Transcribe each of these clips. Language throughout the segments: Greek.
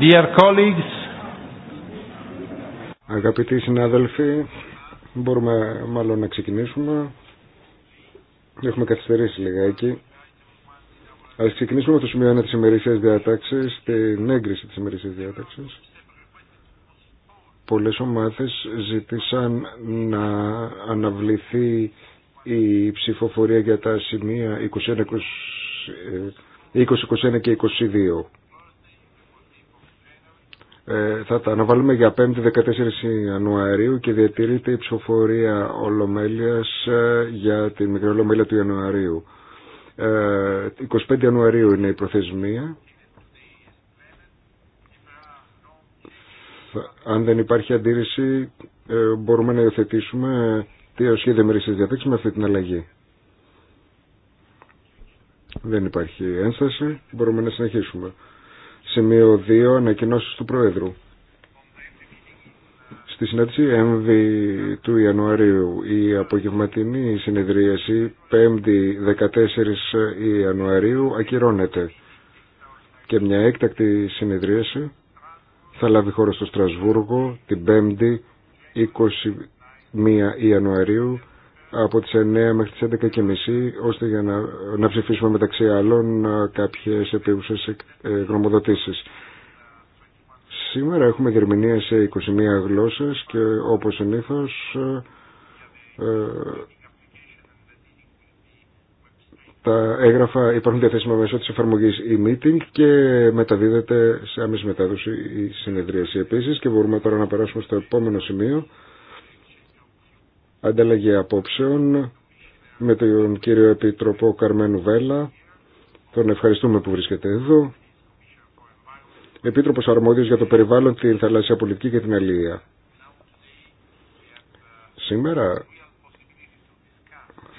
Dear colleagues, Αγαπητοί συνάδελφοι, μπορούμε μάλλον να ξεκινήσουμε. Έχουμε καθυστερήσει λιγάκι. Α ξεκινήσουμε με το σημείο 1 τη ημερήσια διάταξη, την έγκριση τη ημερήσια διάταξη. Πολλέ ομάδε ζήτησαν να αναβληθεί η ψηφοφορία για τα σημεία 20, 20, 21 και 22 ε, θα τα αναβάλουμε για 5η-14 Ιανουαρίου και διατηρείται η ψηφοφορία Ολομέλειας ε, για τη μικρή Ολομέλεια του Ιανουαρίου. 25 ε, Ιανουαρίου είναι η προθεσμία. Αν δεν υπάρχει αντίρρηση μπορούμε να υιοθετήσουμε τι σχέδιο μερίστη διαθέξεις με αυτή την αλλαγή. Δεν υπάρχει ένσταση, μπορούμε να συνεχίσουμε. Σημείο 2. Ανακοινώσει του Προέδρου. Στη συνάντηση έμβη του Ιανουαρίου η απογευματινή συνεδρίαση 5η 14 Ιανουαρίου ακυρώνεται και μια έκτακτη συνεδρίαση θα λάβει χώρα στο Στρασβούργο την 5η 21 Ιανουαρίου από τις 9 μέχρι τις 11.30 ώστε για να, να ψηφίσουμε μεταξύ άλλων ε, κάποιες επίπουσες ε, γνωμοδοτήσεις. Σήμερα έχουμε γερμηνία σε 21 γλώσσες και όπως συνήθω. Ε, τα έγγραφα υπάρχουν διαθέσιμα μέσω της εφαρμογής e-meeting και μεταδίδεται σε άμεση μετάδοση η συνεδρίαση επίσης και μπορούμε τώρα να περάσουμε στο επόμενο σημείο ανταλλαγή απόψεων με τον κύριο Επίτροπο Καρμένου Βέλα. Τον ευχαριστούμε που βρίσκεται εδώ. Επίτροπος Αρμόδιος για το περιβάλλον, την θαλάσσια πολιτική και την αλληλεία. Σήμερα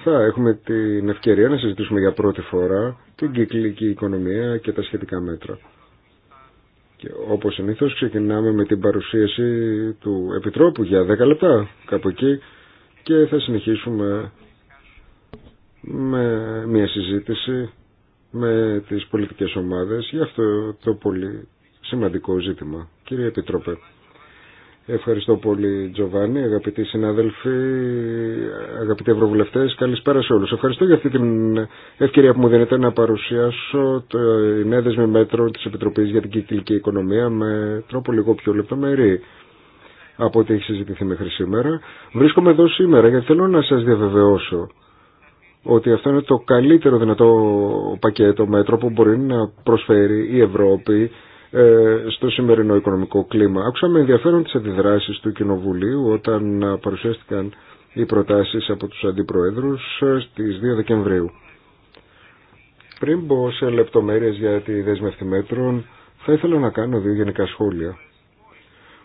θα έχουμε την ευκαιρία να συζητήσουμε για πρώτη φορά την κυκλική οικονομία και τα σχετικά μέτρα. Και όπως συνήθως ξεκινάμε με την παρουσίαση του Επιτρόπου για 10 λεπτά, κάπου εκεί, και θα συνεχίσουμε με μια συζήτηση με τις πολιτικές ομάδες για αυτό το πολύ σημαντικό ζήτημα. Κύριε Επιτρόπε, ευχαριστώ πολύ Τζοβάνι, αγαπητοί συνάδελφοι, αγαπητοί ευρωβουλευτές, καλησπέρα σε όλους. Ευχαριστώ για αυτή την ευκαιρία που μου δίνετε να παρουσιάσω το νέα μέτρο της Επιτροπής για την Κυκλική Οικονομία με τρόπο λίγο πιο λεπτομερή από ό,τι έχει συζητηθεί μέχρι σήμερα. Βρίσκομαι εδώ σήμερα γιατί θέλω να σας διαβεβαιώσω ότι αυτό είναι το καλύτερο δυνατό πακέτο μέτρο που μπορεί να προσφέρει η Ευρώπη ε, στο σημερινό οικονομικό κλίμα. Άκουσα με ενδιαφέρον τις αντιδράσεις του Κοινοβουλίου όταν παρουσιάστηκαν οι προτάσεις από τους αντιπροέδρους ε, στις 2 Δεκεμβρίου. Πριν μπω σε λεπτομέρειες για τη δέσμευτη μέτρων, θα ήθελα να κάνω δύο γενικά σχόλια.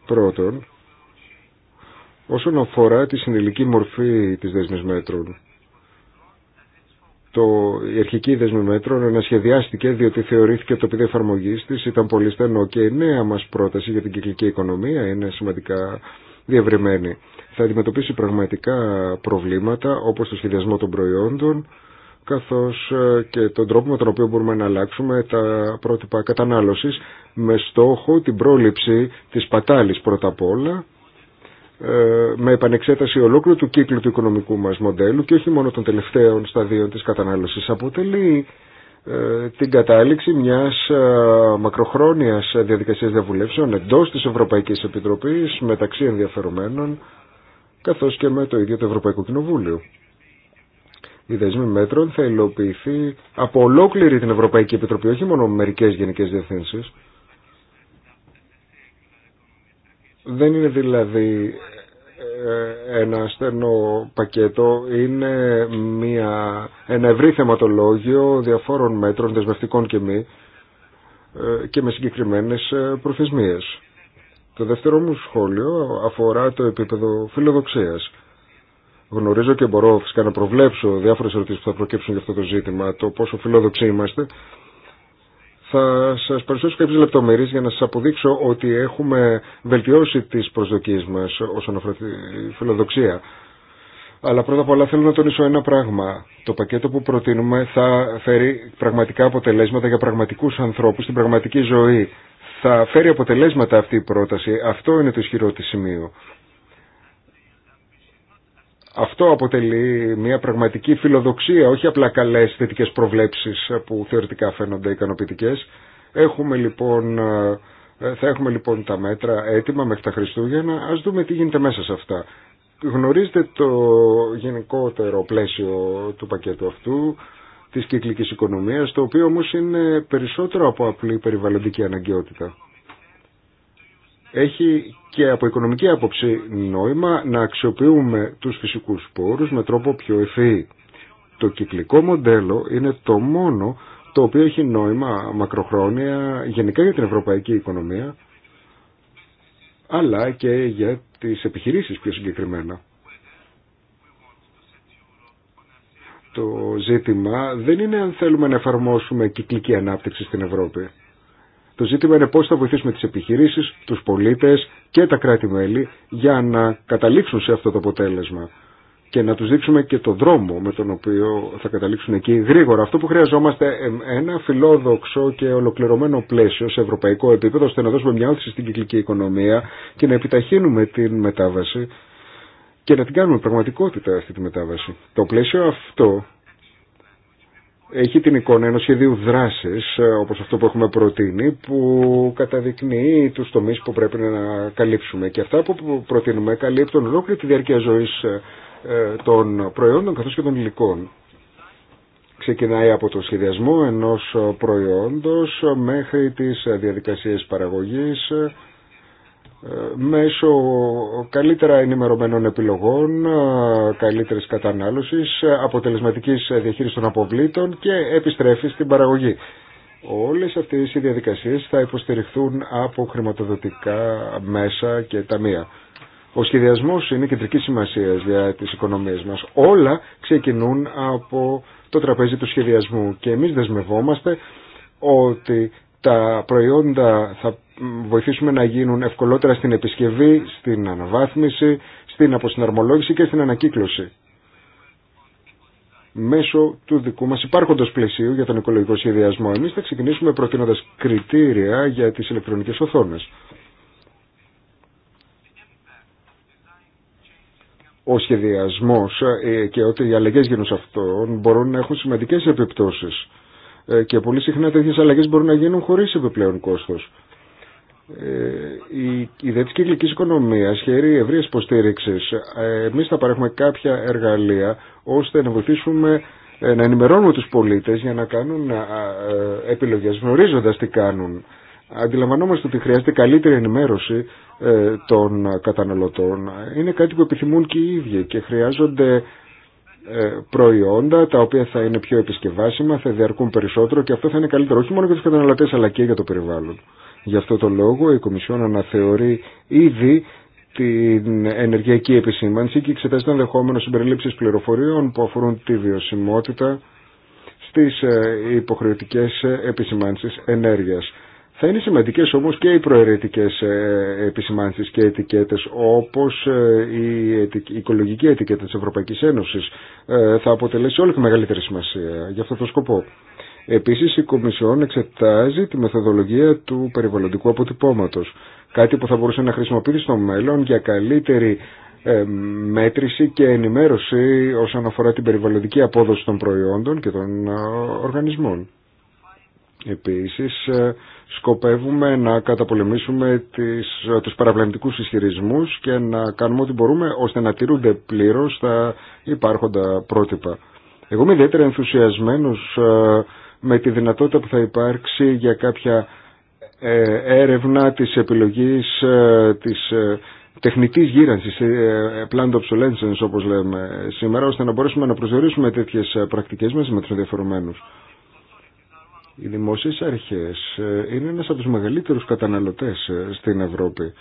Πρώτον, Όσον αφορά τη συνελική μορφή της δέσμης μέτρων, το, η αρχική δέσμη μέτρων ανασχεδιάστηκε διότι θεωρήθηκε το η εφαρμογή τη ήταν πολύ στενό και η νέα μα πρόταση για την κυκλική οικονομία είναι σημαντικά διευρυμένη. Θα αντιμετωπίσει πραγματικά προβλήματα όπω το σχεδιασμό των προϊόντων καθώς ε, και τον τρόπο με τον οποίο μπορούμε να αλλάξουμε τα πρότυπα κατανάλωσης με στόχο την πρόληψη της πατάλης πρώτα απ' όλα ε, με επανεξέταση ολόκληρου του κύκλου του οικονομικού μας μοντέλου και όχι μόνο των τελευταίων σταδίων της κατανάλωσης αποτελεί ε, την κατάληξη μιας ε, μακροχρόνιας διαδικασίας διαβουλεύσεων εντός της Ευρωπαϊκής Επιτροπής μεταξύ ενδιαφερομένων καθώς και με το ίδιο το Ευρωπαϊκό Κοινοβούλιο. Η δεσμή μέτρων θα υλοποιηθεί από ολόκληρη την Ευρωπαϊκή Επιτροπή, όχι μόνο μερικές γενικές διευθύνσεις. Δεν είναι δηλαδή ε, ένα στενό πακέτο είναι μια, ένα ευρύ θεματολόγιο διαφόρων μέτρων δεσμευτικών και μη ε, και με συγκεκριμένες ε, προθεσμίες. Το δεύτερο μου σχόλιο αφορά το επίπεδο φιλοδοξίας. Γνωρίζω και μπορώ φυσικά να προβλέψω διάφορες ερωτήσεις που θα προκύψουν για αυτό το ζήτημα, το πόσο φιλόδοξοι είμαστε θα σας παρουσιάσω κάποιες λεπτομέρειες για να σας αποδείξω ότι έχουμε βελτιώσει τις προσδοκίες μας όσον αφορά τη φιλοδοξία. Αλλά πρώτα απ' όλα θέλω να τονίσω ένα πράγμα. Το πακέτο που προτείνουμε θα φέρει πραγματικά αποτελέσματα για πραγματικούς ανθρώπους στην πραγματική ζωή. Θα φέρει αποτελέσματα αυτή η πρόταση. Αυτό είναι το ισχυρό της σημείο. Αυτό αποτελεί μια πραγματική φιλοδοξία, όχι απλά καλές θετικές προβλέψεις που θεωρητικά φαίνονται ικανοποιητικές. Έχουμε λοιπόν, ε, θα έχουμε λοιπόν τα μέτρα έτοιμα μέχρι τα Χριστούγεννα. Ας δούμε τι γίνεται μέσα σε αυτά. Γνωρίζετε το γενικότερο πλαίσιο του πακέτου αυτού, της κυκλικής οικονομίας, το οποίο όμως είναι περισσότερο από απλή περιβαλλοντική αναγκαιότητα έχει και από οικονομική άποψη νόημα να αξιοποιούμε τους φυσικούς πόρους με τρόπο πιο ευφυή. Το κυκλικό μοντέλο είναι το μόνο το οποίο έχει νόημα μακροχρόνια γενικά για την ευρωπαϊκή οικονομία αλλά και για τις επιχειρήσεις πιο συγκεκριμένα. Το ζήτημα δεν είναι αν θέλουμε να εφαρμόσουμε κυκλική ανάπτυξη στην Ευρώπη. Το ζήτημα είναι πώς θα βοηθήσουμε τις επιχειρήσεις, τους πολίτες και τα κράτη-μέλη για να καταλήξουν σε αυτό το αποτέλεσμα και να τους δείξουμε και το δρόμο με τον οποίο θα καταλήξουν εκεί γρήγορα. Αυτό που χρειαζόμαστε ένα φιλόδοξο και ολοκληρωμένο πλαίσιο σε ευρωπαϊκό επίπεδο ώστε να δώσουμε μια όθηση στην κυκλική οικονομία και να επιταχύνουμε την μετάβαση και να την κάνουμε πραγματικότητα αυτή τη μετάβαση. Το πλαίσιο αυτό έχει την εικόνα ενός σχεδίου δράσης, ε, όπως αυτό που έχουμε προτείνει, που καταδεικνύει τους τομείς που πρέπει να καλύψουμε. Και αυτά που προτείνουμε καλύπτουν ολόκληρη τη διάρκεια ζωής ε, ε, των προϊόντων καθώς και των υλικών. Ξεκινάει από το σχεδιασμό ενός προϊόντος μέχρι τις διαδικασίες παραγωγής, ε, μέσω καλύτερα ενημερωμένων επιλογών, ε, καλύτερης κατανάλωσης, ε, αποτελεσματικής διαχείρισης των αποβλήτων και επιστρέφει στην παραγωγή. Όλες αυτές οι διαδικασίες θα υποστηριχθούν από χρηματοδοτικά μέσα και ταμεία. Ο σχεδιασμός είναι κεντρική σημασία για τις οικονομίες μας. Όλα ξεκινούν από το τραπέζι του σχεδιασμού και εμείς δεσμευόμαστε ότι τα προϊόντα θα βοηθήσουμε να γίνουν ευκολότερα στην επισκευή, στην αναβάθμιση, στην αποσυναρμολόγηση και στην ανακύκλωση μέσω του δικού μας υπάρχοντος πλαισίου για τον οικολογικό σχεδιασμό. Εμείς θα ξεκινήσουμε προτείνοντας κριτήρια για τις ηλεκτρονικές οθόνες. Ο σχεδιασμός ε, και ότι οι αλλαγές γίνουν σε αυτόν μπορούν να έχουν σημαντικές επιπτώσεις ε, και πολύ συχνά τέτοιες αλλαγές μπορούν να γίνουν χωρίς επιπλέον κόστος. Ε, η ιδέα της κυκλικής οικονομίας χαίρει ευρείας υποστήριξη. Ε, εμείς θα παρέχουμε κάποια εργαλεία ώστε να βοηθήσουμε να ενημερώνουμε τους πολίτες για να κάνουν επιλογές γνωρίζοντας τι κάνουν. Αντιλαμβανόμαστε ότι χρειάζεται καλύτερη ενημέρωση των καταναλωτών. Είναι κάτι που επιθυμούν και οι ίδιοι και χρειάζονται ε, προϊόντα τα οποία θα είναι πιο επισκευάσιμα, θα διαρκούν περισσότερο και αυτό θα είναι καλύτερο όχι μόνο για τους καταναλωτές αλλά και για το περιβάλλον. Γι' αυτό το λόγο η Κομισιόν αναθεωρεί ήδη την ενεργειακή επισήμανση και εξετάζει το ενδεχόμενο συμπεριλήψη πληροφοριών που αφορούν τη βιωσιμότητα στις ε, υποχρεωτικές ε, επισημάνσεις ενέργειας. Θα είναι σημαντικές όμως και οι προαιρετικές ε, επισημάνσεις και ετικέτες όπως ε, η οικολογική ετικέτα της Ευρωπαϊκής Ένωσης ε, θα αποτελέσει όλο και μεγαλύτερη σημασία για αυτό το σκοπό. Επίσης η Κομισιόν εξετάζει τη μεθοδολογία του περιβαλλοντικού αποτυπώματος, κάτι που θα μπορούσε να χρησιμοποιηθεί στο μέλλον για καλύτερη μέτρηση και ενημέρωση όσον αφορά την περιβαλλοντική απόδοση των προϊόντων και των οργανισμών. Επίσης σκοπεύουμε να καταπολεμήσουμε τις, τους παραπλανητικούς ισχυρισμούς και να κάνουμε ό,τι μπορούμε ώστε να τηρούνται πλήρως τα υπάρχοντα πρότυπα. Εγώ είμαι ιδιαίτερα ενθουσιασμένος ε, με τη δυνατότητα που θα υπάρξει για κάποια ε, έρευνα της επιλογής ε, της τεχνητής γύρανσης, planned obsolescence όπως λέμε σήμερα, ώστε να μπορέσουμε να προσδιορίσουμε τέτοιες πρακτικές μέσα με τους ενδιαφερομένους. Οι δημόσιες αρχές ε, είναι ένας από τους μεγαλύτερους καταναλωτές ε, στην Ευρώπη.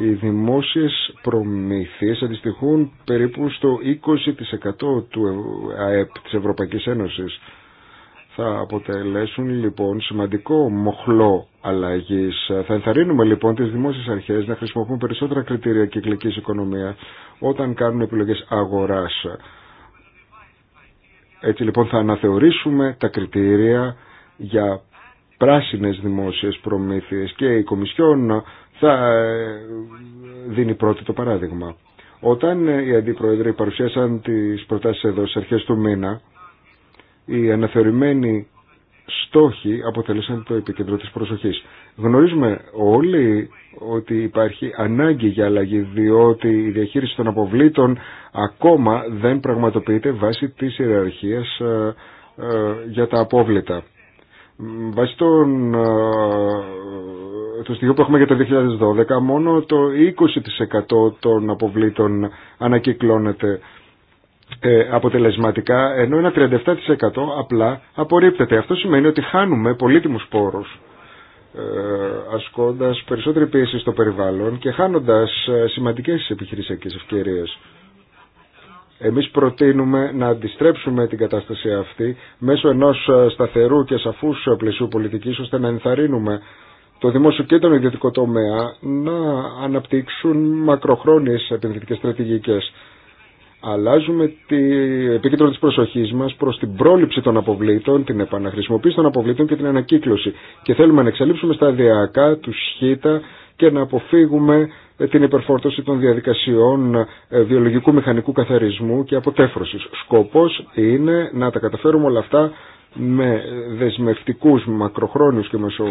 Οι δημόσιες προμήθειες αντιστοιχούν περίπου στο 20% του ε- ΑΕΠ της Ευρωπαϊκής Ένωσης. Θα αποτελέσουν λοιπόν σημαντικό μοχλό αλλαγής. Θα ενθαρρύνουμε λοιπόν τις δημόσιες αρχές να χρησιμοποιούν περισσότερα κριτήρια κυκλικής οικονομία όταν κάνουν επιλογές αγοράς. Έτσι λοιπόν θα αναθεωρήσουμε τα κριτήρια για πράσινες δημόσιες προμήθειες και η Κομισιόν θα ε, δίνει πρώτη το παράδειγμα. Όταν ε, οι αντιπροέδροι παρουσίασαν τις προτάσεις εδώ στις αρχές του μήνα, οι αναθεωρημένοι στόχοι αποτελέσαν το επικεντρό της προσοχής. Γνωρίζουμε όλοι ότι υπάρχει ανάγκη για αλλαγή διότι η διαχείριση των αποβλήτων ακόμα δεν πραγματοποιείται βάσει της ιεραρχίας ε, για τα απόβλητα. Βάσει τον ε, το στοιχείο που έχουμε για το 2012, μόνο το 20% των αποβλήτων ανακυκλώνεται ε, αποτελεσματικά, ενώ ένα 37% απλά απορρίπτεται. Αυτό σημαίνει ότι χάνουμε πολύτιμους πόρους ε, ασκώντας περισσότερη πίεση στο περιβάλλον και χάνοντας σημαντικές επιχειρησιακές ευκαιρίες. Εμείς προτείνουμε να αντιστρέψουμε την κατάσταση αυτή μέσω ενός ε, σταθερού και σαφούς ε, πλαισίου πολιτικής ώστε να ενθαρρύνουμε το δημόσιο και τον ιδιωτικό τομέα να αναπτύξουν μακροχρόνιες επενδυτικές στρατηγικές. Αλλάζουμε την επίκεντρο της προσοχής μας προς την πρόληψη των αποβλήτων, την επαναχρησιμοποίηση των αποβλήτων και την ανακύκλωση. Και θέλουμε να εξαλείψουμε σταδιακά του σχήτα και να αποφύγουμε την υπερφόρτωση των διαδικασιών ε, βιολογικού μηχανικού καθαρισμού και αποτέφρωσης. Σκόπος είναι να τα καταφέρουμε όλα αυτά με δεσμευτικούς μακροχρόνιους και μεσο,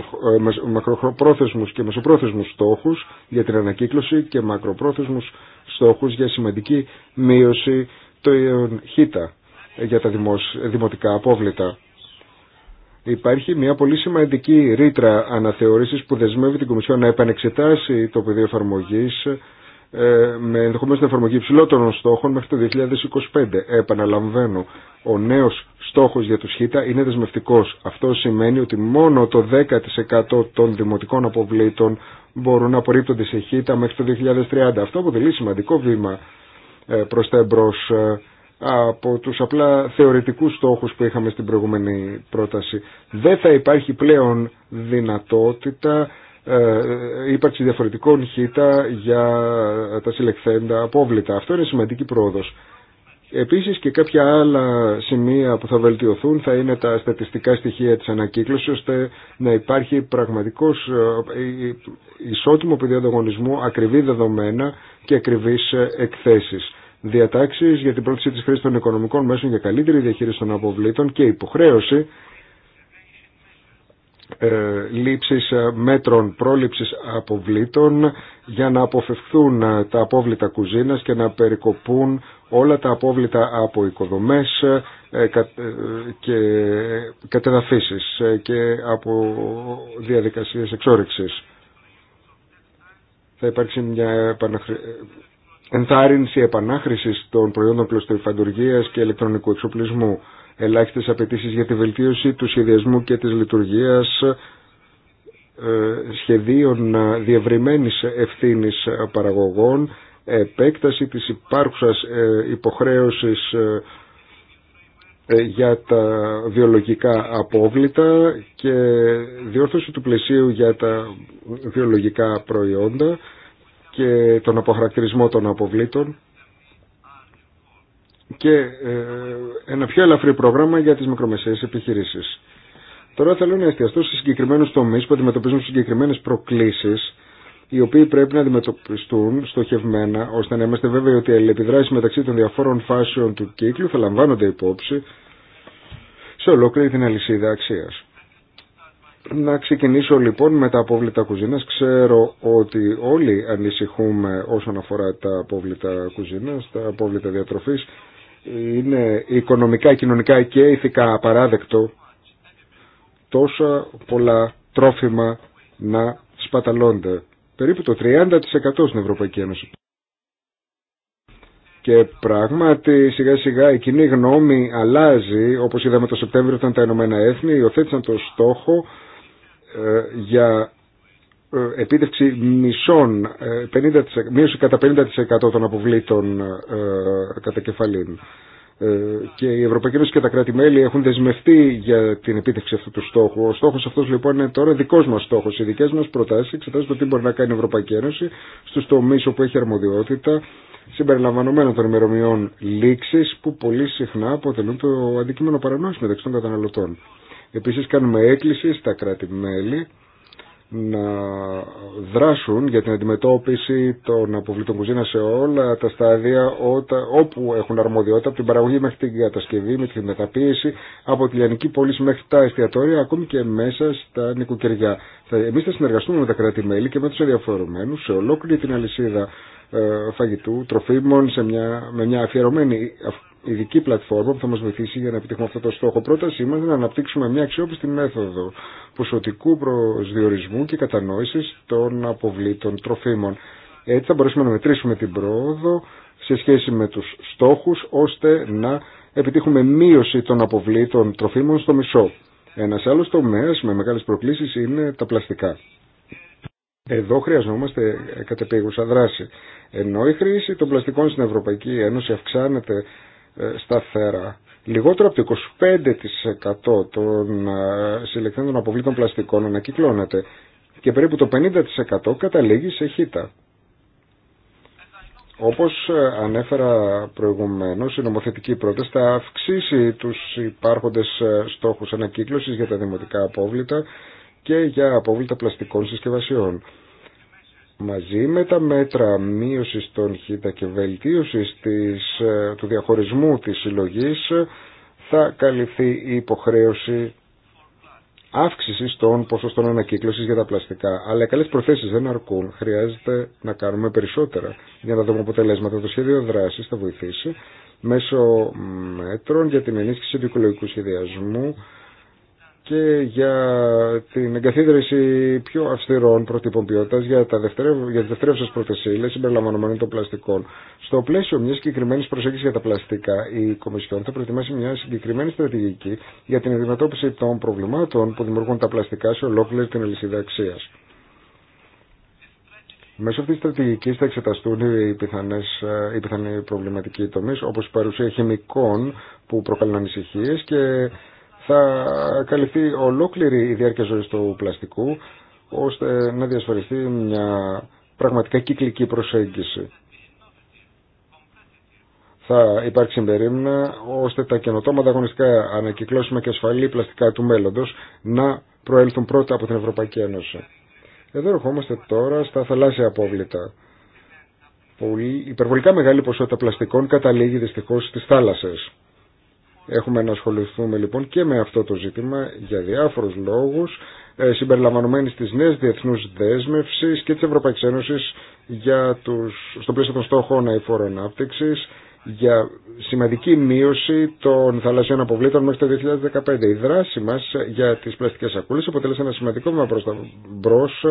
ε, μακροπρόθεσμους μεσοπρόθεσμους στόχους για την ανακύκλωση και μακροπρόθεσμους στόχους για σημαντική μείωση των χήτα για τα δημοτικά απόβλητα. Υπάρχει μια πολύ σημαντική ρήτρα αναθεωρήσεις που δεσμεύει την Κομισιόν να επανεξετάσει το πεδίο εφαρμογή ε, με ενδεχομένω την εφαρμογή υψηλότερων στόχων μέχρι το 2025. Επαναλαμβάνω, ο νέο στόχο για του ΧΙΤΑ είναι δεσμευτικό. Αυτό σημαίνει ότι μόνο το 10% των δημοτικών αποβλήτων μπορούν να απορρίπτονται σε ΧΙΤΑ μέχρι το 2030. Αυτό αποτελεί σημαντικό βήμα ε, προ τα εμπρό ε, από τους απλά θεωρητικούς στόχους που είχαμε στην προηγούμενη πρόταση. Δεν θα υπάρχει πλέον δυνατότητα ε, ύπαρξη διαφορετικών χήτα για ε, τα συλλεκθέντα απόβλητα. Αυτό είναι σημαντική πρόοδος. Επίσης και κάποια άλλα σημεία που θα βελτιωθούν θα είναι τα στατιστικά στοιχεία της ανακύκλωσης ώστε να υπάρχει πραγματικός ε, ε, ισότιμο πεδίο ανταγωνισμού, ακριβή δεδομένα και ακριβείς εκθέσεις διατάξεις για την πρόθεση της χρήση των οικονομικών μέσων για καλύτερη διαχείριση των αποβλήτων και υποχρέωση ε, λήψης ε, μέτρων πρόληψης αποβλήτων για να αποφευχθούν ε, τα απόβλητα κουζίνα και να περικοπούν όλα τα απόβλητα από οικοδομές ε, και κατεδαφίσεις και από διαδικασίες εξόρυξης. Θα υπάρξει μια ενθάρρυνση επανάχρηση των προϊόντων πλωστοϊφαντουργία και ηλεκτρονικού εξοπλισμού, ελάχιστε απαιτήσει για τη βελτίωση του σχεδιασμού και της λειτουργίας ε, σχεδίων ε, διευρυμένης ευθύνης παραγωγών, επέκταση της υπάρχουσας ε, υποχρέωσης για τα βιολογικά απόβλητα και διόρθωση του πλαισίου για τα βιολογικά προϊόντα και τον αποχαρακτηρισμό των αποβλήτων και ε, ένα πιο ελαφρύ πρόγραμμα για τις μικρομεσαίες επιχειρήσεις. Τώρα θέλω να εστιαστώ σε συγκεκριμένους τομείς που αντιμετωπίζουν συγκεκριμένες προκλήσεις οι οποίοι πρέπει να αντιμετωπιστούν στοχευμένα ώστε να είμαστε βέβαιοι ότι οι αλληλεπιδράσεις μεταξύ των διαφόρων φάσεων του κύκλου θα λαμβάνονται υπόψη σε ολόκληρη την αλυσίδα αξίας. Να ξεκινήσω λοιπόν με τα απόβλητα κουζίνας. Ξέρω ότι όλοι ανησυχούμε όσον αφορά τα απόβλητα κουζίνας, τα απόβλητα διατροφής. Είναι οικονομικά, κοινωνικά και ηθικά απαράδεκτο τόσα πολλά τρόφιμα να σπαταλώνται. Περίπου το 30% στην Ευρωπαϊκή Ένωση. Και πράγματι σιγά σιγά η κοινή γνώμη αλλάζει, όπως είδαμε το Σεπτέμβριο όταν τα Ηνωμένα Έθνη υιοθέτησαν το στόχο ε, για ε, επίτευξη μισών, 50%, ε, μείωση κατά 50% των αποβλήτων κατά κεφαλήν. Και η Ευρωπαϊκή Ένωση και τα κράτη-μέλη έχουν δεσμευτεί για την επίτευξη αυτού του στόχου. Ο στόχος αυτός λοιπόν είναι τώρα δικό μα στόχο. Οι δικές μα προτάσει εξετάζουν το τι μπορεί να κάνει η Ευρωπαϊκή Ένωση στου τομεί όπου έχει αρμοδιότητα, συμπεριλαμβανομένων των ημερομιών λήξης που πολύ συχνά αποτελούν το αντικείμενο παρανόηση μεταξύ των καταναλωτών. Επίσης κάνουμε έκκληση στα κράτη-μέλη να δράσουν για την αντιμετώπιση των αποβλήτων κουζίνα σε όλα τα στάδια όπου έχουν αρμοδιότητα από την παραγωγή μέχρι την κατασκευή, μέχρι την μεταπίεση, από τη λιανική πώληση μέχρι τα εστιατόρια, ακόμη και μέσα στα νοικοκυριά. Εμεί θα συνεργαστούμε με τα κράτη-μέλη και με του ενδιαφορομένου σε ολόκληρη την αλυσίδα ε, φαγητού, τροφίμων, σε μια, με μια αφιερωμένη ειδική πλατφόρμα που θα μας βοηθήσει για να επιτύχουμε αυτό το στόχο. Πρότασή είναι να αναπτύξουμε μια αξιόπιστη μέθοδο ποσοτικού προσδιορισμού και κατανόησης των αποβλήτων τροφίμων. Έτσι θα μπορέσουμε να μετρήσουμε την πρόοδο σε σχέση με τους στόχους ώστε να επιτύχουμε μείωση των αποβλήτων τροφίμων στο μισό. Ένας άλλος τομέας με μεγάλες προκλήσεις είναι τα πλαστικά. Εδώ χρειαζόμαστε κατεπίγουσα δράση. Ενώ η χρήση των πλαστικών στην Ευρωπαϊκή Ένωση αυξάνεται ε, σταθερά. Λιγότερο από το 25% των ε, συλλεκτών των αποβλήτων πλαστικών ανακυκλώνεται και περίπου το 50% καταλήγει σε χύτα. Όπως ε, ανέφερα προηγουμένως, η νομοθετική πρόταση θα αυξήσει τους υπάρχοντες στόχους ανακύκλωσης για τα δημοτικά απόβλητα και για απόβλητα πλαστικών συσκευασιών μαζί με τα μέτρα μείωσης των ΧΙΤΑ και βελτίωσης ε, του διαχωρισμού της συλλογή ε, θα καλυφθεί η υποχρέωση αύξηση των ποσοστών ανακύκλωση για τα πλαστικά. Αλλά οι καλές προθέσεις δεν αρκούν. Χρειάζεται να κάνουμε περισσότερα για να δούμε αποτελέσματα. Το σχέδιο δράση, θα βοηθήσει μέσω μέτρων για την ενίσχυση του οικολογικού σχεδιασμού και για την εγκαθίδρυση πιο αυστηρών προτύπων ποιότητα για, τα για τι δευτερεύουσε πρωτεσίλε συμπεριλαμβανομένων των πλαστικών. Στο πλαίσιο μια συγκεκριμένη προσέγγιση για τα πλαστικά, η Κομισιόν θα προετοιμάσει μια συγκεκριμένη στρατηγική για την αντιμετώπιση των προβλημάτων που δημιουργούν τα πλαστικά σε ολόκληρη την αλυσίδα αξία. Μέσω αυτή τη στρατηγική θα εξεταστούν οι, πιθανές, οι πιθανοί προβληματικοί τομεί, όπω η παρουσία χημικών που προκαλούν ανησυχίε και θα καλυφθεί ολόκληρη η διάρκεια ζωής του πλαστικού ώστε να διασφαλιστεί μια πραγματικά κυκλική προσέγγιση. Θα υπάρξει συμπερίμνα ώστε τα καινοτόμα ανταγωνιστικά ανακυκλώσιμα και ασφαλή πλαστικά του μέλλοντος να προέλθουν πρώτα από την Ευρωπαϊκή Ένωση. Εδώ ερχόμαστε τώρα στα θαλάσσια απόβλητα. Πολύ, υπερβολικά μεγάλη ποσότητα πλαστικών καταλήγει δυστυχώς στις θάλασσες. Έχουμε να ασχοληθούμε λοιπόν και με αυτό το ζήτημα για διάφορους λόγους ε, συμπεριλαμβανομένη της νέας διεθνούς δέσμευσης και της Ευρωπαϊκής Ένωσης για στο πλαίσιο των στόχων αηφόρων ανάπτυξης για σημαντική μείωση των θαλασσιών αποβλήτων μέχρι το 2015. Η δράση μας για τις πλαστικές σακούλες αποτέλεσε ένα σημαντικό βήμα προς τα μπρος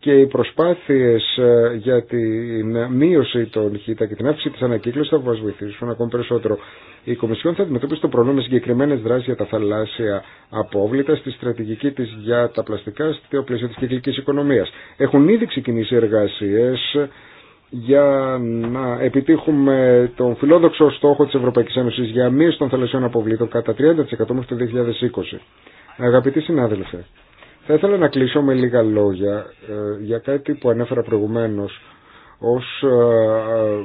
και οι προσπάθειες ε, για την μείωση των χήτα και την αύξηση της ανακύκλωσης θα μας βοηθήσουν ακόμη περισσότερο. Η Κομισιόν θα αντιμετωπίσει το πρόβλημα με συγκεκριμένε δράσει για τα θαλάσσια απόβλητα στη στρατηγική τη για τα πλαστικά στο πλαίσιο τη κυκλική οικονομία. Έχουν ήδη ξεκινήσει εργασίε για να επιτύχουμε τον φιλόδοξο στόχο της Ευρωπαϊκής Ένωσης για μείωση των θαλασσιών αποβλήτων κατά 30% μέχρι το 2020. Αγαπητοί συνάδελφοι, θα ήθελα να κλείσω με λίγα λόγια ε, για κάτι που ανέφερα προηγουμένως ως ε, ε,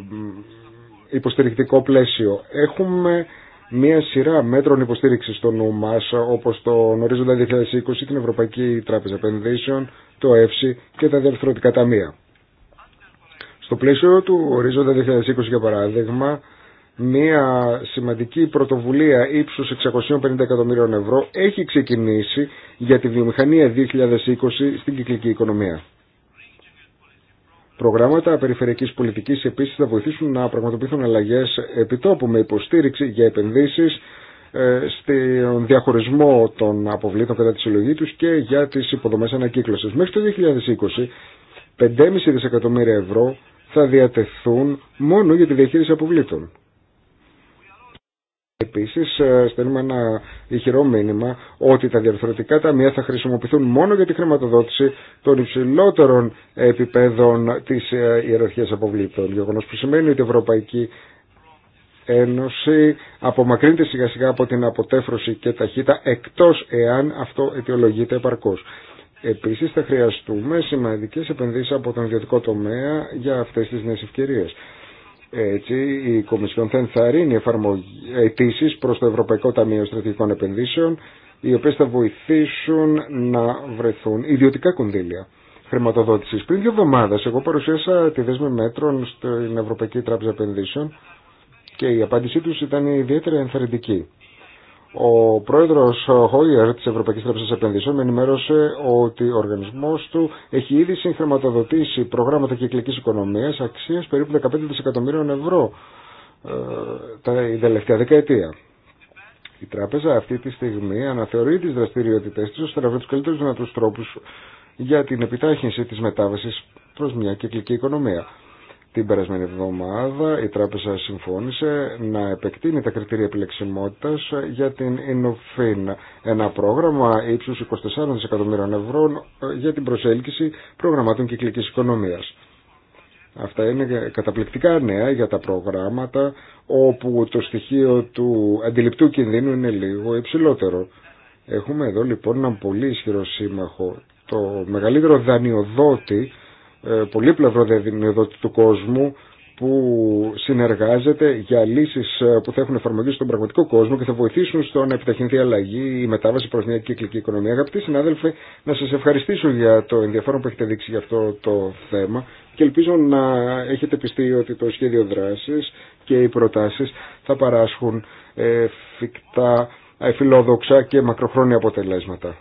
υποστηρικτικό πλαίσιο. Έχουμε μία σειρά μέτρων υποστήριξης στο νου μας, όπως το Ορίζοντα 2020, την Ευρωπαϊκή Τράπεζα Επενδύσεων, το ΕΦΣΙ και τα διαρθρωτικά ταμεία. Στο πλαίσιο του Ορίζοντα 2020, για παράδειγμα, μια σημαντική πρωτοβουλία ύψους 650 εκατομμύριων ευρώ έχει ξεκινήσει για τη βιομηχανία 2020 στην κυκλική οικονομία. Προγράμματα περιφερειακής πολιτικής επίσης θα βοηθήσουν να πραγματοποιηθούν αλλαγές επιτόπου με υποστήριξη για επενδύσεις ε, στον διαχωρισμό των αποβλήτων κατά τη συλλογή τους και για τις υποδομές ανακύκλωσης. Μέχρι το 2020, 5,5 δισεκατομμύρια ευρώ θα διατεθούν μόνο για τη διαχείριση αποβλήτων. Επίσης, ε, στέλνουμε ένα ηχηρό μήνυμα ότι τα διαρθρωτικά ταμεία θα χρησιμοποιηθούν μόνο για τη χρηματοδότηση των υψηλότερων επιπέδων της ε, ιεραρχίας αποβλήτων. γεγονό που σημαίνει ότι η Ευρωπαϊκή Ένωση απομακρύνεται σιγά σιγά από την αποτέφρωση και ταχύτητα εκτός εάν αυτό αιτιολογείται επαρκώς. Επίσης θα χρειαστούμε σημαντικές επενδύσεις από τον ιδιωτικό τομέα για αυτές τις νέες ευκαιρίες. Έτσι, η Κομισιόν θα ενθαρρύνει αιτήσει προ το Ευρωπαϊκό Ταμείο Στρατηγικών Επενδύσεων, οι οποίε θα βοηθήσουν να βρεθούν ιδιωτικά κονδύλια χρηματοδότηση. Πριν δύο εβδομάδε, εγώ παρουσίασα τη δέσμη μέτρων στην Ευρωπαϊκή Τράπεζα Επενδύσεων και η απάντησή του ήταν ιδιαίτερα ενθαρρυντική. Ο πρόεδρος Χόιερ της Ευρωπαϊκής Τράπεζας Επενδύσεων ενημέρωσε ότι ο οργανισμός του έχει ήδη συγχρηματοδοτήσει προγράμματα κυκλικής οικονομίας αξίας περίπου 15 δισεκατομμύριων ευρώ ε, τα τελευταία δεκαετία. Η τράπεζα αυτή τη στιγμή αναθεωρεί τις δραστηριότητές της ώστε να βρει του καλύτερου δυνατού τρόπου για την επιτάχυνση τη μετάβαση προ μια κυκλική οικονομία. Την περασμένη εβδομάδα η τράπεζα συμφώνησε να επεκτείνει τα κριτήρια επιλεξιμότητας για την Innofin, ένα πρόγραμμα ύψους 24 δισεκατομμύρων ευρώ για την προσέλκυση προγραμμάτων κυκλικής οικονομίας. Αυτά είναι καταπληκτικά νέα για τα προγράμματα όπου το στοιχείο του αντιληπτού κινδύνου είναι λίγο υψηλότερο. Έχουμε εδώ λοιπόν έναν πολύ ισχυρό σύμμαχο, το μεγαλύτερο δανειοδότη ε, πολύπλευρο διαδημιοδότη του κόσμου που συνεργάζεται για λύσεις ε, που θα έχουν εφαρμογή στον πραγματικό κόσμο και θα βοηθήσουν στο να επιταχυνθεί η αλλαγή, η μετάβαση προς μια κυκλική οικονομία. Αγαπητοί συνάδελφοι, να σας ευχαριστήσω για το ενδιαφέρον που έχετε δείξει για αυτό το θέμα και ελπίζω να έχετε πιστεί ότι το σχέδιο δράσης και οι προτάσεις θα παράσχουν φυκτά, ε, φιλόδοξα και μακροχρόνια αποτελέσματα.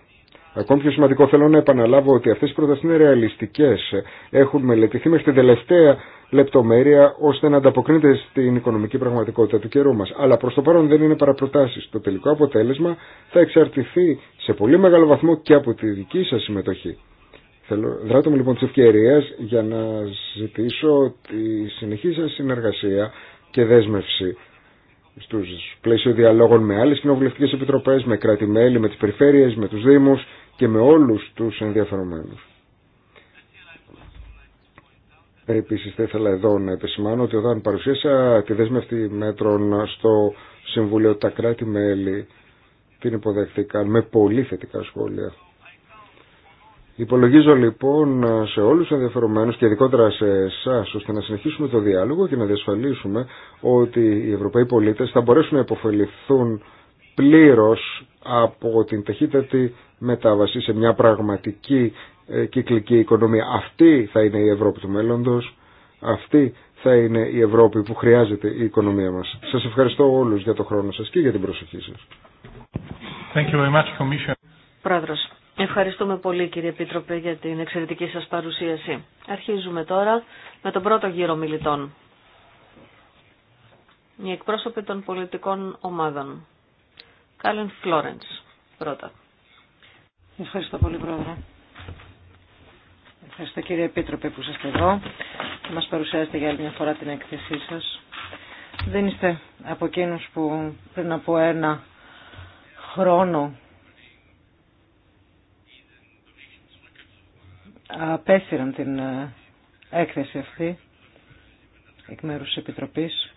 Ακόμη πιο σημαντικό θέλω να επαναλάβω ότι αυτές οι προτάσεις είναι ρεαλιστικές. Έχουν μελετηθεί μέχρι την τελευταία λεπτομέρεια ώστε να ανταποκρίνεται στην οικονομική πραγματικότητα του καιρού μας. Αλλά προς το παρόν δεν είναι παραπροτάσεις. Το τελικό αποτέλεσμα θα εξαρτηθεί σε πολύ μεγάλο βαθμό και από τη δική σας συμμετοχή. Θέλω, δράτω λοιπόν τη ευκαιρία για να ζητήσω τη συνεχή σας συνεργασία και δέσμευση στους πλαίσιο διαλόγων με άλλες κοινοβουλευτικές επιτροπές, με κράτη-μέλη, με τις περιφέρειες, με τους δήμους και με όλους τους ενδιαφερομένους. Επίσης θα ήθελα εδώ να επισημάνω ότι όταν παρουσίασα τη δέσμευτη μέτρων στο Συμβουλίο τα κράτη-μέλη την υποδεχτήκαν με πολύ θετικά σχόλια. Υπολογίζω λοιπόν σε όλους τους ενδιαφερομένους και ειδικότερα σε εσά ώστε να συνεχίσουμε το διάλογο και να διασφαλίσουμε ότι οι Ευρωπαίοι πολίτες θα μπορέσουν να υποφεληθούν πλήρως από την ταχύτατη μετάβαση σε μια πραγματική ε, κυκλική οικονομία. Αυτή θα είναι η Ευρώπη του μέλλοντος, αυτή θα είναι η Ευρώπη που χρειάζεται η οικονομία μας. Σας ευχαριστώ όλους για το χρόνο σας και για την προσοχή σας. Thank ευχαριστούμε πολύ κύριε Επίτροπε για την εξαιρετική σας παρουσίαση. Αρχίζουμε τώρα με τον πρώτο γύρο μιλητών. Οι εκπρόσωποι των πολιτικών ομάδων. Κάλεν Φλόρενς πρώτα. Ευχαριστώ πολύ πρόεδρε. Ευχαριστώ κύριε Επίτροπε που είστε εδώ και μας παρουσιάζετε για άλλη μια φορά την έκθεσή σας. Δεν είστε από εκείνου που πριν από ένα χρόνο απέσυραν την ε, έκθεση αυτή εκ μέρους της Επιτροπής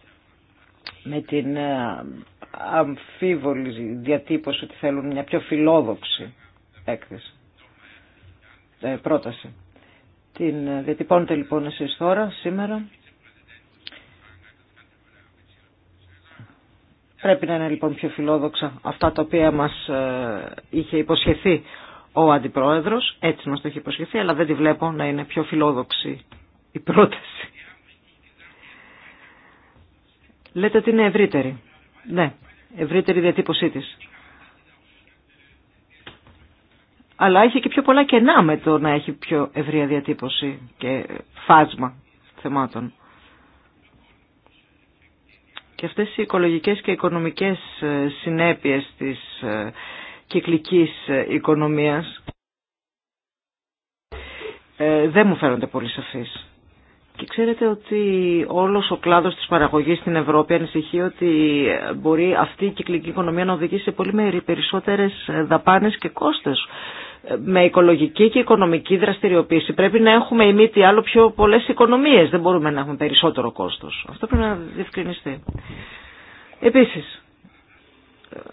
με την ε, αμφίβολη διατύπωση ότι θέλουν μια πιο φιλόδοξη έκθεση, ε, πρόταση. Την ε, διατυπώνετε λοιπόν εσείς τώρα, σήμερα. Πρέπει να είναι λοιπόν πιο φιλόδοξα αυτά τα οποία μας ε, είχε υποσχεθεί ο Αντιπρόεδρος, έτσι μας το είχε υποσχεθεί, αλλά δεν τη βλέπω να είναι πιο φιλόδοξη η πρόταση. Λέτε ότι είναι ευρύτερη. Ναι, ευρύτερη διατύπωσή της. Αλλά έχει και πιο πολλά κενά με το να έχει πιο ευρεία διατύπωση και φάσμα θεμάτων. Και αυτές οι οικολογικές και οικονομικές ε, συνέπειες της ε, κυκλικής ε, οικονομίας δεν μου φαίνονται πολύ σαφείς. Και ξέρετε ότι όλος ο κλάδος της παραγωγής στην Ευρώπη ανησυχεί ότι μπορεί αυτή η κυκλική οικονομία να οδηγήσει σε πολύ περισσότερες δαπάνες και κόστες με οικολογική και οικονομική δραστηριοποίηση. Πρέπει να έχουμε ή μη τι άλλο πιο πολλές οικονομίες. Δεν μπορούμε να έχουμε περισσότερο κόστος. Αυτό πρέπει να διευκρινιστεί. Επίσης,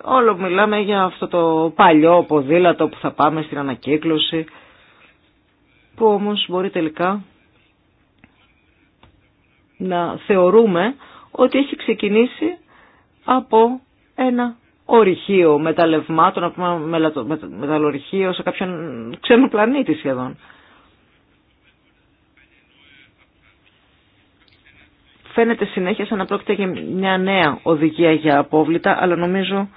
όλο μιλάμε για αυτό το παλιό ποδήλατο που θα πάμε στην ανακύκλωση, που όμως μπορεί τελικά να θεωρούμε ότι έχει ξεκινήσει από ένα ορυχείο μεταλλευμάτων, από ένα μεταλλορυχείο σε κάποιον ξένο πλανήτη σχεδόν. Φαίνεται συνέχεια σαν να πρόκειται για μια νέα οδηγία για απόβλητα, αλλά νομίζω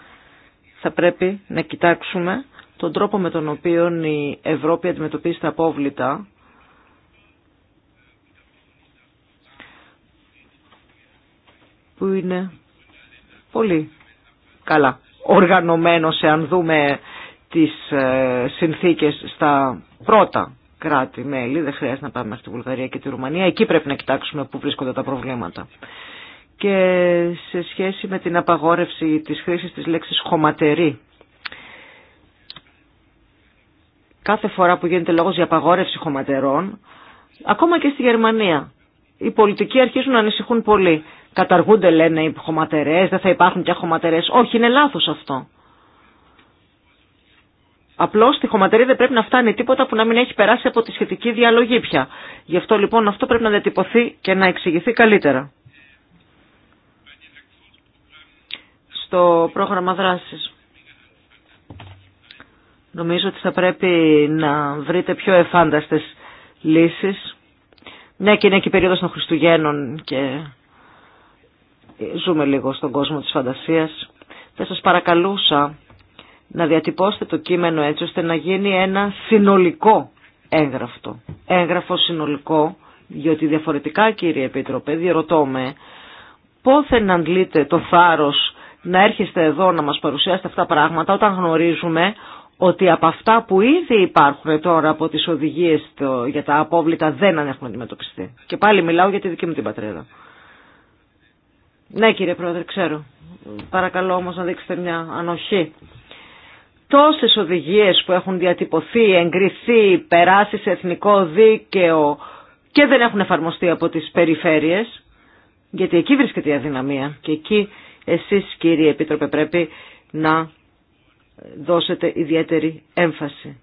θα πρέπει να κοιτάξουμε τον τρόπο με τον οποίο η Ευρώπη αντιμετωπίζει τα απόβλητα που είναι πολύ καλά οργανωμένος εάν δούμε τις ε, συνθήκες στα πρώτα κράτη-μέλη, δεν χρειάζεται να πάμε στη Βουλγαρία και τη Ρουμανία, εκεί πρέπει να κοιτάξουμε πού βρίσκονται τα προβλήματα. Και σε σχέση με την απαγόρευση της χρήσης της λέξης χωματερή, κάθε φορά που γίνεται λόγος για απαγόρευση χωματερών, ακόμα και στη Γερμανία, οι πολιτικοί αρχίζουν να ανησυχούν πολύ καταργούνται λένε οι χωματερές, δεν θα υπάρχουν και χωματερές. Όχι, είναι λάθος αυτό. Απλώς στη χωματερή δεν πρέπει να φτάνει τίποτα που να μην έχει περάσει από τη σχετική διαλογή πια. Γι' αυτό λοιπόν αυτό πρέπει να διατυπωθεί και να εξηγηθεί καλύτερα. Στο πρόγραμμα δράσης. Νομίζω ότι θα πρέπει να βρείτε πιο εφάνταστες λύσεις. Ναι και είναι και η περίοδος των Χριστουγέννων και ζούμε λίγο στον κόσμο της φαντασίας, θα σας παρακαλούσα να διατυπώσετε το κείμενο έτσι ώστε να γίνει ένα συνολικό έγγραφο. Έγγραφο συνολικό, διότι διαφορετικά κύριε Επίτροπε, διερωτώ με, πόθεν αντλείτε το θάρρος να έρχεστε εδώ να μας παρουσιάσετε αυτά τα πράγματα όταν γνωρίζουμε ότι από αυτά που ήδη υπάρχουν τώρα από τις οδηγίες για τα απόβλητα δεν έχουν αντιμετωπιστεί. Και πάλι μιλάω για τη δική μου την πατρίδα. Ναι κύριε Πρόεδρε, ξέρω. Παρακαλώ όμως να δείξετε μια ανοχή. Τόσες οδηγίες που έχουν διατυπωθεί, εγκριθεί, περάσει σε εθνικό δίκαιο και δεν έχουν εφαρμοστεί από τις περιφέρειες, γιατί εκεί βρίσκεται η αδυναμία και εκεί εσείς κύριε Επίτροπε πρέπει να δώσετε ιδιαίτερη έμφαση.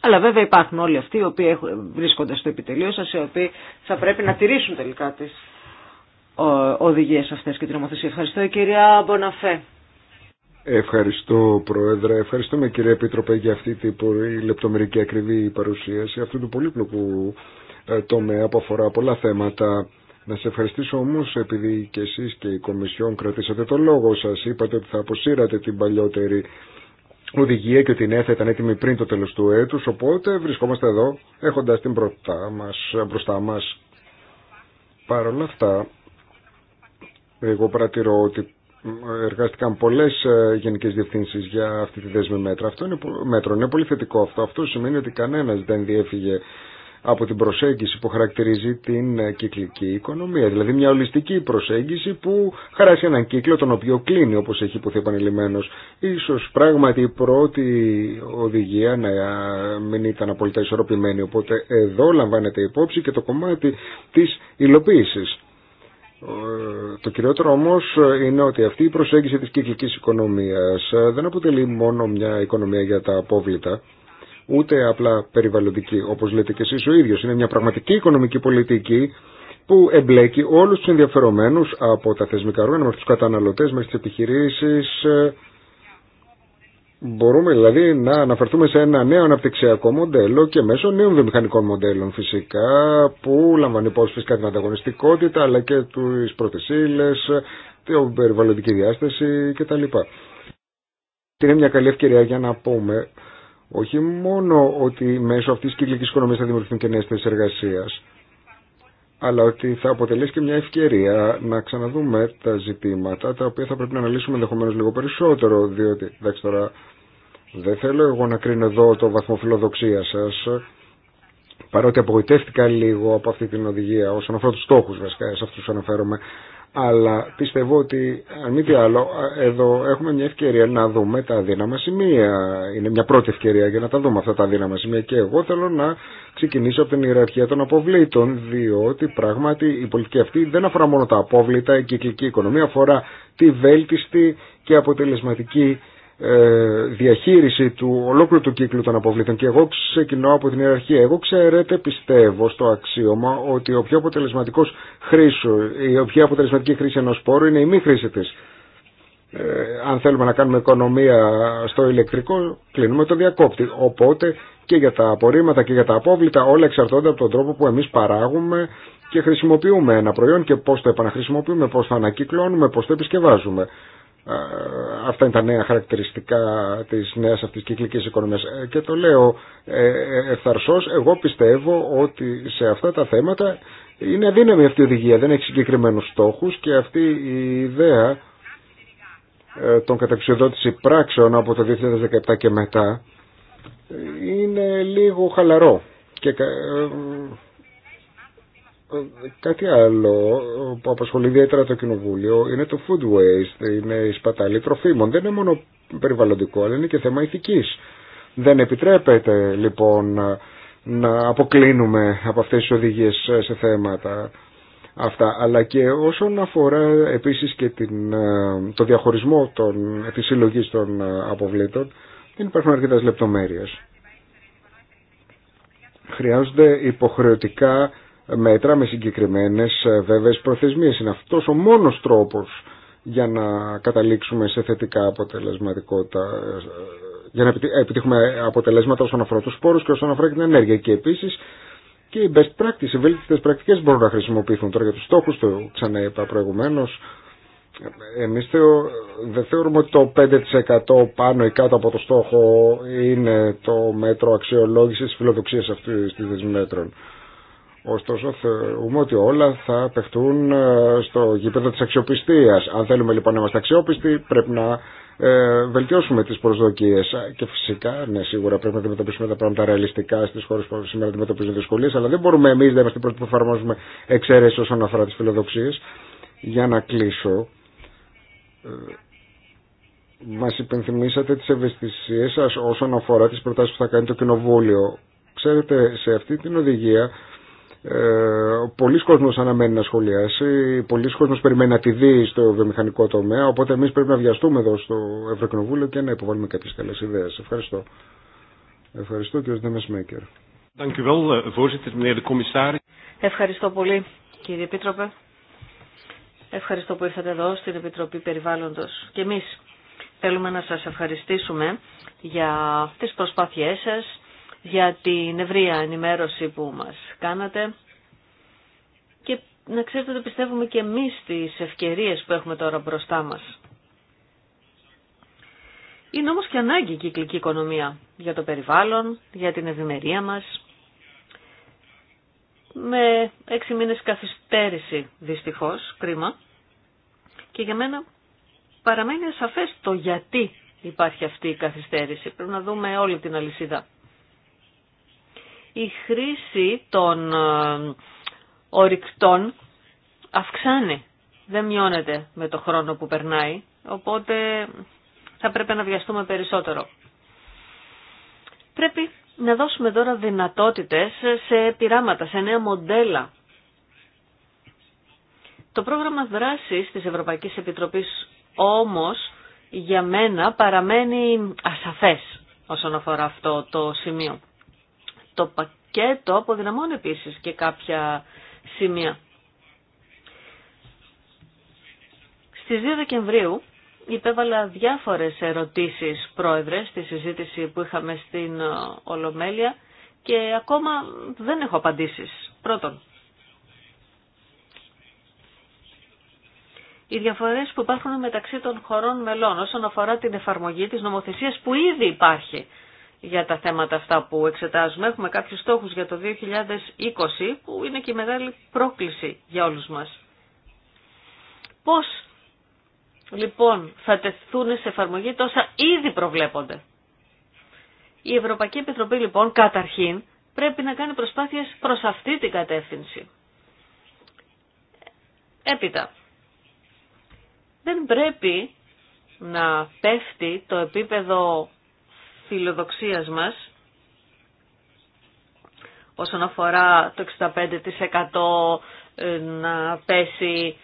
Αλλά βέβαια υπάρχουν όλοι αυτοί οι οποίοι βρίσκονται στο επιτελείο σας, οι οποίοι θα πρέπει να τηρήσουν τελικά τις οδηγίες αυτές και την νομοθεσία. Ευχαριστώ κυρία Μποναφέ. Ευχαριστώ Πρόεδρε, ευχαριστούμε κύριε Επίτροπε για αυτή την πολύ λεπτομερική ακριβή παρουσίαση αυτού του πολύπλοκου ε, τομέα που αφορά πολλά θέματα. Να σε ευχαριστήσω όμως επειδή και εσείς και η Κομισιόν κρατήσατε το λόγο σας. Είπατε ότι θα αποσύρατε την παλιότερη οδηγία και ότι η ναι, νέα θα ήταν έτοιμη πριν το τέλος του έτους. Οπότε βρισκόμαστε εδώ έχοντας την μπροστά μα Μπροστά Παρ' όλα αυτά εγώ παρατηρώ ότι εργάστηκαν πολλέ ε, γενικέ διευθύνσει για αυτή τη δέσμη μέτρα. Αυτό είναι, μέτρο. είναι πολύ θετικό αυτό. Αυτό σημαίνει ότι κανένα δεν διέφυγε από την προσέγγιση που χαρακτηρίζει την ε, κυκλική οικονομία. Δηλαδή μια ολιστική προσέγγιση που χαράσει έναν κύκλο τον οποίο κλείνει όπως έχει υποθεί επανειλημμένος. Ίσως πράγματι η πρώτη οδηγία να ε, μην ήταν απολύτω ισορροπημένη. Οπότε εδώ λαμβάνεται υπόψη και το κομμάτι της υλοποίησης. Ε, το κυριότερο όμως ε, είναι ότι αυτή η προσέγγιση της κυκλικής οικονομίας ε, δεν αποτελεί μόνο μια οικονομία για τα απόβλητα, ούτε απλά περιβαλλοντική, όπως λέτε και εσείς ο ίδιος. Είναι μια πραγματική οικονομική πολιτική που εμπλέκει όλους τους ενδιαφερομένους από τα θεσμικά όργανα, μέχρι τους καταναλωτές, μέχρι τις επιχειρήσεις, Μπορούμε δηλαδή να αναφερθούμε σε ένα νέο αναπτυξιακό μοντέλο και μέσω νέων βιομηχανικών μοντέλων φυσικά που λαμβάνει υπόψη φυσικά την ανταγωνιστικότητα αλλά και τις πρώτες ύλες, την περιβαλλοντική διάσταση κτλ. Είναι μια καλή ευκαιρία για να πούμε όχι μόνο ότι μέσω αυτής της κυκλικής οικονομίας θα δημιουργηθούν και νέες θέσεις εργασίας αλλά ότι θα αποτελέσει και μια ευκαιρία να ξαναδούμε τα ζητήματα τα οποία θα πρέπει να αναλύσουμε ενδεχομένω λίγο περισσότερο, διότι εντάξει τώρα δεν θέλω εγώ να κρίνω εδώ το βαθμό φιλοδοξία σα, παρότι απογοητεύτηκα λίγο από αυτή την οδηγία, όσον αφορά του στόχου βασικά, σε αυτού αναφέρομαι, αλλά πιστεύω ότι, αν μη τι άλλο, εδώ έχουμε μια ευκαιρία να δούμε τα αδύναμα σημεία. Είναι μια πρώτη ευκαιρία για να τα δούμε αυτά τα αδύναμα σημεία και εγώ θέλω να ξεκινήσω από την ιεραρχία των αποβλήτων, διότι πράγματι η πολιτική αυτή δεν αφορά μόνο τα απόβλητα, η κυκλική οικονομία αφορά τη βέλτιστη και αποτελεσματική ε, διαχείριση του ολόκληρου του κύκλου των αποβλήτων και εγώ ξεκινώ από την ιεραρχία. Εγώ ξέρετε πιστεύω στο αξίωμα ότι ο πιο αποτελεσματικό χρήσο, η πιο αποτελεσματική χρήση ενό σπόρου είναι η μη χρήση τη. Ε, αν θέλουμε να κάνουμε οικονομία στο ηλεκτρικό κλείνουμε το διακόπτη. Οπότε και για τα απορρίμματα και για τα απόβλητα όλα εξαρτώνται από τον τρόπο που εμείς παράγουμε και χρησιμοποιούμε ένα προϊόν και πώς το επαναχρησιμοποιούμε, πώ το ανακυκλώνουμε, πώ το επισκευάζουμε αυτά είναι τα νέα χαρακτηριστικά της νέας αυτής κυκλικής οικονομίας ε, και το λέω εθαρσός ε, εγώ πιστεύω ότι σε αυτά τα θέματα είναι αδύναμη αυτή η οδηγία δεν έχει συγκεκριμένους στόχους και αυτή η ιδέα ε, των καταξιοδότηση πράξεων από το 2017 και μετά είναι λίγο χαλαρό και Κάτι άλλο που απασχολεί ιδιαίτερα το Κοινοβούλιο είναι το food waste, είναι η σπατάλη τροφίμων. Δεν είναι μόνο περιβαλλοντικό, αλλά είναι και θέμα ηθικής. Δεν επιτρέπεται λοιπόν να αποκλίνουμε από αυτές τις οδηγίες σε θέματα αυτά. Αλλά και όσον αφορά επίσης και την, ε, το διαχωρισμό των, της συλλογής των ε, αποβλήτων, δεν υπάρχουν αρκετές λεπτομέρειες. Χρειάζονται υποχρεωτικά μέτρα με συγκεκριμένες ε, βέβαιες προθεσμίες. Είναι αυτός ο μόνος τρόπος για να καταλήξουμε σε θετικά αποτελεσματικότητα, ε, για να ε, επιτύχουμε αποτελέσματα όσον αφορά τους σπόρους και όσον αφορά την ενέργεια. Και επίσης και οι best practices, οι βέλτιστες πρακτικές μπορούν να χρησιμοποιηθούν τώρα για τους στόχους, το ξαναείπα προηγουμένως. Εμείς θεω, δεν θεωρούμε ότι το 5% πάνω ή κάτω από το στόχο είναι το μέτρο αξιολόγησης της φιλοδοξίας αυτής της μέτρων. Ωστόσο θεωρούμε ότι όλα θα παιχτούν ε, στο γήπεδο της αξιοπιστίας. Αν θέλουμε λοιπόν να είμαστε αξιόπιστοι πρέπει να ε, βελτιώσουμε τις προσδοκίες και φυσικά ναι σίγουρα πρέπει να αντιμετωπίσουμε τα πράγματα ρεαλιστικά στις χώρες που σήμερα αντιμετωπίζουν δυσκολίε, αλλά δεν μπορούμε εμείς να είμαστε πρώτοι που εφαρμόζουμε εξαιρέσεις όσον αφορά τις φιλοδοξίες. Για να κλείσω, ε, μας υπενθυμίσατε τις ευαισθησίες σα όσον αφορά τις προτάσεις που θα κάνει το Κοινοβούλιο. Ξέρετε, σε αυτή την οδηγία ε, πολλοί κόσμος αναμένει να σχολιάσει, πολλοί κόσμος περιμένει να τη δει στο βιομηχανικό τομέα, οπότε εμείς πρέπει να βιαστούμε εδώ στο Ευρωκοινοβούλιο και να υποβάλουμε κάποιες καλές ιδέες. Ευχαριστώ. Ευχαριστώ κύριε Δέμες Μέκερ. Ευχαριστώ πολύ κύριε Επίτροπε. Ευχαριστώ που ήρθατε εδώ στην Επιτροπή Περιβάλλοντος. Και εμείς θέλουμε να σας ευχαριστήσουμε για τις προσπάθειές σας, για την ευρεία ενημέρωση που μας κάνατε και να ξέρετε ότι πιστεύουμε και εμείς τις ευκαιρίες που έχουμε τώρα μπροστά μας. Είναι όμως και ανάγκη η κυκλική οικονομία για το περιβάλλον, για την ευημερία μας. Με έξι μήνες καθυστέρηση δυστυχώς, κρίμα. Και για μένα παραμένει σαφές το γιατί υπάρχει αυτή η καθυστέρηση. Πρέπει να δούμε όλη την αλυσίδα η χρήση των ε, ορυκτών αυξάνει. Δεν μειώνεται με το χρόνο που περνάει, οπότε θα πρέπει να βιαστούμε περισσότερο. Πρέπει να δώσουμε τώρα δυνατότητες σε πειράματα, σε νέα μοντέλα. Το πρόγραμμα δράσης της Ευρωπαϊκής Επιτροπής όμως για μένα παραμένει ασαφές όσον αφορά αυτό το σημείο το πακέτο αποδυναμώνει επίσης και κάποια σημεία. Στις 2 Δεκεμβρίου υπέβαλα διάφορες ερωτήσεις πρόεδρες στη συζήτηση που είχαμε στην ε, Ολομέλεια και ακόμα δεν έχω απαντήσεις. Πρώτον, οι διαφορές που υπάρχουν μεταξύ των χωρών μελών όσον αφορά την εφαρμογή της νομοθεσίας που ήδη υπάρχει για τα θέματα αυτά που εξετάζουμε. Έχουμε κάποιους στόχους για το 2020 που είναι και η μεγάλη πρόκληση για όλους μας. Πώς λοιπόν θα τεθούν σε εφαρμογή τόσα ήδη προβλέπονται. Η Ευρωπαϊκή Επιτροπή λοιπόν καταρχήν πρέπει να κάνει προσπάθειες προς αυτή την κατεύθυνση. Έπειτα, δεν πρέπει να πέφτει το επίπεδο φιλοδοξίας μας όσον αφορά το 65% ε, να πέσει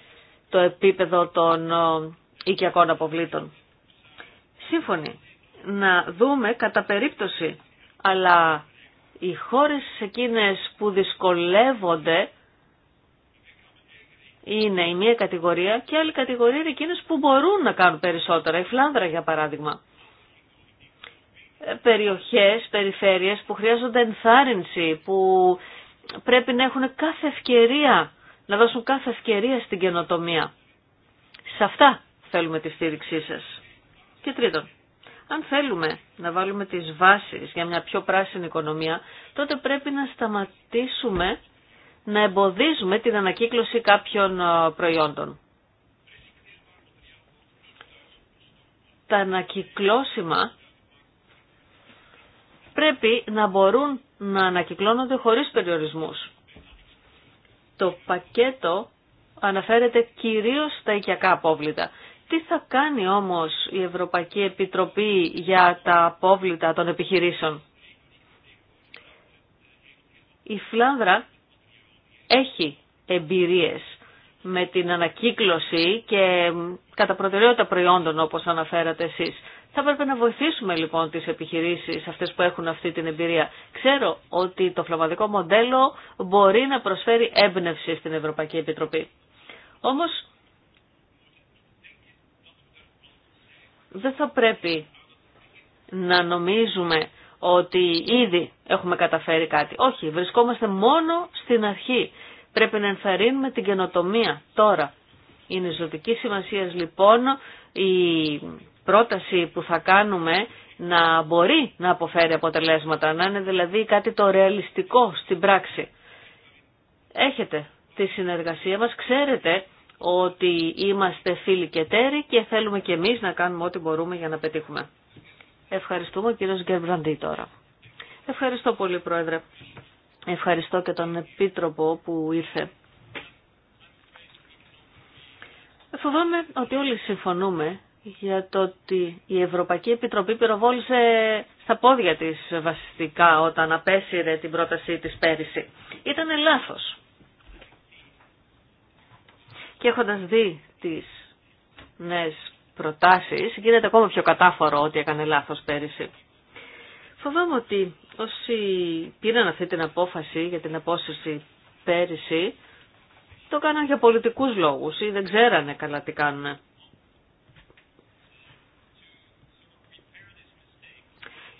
το επίπεδο των ε, οικιακών αποβλήτων. Σύμφωνοι, να δούμε κατά περίπτωση, αλλά οι χώρες εκείνες που δυσκολεύονται είναι η μία κατηγορία και άλλη κατηγορία είναι εκείνες που μπορούν να κάνουν περισσότερα. Η Φλάνδρα για παράδειγμα περιοχές, περιφέρειες που χρειάζονται ενθάρρυνση, που πρέπει να έχουν κάθε ευκαιρία, να δώσουν κάθε ευκαιρία στην καινοτομία. Σε αυτά θέλουμε τη στήριξή σας. Και τρίτον, αν θέλουμε να βάλουμε τις βάσεις για μια πιο πράσινη οικονομία, τότε πρέπει να σταματήσουμε να εμποδίζουμε την ανακύκλωση κάποιων ε, προϊόντων. Τα ανακυκλώσιμα πρέπει να μπορούν να ανακυκλώνονται χωρίς περιορισμούς. Το πακέτο αναφέρεται κυρίως στα οικιακά απόβλητα. Τι θα κάνει όμως η Ευρωπαϊκή Επιτροπή για τα απόβλητα των επιχειρήσεων. Η Φλάνδρα έχει εμπειρίες με την ανακύκλωση και κατά προτεραιότητα προϊόντων όπως αναφέρατε εσείς. Θα πρέπει να βοηθήσουμε λοιπόν τις επιχειρήσεις αυτές που έχουν αυτή την εμπειρία. Ξέρω ότι το φλαμαδικό μοντέλο μπορεί να προσφέρει έμπνευση στην Ευρωπαϊκή Επιτροπή. Όμως δεν θα πρέπει να νομίζουμε ότι ήδη έχουμε καταφέρει κάτι. Όχι, βρισκόμαστε μόνο στην αρχή. Πρέπει να ενθαρρύνουμε την καινοτομία τώρα. Είναι ζωτική σημασία λοιπόν η πρόταση που θα κάνουμε να μπορεί να αποφέρει αποτελέσματα, να είναι δηλαδή κάτι το ρεαλιστικό στην πράξη. Έχετε τη συνεργασία μας, ξέρετε ότι είμαστε φίλοι και τέροι και θέλουμε και εμείς να κάνουμε ό,τι μπορούμε για να πετύχουμε. Ευχαριστούμε κύριος Γκερμπραντή τώρα. Ευχαριστώ πολύ Πρόεδρε. Ευχαριστώ και τον Επίτροπο που ήρθε. Φοβάμαι ότι όλοι συμφωνούμε για το ότι η Ευρωπαϊκή Επιτροπή πυροβόλησε στα πόδια της βασιστικά όταν απέσυρε την πρότασή της πέρυσι. Ήταν λάθος. Και έχοντας δει τις νέες προτάσεις, γίνεται ακόμα πιο κατάφορο ότι έκανε λάθος πέρυσι. Φοβάμαι ότι όσοι πήραν αυτή την απόφαση για την απόσυρση πέρυσι, το κάναν για πολιτικούς λόγους ή δεν ξέρανε καλά τι κάνουν.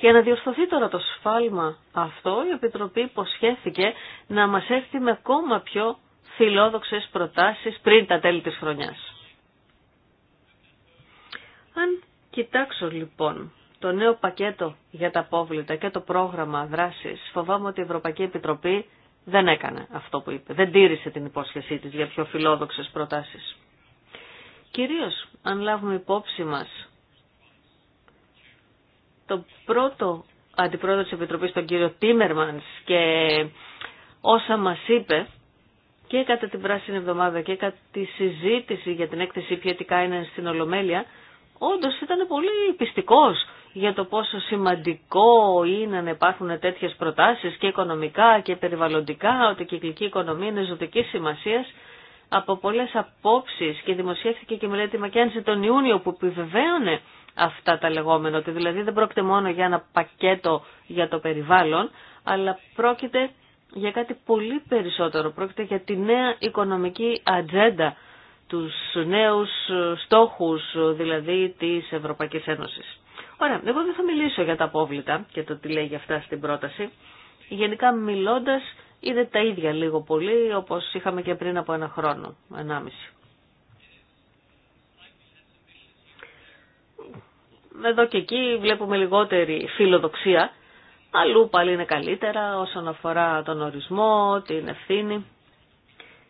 Για να διορθωθεί τώρα το σφάλμα αυτό, η Επιτροπή υποσχέθηκε να μας έρθει με ακόμα πιο φιλόδοξες προτάσεις πριν τα τέλη της χρονιάς. Αν κοιτάξω λοιπόν το νέο πακέτο για τα πόβλητα και το πρόγραμμα δράσης, φοβάμαι ότι η Ευρωπαϊκή Επιτροπή δεν έκανε αυτό που είπε, δεν τήρησε την υπόσχεσή της για πιο φιλόδοξες προτάσεις. Κυρίως αν λάβουμε υπόψη μας το πρώτο αντιπρόεδρο της Επιτροπής, τον κύριο Τίμερμανς και όσα μας είπε και κατά την Πράσινη Εβδομάδα και κατά τη συζήτηση για την έκθεση ποιοτικά είναι στην Ολομέλεια, όντως ήταν πολύ πιστικός για το πόσο σημαντικό είναι να υπάρχουν τέτοιες προτάσεις και οικονομικά και περιβαλλοντικά, ότι η κυκλική οικονομία είναι ζωτική σημασίας από πολλές απόψεις και δημοσιεύτηκε και η μελέτη Μακιάνση τον Ιούνιο που επιβεβαίωνε αυτά τα λεγόμενα, ότι δηλαδή δεν πρόκειται μόνο για ένα πακέτο για το περιβάλλον, αλλά πρόκειται για κάτι πολύ περισσότερο. Πρόκειται για τη νέα οικονομική ατζέντα, τους νέους στόχους δηλαδή της Ευρωπαϊκής Ένωσης. Ωραία, εγώ δεν θα μιλήσω για τα απόβλητα και το τι λέει για αυτά στην πρόταση. Γενικά μιλώντας είδε τα ίδια λίγο πολύ όπως είχαμε και πριν από ένα χρόνο, ενάμιση. εδώ και εκεί βλέπουμε λιγότερη φιλοδοξία. Αλλού πάλι είναι καλύτερα όσον αφορά τον ορισμό, την ευθύνη.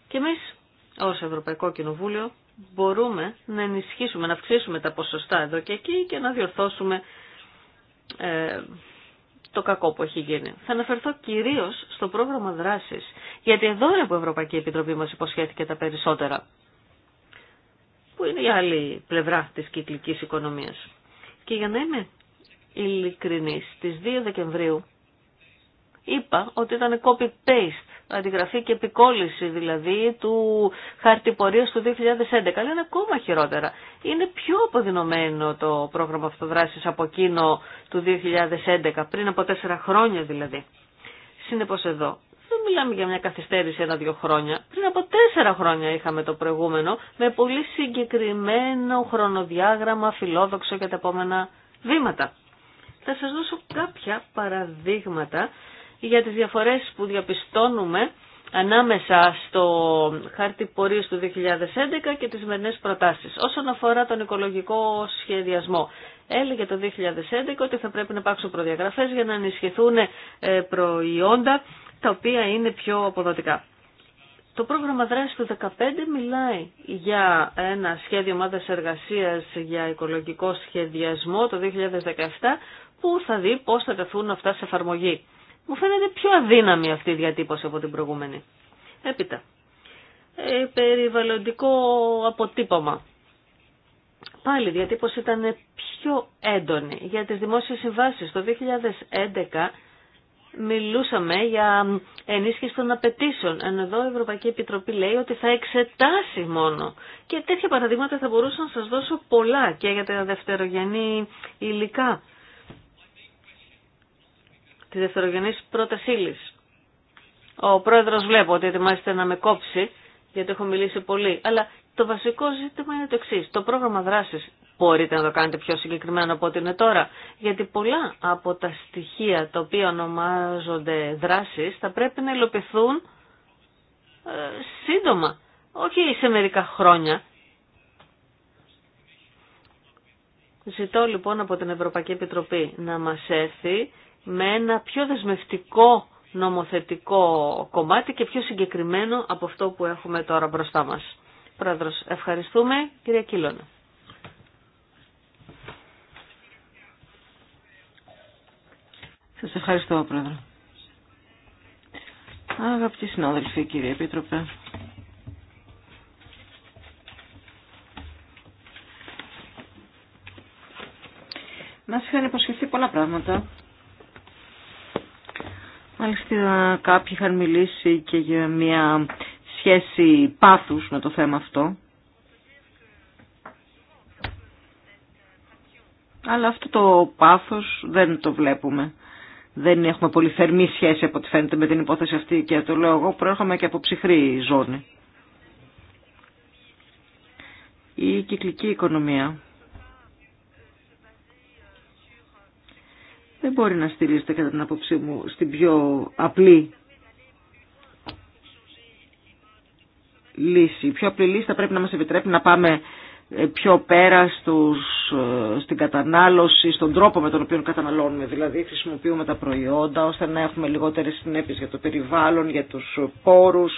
Και εμείς ως Ευρωπαϊκό Κοινοβούλιο μπορούμε να ενισχύσουμε, να αυξήσουμε τα ποσοστά εδώ και εκεί και να διορθώσουμε ε, το κακό που έχει γίνει. Θα αναφερθώ κυρίως στο πρόγραμμα δράσης, γιατί εδώ είναι που η Ευρωπαϊκή Επιτροπή μας υποσχέθηκε τα περισσότερα, που είναι η άλλη πλευρά της κυκλικής οικονομίας. Και για να είμαι ειλικρινής, στις 2 Δεκεμβρίου είπα ότι ήταν copy-paste, αντιγραφή και επικόλληση δηλαδή του χαρτιπορίας του 2011, αλλά είναι ακόμα χειρότερα. Είναι πιο αποδεινωμένο το πρόγραμμα αυτοδράσης από εκείνο του 2011, πριν από τέσσερα χρόνια δηλαδή. Συνεπώς εδώ δεν μιλάμε για μια καθυστέρηση ένα-δύο χρόνια. Πριν από τέσσερα χρόνια είχαμε το προηγούμενο με πολύ συγκεκριμένο χρονοδιάγραμμα φιλόδοξο για τα επόμενα βήματα. Θα σας δώσω κάποια παραδείγματα για τις διαφορές που διαπιστώνουμε ανάμεσα στο χάρτη πορείας του 2011 και τις μερινές προτάσεις. Όσον αφορά τον οικολογικό σχεδιασμό, έλεγε το 2011 ότι θα πρέπει να υπάρξουν προδιαγραφές για να ενισχυθούν ε, προϊόντα τα οποία είναι πιο αποδοτικά. Το πρόγραμμα δράσης του 2015 μιλάει για ένα σχέδιο ομάδα εργασίας για οικολογικό σχεδιασμό το 2017 που θα δει πώς θα τεθούν αυτά σε εφαρμογή. Μου φαίνεται πιο αδύναμη αυτή η διατύπωση από την προηγούμενη. Έπειτα, ε, περιβαλλοντικό αποτύπωμα. Πάλι η διατύπωση ήταν πιο έντονη για τις δημόσιες συμβάσεις. Το 2011 μιλούσαμε για ενίσχυση των απαιτήσεων. Ενώ εδώ η Ευρωπαϊκή Επιτροπή λέει ότι θα εξετάσει μόνο. Και τέτοια παραδείγματα θα μπορούσα να σας δώσω πολλά και για τα δευτερογενή υλικά. Τη δευτερογενής πρώτας Ο πρόεδρος βλέπω ότι ετοιμάζεται να με κόψει, γιατί έχω μιλήσει πολύ. Αλλά το βασικό ζήτημα είναι το εξή. Το πρόγραμμα δράσης μπορείτε να το κάνετε πιο συγκεκριμένο από ό,τι είναι τώρα. Γιατί πολλά από τα στοιχεία τα οποία ονομάζονται δράσεις θα πρέπει να υλοποιηθούν ε, σύντομα, όχι σε μερικά χρόνια. Ζητώ λοιπόν από την Ευρωπαϊκή Επιτροπή να μας έρθει με ένα πιο δεσμευτικό νομοθετικό κομμάτι και πιο συγκεκριμένο από αυτό που έχουμε τώρα μπροστά μας. Πρόεδρος, ευχαριστούμε. Κυρία Κύλωνα. Σας ευχαριστώ, Πρόεδρε. Αγαπητοί συνάδελφοι, κύριε Επίτροπε. Μας είχαν υποσχεθεί πολλά πράγματα. Μάλιστα κάποιοι είχαν μιλήσει και για μια σχέση πάθους με το θέμα αυτό. Αλλά αυτό το πάθος δεν το βλέπουμε δεν έχουμε πολύ θερμή σχέση από ό,τι φαίνεται με την υπόθεση αυτή και το λέω εγώ, προέρχομαι και από ψυχρή ζώνη. Η κυκλική οικονομία δεν μπορεί να στηρίζεται κατά την άποψή μου στην πιο απλή λύση. Η πιο απλή λύση θα πρέπει να μας επιτρέπει να πάμε ε, πιο πέρα στους, ε, στην κατανάλωση, στον τρόπο με τον οποίο καταναλώνουμε. Δηλαδή χρησιμοποιούμε τα προϊόντα ώστε να έχουμε λιγότερες συνέπειες για το περιβάλλον, για τους πόρους,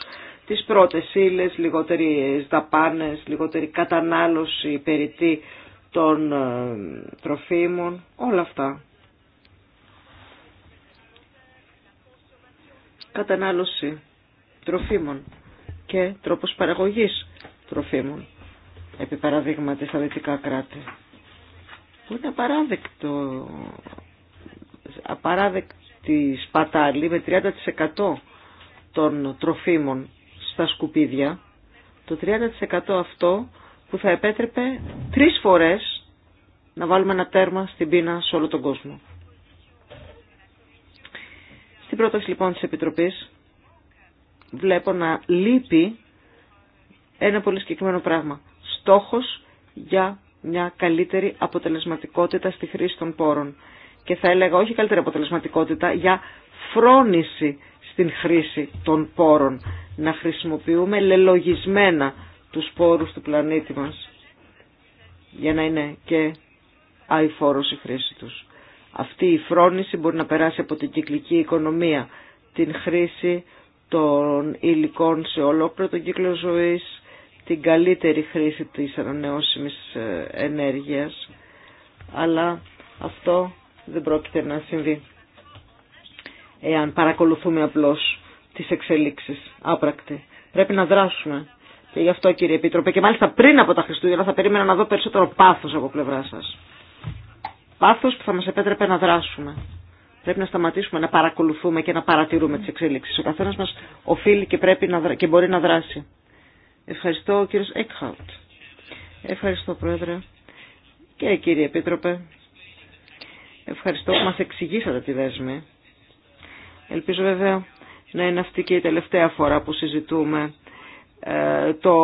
τις πρώτες ύλες, λιγότερες δαπάνες, λιγότερη κατανάλωση περιττή των ε, τροφίμων, όλα αυτά. Κατανάλωση τροφίμων και τρόπος παραγωγής τροφίμων επί παραδείγματι στα δυτικά κράτη που είναι απαράδεκτο απαράδεκτη σπατάλη με 30% των τροφίμων στα σκουπίδια το 30% αυτό που θα επέτρεπε τρεις φορές να βάλουμε ένα τέρμα στην πείνα σε όλο τον κόσμο. Στην πρόταση λοιπόν της Επιτροπής βλέπω να λείπει ένα πολύ συγκεκριμένο πράγμα στόχος για μια καλύτερη αποτελεσματικότητα στη χρήση των πόρων. Και θα έλεγα όχι καλύτερη αποτελεσματικότητα, για φρόνηση στην χρήση των πόρων. Να χρησιμοποιούμε λελογισμένα τους πόρους του πλανήτη μας για να είναι και αηφόρος η χρήση τους. Αυτή η φρόνηση μπορεί να περάσει από την κυκλική οικονομία, την χρήση των υλικών σε ολόκληρο τον κύκλο ζωής, την καλύτερη χρήση της ανανεώσιμης ε, ενέργειας, αλλά αυτό δεν πρόκειται να συμβεί εάν παρακολουθούμε απλώς τις εξελίξεις άπρακτη. Πρέπει να δράσουμε. Και γι' αυτό κύριε Επίτροπε και μάλιστα πριν από τα Χριστούγεννα θα περίμενα να δω περισσότερο πάθος από πλευρά σας. Πάθος που θα μας επέτρεπε να δράσουμε. Πρέπει να σταματήσουμε να παρακολουθούμε και να παρατηρούμε τις εξελίξεις. Ο καθένας μας οφείλει και, πρέπει να και μπορεί να δράσει. Ευχαριστώ κύριος Εκχάουτ. Ευχαριστώ πρόεδρε και κύριε επίτροπε. Ευχαριστώ που μας εξηγήσατε τη δέσμη. Ελπίζω βέβαια να είναι αυτή και η τελευταία φορά που συζητούμε ε, το,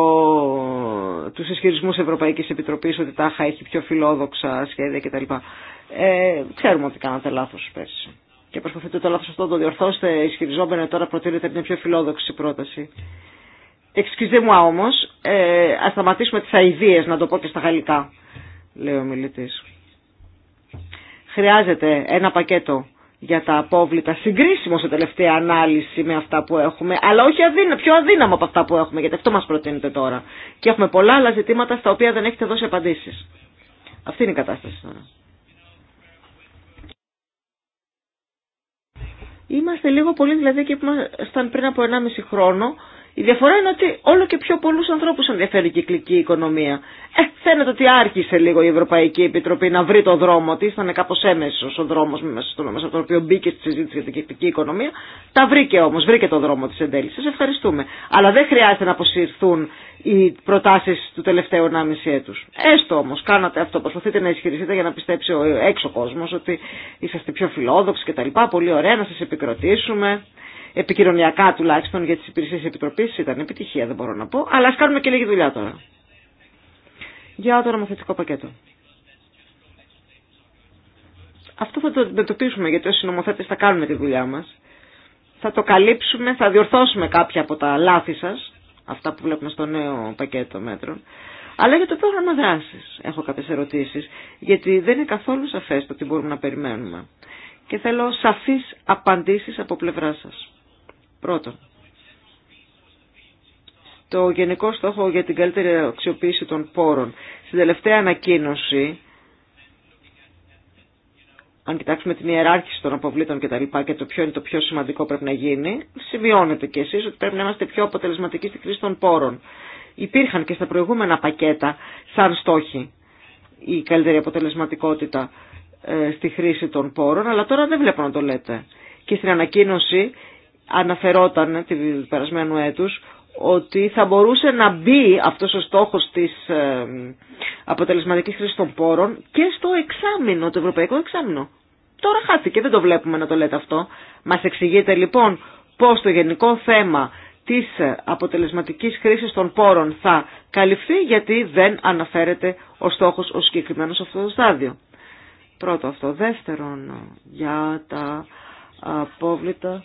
τους ισχυρισμούς Ευρωπαϊκής Επιτροπής ότι τάχα έχει πιο φιλόδοξα σχέδια κτλ. Ε, ξέρουμε ότι κάνατε λάθος πέρσι. Και προσπαθείτε το λάθος αυτό το διορθώσετε ισχυριζόμενο τώρα προτείνετε μια πιο φιλόδοξη πρόταση. Εξκυζέ μου όμω, ε, ας σταματήσουμε τι αειδίε, να το πω και στα γαλλικά, λέει ο μιλητή. Χρειάζεται ένα πακέτο για τα απόβλητα, συγκρίσιμο σε τελευταία ανάλυση με αυτά που έχουμε, αλλά όχι αδύνα, πιο αδύναμο από αυτά που έχουμε, γιατί αυτό μα προτείνεται τώρα. Και έχουμε πολλά άλλα ζητήματα στα οποία δεν έχετε δώσει απαντήσει. Αυτή είναι η κατάσταση τώρα. Είμαστε λίγο πολύ δηλαδή και που ήμασταν πριν από 1,5 χρόνο, η διαφορά είναι ότι όλο και πιο πολλού ανθρώπου ενδιαφέρει η κυκλική οικονομία. Ε, φαίνεται ότι άρχισε λίγο η Ευρωπαϊκή Επιτροπή να βρει το δρόμο τη, ήταν κάπω έμεσο ο δρόμο μέσα στον μέσα από τον οποίο μπήκε στη συζήτηση για την κυκλική οικονομία. Τα βρήκε όμω, βρήκε το δρόμο τη εν τέλει. Σα ευχαριστούμε. Αλλά δεν χρειάζεται να αποσυρθούν οι προτάσει του τελευταίου 1,5 έτου. Έστω όμω, κάνατε αυτό, προσπαθείτε να ισχυριστείτε για να πιστέψει ο έξω κόσμο ότι είσαστε πιο φιλόδοξοι κτλ. Πολύ ωραία να σα επικροτήσουμε επικοινωνιακά τουλάχιστον για τις υπηρεσίες επιτροπής ήταν επιτυχία δεν μπορώ να πω αλλά ας κάνουμε και λίγη δουλειά τώρα για το νομοθετικό πακέτο αυτό θα το αντιμετωπίσουμε γιατί ως νομοθέτες θα κάνουμε τη δουλειά μας θα το καλύψουμε, θα διορθώσουμε κάποια από τα λάθη σας αυτά που βλέπουμε στο νέο πακέτο μέτρων αλλά για το πρόγραμμα δράση έχω κάποιε ερωτήσει, γιατί δεν είναι καθόλου σαφέ το τι μπορούμε να περιμένουμε. Και θέλω σαφεί απαντήσει από πλευρά σα. Πρώτον, το γενικό στόχο για την καλύτερη αξιοποίηση των πόρων. Στην τελευταία ανακοίνωση, αν κοιτάξουμε την ιεράρχηση των αποβλήτων και τα λοιπά και το ποιο είναι το πιο σημαντικό πρέπει να γίνει, σημειώνετε κι εσείς ότι πρέπει να είμαστε πιο αποτελεσματικοί στη χρήση των πόρων. Υπήρχαν και στα προηγούμενα πακέτα σαν στόχοι η καλύτερη αποτελεσματικότητα ε, στη χρήση των πόρων, αλλά τώρα δεν βλέπω να το λέτε. Και στην ανακοίνωση αναφερόταν την περασμένου έτους ότι θα μπορούσε να μπει αυτός ο στόχος της ε, αποτελεσματικής χρήσης των πόρων και στο εξάμεινο, το ευρωπαϊκό εξάμεινο. Τώρα χάθηκε, δεν το βλέπουμε να το λέτε αυτό. Μας εξηγείτε λοιπόν πώς το γενικό θέμα της αποτελεσματικής χρήσης των πόρων θα καλυφθεί γιατί δεν αναφέρεται ο στόχος ο συγκεκριμένο σε αυτό το στάδιο. Πρώτο αυτό. Δεύτερον, για τα απόβλητα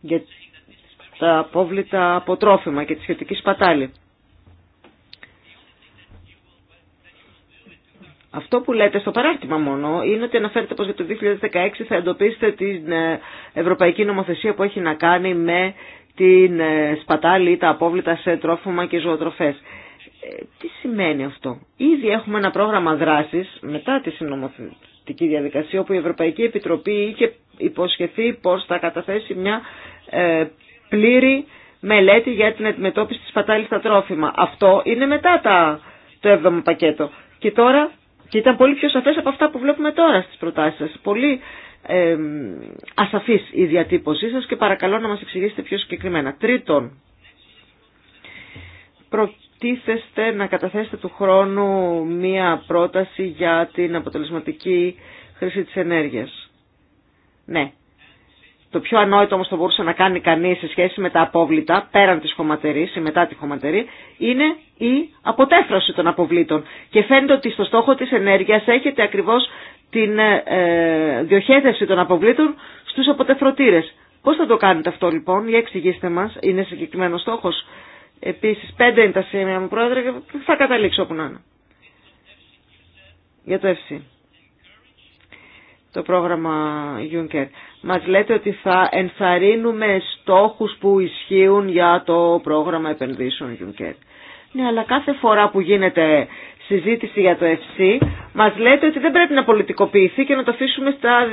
για τα απόβλητα αποτρόφιμα και τη σχετική σπατάλη. Αυτό που λέτε στο παράρτημα μόνο είναι ότι αναφέρετε πως για το 2016 θα εντοπίσετε την ε, ευρωπαϊκή νομοθεσία που έχει να κάνει με την ε, σπατάλη ή τα απόβλητα σε τρόφιμα και ζωοτροφές. Ε, τι σημαίνει αυτό. Ήδη έχουμε ένα πρόγραμμα δράσης μετά τη συνομοθεσία διαδικασία όπου η Ευρωπαϊκή Επιτροπή είχε υποσχεθεί πως θα καταθέσει μια ε, πλήρη μελέτη για την αντιμετώπιση της πατάλης στα τρόφιμα. Αυτό είναι μετά τα, το 7ο πακέτο. Και τώρα, και ήταν πολύ πιο σαφές από αυτά που βλέπουμε τώρα στις προτάσεις σας. Πολύ ε, ασαφής η διατύπωσή σας και παρακαλώ να μας εξηγήσετε πιο συγκεκριμένα. Τρίτον, τίθεστε να καταθέσετε του χρόνου μία πρόταση για την αποτελεσματική χρήση της ενέργειας. Ναι. Το πιο ανόητο όμως το μπορούσε να κάνει κανείς σε σχέση με τα απόβλητα, πέραν της χωματερής ή μετά τη χωματερή, είναι η αποτέφρωση των αποβλήτων. Και φαίνεται ότι στο στόχο της ενέργειας έχετε ακριβώς την ε, διοχέτευση των αποβλήτων στους αποτεφρωτήρες. Πώς θα το κάνετε αυτό λοιπόν, ή εξηγήστε μας, είναι συγκεκριμένο στόχος. Επίσης, πέντε είναι τα σημεία μου, πρόεδρε, και θα καταλήξω όπου να είναι. Για το FC. Το πρόγραμμα Juncker. Μας λέτε ότι θα ενθαρρύνουμε στόχους που ισχύουν για το πρόγραμμα επενδύσεων Juncker. Ναι, αλλά κάθε φορά που γίνεται συζήτηση για το FC, μας λέτε ότι δεν πρέπει να πολιτικοποιηθεί και να το αφήσουμε στα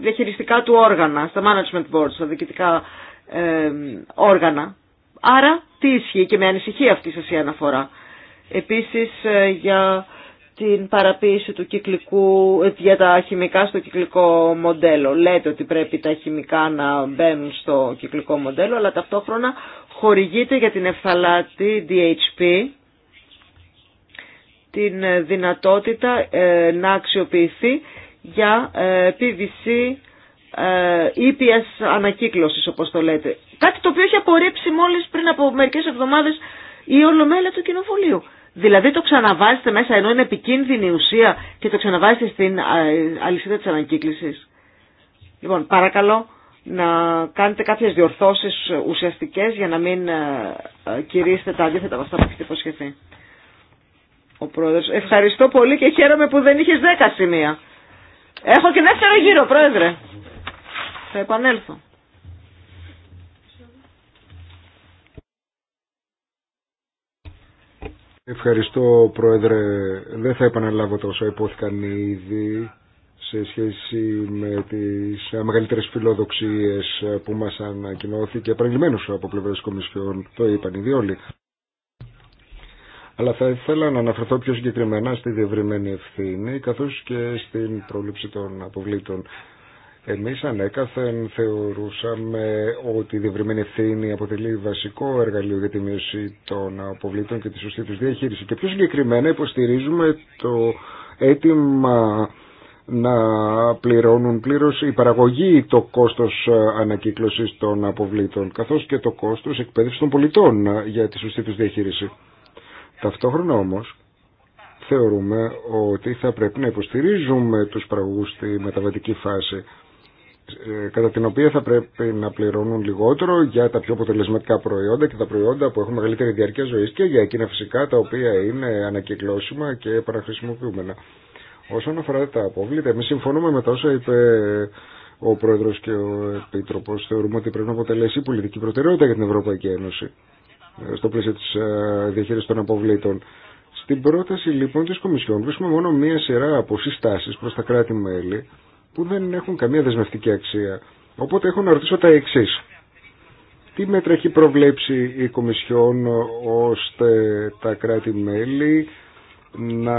διαχειριστικά του όργανα, στα management boards, στα διοικητικά ε, όργανα. Άρα τι ισχύει και με ανησυχεί αυτή σας η αναφορά. Επίσης ε, για την παραποίηση του κυκλικού, ε, για τα χημικά στο κυκλικό μοντέλο. Λέτε ότι πρέπει τα χημικά να μπαίνουν στο κυκλικό μοντέλο, αλλά ταυτόχρονα χορηγείται για την ευθαλάτη DHP την ε, δυνατότητα να αξιοποιηθεί για PVC ε, ήπιας ανακύκλωσης όπως το λέτε. Κάτι το οποίο έχει απορρίψει μόλις πριν από μερικές εβδομάδες η Ολομέλεια του Κοινοβουλίου. Δηλαδή το ξαναβάζετε μέσα ενώ είναι επικίνδυνη ουσία και το ξαναβάζετε στην ε, αλυσίδα της ανακύκλωσης Λοιπόν, παρακαλώ να κάνετε κάποιες διορθώσεις ουσιαστικές για να μην ε, ε, κηρύσετε τα αντίθετα από αυτά που έχετε υποσχεθεί. Ο πρόεδρος. Ευχαριστώ πολύ και χαίρομαι που δεν είχες δέκα σημεία. Έχω και δεύτερο γύρο, πρόεδρε. Θα επανέλθω. Ευχαριστώ Πρόεδρε. Δεν θα επαναλάβω τόσο υπόθηκαν ήδη σε σχέση με τις μεγαλύτερες φιλοδοξίες που μας ανακοινώθηκε επαγγελμένως από πλευρές κομισιών, το είπαν ήδη όλοι. Αλλά θα ήθελα να αναφερθώ πιο συγκεκριμένα στη διευρυμένη ευθύνη καθώς και στην πρόληψη των αποβλήτων. Εμείς ανέκαθεν θεωρούσαμε ότι η διευρυμένη ευθύνη αποτελεί βασικό εργαλείο για τη μείωση των αποβλήτων και τη σωστή τους διαχείριση. Και πιο συγκεκριμένα υποστηρίζουμε το αίτημα να πληρώνουν πλήρως η παραγωγή το κόστος ανακύκλωσης των αποβλήτων καθώς και το κόστος εκπαίδευση των πολιτών για τη σωστή του διαχείριση. Ταυτόχρονα όμως θεωρούμε ότι θα πρέπει να υποστηρίζουμε τους παραγωγούς στη μεταβατική φάση ε, κατά την οποία θα πρέπει να πληρώνουν λιγότερο για τα πιο αποτελεσματικά προϊόντα και τα προϊόντα που έχουν μεγαλύτερη διάρκεια ζωής και για εκείνα φυσικά τα οποία είναι ανακυκλώσιμα και παραχρησιμοποιούμενα. Όσον αφορά τα απόβλητα, εμεί συμφωνούμε με τα όσα είπε ο Πρόεδρο και ο Επίτροπο. Θεωρούμε ότι πρέπει να αποτελέσει πολιτική προτεραιότητα για την Ευρωπαϊκή Ένωση ε, στο πλαίσιο τη ε, διαχείριση των αποβλήτων. Στην πρόταση λοιπόν τη Κομισιόν βρίσκουμε μόνο μία σειρά από συστάσει προ τα κράτη-μέλη που δεν έχουν καμία δεσμευτική αξία. Οπότε έχω να ρωτήσω τα εξή. Τι μέτρα έχει προβλέψει η Κομισιόν ώστε τα κράτη-μέλη να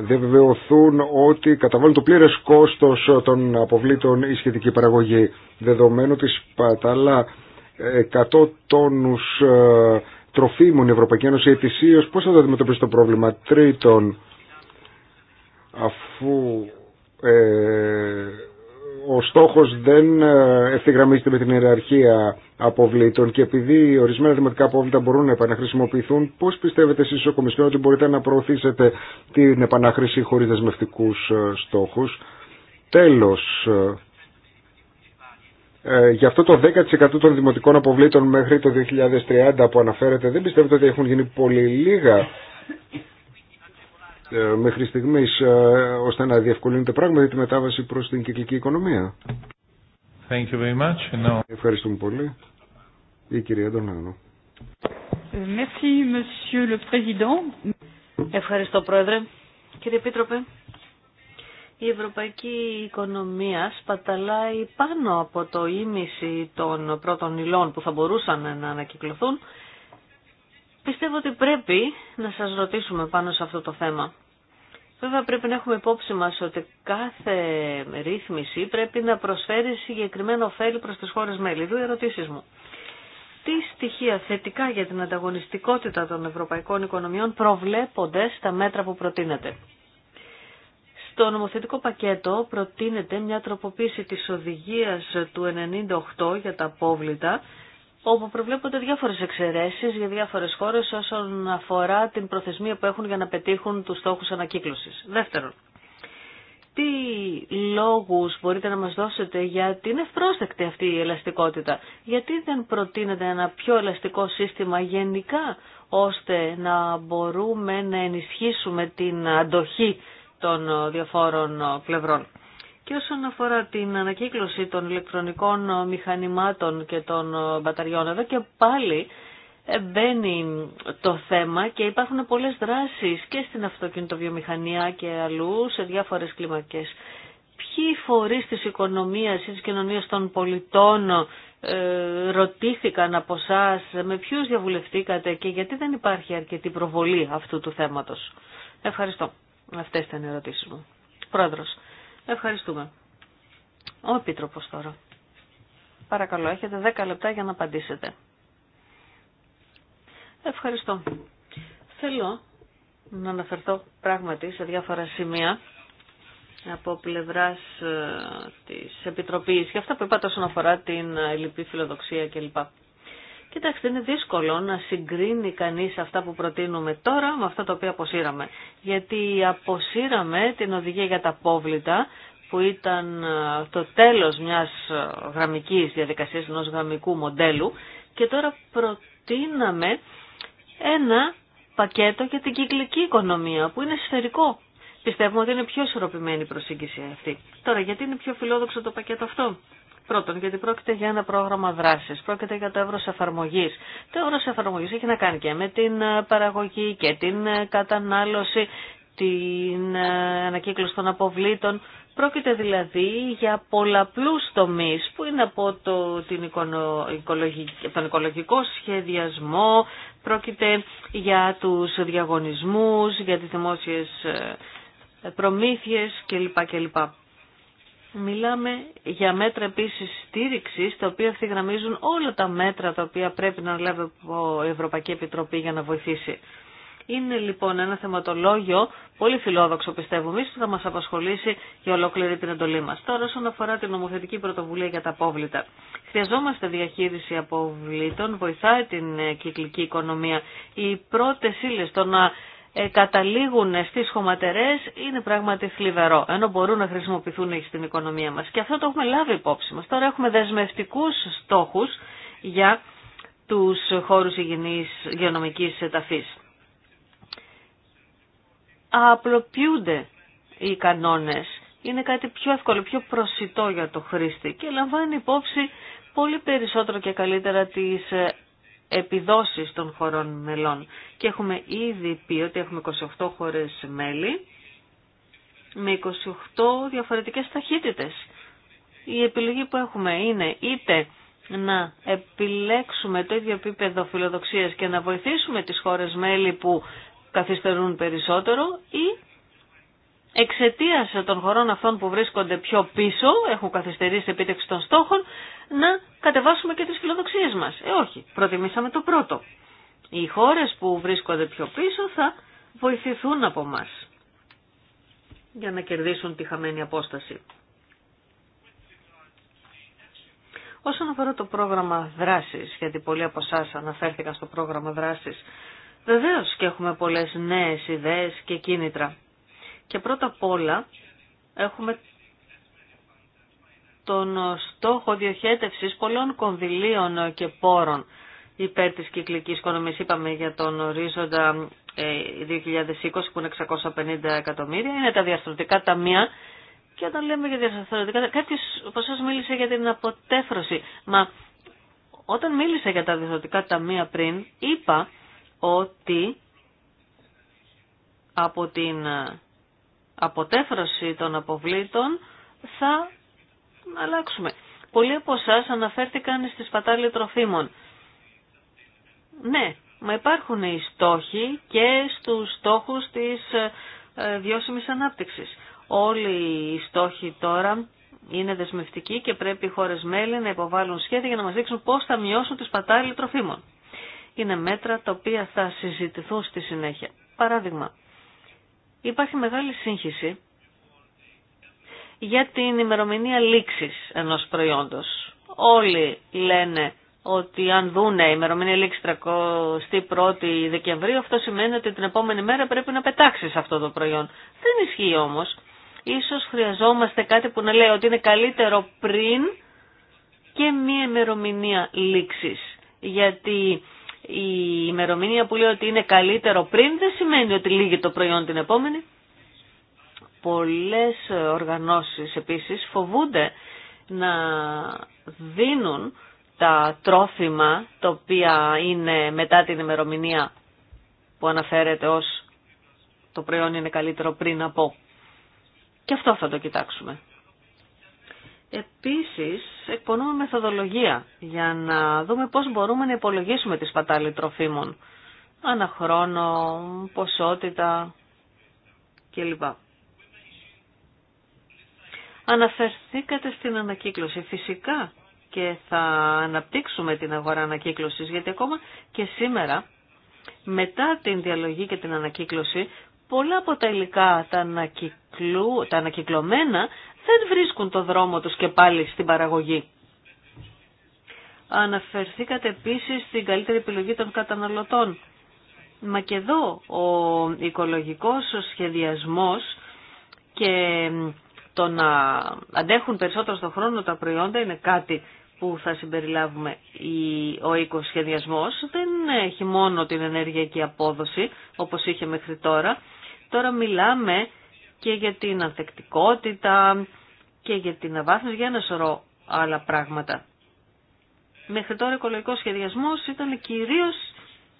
διαβεβαιωθούν ότι καταβάλουν το πλήρες κόστος των αποβλήτων η σχετική παραγωγή δεδομένου της πατάλα 100 τόνους ε, τροφίμων η Ευρωπαϊκή Ένωση ετησίως πώς θα το αντιμετωπίσει το πρόβλημα τρίτον αφού ε, ο στόχος δεν ε, ευθυγραμμίζεται με την ιεραρχία αποβλήτων και επειδή ορισμένα δημοτικά απόβλητα μπορούν να επαναχρησιμοποιηθούν, πώς πιστεύετε εσείς ο Κομισιόν ότι μπορείτε να προωθήσετε την επαναχρήση χωρίς δεσμευτικούς ε, στόχους. Τέλος, γι' αυτό το 10% των δημοτικών αποβλήτων μέχρι το 2030 που αναφέρετε δεν πιστεύετε ότι έχουν γίνει πολύ λίγα ε, μέχρι στιγμής ε, ώστε να διευκολύνεται πράγματι τη μετάβαση προς την κυκλική οικονομία. Thank you very much. Ευχαριστούμε πολύ. Η κυρία Ντονάνο. Ευχαριστώ Πρόεδρε. Κύριε Επίτροπε, η ευρωπαϊκή οικονομία σπαταλάει πάνω από το ίμιση των πρώτων υλών που θα μπορούσαν να ανακυκλωθούν Πιστεύω ότι πρέπει να σας ρωτήσουμε πάνω σε αυτό το θέμα. Βέβαια πρέπει να έχουμε υπόψη μας ότι κάθε ρύθμιση πρέπει να προσφέρει συγκεκριμένο ωφέλη προς τις χώρες μέλη. Δύο ερωτήσεις μου. Τι στοιχεία θετικά για την ανταγωνιστικότητα των ευρωπαϊκών οικονομιών προβλέπονται στα μέτρα που προτείνεται. Στο νομοθετικό πακέτο προτείνεται μια τροποποίηση της οδηγίας του 98 για τα απόβλητα όπου προβλέπονται διάφορες εξαιρέσεις για διάφορες χώρες όσον αφορά την προθεσμία που έχουν για να πετύχουν τους στόχους ανακύκλωσης. Δεύτερον, τι λόγους μπορείτε να μας δώσετε γιατί είναι ευπρόσδεκτη αυτή η ελαστικότητα. Γιατί δεν προτείνεται ένα πιο ελαστικό σύστημα γενικά ώστε να μπορούμε να ενισχύσουμε την αντοχή των διαφόρων πλευρών. Και όσον αφορά την ανακύκλωση των ηλεκτρονικών μηχανημάτων και των ε, μπαταριών, εδώ και πάλι ε, μπαίνει το θέμα και υπάρχουν πολλές δράσεις και στην αυτοκινητοβιομηχανία και αλλού σε διάφορες κλίμακες. Ποιοι φορείς της οικονομίας ή της κοινωνίας των πολιτών ε, ρωτήθηκαν από εσά με ποιους διαβουλευτήκατε και γιατί δεν υπάρχει αρκετή προβολή αυτού του θέματος. Ευχαριστώ. Αυτές ήταν οι ερωτήσεις μου. Πρόεδρος. Ευχαριστούμε. Ο Επίτροπος τώρα. Παρακαλώ, έχετε 10 λεπτά για να απαντήσετε. Ευχαριστώ. Θέλω να αναφερθώ πράγματι σε διάφορα σημεία από πλευράς ε, της Επιτροπής για αυτά που είπατε όσον αφορά την ελληνική φιλοδοξία κλπ. Κοιτάξτε, είναι δύσκολο να συγκρίνει κανείς αυτά που προτείνουμε τώρα με αυτά τα οποία αποσύραμε. Γιατί αποσύραμε την οδηγία για τα απόβλητα που ήταν ε, το τέλος μιας ε, γραμμικής διαδικασίας, ενός γραμμικού μοντέλου και τώρα προτείναμε ένα πακέτο για την κυκλική οικονομία που είναι σφαιρικό. Πιστεύουμε ότι είναι πιο ισορροπημένη η προσέγγιση αυτή. Τώρα, γιατί είναι πιο φιλόδοξο το πακέτο αυτό. Πρώτον, γιατί πρόκειται για ένα πρόγραμμα δράση, πρόκειται για το εύρο εφαρμογή. Το εύρο εφαρμογή έχει να κάνει και με την ε, παραγωγή και την ε, κατανάλωση, την ε, ανακύκλωση των αποβλήτων. Πρόκειται δηλαδή για πολλαπλούς τομείς που είναι από το, την οικολογική, τον οικολογικό σχεδιασμό, πρόκειται για τους διαγωνισμούς, για τις δημόσιες προμήθειες κλπ. Μιλάμε για μέτρα επίση στήριξη, τα οποία ευθυγραμμίζουν όλα τα μέτρα τα οποία πρέπει να λάβει η Ευρωπαϊκή Επιτροπή για να βοηθήσει. Είναι λοιπόν ένα θεματολόγιο πολύ φιλόδοξο πιστεύω εμεί που θα μα απασχολήσει για ολόκληρη την εντολή μα. Τώρα όσον αφορά την νομοθετική πρωτοβουλία για τα απόβλητα. Χρειαζόμαστε διαχείριση αποβλήτων, βοηθάει την κυκλική οικονομία. Οι πρώτε ύλε το να καταλήγουν στις χωματερές είναι πράγματι θλιβερό, ενώ μπορούν να χρησιμοποιηθούν στην οικονομία μας. Και αυτό το έχουμε λάβει υπόψη μας. Τώρα έχουμε δεσμευτικούς στόχους για τους χώρους υγιεινής γεωνομικής ταφής. Απλοποιούνται οι κανόνες. Είναι κάτι πιο εύκολο, πιο προσιτό για το χρήστη και λαμβάνει υπόψη πολύ περισσότερο και καλύτερα τις επιδόσεις των χωρών μελών. Και έχουμε ήδη πει ότι έχουμε 28 χώρες μέλη με 28 διαφορετικές ταχύτητες. Η επιλογή που έχουμε είναι είτε να επιλέξουμε το ίδιο επίπεδο φιλοδοξίας και να βοηθήσουμε τις χώρες μέλη που καθυστερούν περισσότερο ή εξαιτία των χωρών αυτών που βρίσκονται πιο πίσω, έχουν καθυστερήσει επίτευξη των στόχων, να κατεβάσουμε και τι φιλοδοξίε μας. Ε, όχι, προτιμήσαμε το πρώτο. Οι χώρες που βρίσκονται πιο πίσω θα βοηθηθούν από εμά για να κερδίσουν τη χαμένη απόσταση. Όσον αφορά το πρόγραμμα δράσης, γιατί πολλοί από εσά αναφέρθηκαν στο πρόγραμμα δράσης, βεβαίως και έχουμε πολλές νέες ιδέες και κίνητρα. Και πρώτα απ' όλα έχουμε τον στόχο διοχέτευσης πολλών κονδυλίων και πόρων υπέρ της κυκλικής οικονομίας. Είπαμε για τον ορίζοντα 2020 ε, που είναι 650 εκατομμύρια. Είναι τα διαστροτικά ταμεία και όταν λέμε για διαστροτικά κάποιος από σας μίλησε για την αποτέφρωση. Μα όταν μίλησε για τα διαστροτικά ταμεία πριν είπα ότι από την αποτέφρωση των αποβλήτων θα αλλάξουμε. Πολλοί από εσά αναφέρθηκαν στις σπατάλη τροφίμων. Ναι, μα υπάρχουν οι στόχοι και στους στόχους της ε, βιώσιμης ανάπτυξης. Όλοι οι στόχοι τώρα είναι δεσμευτικοί και πρέπει οι χώρες μέλη να υποβάλουν σχέδια για να μας δείξουν πώς θα μειώσουν τις σπατάλη τροφίμων. Είναι μέτρα τα οποία θα συζητηθούν στη συνέχεια. Παράδειγμα, Υπάρχει μεγάλη σύγχυση για την ημερομηνία λήξης ενός προϊόντος. Όλοι λένε ότι αν δούνε η ημερομηνία 1 31η Δεκεμβρίου, αυτό σημαίνει ότι την επόμενη μέρα πρέπει να πετάξεις αυτό το προϊόν. Δεν ισχύει όμως. Ίσως χρειαζόμαστε κάτι που να λέει ότι είναι καλύτερο πριν και μία ημερομηνία λήξη. Γιατί η ημερομηνία που λέει ότι είναι καλύτερο πριν δεν σημαίνει ότι λύγει το προϊόν την επόμενη. Πολλές οργανώσεις επίσης φοβούνται να δίνουν τα τρόφιμα τα οποία είναι μετά την ημερομηνία που αναφέρεται ως το προϊόν είναι καλύτερο πριν από. Και αυτό θα το κοιτάξουμε. Επίσης, εκπονούμε μεθοδολογία για να δούμε πώς μπορούμε να υπολογίσουμε τη σπατάλη τροφίμων. χρόνο, ποσότητα κλπ. Αναφερθήκατε στην ανακύκλωση. Φυσικά και θα αναπτύξουμε την αγορά ανακύκλωσης, γιατί ακόμα και σήμερα, μετά την διαλογή και την ανακύκλωση, πολλά από τα υλικά, τα, ανακυκλου, τα ανακυκλωμένα, δεν βρίσκουν το δρόμο τους και πάλι στην παραγωγή. Αναφερθήκατε επίσης στην καλύτερη επιλογή των καταναλωτών. Μα και εδώ ο οικολογικός σχεδιασμός και το να αντέχουν περισσότερο στον χρόνο τα προϊόντα είναι κάτι που θα συμπεριλάβουμε ο οικοσχεδιασμός δεν έχει μόνο την ενεργειακή απόδοση όπως είχε μέχρι τώρα. Τώρα μιλάμε και για την ανθεκτικότητα και για την αβάθμιση, για ένα σωρό άλλα πράγματα. Μέχρι τώρα ο οικολογικός σχεδιασμός ήταν κυρίως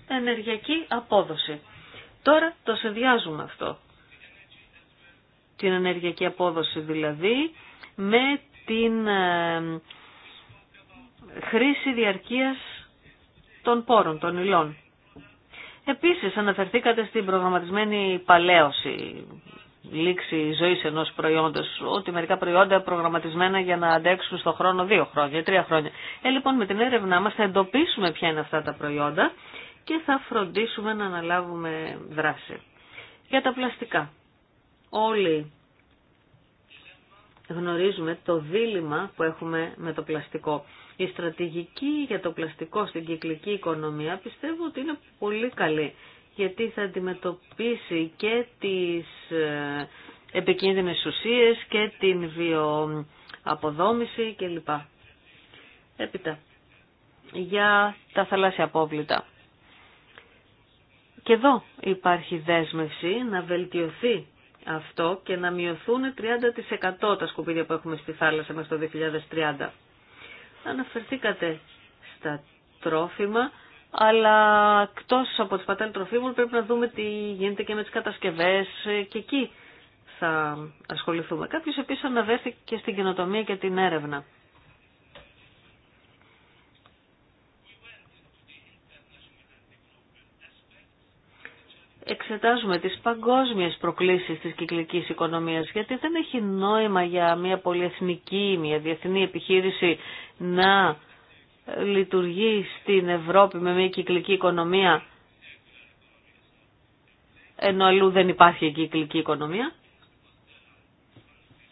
ενεργειακή απόδοση. Τώρα το συνδυάζουμε αυτό. Την ενεργειακή απόδοση δηλαδή με την ε, χρήση διαρκείας των πόρων, των υλών. Επίσης αναφερθήκατε στην προγραμματισμένη παλαίωση λήξη ζωή ενό προϊόντος, ότι μερικά προϊόντα προγραμματισμένα για να αντέξουν στον χρόνο δύο χρόνια, τρία χρόνια. Ε, λοιπόν, με την έρευνά μας θα εντοπίσουμε ποια είναι αυτά τα προϊόντα και θα φροντίσουμε να αναλάβουμε δράση. Για τα πλαστικά. Όλοι γνωρίζουμε το δίλημα που έχουμε με το πλαστικό. Η στρατηγική για το πλαστικό στην κυκλική οικονομία πιστεύω ότι είναι πολύ καλή γιατί θα αντιμετωπίσει και τις ε, επικίνδυνες ουσίες και την βιοαποδόμηση κλπ. Έπειτα, για τα θαλάσσια απόβλητα. Και εδώ υπάρχει δέσμευση να βελτιωθεί αυτό και να μειωθούν 30% τα σκουπίδια που έχουμε στη θάλασσα μέχρι το 2030. Αναφερθήκατε στα τρόφιμα αλλά εκτό από τις πατέλες τροφίμων πρέπει να δούμε τι γίνεται και με τις κατασκευές και εκεί θα ασχοληθούμε. Κάποιος επίσης αναβέρθηκε και στην καινοτομία και την έρευνα. Εξετάζουμε τις παγκόσμιες προκλήσεις της κυκλικής οικονομίας, γιατί δεν έχει νόημα για μια πολυεθνική, μια διεθνή επιχείρηση να λειτουργεί στην Ευρώπη με μια κυκλική οικονομία ενώ αλλού δεν υπάρχει κυκλική οικονομία.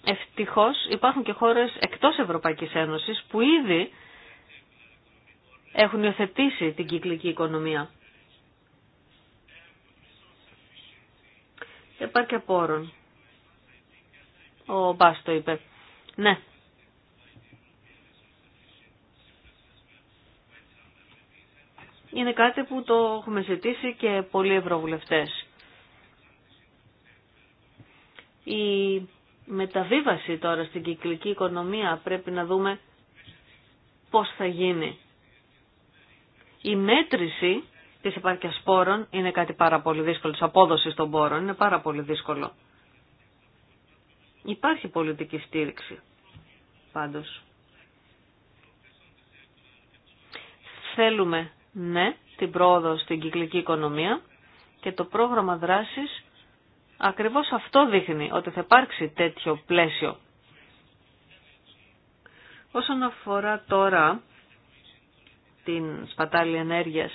Ευτυχώς υπάρχουν και χώρες εκτός Ευρωπαϊκής Ένωσης που ήδη έχουν υιοθετήσει την κυκλική οικονομία. Επάρκεια πόρων. Ο Μπάς το είπε. Ναι, είναι κάτι που το έχουμε ζητήσει και πολλοί ευρωβουλευτές. Η μεταβίβαση τώρα στην κυκλική οικονομία πρέπει να δούμε πώς θα γίνει. Η μέτρηση της επάρκειας σπόρων είναι κάτι πάρα πολύ δύσκολο, της απόδοσης των πόρων είναι πάρα πολύ δύσκολο. Υπάρχει πολιτική στήριξη πάντως. Θέλουμε ναι, την πρόοδο στην κυκλική οικονομία και το πρόγραμμα δράσης ακριβώς αυτό δείχνει ότι θα υπάρξει τέτοιο πλαίσιο. Όσον αφορά τώρα την σπατάλη ενέργειας,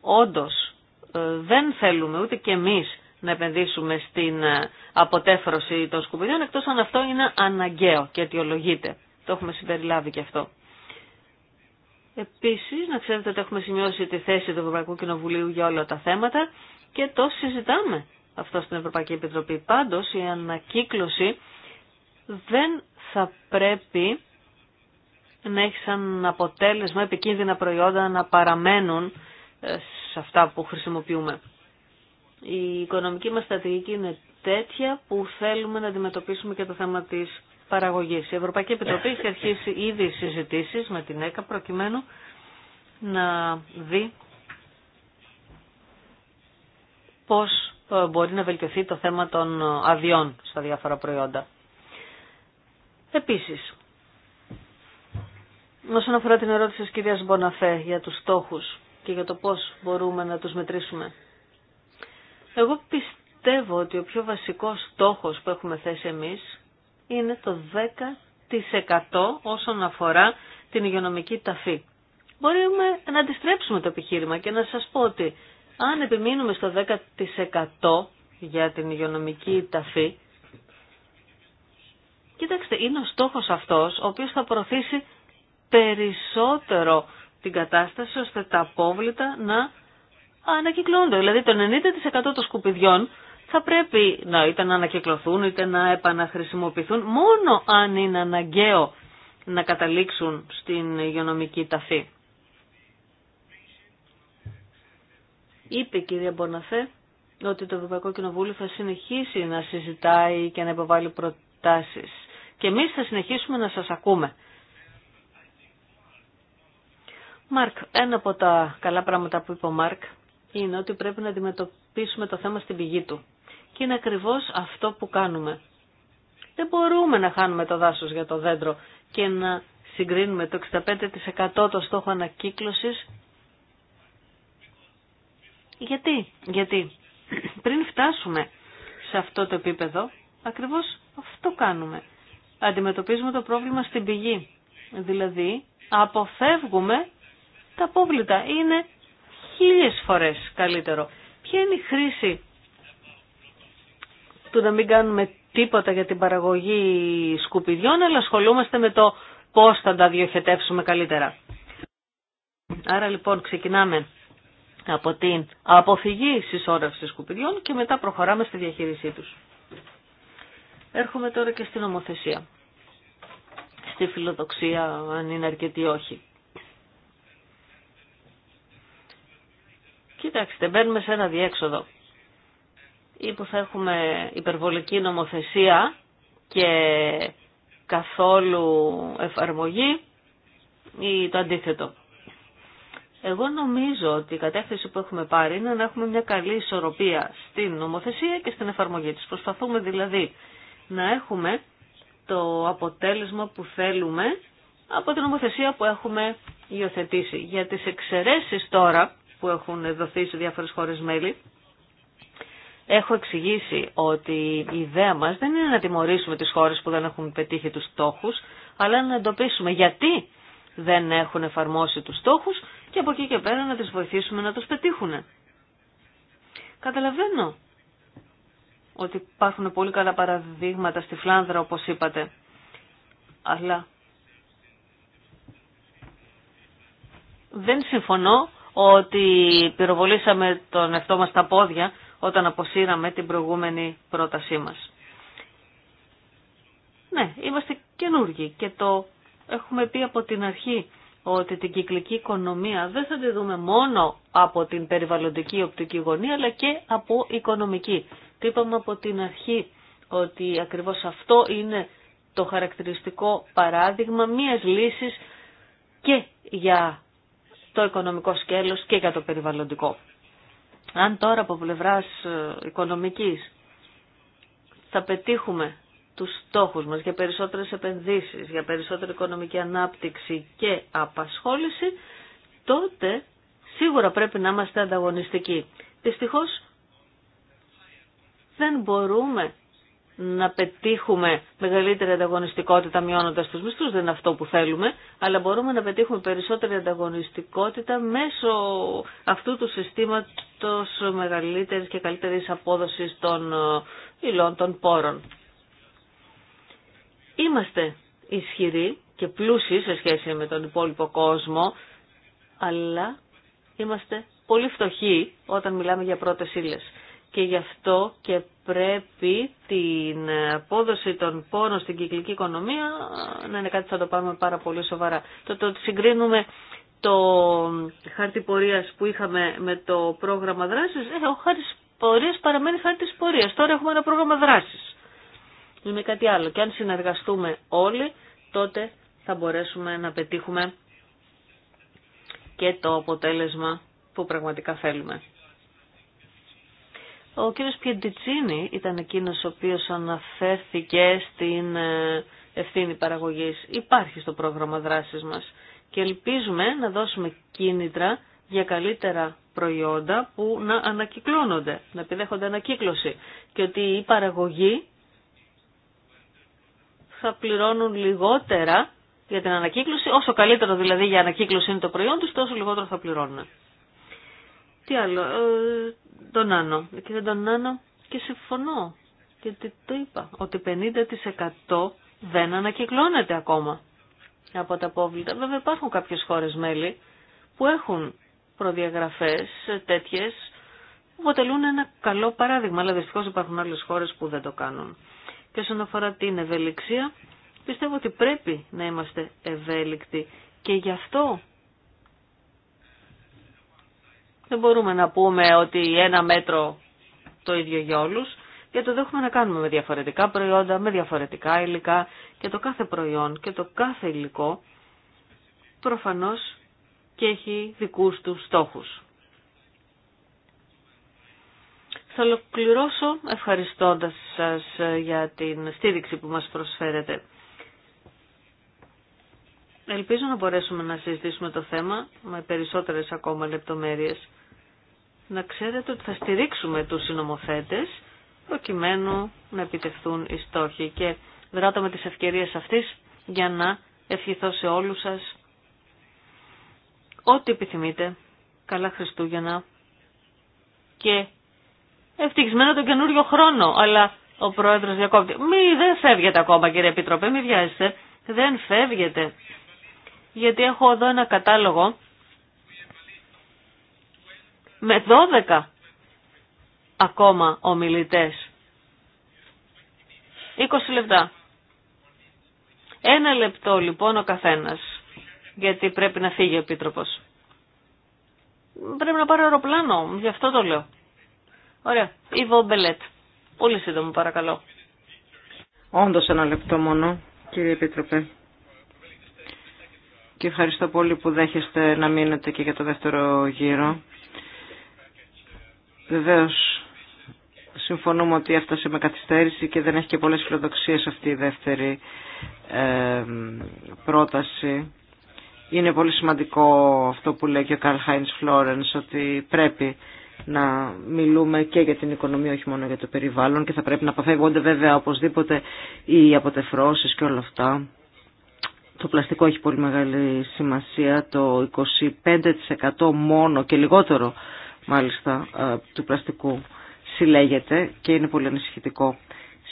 όντως ε, δεν θέλουμε ούτε και εμείς να επενδύσουμε στην ε, αποτέφρωση των σκουπιδιών, εκτός αν αυτό είναι αναγκαίο και αιτιολογείται. Το έχουμε συμπεριλάβει και αυτό. Επίσης, να ξέρετε ότι έχουμε σημειώσει τη θέση του Ευρωπαϊκού Κοινοβουλίου για όλα τα θέματα και το συζητάμε αυτό στην Ευρωπαϊκή Επιτροπή. Πάντως, η ανακύκλωση δεν θα πρέπει να έχει σαν αποτέλεσμα επικίνδυνα προϊόντα να παραμένουν σε αυτά που χρησιμοποιούμε. Η οικονομική μας στρατηγική είναι τέτοια που θέλουμε να αντιμετωπίσουμε και το θέμα της η Ευρωπαϊκή Επιτροπή έχει αρχίσει ήδη συζητήσεις με την ΕΚΑ προκειμένου να δει πώς ε, μπορεί να βελτιωθεί το θέμα των αδειών στα διάφορα προϊόντα. Επίσης, όσον αφορά την ερώτηση τη κυρία Μποναφέ για του στόχους και για το πώς μπορούμε να τους μετρήσουμε, εγώ πιστεύω ότι ο πιο βασικός στόχος που έχουμε θέσει εμείς είναι το 10% όσον αφορά την υγειονομική ταφή. Μπορούμε να αντιστρέψουμε το επιχείρημα και να σας πω ότι αν επιμείνουμε στο 10% για την υγειονομική ταφή, κοίταξτε, είναι ο στόχος αυτός ο οποίος θα προωθήσει περισσότερο την κατάσταση ώστε τα απόβλητα να ανακυκλώνονται. Δηλαδή το 90% των σκουπιδιών θα πρέπει να είτε να ανακυκλωθούν είτε να επαναχρησιμοποιηθούν μόνο αν είναι αναγκαίο να καταλήξουν στην υγειονομική ταφή. Είπε η κυρία Μποναφέ ότι το Ευρωπαϊκό Κοινοβούλιο θα συνεχίσει να συζητάει και να υποβάλει προτάσεις. Και εμείς θα συνεχίσουμε να σας ακούμε. Μάρκ, ένα από τα καλά πράγματα που είπε ο Μάρκ είναι ότι πρέπει να αντιμετωπίσουμε το θέμα στην πηγή του. Και είναι ακριβώς αυτό που κάνουμε. Δεν μπορούμε να χάνουμε το δάσος για το δέντρο και να συγκρίνουμε το 65% το στόχο ανακύκλωσης. Γιατί, γιατί πριν φτάσουμε σε αυτό το επίπεδο, ακριβώς αυτό κάνουμε. Αντιμετωπίζουμε το πρόβλημα στην πηγή. Δηλαδή, αποφεύγουμε τα πόβλητα. Είναι χίλιες φορές καλύτερο. Ποια είναι η χρήση του να μην κάνουμε τίποτα για την παραγωγή σκουπιδιών, αλλά ασχολούμαστε με το πώς θα τα διοχετεύσουμε καλύτερα. Άρα λοιπόν ξεκινάμε από την αποφυγή συσσόρευσης σκουπιδιών και μετά προχωράμε στη διαχείρισή τους. Έρχομαι τώρα και στην ομοθεσία. Στη φιλοδοξία, αν είναι αρκετή ή όχι. Κοιτάξτε, μπαίνουμε σε ένα διέξοδο ή που θα έχουμε υπερβολική νομοθεσία και καθόλου εφαρμογή ή το αντίθετο. Εγώ νομίζω ότι η κατεύθυνση που έχουμε πάρει είναι να έχουμε μια καλή ισορροπία στην νομοθεσία και στην εφαρμογή της. Προσπαθούμε δηλαδή να έχουμε το αποτέλεσμα που θέλουμε από την νομοθεσία που έχουμε υιοθετήσει. Για τις εξαιρέσεις τώρα που έχουν δοθεί σε διάφορες χώρες μέλη, Έχω εξηγήσει ότι η ιδέα μας δεν είναι να τιμωρήσουμε τις χώρες που δεν έχουν πετύχει τους στόχους, αλλά να εντοπίσουμε γιατί δεν έχουν εφαρμόσει τους στόχους και από εκεί και πέρα να τις βοηθήσουμε να τους πετύχουν. Καταλαβαίνω ότι υπάρχουν πολύ καλά παραδείγματα στη Φλάνδρα όπως είπατε, αλλά δεν συμφωνώ ότι πυροβολήσαμε τον εαυτό μας τα πόδια όταν αποσύραμε την προηγούμενη πρότασή μας. Ναι, είμαστε καινούργοι και το έχουμε πει από την αρχή ότι την κυκλική οικονομία δεν θα τη δούμε μόνο από την περιβαλλοντική οπτική γωνία αλλά και από οικονομική. Τι είπαμε από την αρχή ότι ακριβώς αυτό είναι το χαρακτηριστικό παράδειγμα μίας λύσης και για το οικονομικό σκέλος και για το περιβαλλοντικό. Αν τώρα από πλευρά ε, οικονομικής θα πετύχουμε τους στόχους μας για περισσότερες επενδύσεις, για περισσότερη οικονομική ανάπτυξη και απασχόληση, τότε σίγουρα πρέπει να είμαστε ανταγωνιστικοί. Δυστυχώς δεν μπορούμε να πετύχουμε μεγαλύτερη ανταγωνιστικότητα μειώνοντα τους μισθούς, δεν είναι αυτό που θέλουμε, αλλά μπορούμε να πετύχουμε περισσότερη ανταγωνιστικότητα μέσω αυτού του συστήματος μεγαλύτερη και καλύτερης απόδοσης των ε, υλών, των πόρων. Είμαστε ισχυροί και πλούσιοι σε σχέση με τον υπόλοιπο κόσμο, αλλά είμαστε πολύ φτωχοί όταν μιλάμε για πρώτες ύλες και γι' αυτό και πρέπει την απόδοση των πόρων στην κυκλική οικονομία να είναι κάτι που θα το πάρουμε πάρα πολύ σοβαρά. Το, ότι συγκρίνουμε το χάρτη πορείας που είχαμε με το πρόγραμμα δράσης, ε, ο χάρτης πορείας παραμένει χάρτης πορείας. Τώρα έχουμε ένα πρόγραμμα δράσης. Είναι κάτι άλλο. Και αν συνεργαστούμε όλοι, τότε θα μπορέσουμε να πετύχουμε και το αποτέλεσμα που πραγματικά θέλουμε. Ο κύριος Πιεντιτσίνη ήταν εκείνος ο οποίος αναφέρθηκε στην ε, ευθύνη παραγωγής. Υπάρχει στο πρόγραμμα δράσης μας και ελπίζουμε να δώσουμε κίνητρα για καλύτερα προϊόντα που να ανακυκλώνονται, να επιδέχονται ανακύκλωση και ότι η παραγωγή θα πληρώνουν λιγότερα για την ανακύκλωση, όσο καλύτερο δηλαδή για ανακύκλωση είναι το προϊόν τους, τόσο λιγότερο θα πληρώνουν. Τι άλλο, ε, τον Άνω. Κύριε τον και συμφωνώ. Γιατί το είπα, ότι 50% δεν ανακυκλώνεται ακόμα από τα απόβλητα. Βέβαια υπάρχουν κάποιες χώρες μέλη που έχουν προδιαγραφές τέτοιες που αποτελούν ένα καλό παράδειγμα, αλλά δυστυχώ υπάρχουν άλλες χώρες που δεν το κάνουν. Και όσον αφορά την ευελιξία, πιστεύω ότι πρέπει να είμαστε ευέλικτοι και γι' αυτό δεν μπορούμε να πούμε ότι ένα μέτρο το ίδιο για όλους, γιατί το έχουμε να κάνουμε με διαφορετικά προϊόντα, με διαφορετικά υλικά και το κάθε προϊόν και το κάθε υλικό προφανώς και έχει δικούς του στόχους. Θα ολοκληρώσω ευχαριστώντας σας για την στήριξη που μας προσφέρετε. Ελπίζω να μπορέσουμε να συζητήσουμε το θέμα με περισσότερες ακόμα λεπτομέρειες να ξέρετε ότι θα στηρίξουμε τους συνομοθέτες προκειμένου να επιτευχθούν οι στόχοι και δράτω με τις ευκαιρίες αυτής για να ευχηθώ σε όλους σας ό,τι επιθυμείτε. Καλά Χριστούγεννα και ευτυχισμένο τον καινούριο χρόνο, αλλά ο πρόεδρος διακόπτει. Μη δεν φεύγετε ακόμα κύριε Επιτροπέ, μη βιάζεστε. Δεν φεύγετε. Γιατί έχω εδώ ένα κατάλογο με 12 ακόμα ομιλητές. 20 λεπτά. Ένα λεπτό λοιπόν ο καθένας, γιατί πρέπει να φύγει ο Επίτροπος. Πρέπει να πάρω αεροπλάνο, γι' αυτό το λέω. Ωραία, Ιβο Μπελέτ. Πολύ σύντομο παρακαλώ. Όντως ένα λεπτό μόνο, κύριε Επίτροπε. Και ευχαριστώ πολύ που δέχεστε να μείνετε και για το δεύτερο γύρο. Βεβαίως, συμφωνούμε ότι έφτασε με καθυστέρηση και δεν έχει και πολλές φιλοδοξίες αυτή η δεύτερη ε, πρόταση. Είναι πολύ σημαντικό αυτό που λέει και ο Καρλ Χάιντς Φλόρενς ότι πρέπει να μιλούμε και για την οικονομία όχι μόνο για το περιβάλλον και θα πρέπει να αποφεύγονται βέβαια οπωσδήποτε οι αποτεφρώσεις και όλα αυτά. Το πλαστικό έχει πολύ μεγάλη σημασία, το 25% μόνο και λιγότερο μάλιστα ε, του πλαστικού συλλέγεται και είναι πολύ ανησυχητικό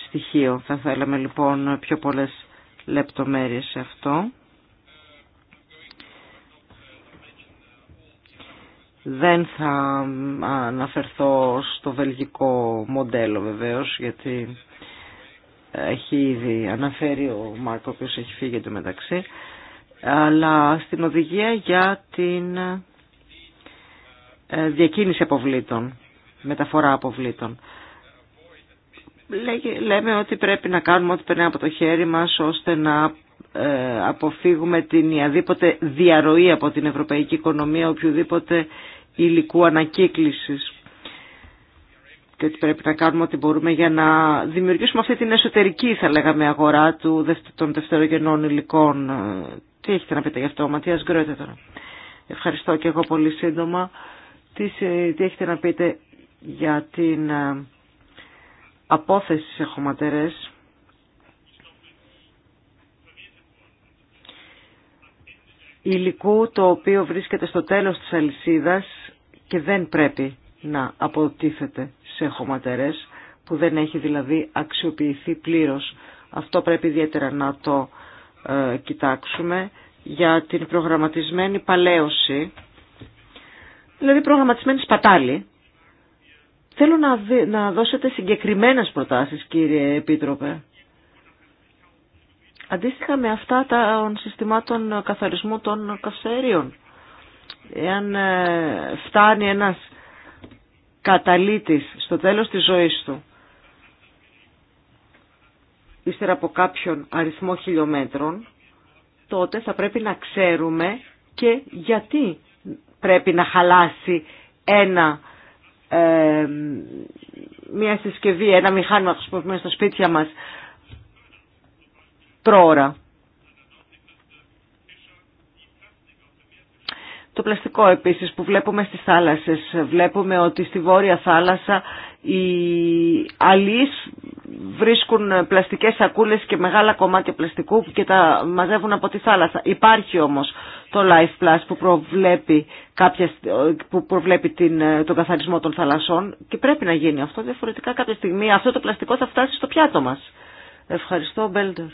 στοιχείο. Θα θέλαμε λοιπόν πιο πολλές λεπτομέρειες σε αυτό. Δεν θα αναφερθώ στο βελγικό μοντέλο βεβαίως γιατί έχει ήδη αναφέρει ο Μάρκο ο οποίος έχει φύγει εντωμεταξύ. μεταξύ αλλά στην οδηγία για την ε, διακίνηση αποβλήτων, μεταφορά αποβλήτων. Λέμε ότι πρέπει να κάνουμε ό,τι περνάει από το χέρι μας ώστε να ε, αποφύγουμε την ιαδήποτε διαρροή από την ευρωπαϊκή οικονομία οποιοδήποτε υλικού ανακύκλησης και ότι πρέπει να κάνουμε ό,τι μπορούμε για να δημιουργήσουμε αυτή την εσωτερική θα λέγαμε αγορά του, των δευτερογενών υλικών. Ε, τι έχετε να πείτε γι' αυτό, Ματίας Γκρότε τώρα. Ευχαριστώ και εγώ πολύ σύντομα. Τι, έχετε να πείτε για την ε, απόθεση σε χωματερές υλικού το οποίο βρίσκεται στο τέλος της αλυσίδας και δεν πρέπει να αποτίθεται σε χωματερές που δεν έχει δηλαδή αξιοποιηθεί πλήρως. Αυτό πρέπει ιδιαίτερα να το ε, κοιτάξουμε για την προγραμματισμένη παλαίωση δηλαδή προγραμματισμένη σπατάλη, θέλω να, να δώσετε συγκεκριμένες προτάσεις κύριε Επίτροπε. Αντίστοιχα με αυτά των συστημάτων καθαρισμού των καυσαερίων. Εάν ε, φτάνει ένας καταλήτης στο τέλος της ζωής του, ύστερα από κάποιον αριθμό χιλιόμετρων, τότε θα πρέπει να ξέρουμε και γιατί πρέπει να χαλάσει ένα, ε, μια συσκευή, ένα μηχάνημα που χρησιμοποιούμε στα σπίτια μας πρόωρα. Το πλαστικό επίσης που βλέπουμε στις θάλασσες. Βλέπουμε ότι στη Βόρεια Θάλασσα οι αλείς βρίσκουν πλαστικές σακούλες και μεγάλα κομμάτια πλαστικού και τα μαζεύουν από τη θάλασσα. Υπάρχει όμως το Life Plus που προβλέπει, κάποια, που προβλέπει την, ε, τον καθαρισμό των θαλασσών και πρέπει να γίνει αυτό. Διαφορετικά κάποια στιγμή αυτό το πλαστικό θα φτάσει στο πιάτο μας. Ευχαριστώ, Μπέλντερ.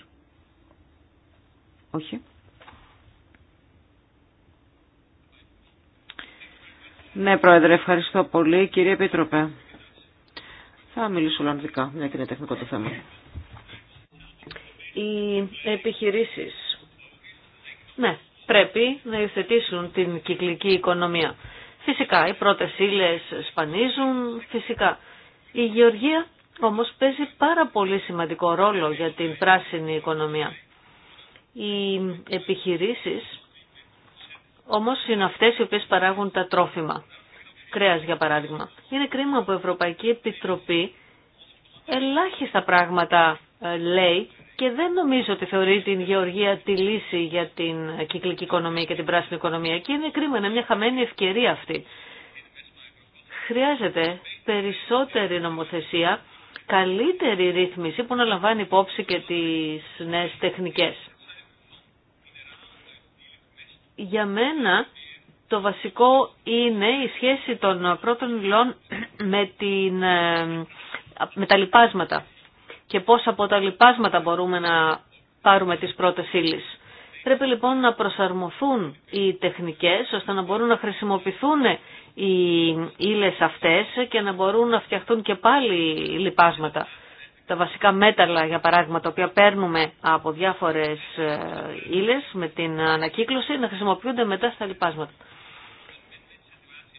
Όχι. Ναι, Πρόεδρε, ευχαριστώ πολύ. Κύριε Επίτροπε. Θα μιλήσω Ολλανδικά, μια και είναι τεχνικό το θέμα. Οι επιχειρήσεις, ναι, πρέπει να υιοθετήσουν την κυκλική οικονομία. Φυσικά, οι πρώτες ύλε σπανίζουν, φυσικά. Η γεωργία όμως παίζει πάρα πολύ σημαντικό ρόλο για την πράσινη οικονομία. Οι επιχειρήσεις όμως είναι αυτές οι οποίες παράγουν τα τρόφιμα κρέας για παράδειγμα. Είναι κρίμα που η Ευρωπαϊκή Επιτροπή ελάχιστα πράγματα ε, λέει και δεν νομίζω ότι θεωρεί την γεωργία τη λύση για την κυκλική οικονομία και την πράσινη οικονομία και είναι κρίμα, είναι μια χαμένη ευκαιρία αυτή. Χρειάζεται περισσότερη νομοθεσία, καλύτερη ρύθμιση που να λαμβάνει υπόψη και τις νέες τεχνικές. Για μένα το βασικό είναι η σχέση των πρώτων υλών με, την, ε, τα λοιπάσματα και πώς από τα λοιπάσματα μπορούμε να πάρουμε τις πρώτες ύλες. Πρέπει λοιπόν να προσαρμοθούν οι τεχνικές ώστε να μπορούν να χρησιμοποιηθούν οι ύλε αυτές και να μπορούν να φτιαχτούν και πάλι λοιπάσματα. Τα βασικά μέταλλα, για παράδειγμα, τα οποία παίρνουμε από διάφορες ε, ύλες με την ανακύκλωση, να χρησιμοποιούνται μετά στα λοιπάσματα.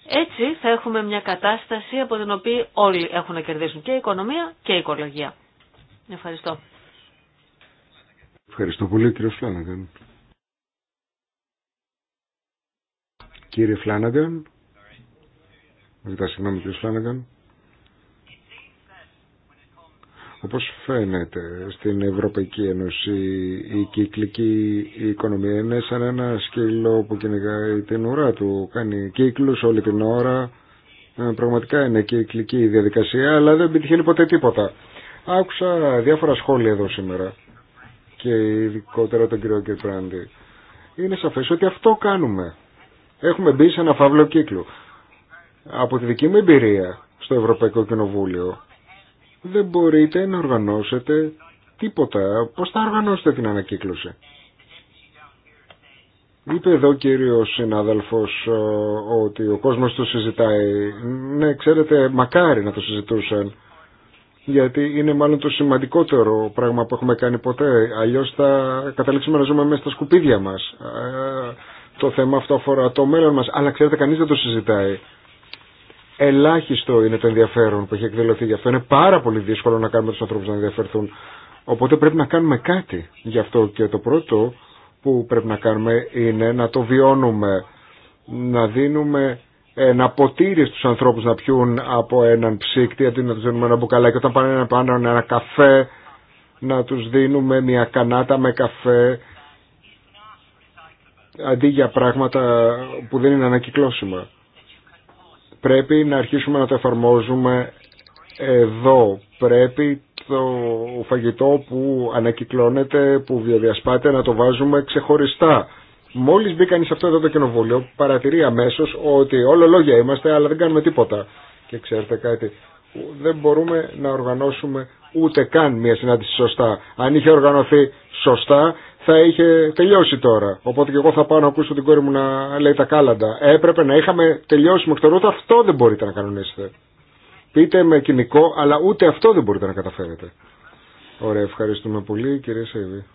Έτσι θα έχουμε μια κατάσταση από την οποία όλοι έχουν να κερδίσουν και η οικονομία και η οικολογία. Ευχαριστώ. Ευχαριστώ πολύ κύριε Φλάνναγκαν. Κύριε Φλάνναγκαν. Ζητά συγγνώμη κύριε Φλάνναγκαν. Όπως φαίνεται στην Ευρωπαϊκή Ένωση η κυκλική οικονομία είναι σαν ένα σκύλο που κυνηγάει την ουρά του. Κάνει κύκλους όλη την ώρα. Ε, πραγματικά είναι κυκλική η διαδικασία αλλά δεν επιτυχαίνει ποτέ τίποτα. Άκουσα διάφορα σχόλια εδώ σήμερα και ειδικότερα τον κύριο Κερπράντη. Είναι σαφές ότι αυτό κάνουμε. Έχουμε μπει σε ένα φαύλο κύκλο. Από τη δική μου εμπειρία στο Ευρωπαϊκό Κοινοβούλιο δεν μπορείτε να οργανώσετε τίποτα. Πώς θα οργανώσετε την ανακύκλωση. Είπε εδώ κύριος συνάδελφος ότι ο κόσμος το συζητάει. Ναι, ξέρετε, μακάρι να το συζητούσαν. Γιατί είναι μάλλον το σημαντικότερο πράγμα που έχουμε κάνει ποτέ. Αλλιώς θα καταλήξουμε να ζούμε μέσα στα σκουπίδια μας. Ε, το θέμα αυτό αφορά το μέλλον μας. Αλλά ξέρετε, κανείς δεν το συζητάει. Ελάχιστο είναι το ενδιαφέρον που έχει εκδηλωθεί γι' αυτό. Είναι πάρα πολύ δύσκολο να κάνουμε τους ανθρώπους να ενδιαφερθούν. Οπότε πρέπει να κάνουμε κάτι γι' αυτό και το πρώτο που πρέπει να κάνουμε είναι να το βιώνουμε, να δίνουμε ένα ε, ποτήρι στους ανθρώπους να πιούν από έναν ψύκτη, αντί να τους δίνουμε ένα μπουκαλάκι, όταν πάνε να πάνε ένα καφέ, να τους δίνουμε μια κανάτα με καφέ, αντί για πράγματα που δεν είναι ανακυκλώσιμα πρέπει να αρχίσουμε να το εφαρμόζουμε εδώ. Πρέπει το φαγητό που ανακυκλώνεται, που βιοδιασπάται να το βάζουμε ξεχωριστά. Μόλις μπήκαν σε αυτό εδώ το κοινοβούλιο παρατηρεί αμέσω ότι όλο λόγια είμαστε αλλά δεν κάνουμε τίποτα. Και ξέρετε κάτι, δεν μπορούμε να οργανώσουμε ούτε καν μια συνάντηση σωστά. Αν είχε οργανωθεί σωστά θα είχε τελειώσει τώρα. Οπότε και εγώ θα πάω να ακούσω την κόρη μου να λέει τα κάλαντα. Έπρεπε να είχαμε τελειώσει με το αυτό δεν μπορείτε να κανονίσετε. Πείτε με κοινικό, αλλά ούτε αυτό δεν μπορείτε να καταφέρετε. Ωραία, ευχαριστούμε πολύ κυρία Σέβη.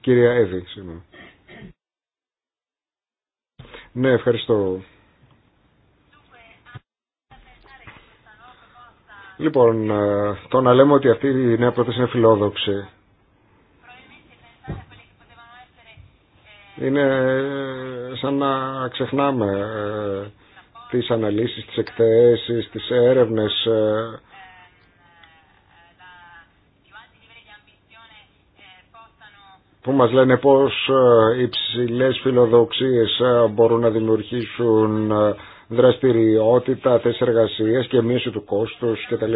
Κυρία Εύη, συγγνώμη. Ναι, ευχαριστώ. Λοιπόν, ε, το να λέμε ότι αυτή η νέα πρόταση είναι φιλόδοξη Είναι ε, σαν να ξεχνάμε ε, τις αναλύσεις, τις εκθέσεις, τις έρευνες ε. που μας λένε πως υψηλές φιλοδοξίες μπορούν να δημιουργήσουν δραστηριότητα, θέσεις εργασίας και μείωση του κόστους κτλ.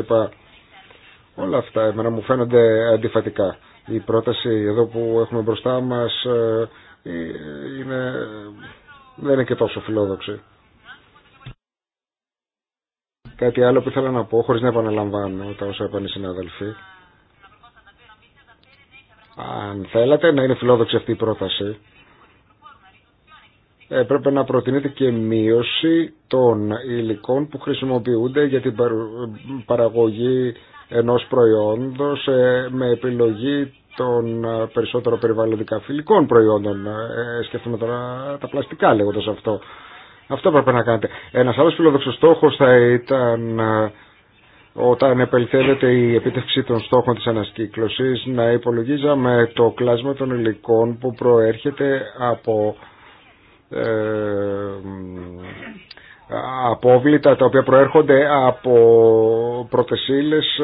Όλα αυτά εμένα μου φαίνονται αντιφατικά. Η πρόταση εδώ που έχουμε μπροστά μας ε, είναι, δεν είναι και τόσο φιλόδοξη. Κάτι άλλο που ήθελα να πω, χωρίς να επαναλαμβάνω τα όσα είπαν οι συναδελφοί. Αν θέλατε να είναι φιλόδοξη αυτή η πρόταση, ε, έπρεπε να προτείνετε και μείωση των υλικών που χρησιμοποιούνται για την παραγωγή ενός προϊόντος ε, με επιλογή των ε, περισσότερο περιβαλλοντικά φιλικών προϊόντων. Ε, ε σκέφτομαι τώρα τα πλαστικά λέγοντα αυτό. Αυτό πρέπει να κάνετε. Ένα άλλο φιλοδοξό στόχο θα ήταν ε, όταν επελθέδεται η επίτευξη των στόχων της ανασκύκλωσης να υπολογίζαμε το κλάσμα των υλικών που προέρχεται από ε, απόβλητα τα οποία προέρχονται από πρωτεσίλες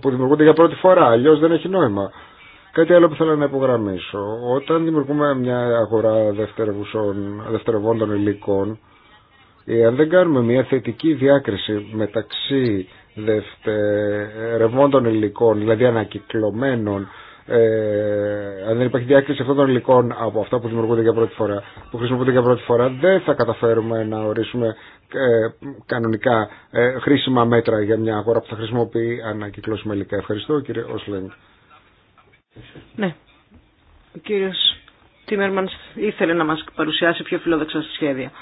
που δημιουργούνται για πρώτη φορά αλλιώς δεν έχει νόημα Κάτι άλλο που θέλω να υπογραμμίσω. Όταν δημιουργούμε μια αγορά δευτερευόντων υλικών, ε, αν δεν κάνουμε μια θετική διάκριση μεταξύ δευτερευόντων υλικών, δηλαδή ανακυκλωμένων, ε, αν δεν υπάρχει διάκριση αυτών των υλικών από αυτά που δημιουργούνται για πρώτη φορά, που χρησιμοποιούνται για πρώτη φορά, δεν θα καταφέρουμε να ορίσουμε ε, κανονικά ε, χρήσιμα μέτρα για μια αγορά που θα χρησιμοποιεί ανακυκλώσιμα υλικά. Ευχαριστώ κύριε Όσλεντ. Ναι. Ο κύριος Τίμερμανς ήθελε να μας παρουσιάσει πιο φιλόδοξα σχέδια.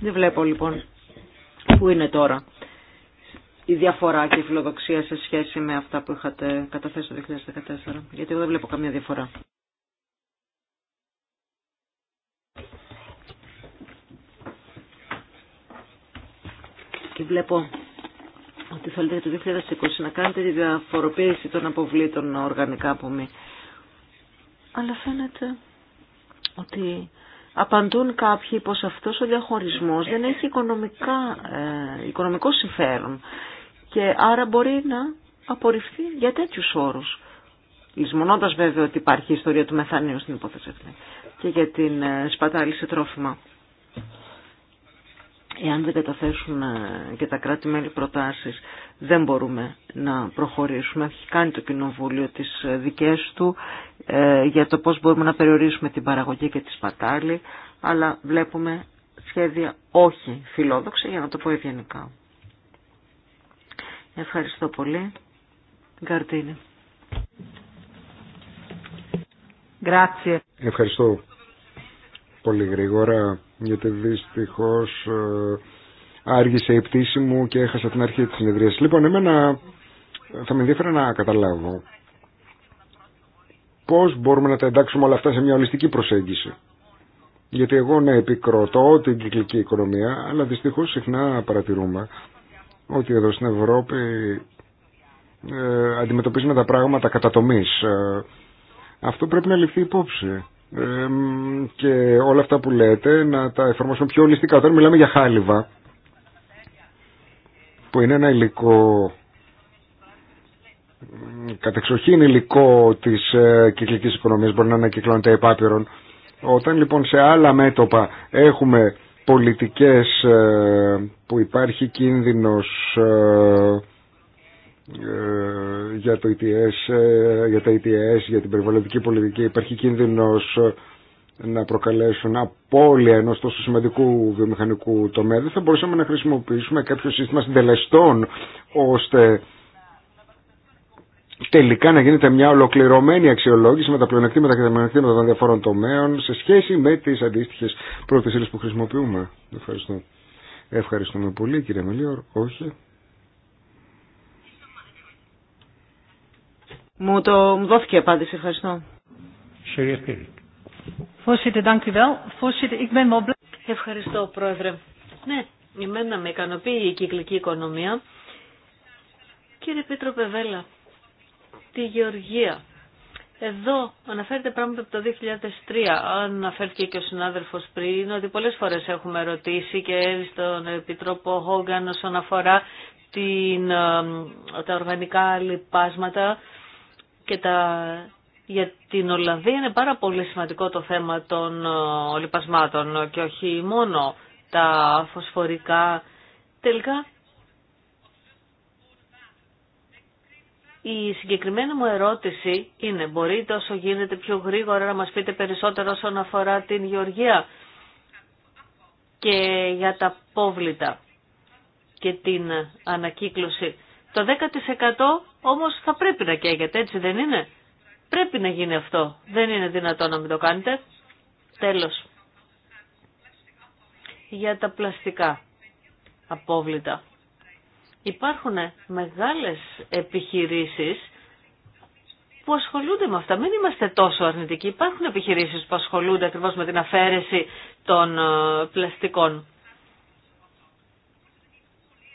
Δεν βλέπω λοιπόν πού είναι τώρα η διαφορά και η φιλοδοξία σε σχέση με αυτά που είχατε καταθέσει το 2014. Γιατί εγώ δεν βλέπω καμία διαφορά. Και βλέπω ότι θέλετε το 2020 να κάνετε τη διαφοροποίηση των αποβλήτων οργανικά από μη. Αλλά φαίνεται ότι απαντούν κάποιοι πως αυτός ο διαχωρισμός δεν έχει οικονομικά, ε, οικονομικό συμφέρον και άρα μπορεί να απορριφθεί για τέτοιους όρους. Λυσμονώντας βέβαια ότι υπάρχει η ιστορία του μεθανίου στην υπόθεση αυτή και για την ε, σπατάληση τρόφιμα. Εάν δεν καταθέσουν ε, και τα κράτη-μέλη προτάσεις, δεν μπορούμε να προχωρήσουμε. Έχει κάνει το Κοινοβούλιο τις ε, δικές του ε, για το πώς μπορούμε να περιορίσουμε την παραγωγή και τη σπατάλη, αλλά βλέπουμε σχέδια όχι φιλόδοξη, για να το πω ευγενικά. Ευχαριστώ πολύ. Γκαρτίνη. Ευχαριστώ πολύ γρήγορα γιατί δυστυχώς ε, άργησε η πτήση μου και έχασα την αρχή της συνεδρίας. Λοιπόν, εμένα θα με ενδιαφέρει να καταλάβω πώς μπορούμε να τα εντάξουμε όλα αυτά σε μια ολιστική προσέγγιση. Γιατί εγώ να επικροτώ την κυκλική οικονομία, αλλά δυστυχώς συχνά παρατηρούμε ότι εδώ στην Ευρώπη ε, αντιμετωπίζουμε τα πράγματα κατά ε, αυτό πρέπει να ληφθεί υπόψη και όλα αυτά που λέτε να τα εφαρμόσουμε πιο ολιστικά. Όταν μιλάμε για χάλιβα, που είναι ένα υλικό κατεξοχήν υλικό της ε, κυκλικής οικονομίας, μπορεί να ανακυκλώνεται επάπειρον. Όταν λοιπόν σε άλλα μέτωπα έχουμε πολιτικές ε, που υπάρχει κίνδυνος ε, ε, για, το ETS, ε, για τα ETS, για την περιβαλλοντική πολιτική υπάρχει κίνδυνος ε, να προκαλέσουν απώλεια ενός τόσο σημαντικού βιομηχανικού τομέα δεν θα μπορούσαμε να χρησιμοποιήσουμε κάποιο σύστημα συντελεστών ώστε τελικά να γίνεται μια ολοκληρωμένη αξιολόγηση με τα πλεονεκτήματα και τα των διαφόρων τομέων σε σχέση με τις αντίστοιχες πρώτες που χρησιμοποιούμε. Ευχαριστώ. Ευχαριστούμε πολύ κύριε Μελίωρ. Όχι. Μου το μου δόθηκε απάντηση. Ευχαριστώ. Ευχαριστώ, Πρόεδρε. Ναι, εμένα με ικανοποιεί η κυκλική οικονομία. Κύριε Πίτρο Πεβέλα, τη γεωργία. Εδώ αναφέρεται πράγματα από το 2003. Αν Αναφέρθηκε και ο συνάδελφο πριν ότι πολλέ φορέ έχουμε ρωτήσει και στον Επιτρόπο Χόγκαν όσον αφορά την, ε, τα οργανικά λοιπάσματα και τα... για την Ολλανδία είναι πάρα πολύ σημαντικό το θέμα των ε, λοιπασμάτων και όχι μόνο τα φωσφορικά. Τελικά, η συγκεκριμένη μου ερώτηση είναι, μπορείτε όσο γίνεται πιο γρήγορα να μας πείτε περισσότερο όσον αφορά την γεωργία και για τα πόβλητα και την ανακύκλωση. Το 10% όμως θα πρέπει να καίγεται, έτσι δεν είναι. Πρέπει να γίνει αυτό. Δεν είναι δυνατό να μην το κάνετε. Τέλος. Για τα πλαστικά απόβλητα. Υπάρχουν μεγάλες επιχειρήσεις που ασχολούνται με αυτά. Μην είμαστε τόσο αρνητικοί. Υπάρχουν επιχειρήσεις που ασχολούνται ακριβώς με την αφαίρεση των ε, πλαστικών.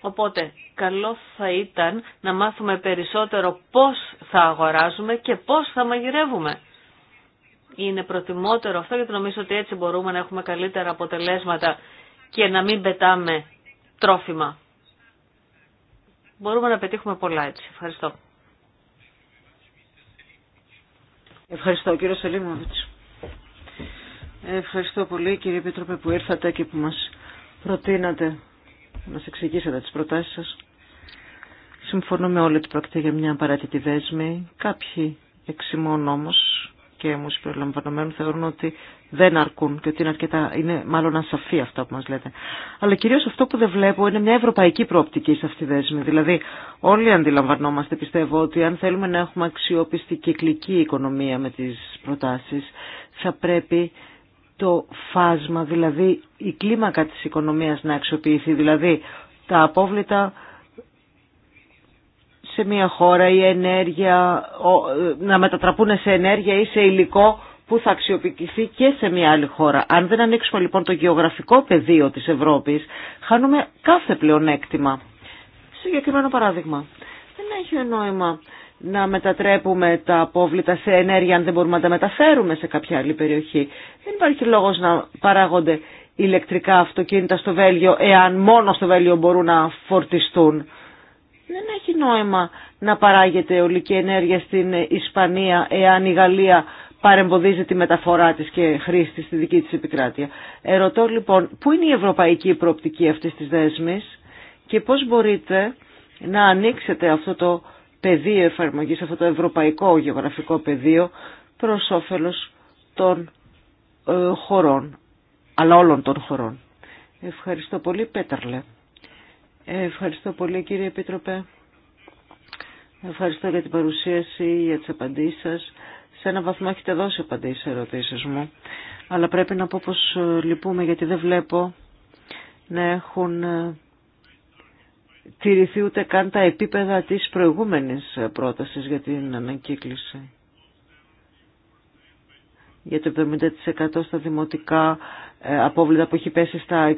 Οπότε, καλό θα ήταν να μάθουμε περισσότερο πώς θα αγοράζουμε και πώς θα μαγειρεύουμε. Είναι προτιμότερο αυτό γιατί νομίζω ότι έτσι μπορούμε να έχουμε καλύτερα αποτελέσματα και να μην πετάμε τρόφιμα. Μπορούμε να πετύχουμε πολλά έτσι. Ευχαριστώ. Ευχαριστώ κύριο Σελίμωβιτς. Ευχαριστώ πολύ κύριε Επίτροπε που ήρθατε και που μας προτείνατε μας εξηγήσετε τις προτάσεις σας. Συμφωνώ με όλοι ότι πρόκειται για μια απαραίτητη δέσμη. Κάποιοι εξημών όμως και μου συμπεριλαμβανομένου θεωρούν ότι δεν αρκούν και ότι είναι αρκετά, είναι μάλλον ασαφή αυτά που μας λέτε. Αλλά κυρίως αυτό που δεν βλέπω είναι μια ευρωπαϊκή προοπτική σε αυτή τη δέσμη. Δηλαδή όλοι αντιλαμβανόμαστε πιστεύω ότι αν θέλουμε να έχουμε αξιόπιστη κυκλική οικονομία με τις προτάσεις θα πρέπει το φάσμα, δηλαδή η κλίμακα της οικονομίας να αξιοποιηθεί, δηλαδή τα απόβλητα σε μια χώρα η ενέργεια, ε, να μετατραπούν σε ενέργεια ή σε υλικό που θα αξιοποιηθεί και σε μια άλλη χώρα. Αν δεν ανοίξουμε λοιπόν το γεωγραφικό πεδίο της Ευρώπης, χάνουμε κάθε πλεονέκτημα. Συγκεκριμένο παράδειγμα. Δεν έχει νόημα να μετατρέπουμε τα απόβλητα σε ενέργεια αν δεν μπορούμε να τα μεταφέρουμε σε κάποια άλλη περιοχή. Δεν υπάρχει λόγος να παράγονται ηλεκτρικά αυτοκίνητα στο Βέλγιο εάν μόνο στο Βέλγιο μπορούν να φορτιστούν. Δεν έχει νόημα να παράγεται ολική ενέργεια στην Ισπανία εάν η Γαλλία παρεμποδίζει τη μεταφορά της και χρήση στη δική της επικράτεια. Ερωτώ λοιπόν, πού είναι η ευρωπαϊκή προοπτική αυτής της δέσμης και πώς μπορείτε να ανοίξετε αυτό το πεδίο εφαρμογής, αυτό το ευρωπαϊκό γεωγραφικό πεδίο προ όφελο των ε, χωρών, αλλά όλων των χωρών. Ευχαριστώ πολύ Πέταρλε. Ευχαριστώ πολύ κύριε Επίτροπε. Ευχαριστώ για την παρουσίαση, για τι απαντήσει σας. Σε ένα βαθμό έχετε δώσει απαντήσει σε ερωτήσεις μου. Αλλά πρέπει να πω πως ε, λυπούμε γιατί δεν βλέπω να έχουν ε, τηρηθεί ούτε καν τα επίπεδα της προηγούμενης πρότασης για την ανακύκλωση. Για το 70% στα δημοτικά ε, απόβλητα που έχει πέσει στα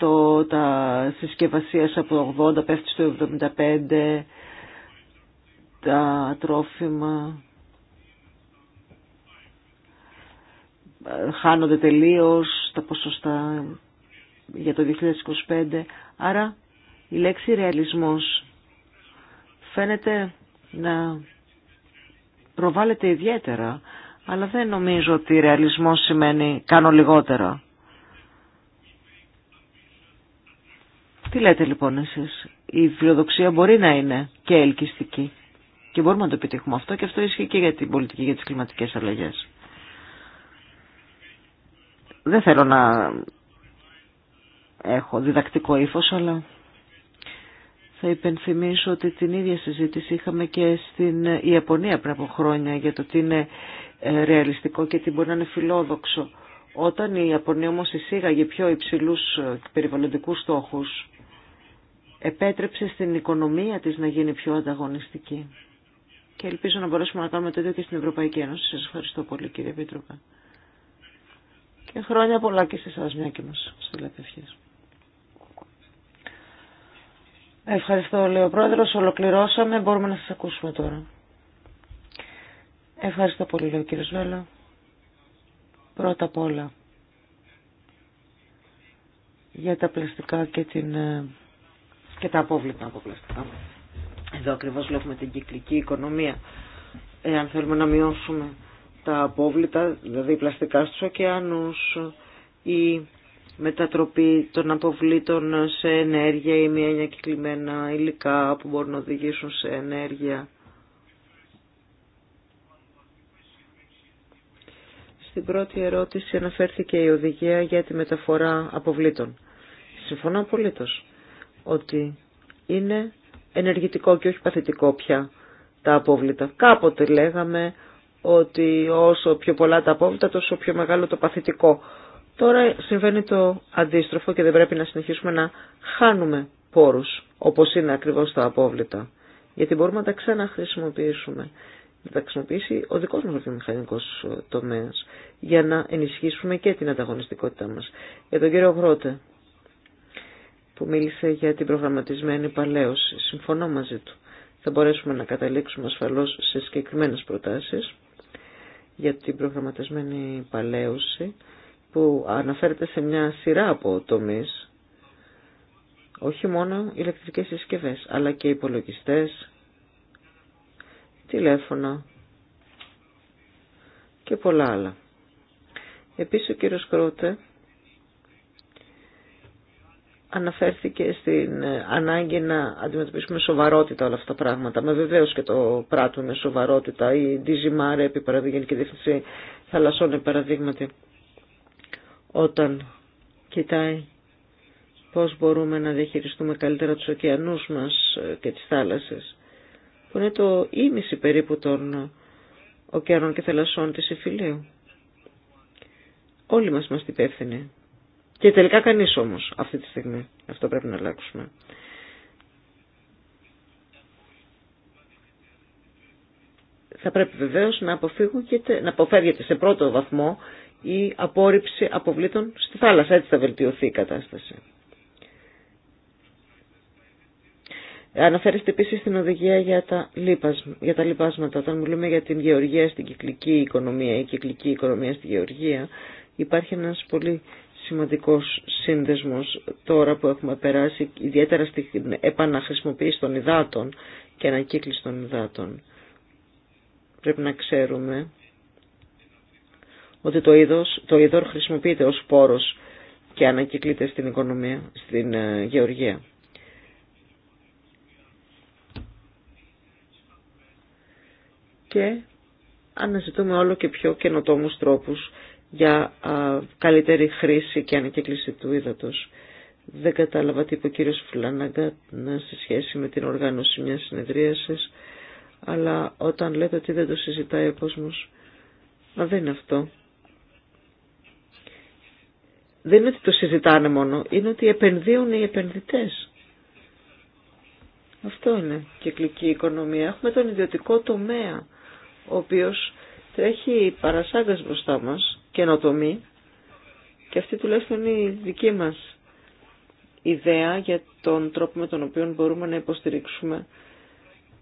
65%, τα συσκευασίες από 80% πέφτει στο 75%, τα τρόφιμα ε, χάνονται τελείως τα ποσοστά για το 2025. Άρα η λέξη ρεαλισμός φαίνεται να προβάλλεται ιδιαίτερα, αλλά δεν νομίζω ότι ρεαλισμός σημαίνει κάνω λιγότερα. Τι λέτε λοιπόν εσείς, η φιλοδοξία μπορεί να είναι και ελκυστική και μπορούμε να το επιτύχουμε αυτό και αυτό ισχύει και για την πολιτική για τις κλιματικές αλλαγές. Δεν θέλω να έχω διδακτικό ύφος, αλλά θα υπενθυμίσω ότι την ίδια συζήτηση είχαμε και στην Ιαπωνία πριν από χρόνια για το τι είναι ε, ρεαλιστικό και τι μπορεί να είναι φιλόδοξο. Όταν η Ιαπωνία όμως εισήγαγε πιο υψηλούς ε, περιβαλλοντικούς στόχους, επέτρεψε στην οικονομία της να γίνει πιο ανταγωνιστική. Και ελπίζω να μπορέσουμε να κάνουμε το ίδιο και στην Ευρωπαϊκή Ένωση. Σας ευχαριστώ πολύ κύριε Πίτροπα. Και χρόνια πολλά και σε εσάς μια και μας Ευχαριστώ, λέει ο πρόεδρο. Ολοκληρώσαμε. Μπορούμε να σα ακούσουμε τώρα. Ευχαριστώ πολύ, λέει ο κύριο Βέλλα. Πρώτα απ' όλα, για τα πλαστικά και, την, ε, και τα απόβλητα από πλαστικά. Εδώ ακριβώς βλέπουμε την κυκλική οικονομία. Εάν θέλουμε να μειώσουμε τα απόβλητα, δηλαδή πλαστικά στους ωκεανούς ή μετατροπή των αποβλήτων σε ενέργεια ή μια ανακυκλημένα υλικά που μπορούν να οδηγήσουν σε ενέργεια. Στην πρώτη ερώτηση αναφέρθηκε η οδηγία για τη μεταφορά αποβλήτων. Συμφωνώ απολύτως ότι είναι ενεργητικό και όχι παθητικό πια τα απόβλητα. Κάποτε λέγαμε ότι όσο πιο πολλά τα απόβλητα τόσο πιο μεγάλο το παθητικό. Τώρα συμβαίνει το αντίστροφο και δεν πρέπει να συνεχίσουμε να χάνουμε πόρους, όπως είναι ακριβώς τα απόβλητα. Γιατί μπορούμε να τα ξαναχρησιμοποιήσουμε. Να τα χρησιμοποιήσει ο δικός μας βιομηχανικός τομέας για να ενισχύσουμε και την ανταγωνιστικότητά μας. Για τον κύριο Γρότε που μίλησε για την προγραμματισμένη παλαίωση. Συμφωνώ μαζί του. Θα μπορέσουμε να καταλήξουμε ασφαλώς σε συγκεκριμένες προτάσεις για την προγραμματισμένη παλαίωση που αναφέρεται σε μια σειρά από τομείς, όχι μόνο ηλεκτρικές συσκευές, αλλά και υπολογιστές, τηλέφωνα και πολλά άλλα. Επίσης ο κύριος Κρότε αναφέρθηκε στην ανάγκη να αντιμετωπίσουμε σοβαρότητα όλα αυτά τα πράγματα. Με βεβαίω και το πράττουμε σοβαρότητα. Η Μάρε, επί παραδείγματι, και η Διευθυνσή Θαλασσών, όταν κοιτάει πώς μπορούμε να διαχειριστούμε καλύτερα τους ωκεανούς μας ε, και τις θάλασσες, που είναι το ίμιση περίπου των ωκεανών και θαλασσών της Ιφιλίου. Όλοι μας μας υπεύθυνοι. Και τελικά κανείς όμως αυτή τη στιγμή. Αυτό πρέπει να αλλάξουμε. Θα πρέπει βεβαίως να, αποφύγουν και, να αποφεύγεται σε πρώτο βαθμό η απόρριψη αποβλήτων στη θάλασσα. Έτσι θα βελτιωθεί η κατάσταση. Αναφέρεστε επίση στην οδηγία για τα, για τα λοιπάσματα. Όταν μιλούμε για την γεωργία στην κυκλική οικονομία ή κυκλική οικονομία στη γεωργία, υπάρχει ένας πολύ σημαντικός σύνδεσμος τώρα που έχουμε περάσει, ιδιαίτερα στην επαναχρησιμοποίηση των υδάτων και ανακύκλωση των υδάτων. Πρέπει να ξέρουμε ότι το, είδος, το είδωρ χρησιμοποιείται ως πόρος και ανακυκλείται στην οικονομία, στην ε, γεωργία. Και αναζητούμε όλο και πιο καινοτόμους τρόπους για καλύτερη χρήση και ανακύκλυση του ύδατος. Δεν κατάλαβα τι είπε ο κύριος Φλάναγκα ναι, σε σχέση με την οργάνωση μιας συνεδρίασης, αλλά όταν λέτε ότι δεν το συζητάει ο κόσμος, μα δεν είναι αυτό δεν είναι ότι το συζητάνε μόνο, είναι ότι επενδύουν οι επενδυτές. Αυτό είναι κυκλική οικονομία. Έχουμε τον ιδιωτικό τομέα, ο οποίος τρέχει παρασάγκας μπροστά μας, καινοτομή, και αυτή τουλάχιστον είναι η δική μας ιδέα για τον τρόπο με τον οποίο μπορούμε να υποστηρίξουμε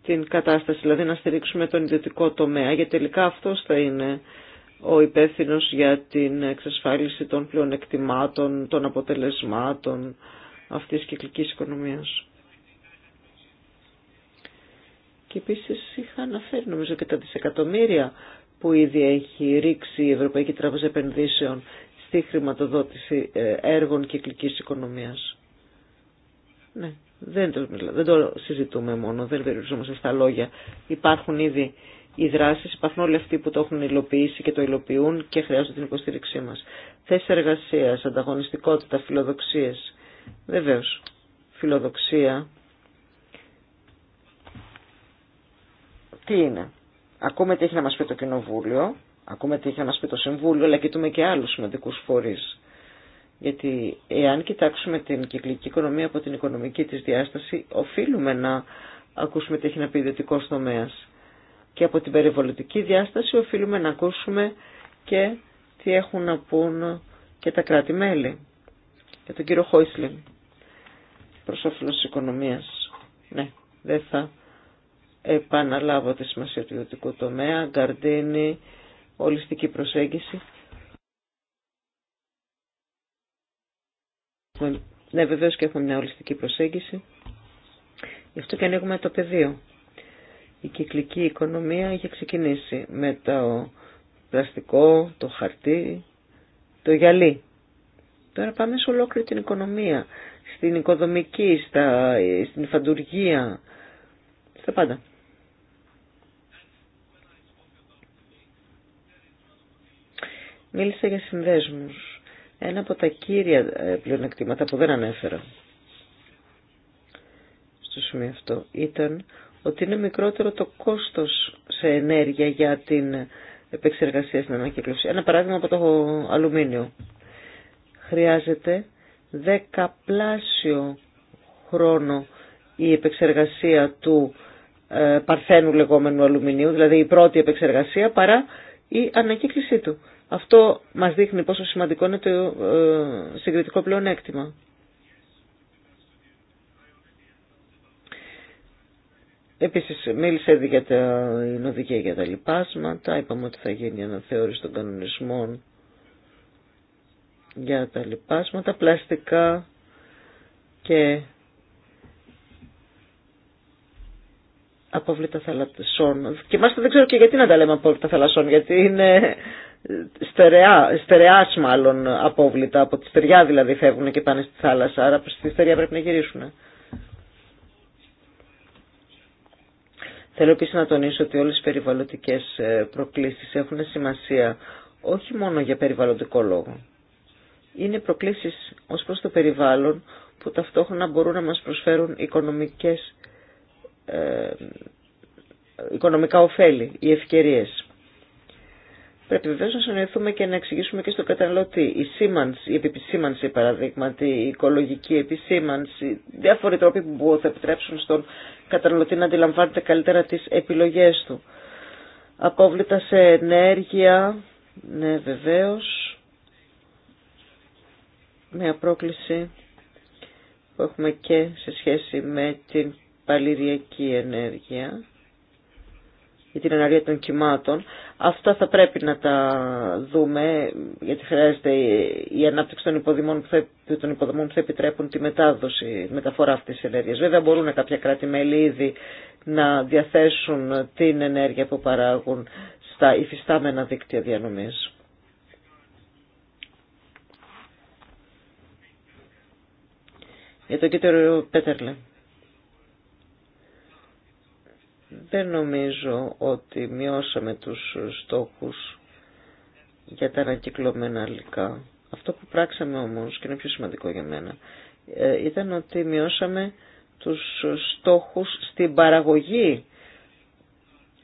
την κατάσταση, δηλαδή να στηρίξουμε τον ιδιωτικό τομέα, γιατί τελικά αυτός θα είναι ο υπεύθυνο για την εξασφάλιση των πλεονεκτημάτων, των αποτελεσμάτων αυτής της κυκλικής οικονομίας. Και επίσης είχα αναφέρει νομίζω και τα δισεκατομμύρια που ήδη έχει ρίξει η Ευρωπαϊκή Τράπεζα Επενδύσεων στη χρηματοδότηση ε, έργων κυκλικής οικονομίας. Ναι, δεν το, δεν το συζητούμε μόνο, δεν περιοριζόμαστε στα λόγια. Υπάρχουν ήδη οι δράσει, υπάρχουν όλοι αυτοί που το έχουν υλοποιήσει και το υλοποιούν και χρειάζονται την υποστήριξή μα. Θέσει εργασία, ανταγωνιστικότητα, φιλοδοξίε. Βεβαίω. φιλοδοξία. Τι είναι. Ακούμε τι έχει να μα πει το Κοινοβούλιο, ακούμε τι έχει να μα πει το Συμβούλιο, αλλά κοιτούμε και άλλου σημαντικού φορεί. Γιατί εάν κοιτάξουμε την κυκλική οικονομία από την οικονομική της διάσταση, οφείλουμε να ακούσουμε τι έχει να πει ιδιωτικός τομέα και από την περιβολητική διάσταση οφείλουμε να ακούσουμε και τι έχουν να πούν και τα κράτη-μέλη για τον κύριο Χόισλιν προς όφελος οικονομίας. Ναι, δεν θα επαναλάβω τη σημασία του ιδιωτικού τομέα, γκαρντίνη, ολιστική προσέγγιση. Ναι, βεβαίως και έχουμε μια ολιστική προσέγγιση. Γι' αυτό και ανοίγουμε το πεδίο η κυκλική οικονομία είχε ξεκινήσει με το πλαστικό, το χαρτί, το γυαλί. Τώρα πάμε σε ολόκληρη την οικονομία, στην οικοδομική, στα, στην φαντουργία, στα πάντα. Μίλησα για συνδέσμους. Ένα από τα κύρια ε, πλεονεκτήματα που δεν ανέφερα στο σημείο αυτό ήταν ότι είναι μικρότερο το κόστος σε ενέργεια για την επεξεργασία στην ανακύκλωση. Ένα παράδειγμα από το αλουμίνιο. Χρειάζεται δεκαπλάσιο χρόνο η επεξεργασία του ε, παρθένου λεγόμενου αλουμινίου, δηλαδή η πρώτη επεξεργασία παρά η ανακύκλωση του. Αυτό μας δείχνει πόσο σημαντικό είναι το ε, συγκριτικό πλεονέκτημα. Επίσης μίλησε ήδη για τα οδηγία για τα λοιπάσματα, είπαμε ότι θα γίνει αναθεώρηση των κανονισμών για τα λοιπάσματα, πλαστικά και απόβλητα θαλασσών. Και μάλιστα δεν ξέρω και γιατί να τα λέμε απόβλητα θαλασσών, γιατί είναι στερεά, στερεάς μάλλον απόβλητα, από τη στεριά δηλαδή φεύγουν και πάνε στη θάλασσα, άρα στη στεριά πρέπει να γυρίσουν. Θέλω επίσης να τονίσω ότι όλες οι περιβαλλοντικές ε, προκλήσεις έχουν σημασία όχι μόνο για περιβαλλοντικό λόγο. Είναι προκλήσεις ως προς το περιβάλλον που ταυτόχρονα μπορούν να μας προσφέρουν οικονομικές, ε, οικονομικά ωφέλη ή ευκαιρίες. Πρέπει βεβαίω να συνοηθούμε και να εξηγήσουμε και στον καταναλωτή η σήμανση, η επισήμανση παραδείγματι, η οικολογική επισήμανση, διάφοροι τρόποι που θα επιτρέψουν στον καταναλωτή να αντιλαμβάνεται καλύτερα τι επιλογέ του. Απόβλητα σε ενέργεια, ναι βεβαίω μια πρόκληση που έχουμε και σε σχέση με την παλιριακή ενέργεια για την εναρία των κυμάτων. Αυτά θα πρέπει να τα δούμε, γιατί χρειάζεται η ανάπτυξη των υποδομών που θα, επιτρέπουν τη μετάδοση, μεταφορά αυτή τη ενέργεια. Βέβαια, μπορούν κάποια κράτη-μέλη ήδη να διαθέσουν την ενέργεια που παράγουν στα υφιστάμενα δίκτυα διανομή. Για τον κύριο Πέτερλε δεν νομίζω ότι μειώσαμε τους στόχους για τα ανακυκλωμένα υλικά. Αυτό που πράξαμε όμως, και είναι πιο σημαντικό για μένα, ε, ήταν ότι μειώσαμε τους στόχους στην παραγωγή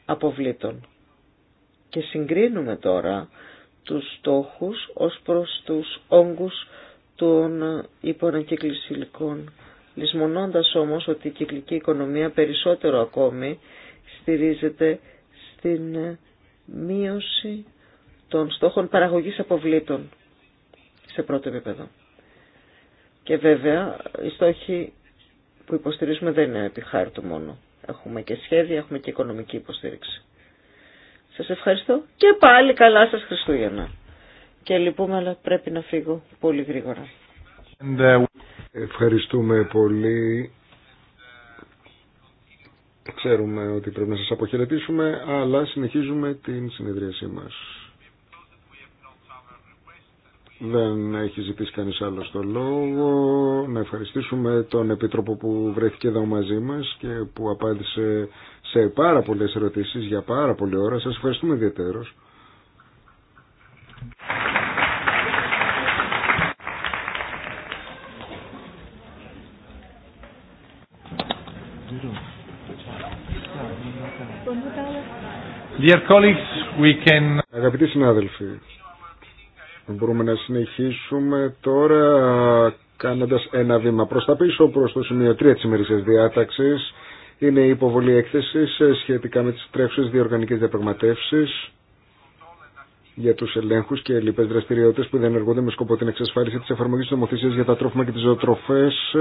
αποβλήτων. Και συγκρίνουμε τώρα τους στόχους ως προς τους όγκους των υποανακύκλησης υλικών, λησμονώντας όμως ότι η κυκλική οικονομία περισσότερο ακόμη στηρίζεται στην μείωση των στόχων παραγωγής αποβλήτων σε πρώτο επίπεδο. Και βέβαια, οι στόχοι που υποστηρίζουμε δεν είναι του μόνο. Έχουμε και σχέδια, έχουμε και οικονομική υποστήριξη. Σας ευχαριστώ και πάλι καλά σας Χριστούγεννα. Και λυπούμε, αλλά πρέπει να φύγω πολύ γρήγορα. Uh, ευχαριστούμε πολύ. Ξέρουμε ότι πρέπει να σας αποχαιρετήσουμε, αλλά συνεχίζουμε την συνεδρίασή μας. Δεν έχει ζητήσει κανείς άλλος το λόγο. Να ευχαριστήσουμε τον Επίτροπο που βρέθηκε εδώ μαζί μας και που απάντησε σε πάρα πολλές ερωτήσεις για πάρα πολλή ώρα. Σας ευχαριστούμε ιδιαίτερως. Dear colleagues, we can... Αγαπητοί συνάδελφοι, μπορούμε να συνεχίσουμε τώρα κάνοντας ένα βήμα προς τα πίσω, προς το σημείο 3 τη ημερήσιας διάταξη, Είναι η υποβολή έκθεση ε, σχετικά με τις τρέχουσες διοργανικές διαπραγματεύσεις για τους ελέγχους και λοιπές δραστηριότητες που διενεργούνται με σκοπό την εξασφάλιση της εφαρμογής νομοθεσία για τα τρόφιμα και τις ζωοτροφές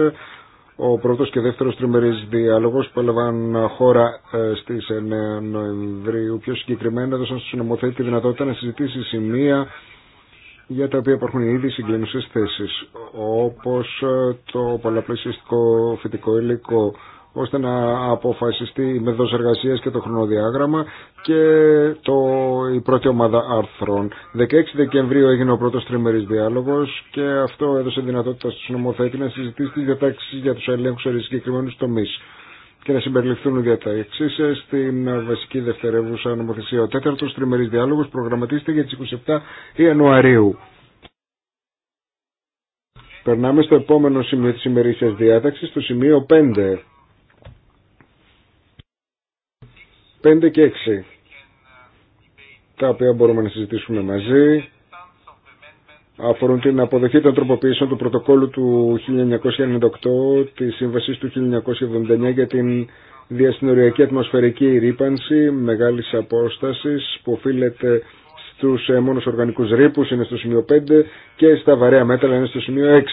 ο πρώτος και δεύτερος τριμερής διάλογος που έλαβαν χώρα ε, στις 9 Νοεμβρίου πιο συγκεκριμένα έδωσαν στους νομοθέτη τη δυνατότητα να συζητήσει σημεία για τα οποία υπάρχουν ήδη συγκλίνουσες θέσεις όπως ε, το πολλαπλασιαστικό φυτικό υλικό, ώστε να αποφασιστεί η μεθόδος εργασίας και το χρονοδιάγραμμα και το, η πρώτη ομάδα άρθρων. 16 Δεκεμβρίου έγινε ο πρώτος τριμερής διάλογος και αυτό έδωσε δυνατότητα στους νομοθέτη να συζητήσει τις διατάξεις για τους ελέγχους σε συγκεκριμένους τομείς και να συμπεριληφθούν τα διατάξει στην βασική δευτερεύουσα νομοθεσία. Ο τέταρτος τριμερής διάλογο προγραμματίζεται για τις 27 Ιανουαρίου. Περνάμε στο επόμενο σημείο της ημερήσιας διάταξης, στο σημείο 5. 5 και 6 τα οποία μπορούμε να συζητήσουμε μαζί αφορούν την αποδοχή των τροποποιήσεων του πρωτοκόλου του 1998 της Σύμβασης του 1979 για την διασυνοριακή ατμοσφαιρική ρήπανση μεγάλης απόστασης που οφείλεται στους μόνους οργανικούς ρήπους είναι στο σημείο 5 και στα βαρέα μέτρα είναι στο σημείο 6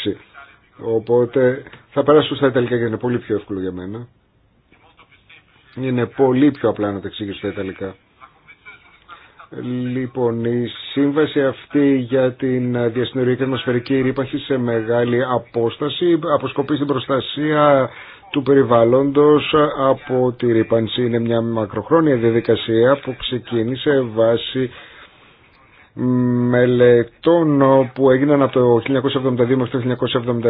οπότε θα περάσω στα Ιταλικά και είναι πολύ πιο εύκολο για μένα είναι πολύ πιο απλά να τα εξηγήσω στα Ιταλικά. Λοιπόν, η σύμβαση αυτή για την διασυνοριακή ατμοσφαιρική ρήπαχη σε μεγάλη απόσταση αποσκοπεί στην προστασία του περιβάλλοντος από τη ρήπανση. Είναι μια μακροχρόνια διαδικασία που ξεκίνησε βάσει μελετών που έγιναν από το 1972 μέχρι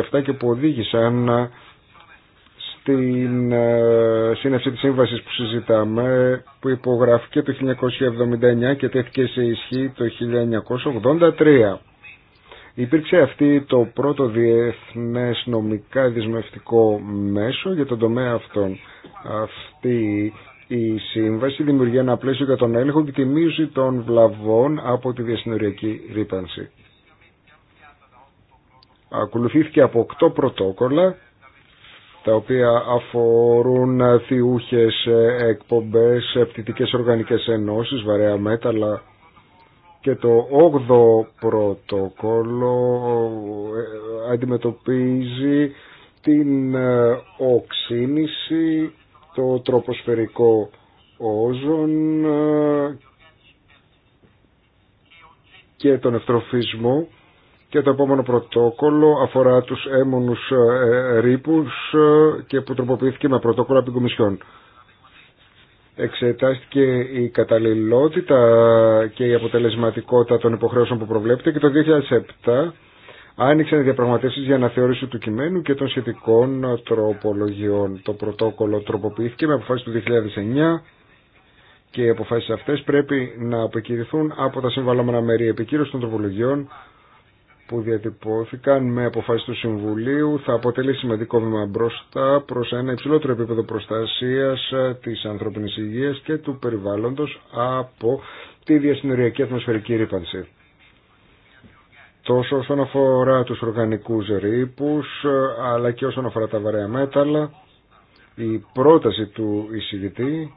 το 1977 και που οδήγησαν την ε, σύνευση της σύμβασης που συζητάμε που υπογράφηκε το 1979 και τέθηκε σε ισχύ το 1983. Υπήρξε αυτή το πρώτο διεθνές νομικά δισμευτικό μέσο για τον τομέα αυτών. Αυτή η σύμβαση δημιουργεί ένα πλαίσιο για τον έλεγχο και τη μείωση των βλαβών από τη διασυνοριακή ρήπανση. Ακολουθήθηκε από 8 πρωτόκολλα τα οποία αφορούν θιούχες ε, εκπομπές, επτητικές οργανικές ενώσεις, βαρέα μέταλλα και το 8ο πρωτοκόλλο ε, αντιμετωπίζει την ε, οξύνηση, το τροποσφαιρικό όζον και τον ευτροφισμό και το επόμενο πρωτόκολλο αφορά τους έμονους ε, ε, ρήπους ε, και που τροποποιήθηκε με πρωτόκολλο από την Κομισιόν. Εξετάστηκε η καταλληλότητα και η αποτελεσματικότητα των υποχρέωσεων που προβλέπεται και το 2007 άνοιξαν οι διαπραγματεύσεις για αναθεώρηση του κειμένου και των σχετικών τροπολογιών. Το πρωτόκολλο τροποποιήθηκε με αποφάσεις του 2009 και οι αποφάσεις αυτές πρέπει να αποκηρυθούν από τα συμβαλόμενα μέρη επικύρωση των τροπολογιών που διατυπώθηκαν με αποφάσεις του Συμβουλίου θα αποτελεί σημαντικό βήμα μπροστά προς ένα υψηλότερο επίπεδο προστασίας ε, της ανθρώπινης υγείας και του περιβάλλοντος από τη διασυνοριακή ατμοσφαιρική ρήπανση. Τόσο όσον αφορά τους οργανικούς ρήπους ε, αλλά και όσον αφορά τα βαρέα μέταλλα η πρόταση του εισηγητή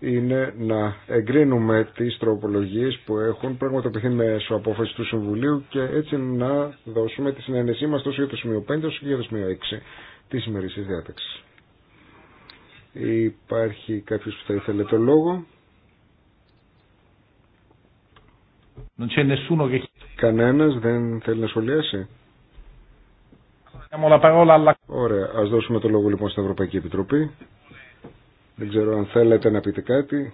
είναι να εγκρίνουμε τις τροπολογίες που έχουν πραγματοποιηθεί μέσω απόφαση του Συμβουλίου και έτσι να δώσουμε τη συνένεσή μας τόσο για το σημείο 5 όσο και για το σημείο 6 της ημερήσης διάταξης. Υπάρχει κάποιος που θα ήθελε το λόγο. Κανένας δεν θέλει να σχολιάσει. Ωραία, ας δώσουμε το λόγο λοιπόν στην Ευρωπαϊκή Επιτροπή. Δεν ξέρω αν θέλετε να πείτε κάτι.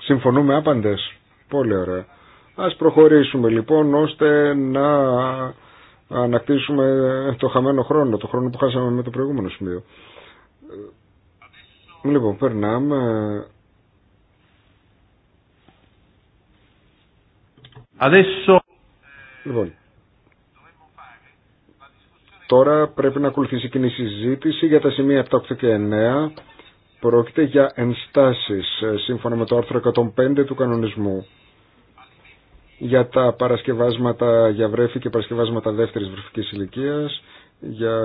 Συμφωνούμε άπαντες. Πολύ ωραία. Ας προχωρήσουμε λοιπόν ώστε να ανακτήσουμε το χαμένο χρόνο, το χρόνο που χάσαμε με το προηγούμενο σημείο. Λοιπόν, περνάμε. Λοιπόν, Τώρα πρέπει να ακολουθήσει κοινή συζήτηση για τα σημεία 7, και 9. Πρόκειται για ενστάσεις ε, σύμφωνα με το άρθρο 105 του κανονισμού για τα παρασκευάσματα για βρέφη και παρασκευάσματα δεύτερης βρεφικής ηλικία για...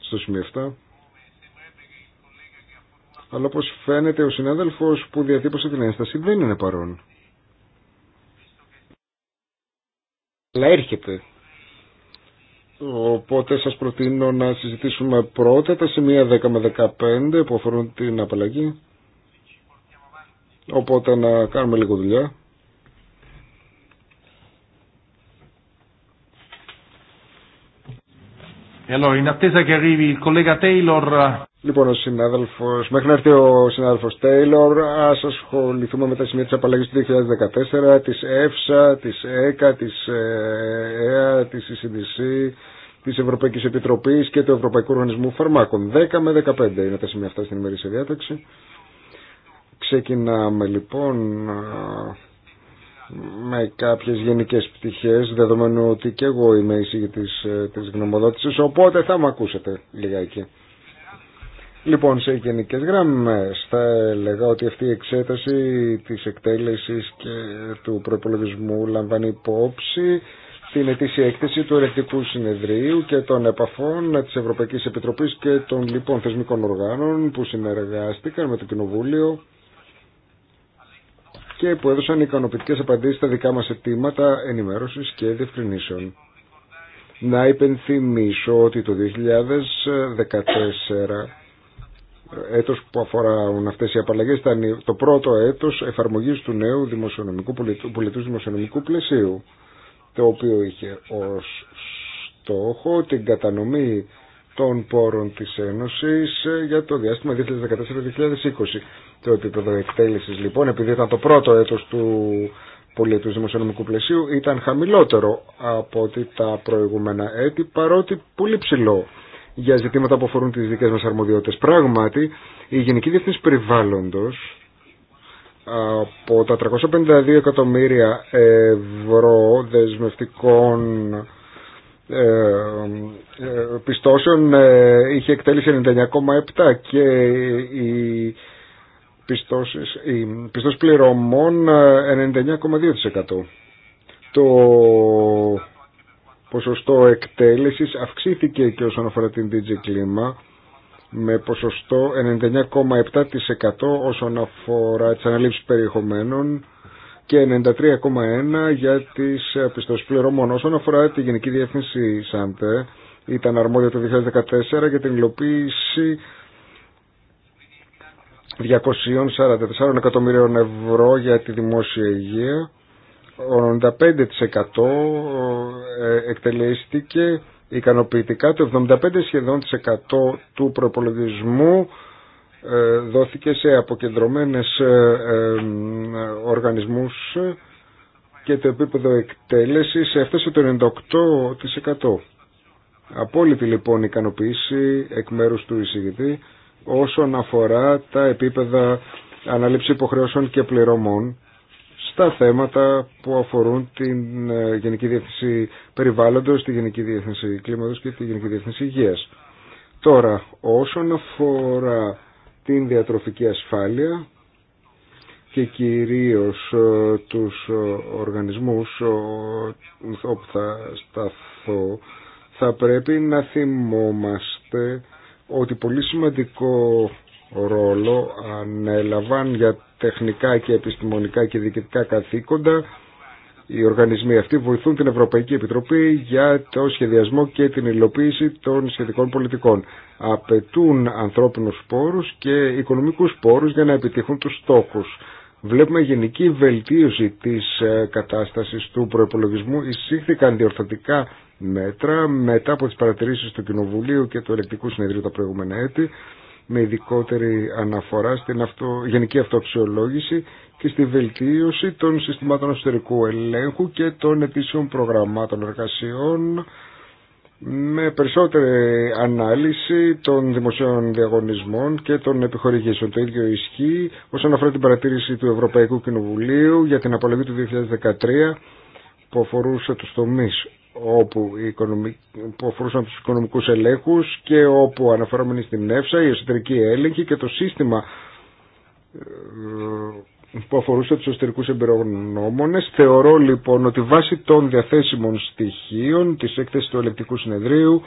στο σημείο 7. Αλλά όπως φαίνεται ο συνάδελφος που διατύπωσε την ένσταση δεν είναι παρόν. Αλλά έρχεται. Οπότε σας προτείνω να συζητήσουμε πρώτα τα σημεία 10 με 15 που αφορούν την απαλλαγή. Οπότε να κάνουμε λίγο δουλειά. Uh, λοιπόν, ο συνάδελφος, μέχρι να έρθει ο συνάδελφος Τέιλορ, α ασχοληθούμε με τα σημεία τη απαλλαγή του 2014, τη ΕΦΣΑ, τη ΕΚΑ, της ΕΑ, τη ΕΣΥΔΙΣΗ... Τη Ευρωπαϊκή Επιτροπή και του Ευρωπαϊκού Οργανισμού Φαρμάκων. 10 με 15 είναι τα σημεία αυτά στην ημερήσια διάταξη. Ξεκινάμε λοιπόν με κάποιες γενικές πτυχές, δεδομένου ότι και εγώ είμαι εισήγητη ε, τη γνωμοδότησης, οπότε θα με ακούσετε λιγάκι. Λοιπόν, σε γενικέ γραμμές θα έλεγα ότι αυτή η εξέταση τη εκτέλεσης και του προπολογισμού λαμβάνει υπόψη την ετήσια έκθεση του ερευνητικού Συνεδρίου και των επαφών της Ευρωπαϊκής Επιτροπής και των λοιπόν θεσμικών οργάνων που συνεργάστηκαν με το Κοινοβούλιο και που έδωσαν ικανοποιητικέ απαντήσεις στα δικά μα αιτήματα ενημέρωσης και διευκρινήσεων. Να υπενθυμίσω ότι το 2014 έτος που αφορά αυτές οι απαλλαγές ήταν το πρώτο έτος εφαρμογής του νέου δημοσιονομικού, πολιτού δημοσιονομικού πλαισίου το οποίο είχε ως στόχο την κατανομή των πόρων της Ένωσης ε, για το διάστημα 2014-2020. Το επίπεδο εκτέλεσης λοιπόν, επειδή ήταν το πρώτο έτος του πολίτου δημοσιονομικού πλαισίου, ήταν χαμηλότερο από ότι τα προηγούμενα έτη, παρότι πολύ ψηλό για ζητήματα που αφορούν τις δικές μας αρμοδιότητες. Πράγματι, η Γενική Διεθνής Περιβάλλοντος από τα 352 εκατομμύρια ευρώ δεσμευτικών ε, ε, πιστώσεων ε, είχε εκτέλεση 99,7 και οι πιστώσεις, πιστώσεις πληρωμών 99,2%. Το ποσοστό εκτέλεσης αυξήθηκε και όσον αφορά την DG Κλίμα με ποσοστό 99,7% όσον αφορά τις αναλήψεις περιεχομένων και 93,1% για τις ε, πιστώσεις πληρωμών. Όσον αφορά τη Γενική Διεύθυνση ΣΑΝΤΕ, ήταν αρμόδια το 2014 για την υλοποίηση 244 εκατομμυρίων ευρώ για τη δημόσια υγεία. 95% ε, εκτελέστηκε ικανοποιητικά. Το 75% του προπολογισμού ε, δόθηκε σε αποκεντρωμένες ε, ε, οργανισμούς και το επίπεδο εκτέλεσης έφτασε το 98%. Απόλυτη λοιπόν ικανοποίηση εκ μέρους του εισηγητή όσον αφορά τα επίπεδα ανάληψη υποχρεώσεων και πληρωμών στα θέματα που αφορούν την ε, Γενική Διεύθυνση Περιβάλλοντος, τη Γενική Διεύθυνση Κλίματος και τη Γενική Διεύθυνση Υγείας. Τώρα, όσον αφορά την διατροφική ασφάλεια και κυρίως ε, τους ε, οργανισμούς όπου θα σταθώ, θα πρέπει να θυμόμαστε ότι πολύ σημαντικό ρόλο ανέλαβαν για τεχνικά και επιστημονικά και διοικητικά καθήκοντα. Οι οργανισμοί αυτοί βοηθούν την Ευρωπαϊκή Επιτροπή για το σχεδιασμό και την υλοποίηση των σχετικών πολιτικών. Απαιτούν ανθρώπινους πόρους και οικονομικούς πόρους για να επιτύχουν τους στόχους. Βλέπουμε γενική βελτίωση της ε, κατάστασης του προϋπολογισμού. Εισήχθηκαν διορθωτικά μέτρα μετά από τις παρατηρήσεις του Κοινοβουλίου και του Ελεκτικού Συνεδρίου τα προηγούμενα έτη με ειδικότερη αναφορά στην αυτο, γενική αυτοαξιολόγηση και στη βελτίωση των συστημάτων εσωτερικού ελέγχου και των ετήσιων προγραμμάτων εργασιών με περισσότερη ανάλυση των δημοσίων διαγωνισμών και των επιχορηγήσεων. Το ίδιο ισχύει όσον αφορά την παρατήρηση του Ευρωπαϊκού Κοινοβουλίου για την απολογή του 2013 που αφορούσε τους τομείς όπου οι που αφορούσαν τους οικονομικούς ελέγχους και όπου αναφερόμενοι στην ΕΦΣΑ η εσωτερική έλεγχη και το σύστημα ε, που αφορούσε τους εσωτερικούς εμπειρογνώμονες. Θεωρώ λοιπόν ότι βάσει των διαθέσιμων στοιχείων της έκθεσης του ελεκτικού συνεδρίου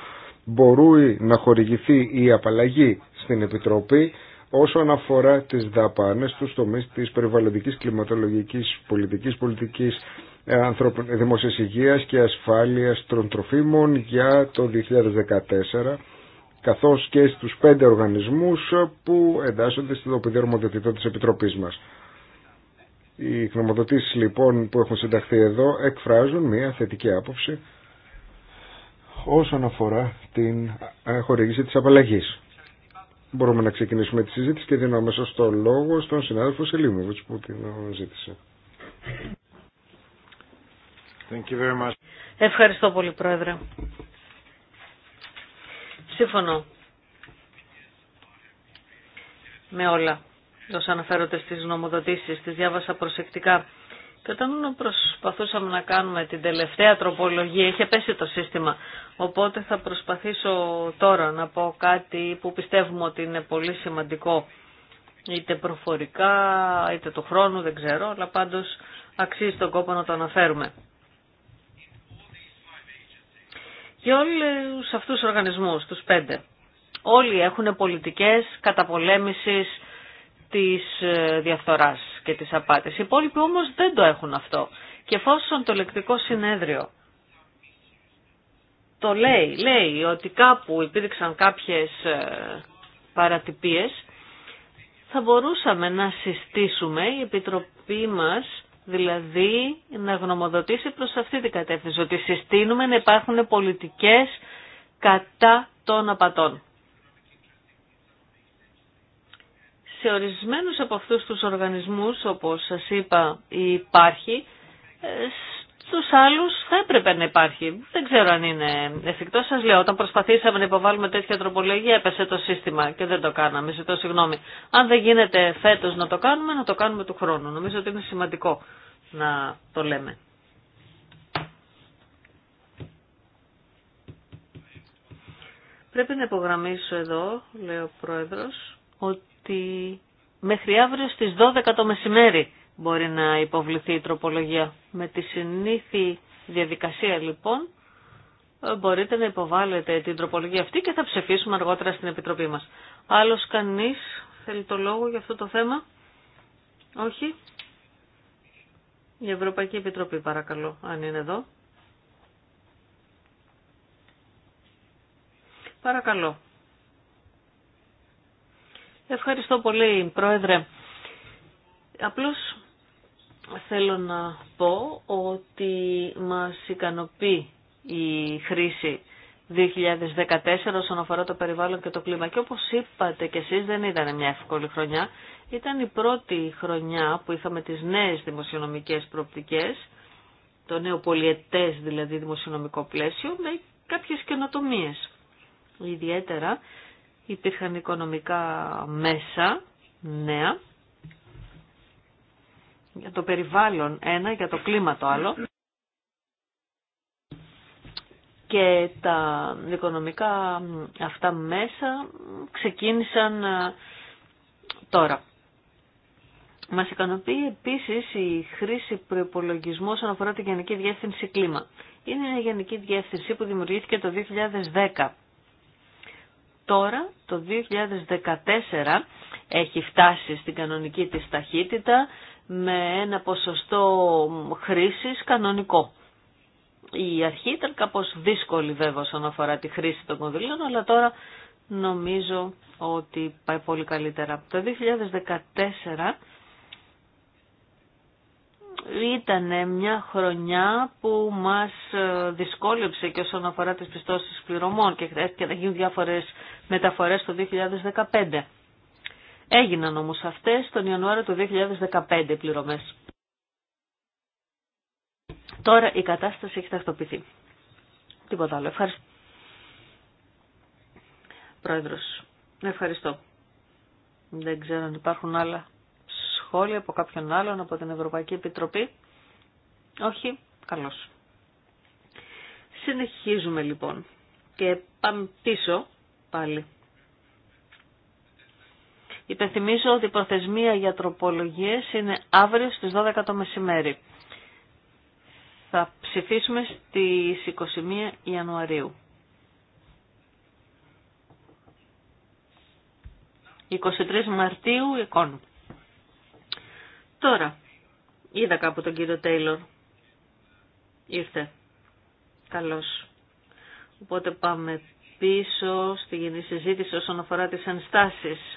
μπορεί να χορηγηθεί η απαλλαγή στην Επιτροπή όσον αφορά τις δαπάνες του τομείς της περιβαλλοντικής κλιματολογικής πολιτικής, πολιτικής δημόσιας υγείας και ασφάλειας των τροφίμων για το 2014 καθώς και στους πέντε οργανισμούς που εντάσσονται στην πέντε αρμοδιοτητών της Επιτροπής μας. Οι γνωμοδοτήσεις λοιπόν που έχουν συνταχθεί εδώ εκφράζουν μια θετική άποψη όσον αφορά την ε, χορήγηση της απαλλαγής. Μπορούμε να ξεκινήσουμε τη συζήτηση και δίνω αμέσω το λόγο στον συνάδελφο Σελίμωβιτς που την ζήτησε. Thank you very much. Ευχαριστώ πολύ, Πρόεδρε. Σύμφωνο με όλα όσα αναφέρονται στις νομοδοτήσεις, τις διάβασα προσεκτικά. Και όταν προσπαθούσαμε να κάνουμε την τελευταία τροπολογία, είχε πέσει το σύστημα. Οπότε θα προσπαθήσω τώρα να πω κάτι που πιστεύουμε ότι είναι πολύ σημαντικό. Είτε προφορικά, είτε το χρόνου, δεν ξέρω, αλλά πάντως αξίζει τον κόπο να το αναφέρουμε. Και όλους αυτούς τους οργανισμούς, τους πέντε. Όλοι έχουν πολιτικές καταπολέμησης της ε, διαφθοράς και της απάτης. Οι υπόλοιποι όμως δεν το έχουν αυτό. Και εφόσον το λεκτικό συνέδριο το λέει, λέει ότι κάπου υπήρξαν κάποιες ε, παρατυπίες, θα μπορούσαμε να συστήσουμε η Επιτροπή μας δηλαδή να γνωμοδοτήσει προς αυτή την κατεύθυνση, ότι συστήνουμε να υπάρχουν πολιτικές κατά των απατών. Σε ορισμένους από αυτούς τους οργανισμούς, όπως σας είπα, υπάρχει ε, στους άλλους θα έπρεπε να υπάρχει. Δεν ξέρω αν είναι εφικτό. Σας λέω, όταν προσπαθήσαμε να υποβάλουμε τέτοια τροπολογία έπεσε το σύστημα και δεν το κάναμε. Ζητώ συγγνώμη. Αν δεν γίνεται φέτος να το κάνουμε, να το κάνουμε του χρόνου. Νομίζω ότι είναι σημαντικό να το λέμε. Πρέπει να υπογραμμίσω εδώ, λέει ο Πρόεδρος, ότι μέχρι αύριο στις 12 το μεσημέρι μπορεί να υποβληθεί η τροπολογία. Με τη συνήθη διαδικασία λοιπόν ε, μπορείτε να υποβάλλετε την τροπολογία αυτή και θα ψηφίσουμε αργότερα στην Επιτροπή μας. Άλλος κανείς θέλει το λόγο για αυτό το θέμα. Όχι. Η Ευρωπαϊκή Επιτροπή παρακαλώ αν είναι εδώ. Παρακαλώ. Ευχαριστώ πολύ, Πρόεδρε. Απλώς θέλω να πω ότι μας ικανοποιεί η χρήση 2014 όσον αφορά το περιβάλλον και το κλίμα. Και όπως είπατε και εσείς δεν ήταν μια εύκολη χρονιά. Ήταν η πρώτη χρονιά που είχαμε τις νέες δημοσιονομικές προοπτικές, το νέο πολιετές δηλαδή δημοσιονομικό πλαίσιο, με κάποιες καινοτομίες. Ιδιαίτερα υπήρχαν οικονομικά μέσα νέα για το περιβάλλον ένα, για το κλίμα το άλλο και τα οικονομικά αυτά μέσα ξεκίνησαν ε, τώρα. Μας ικανοποιεί επίσης η χρήση προπολογισμού όσον αφορά την Γενική Διεύθυνση Κλίμα. Είναι μια Γενική Διεύθυνση που δημιουργήθηκε το 2010. Τώρα, το 2014, έχει φτάσει στην κανονική της ταχύτητα, με ένα ποσοστό χρήσης κανονικό. Η αρχή ήταν κάπως δύσκολη βέβαια όσον αφορά τη χρήση των κονδυλίων, αλλά τώρα νομίζω ότι πάει πολύ καλύτερα. Το 2014 ήταν μια χρονιά που μας ε, δυσκόλεψε και όσον αφορά τις πιστώσεις πληρωμών και χρειάστηκε να γίνουν διάφορες μεταφορές το 2015. Έγιναν όμως αυτές τον Ιανουάριο του 2015 πληρωμές. Τώρα η κατάσταση έχει τακτοποιηθεί. Τίποτα άλλο. Ευχαριστώ. Πρόεδρος, ευχαριστώ. Δεν ξέρω αν υπάρχουν άλλα σχόλια από κάποιον άλλον, από την Ευρωπαϊκή Επιτροπή. Όχι, καλώς. Συνεχίζουμε λοιπόν και πάμε πίσω πάλι Υπενθυμίζω ότι η προθεσμία για τροπολογίες είναι αύριο στις 12 το μεσημέρι. Θα ψηφίσουμε στις 21 Ιανουαρίου. 23 Μαρτίου εικόνου. Τώρα, είδα κάπου τον κύριο Τέιλορ. Ήρθε. Καλώς. Οπότε πάμε πίσω στη γενική συζήτηση όσον αφορά τις ενστάσεις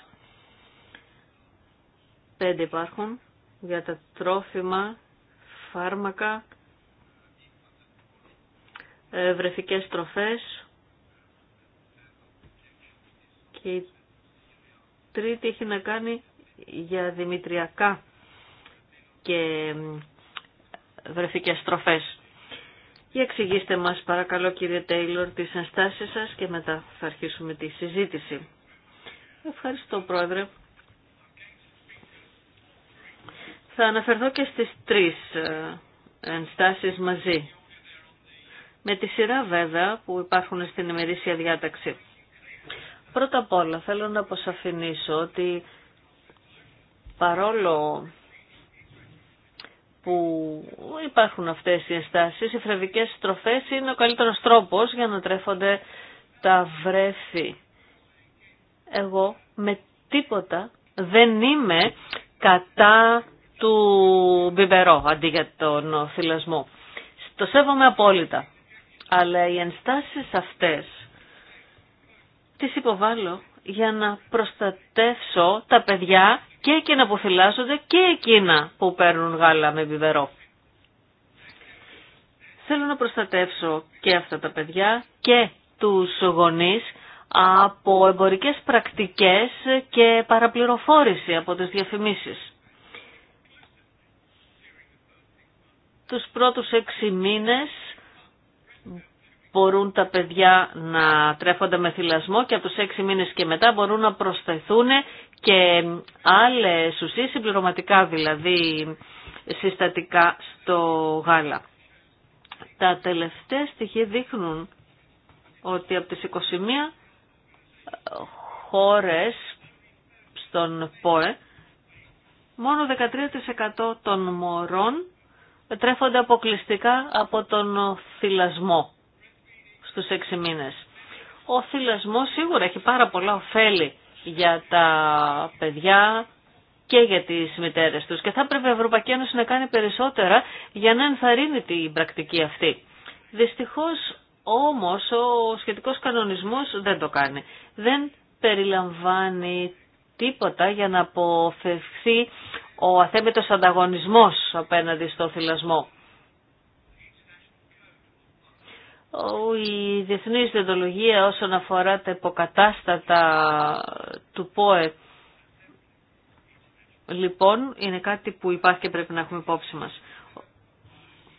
πέντε υπάρχουν για τα τρόφιμα, φάρμακα, ε, βρεφικές τροφές και η τρίτη έχει να κάνει για δημητριακά και βρεφικές τροφές. Για εξηγήστε μας παρακαλώ κύριε Τέιλορ τις ενστάσεις σας και μετά θα αρχίσουμε τη συζήτηση. Ευχαριστώ πρόεδρε. Θα αναφερθώ και στις τρεις ε, ενστάσεις μαζί. Με τη σειρά βέβαια που υπάρχουν στην ημερήσια διάταξη. Πρώτα απ' όλα θέλω να αποσαφηνίσω ότι παρόλο που υπάρχουν αυτές οι ενστάσεις, οι φρεβικές στροφές είναι ο καλύτερος τρόπος για να τρέφονται τα βρέφη. Εγώ με τίποτα δεν είμαι κατά του μπιμπερό αντί για τον θυλασμό. Το σέβομαι απόλυτα. Αλλά οι ενστάσεις αυτές τις υποβάλλω για να προστατεύσω τα παιδιά και εκείνα που θυλάσσονται και εκείνα που παίρνουν γάλα με μπιβερό. Θέλω να προστατεύσω και αυτά τα παιδιά και τους γονείς από εμπορικές πρακτικές και παραπληροφόρηση από τις διαφημίσεις. τους πρώτους έξι μήνες μπορούν τα παιδιά να τρέφονται με θυλασμό και από τους έξι μήνες και μετά μπορούν να προσθεθούν και άλλες ουσίες συμπληρωματικά δηλαδή συστατικά στο γάλα. Τα τελευταία στοιχεία δείχνουν ότι από τις 21 χώρες στον ΠΟΕ μόνο 13% των μωρών τρέφονται αποκλειστικά από τον θυλασμό στους έξι μήνες. Ο θυλασμός σίγουρα έχει πάρα πολλά ωφέλη για τα παιδιά και για τις μητέρες τους και θα έπρεπε η Ευρωπαϊκή Ένωση να κάνει περισσότερα για να ενθαρρύνει την πρακτική αυτή. Δυστυχώς όμως ο σχετικός κανονισμός δεν το κάνει. Δεν περιλαμβάνει τίποτα για να αποφευθεί ο αθέμητος ανταγωνισμός απέναντι στο θυλασμό. Η διεθνή διοντολογία όσον αφορά τα υποκατάστατα του ΠΟΕ λοιπόν είναι κάτι που υπάρχει και πρέπει να έχουμε υπόψη μας.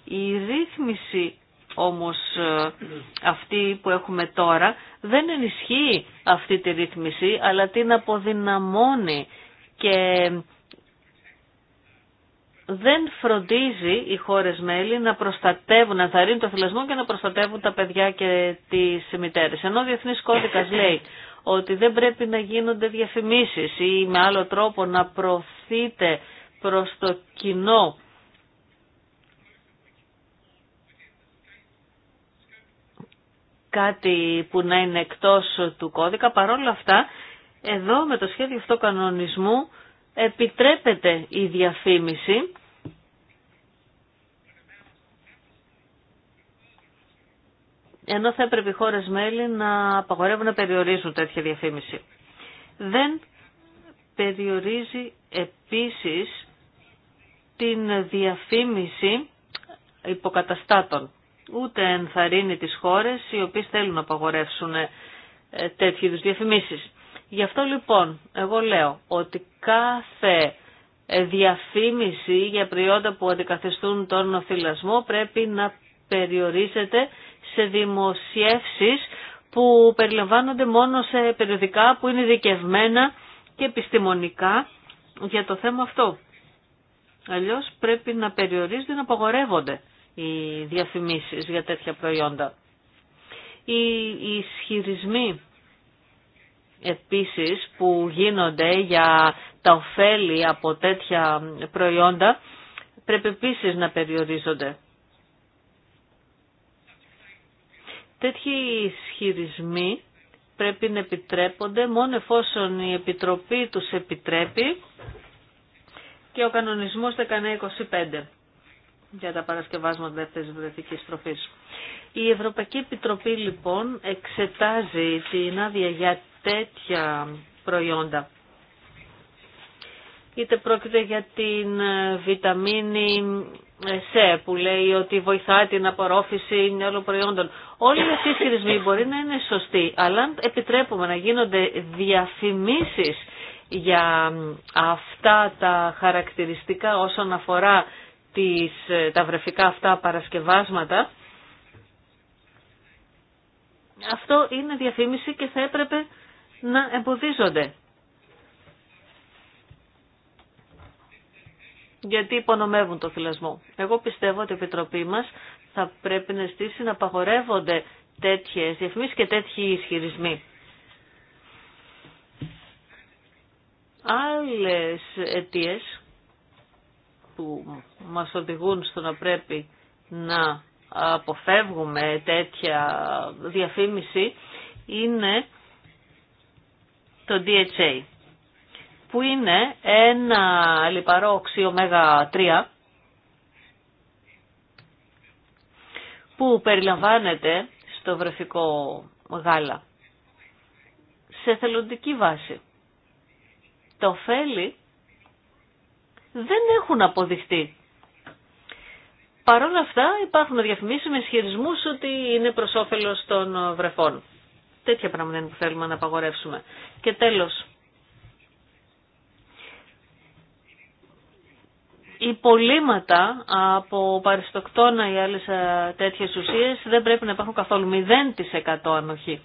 Η ρύθμιση όμως ε, αυτή που έχουμε τώρα δεν ενισχύει αυτή τη ρύθμιση αλλά την αποδυναμώνει και δεν φροντίζει οι χώρες μέλη να προστατεύουν, να θαρρύνουν το θυλασμό και να προστατεύουν τα παιδιά και τις μητέρες. Ενώ ο Διεθνής Κώδικας λέει ότι δεν πρέπει να γίνονται διαφημίσεις ή με άλλο τρόπο να προωθείτε προς το κοινό κάτι που να είναι εκτός του κώδικα. Παρόλα αυτά, εδώ με το σχέδιο αυτό κανονισμού επιτρέπεται η διαφήμιση ενώ θα έπρεπε οι χώρες μέλη να απαγορεύουν να περιορίζουν τέτοια διαφήμιση. Δεν περιορίζει επίσης την διαφήμιση υποκαταστάτων. Ούτε ενθαρρύνει τις χώρες οι οποίες θέλουν να απαγορεύσουν ε, τέτοιου είδους διαφημίσεις. Γι' αυτό λοιπόν εγώ λέω ότι κάθε ε, διαφήμιση για προϊόντα που αντικαθιστούν τον οθυλασμό πρέπει να περιορίζεται σε δημοσιεύσεις που περιλαμβάνονται μόνο σε περιοδικά που είναι ειδικευμένα και επιστημονικά για το θέμα αυτό. Αλλιώς πρέπει να περιορίζονται, να απαγορεύονται οι διαφημίσεις για τέτοια προϊόντα. Οι ισχυρισμοί επίσης που γίνονται για τα ωφέλη από τέτοια προϊόντα πρέπει επίσης να περιορίζονται. Τέτοιοι ισχυρισμοί πρέπει να επιτρέπονται μόνο εφόσον η Επιτροπή τους επιτρέπει και ο κανονισμός 1925 για τα παρασκευάσματα δεύτερης βρεθικής τροφής. Η Ευρωπαϊκή Επιτροπή λοιπόν εξετάζει την άδεια για τέτοια προϊόντα. Είτε πρόκειται για την βιταμίνη σε που λέει ότι βοηθάει την απορρόφηση νεόλων προϊόντων. Όλοι οι ισχυρισμοί μπορεί να είναι σωστοί, αλλά αν επιτρέπουμε να γίνονται διαφημίσεις για αυτά τα χαρακτηριστικά όσον αφορά τις, ε, τα βρεφικά αυτά παρασκευάσματα, αυτό είναι διαφήμιση και θα έπρεπε να εμποδίζονται. γιατί υπονομεύουν το θυλασμό. Εγώ πιστεύω ότι η Επιτροπή μας θα πρέπει να στήσει να απαγορεύονται τέτοιες διαφημίσεις και τέτοιοι ισχυρισμοί. Άλλες αιτίες που μας οδηγούν στο να πρέπει να αποφεύγουμε τέτοια διαφήμιση είναι το DHA που είναι ένα λιπαρό οξύ ωμέγα 3 που περιλαμβάνεται στο βρεφικό γάλα σε θελοντική βάση. Τα ωφέλη δεν έχουν αποδειχτεί. Παρ' όλα αυτά υπάρχουν διαφημίσεις με ισχυρισμού ότι είναι προς όφελος των βρεφών. Τέτοια πράγματα είναι που θέλουμε να απαγορεύσουμε. Και τέλος, υπολείμματα από παριστοκτόνα ή άλλες ε, τέτοιες ουσίες δεν πρέπει να υπάρχουν καθόλου 0% ανοχή.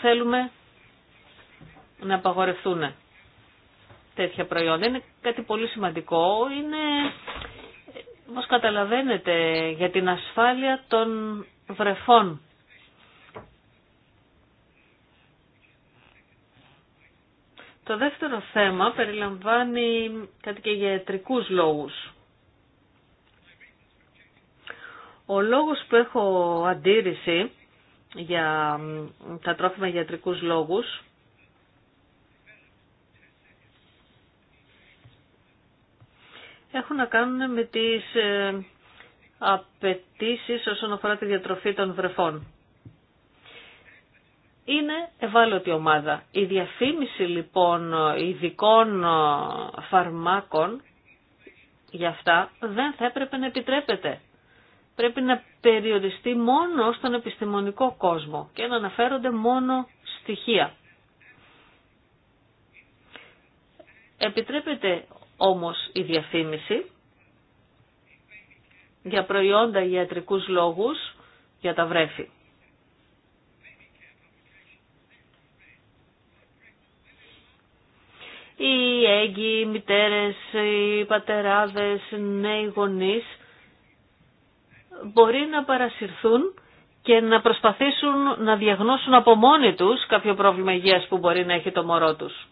Θέλουμε να απαγορευτούν τέτοια προϊόντα. Είναι κάτι πολύ σημαντικό. Είναι, όπως ε, καταλαβαίνετε, για την ασφάλεια των βρεφών Το δεύτερο θέμα περιλαμβάνει κάτι και για ιατρικούς λόγους. Ο λόγος που έχω αντίρρηση για τα τρόφιμα για ιατρικούς λόγους έχουν να κάνουν με τις ε, απαιτήσεις όσον αφορά τη διατροφή των βρεφών είναι ευάλωτη ομάδα. Η διαφήμιση λοιπόν ειδικών ε, φαρμάκων για αυτά δεν θα έπρεπε να επιτρέπεται. Πρέπει να περιοριστεί μόνο στον επιστημονικό κόσμο και να αναφέρονται μόνο στοιχεία. Επιτρέπεται όμως η διαφήμιση για προϊόντα ιατρικούς λόγους για τα βρέφη. οι έγκυοι, οι μητέρες, οι πατεράδες, οι νέοι γονείς μπορεί να παρασυρθούν και να προσπαθήσουν να διαγνώσουν από μόνοι τους κάποιο πρόβλημα υγείας που μπορεί να έχει το μωρό τους.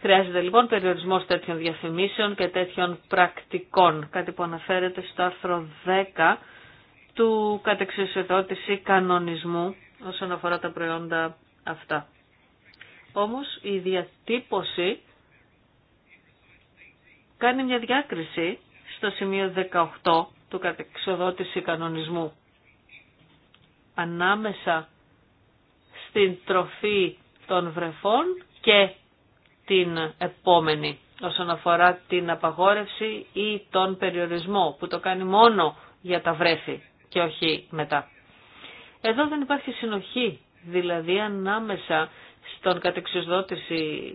Χρειάζεται λοιπόν περιορισμός τέτοιων διαφημίσεων και τέτοιων πρακτικών, κάτι που αναφέρεται στο άρθρο 10 του κατεξουσιοδότηση κανονισμού όσον αφορά τα προϊόντα αυτά. Όμως η διατύπωση κάνει μια διάκριση στο σημείο 18 του κατεξοδότηση κανονισμού. Ανάμεσα στην τροφή των βρεφών και την επόμενη όσον αφορά την απαγόρευση ή τον περιορισμό που το κάνει μόνο για τα βρέφη και όχι μετά. Εδώ δεν υπάρχει συνοχή, δηλαδή ανάμεσα στον κατεξουσδότηση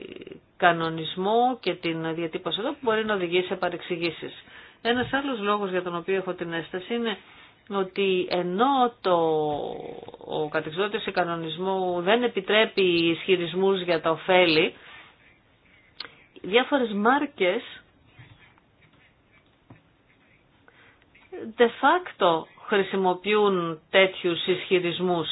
κανονισμό και την διατύπωση εδώ που μπορεί να οδηγήσει σε παρεξηγήσεις. Ένας άλλος λόγος για τον οποίο έχω την αίσθηση είναι ότι ενώ το, ο κατεξοδότης κανονισμού δεν επιτρέπει ισχυρισμούς για τα ωφέλη, διάφορες μάρκες de facto χρησιμοποιούν τέτοιους ισχυρισμούς.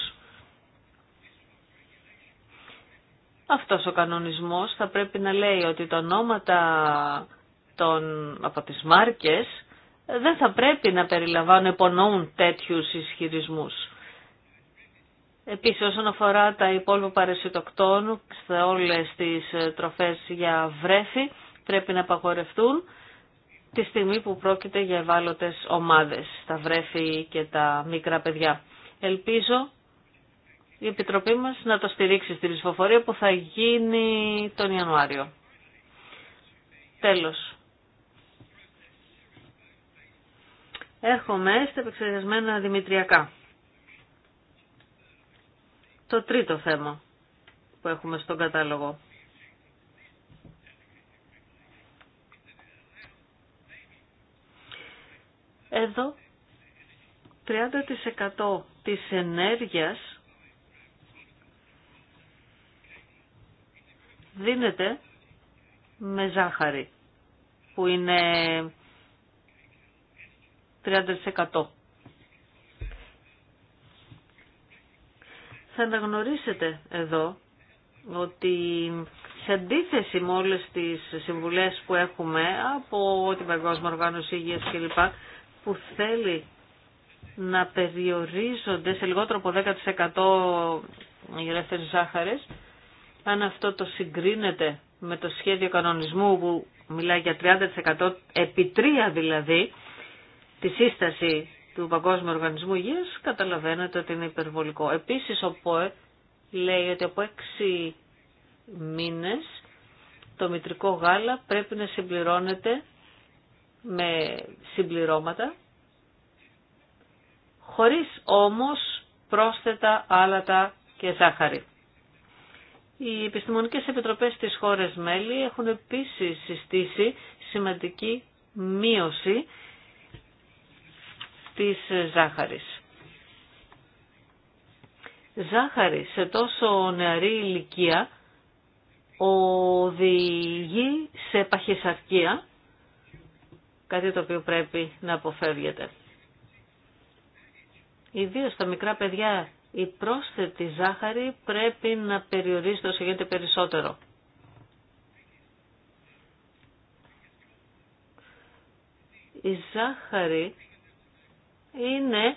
Αυτός ο κανονισμός θα πρέπει να λέει ότι τα ονόματα των, από τις μάρκες δεν θα πρέπει να περιλαμβάνουν, υπονοούν τέτοιους ισχυρισμούς. Επίσης όσον αφορά τα υπόλοιπα παρεσιτοκτόνου σε όλες τις ε, τροφές για βρέφη πρέπει να απαγορευτούν τη στιγμή που πρόκειται για ευάλωτες ομάδες, τα βρέφη και τα μικρά παιδιά. Ελπίζω η Επιτροπή μας να το στηρίξει στην ψηφοφορία που θα γίνει τον Ιανουάριο. Τέλος. Έρχομαι στα επεξεργασμένα δημητριακά. Το τρίτο θέμα που έχουμε στον κατάλογο. Εδώ 30% της ενέργειας δίνεται με ζάχαρη που είναι 30%. Θα αναγνωρίσετε εδώ ότι σε αντίθεση με όλες τις συμβουλές που έχουμε από την Παγκόσμια Οργάνωση Υγείας κλπ που θέλει να περιορίζονται σε λιγότερο από 10% οι ελεύθερες ζάχαρες, αν αυτό το συγκρίνεται με το σχέδιο κανονισμού που μιλάει για 30% επί 3 δηλαδή τη σύσταση του Παγκόσμιου Οργανισμού Υγείας καταλαβαίνετε ότι είναι υπερβολικό. Επίσης ο ΠΟΕ λέει ότι από 6 μήνες το μητρικό γάλα πρέπει να συμπληρώνεται με συμπληρώματα χωρίς όμως πρόσθετα άλατα και ζάχαρη. Οι επιστημονικές επιτροπές στις χώρες μέλη έχουν επίσης συστήσει σημαντική μείωση της ζάχαρης. Ζάχαρη σε τόσο νεαρή ηλικία οδηγεί σε παχυσαρκία, κάτι το οποίο πρέπει να αποφεύγεται. Ιδίω τα μικρά παιδιά η πρόσθετη ζάχαρη πρέπει να περιορίζεται όσο γίνεται περισσότερο. Η ζάχαρη είναι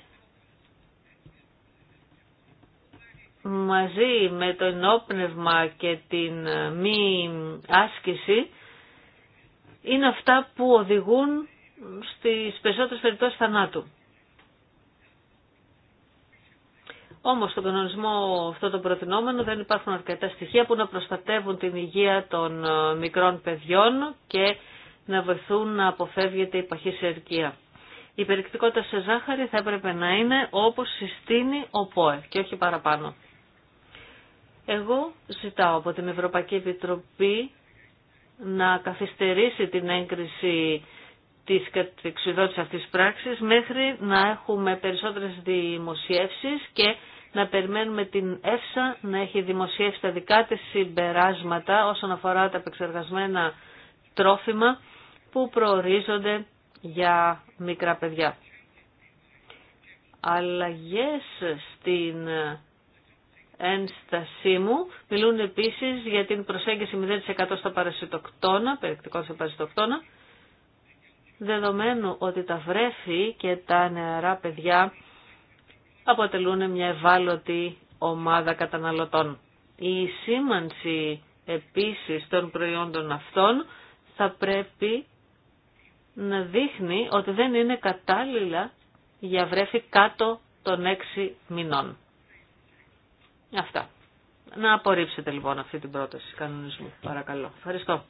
μαζί με το ενόπνευμα και την μη άσκηση είναι αυτά που οδηγούν στις περισσότερες περιπτώσεις θανάτου. Όμως στον κανονισμό αυτό το προτινόμενο δεν υπάρχουν αρκετά στοιχεία που να προστατεύουν την υγεία των ε, μικρών παιδιών και να βοηθούν να αποφεύγεται η αρκεία. Η περιεκτικότητα σε ζάχαρη θα έπρεπε να είναι όπως συστήνει ο ΠΟΕ και όχι παραπάνω. Εγώ ζητάω από την Ευρωπαϊκή Επιτροπή να καθυστερήσει την έγκριση της κατεξιδότησης αυτής της πράξης μέχρι να έχουμε περισσότερες δημοσιεύσεις και να περιμένουμε την ΕΦΣΑ να έχει δημοσιεύσει τα δικά της συμπεράσματα όσον αφορά τα επεξεργασμένα τρόφιμα που προορίζονται για μικρά παιδιά. Αλλαγές στην ένστασή μου μιλούν επίσης για την προσέγγιση 0% στα παρασιτοκτόνα, περιεκτικό σε παρασιτοκτόνα, δεδομένου ότι τα βρέφη και τα νεαρά παιδιά αποτελούν μια ευάλωτη ομάδα καταναλωτών. Η σήμανση επίσης των προϊόντων αυτών θα πρέπει να δείχνει ότι δεν είναι κατάλληλα για βρέφη κάτω των έξι μηνών. Αυτά. Να απορρίψετε λοιπόν αυτή την πρόταση κανονισμού. Παρακαλώ. Ευχαριστώ.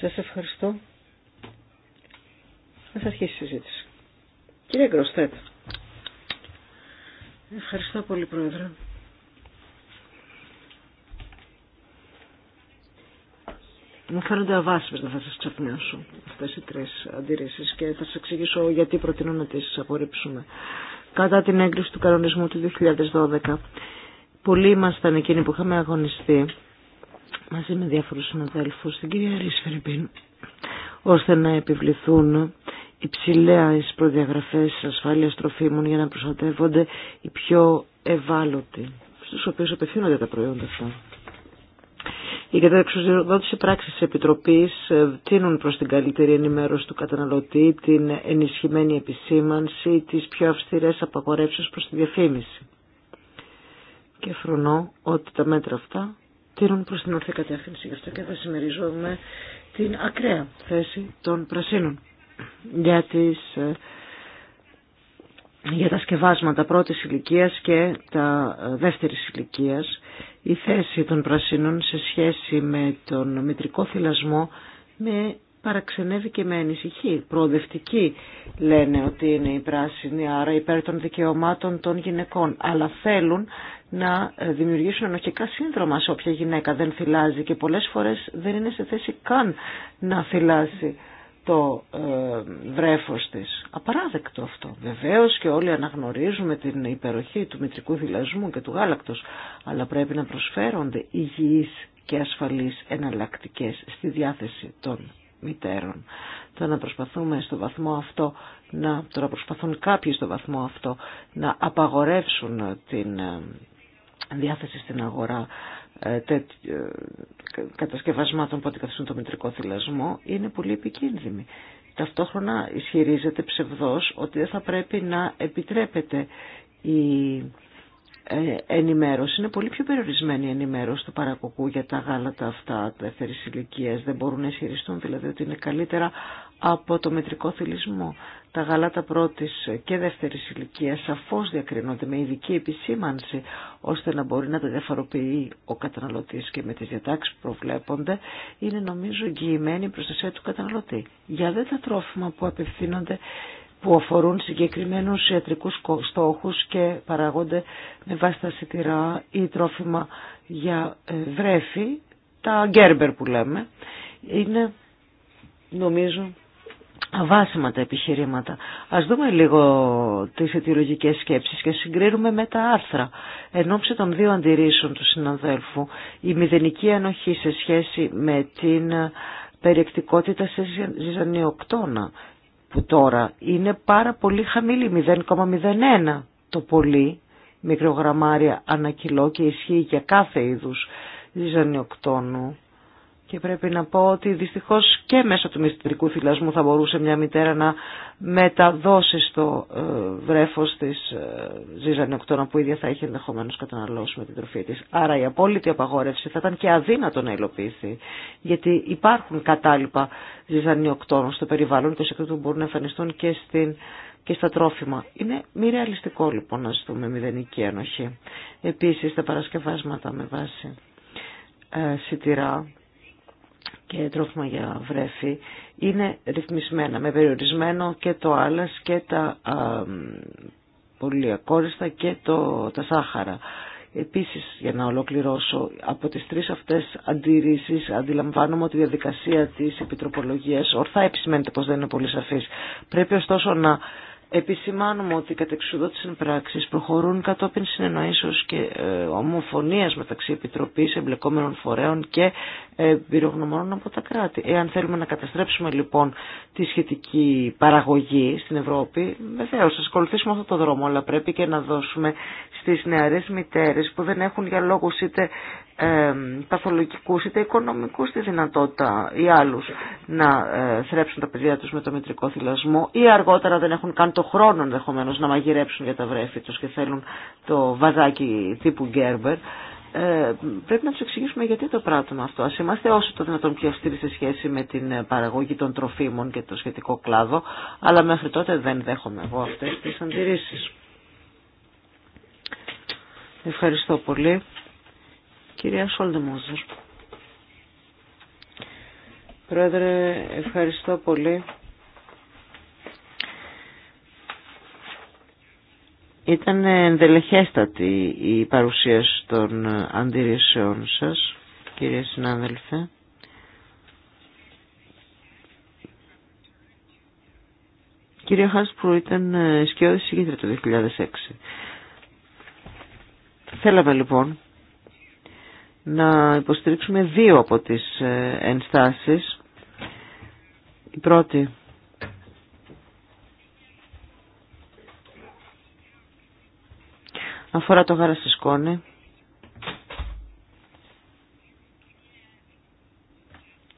Σας ευχαριστώ. Ας αρχίσει η συζήτηση. Κύριε Γκροστέτ. Ευχαριστώ πολύ, Πρόεδρε. Μου φαίνονται αβάσιμες να θα σας αυτέ αυτές οι τρεις αντιρρήσεις και θα σας εξηγήσω γιατί προτείνω να τις απορρίψουμε. Κατά την έγκριση του κανονισμού του 2012, πολλοί ήμασταν εκείνοι που είχαμε αγωνιστεί μαζί με διάφορους συναδέλφους, την κυρία Ρίσφερμπιν, ώστε να επιβληθούν υψηλές προδιαγραφές ασφάλειας τροφίμων για να προστατεύονται οι πιο ευάλωτοι, στους οποίους απευθύνονται τα προϊόντα αυτά. Η καταξιοδότηση πράξη τη Επιτροπή ε, τίνουν προ την καλύτερη ενημέρωση του καταναλωτή, την ενισχυμένη επισήμανση, τι πιο αυστηρέ απαγορεύσει προ τη διαφήμιση. Και φρονώ ότι τα μέτρα αυτά τίνουν προ την ορθή κατεύθυνση. Γι' αυτό και θα συμμεριζόμαι την ακραία θέση των πρασίνων για, τις, ε, για τα σκευάσματα πρώτης ηλικίας και τα ε, δεύτερης ηλικίας. Η θέση των πρασίνων σε σχέση με τον μητρικό θυλασμό με παραξενεύει και με ανησυχεί. Προοδευτική λένε ότι είναι οι πράσινοι, άρα υπέρ των δικαιωμάτων των γυναικών. Αλλά θέλουν να ε, δημιουργήσουν ενοχικά σύνδρομα σε όποια γυναίκα δεν θυλάζει και πολλές φορές δεν είναι σε θέση καν να θυλάζει το ε, βρέφος της. Απαράδεκτο αυτό. Βεβαίως και όλοι αναγνωρίζουμε την υπεροχή του μητρικού θυλασμού και του γάλακτος, αλλά πρέπει να προσφέρονται υγιείς και ασφαλείς εναλλακτικές στη διάθεση των μητέρων. Το να προσπαθούμε στο βαθμό αυτό, να, το προσπαθούν κάποιοι στο βαθμό αυτό να απαγορεύσουν την ε, διάθεση στην αγορά ε, ε, κατασκευασμάτων που αντικαθιστούν το μητρικό θυλασμό είναι πολύ επικίνδυνη. Ταυτόχρονα ισχυρίζεται ψευδός ότι δεν θα πρέπει να επιτρέπεται η ε, ενημέρωση. Είναι πολύ πιο περιορισμένη η ενημέρωση του παρακοκού για τα γάλατα αυτά τα ηλικία. Δεν μπορούν να ισχυριστούν δηλαδή ότι είναι καλύτερα από το μετρικό θυλισμό. Τα γαλάτα πρώτης και δεύτερης ηλικίας σαφώς διακρίνονται με ειδική επισήμανση ώστε να μπορεί να τα διαφοροποιεί ο καταναλωτής και με τις διατάξεις που προβλέπονται είναι νομίζω εγγυημένη η προστασία του καταναλωτή. Για δε τα τρόφιμα που απευθύνονται που αφορούν συγκεκριμένους ιατρικούς στόχους και παραγόνται με βάση τα σιτηρά ή τρόφιμα για ε, βρέφη, τα γκέρμπερ που λέμε, είναι νομίζω αβάσιμα τα επιχειρήματα. Ας δούμε λίγο τις αιτιολογικές σκέψεις και συγκρίνουμε με τα άρθρα. Εν ώψη των δύο αντιρρήσεων του συναδέλφου, η μηδενική ενοχή σε σχέση με την ε, περιεκτικότητα σε ζυζανιοκτώνα, που τώρα είναι πάρα πολύ χαμηλή, 0,01 το πολύ, μικρογραμμάρια ανακυλό και ισχύει για κάθε είδους ζυζανιοκτώνου και πρέπει να πω ότι δυστυχώς και μέσω του μυστηρικού θυλασμού θα μπορούσε μια μητέρα να μεταδώσει στο ε, βρέφος της ε, ζυζανιοκτώνα που ίδια θα είχε ενδεχομένω καταναλώσει με την τροφή της. Άρα η απόλυτη απαγόρευση θα ήταν και αδύνατο να υλοποιηθεί. Γιατί υπάρχουν κατάλοιπα ζυζανιοκτώνα στο περιβάλλον και σε που μπορούν να εμφανιστούν και, στην, και στα τρόφιμα. Είναι μη ρεαλιστικό λοιπόν να ζητούμε μηδενική ενοχή. Επίσης τα παρασκευάσματα με βάση ε, σιτηρά και τρόφιμα για βρέφη είναι ρυθμισμένα με περιορισμένο και το άλλες και τα α, πολυακόριστα και το, τα σάχαρα. Επίσης, για να ολοκληρώσω, από τις τρεις αυτές αντιρρήσεις αντιλαμβάνομαι ότι η διαδικασία της επιτροπολογίας ορθά επισημαίνεται πως δεν είναι πολύ σαφής. Πρέπει ωστόσο να Επισημάνουμε ότι οι κατεξουδότησες πράξεις προχωρούν κατόπιν συνεννοήσεως και ε, ομοφωνίας μεταξύ επιτροπής, εμπλεκόμενων φορέων και ε, από τα κράτη. Εάν θέλουμε να καταστρέψουμε λοιπόν τη σχετική παραγωγή στην Ευρώπη, Βεβαίω θα ασχοληθήσουμε αυτό το δρόμο, αλλά πρέπει και να δώσουμε στις νεαρές μητέρες που δεν έχουν για λόγους είτε ε, παθολογικούς είτε οικονομικούς τη δυνατότητα ή άλλους να ε, θρέψουν τα παιδιά τους με το μητρικό θυλασμό ή αργότερα δεν έχουν καν το χρόνο ενδεχομένω να μαγειρέψουν για τα βρέφη τους και θέλουν το βαζάκι τύπου Γκέρμπερ. Ε, πρέπει να του εξηγήσουμε γιατί το πράττουμε αυτό. Α είμαστε όσο το δυνατόν πιο αυστηροί σε σχέση με την ε, παραγωγή των τροφίμων και το σχετικό κλάδο, αλλά μέχρι τότε δεν δέχομαι εγώ αυτέ τι αντιρρήσει. Ευχαριστώ πολύ. Κυρία Μόζερ. Πρόεδρε, ευχαριστώ πολύ. Ήταν ενδελεχέστατη η παρουσίαση των αντιρρήσεών σας, κύριε συνάδελφε. Κύριε Χάσπρου ήταν σκιώδη συγκίτρια το 2006. Θέλαμε λοιπόν να υποστηρίξουμε δύο από τις ε, ενστάσεις. Η πρώτη αφορά το γάρα στη σκόνη.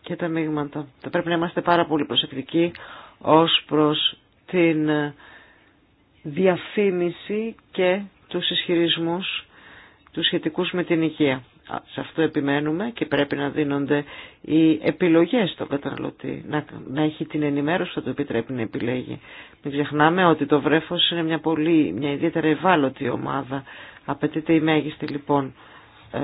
και τα μείγματα. Θα πρέπει να είμαστε πάρα πολύ προσεκτικοί ως προς την ε, διαφήμιση και τους ισχυρισμούς τους σχετικούς με την υγεία σε αυτό επιμένουμε και πρέπει να δίνονται οι επιλογές στον καταναλωτή, να, να έχει την ενημέρωση που θα το επιτρέπει να επιλέγει. Μην ξεχνάμε ότι το βρέφος είναι μια, πολύ, μια ιδιαίτερα ευάλωτη ομάδα. Απαιτείται η μέγιστη λοιπόν ε,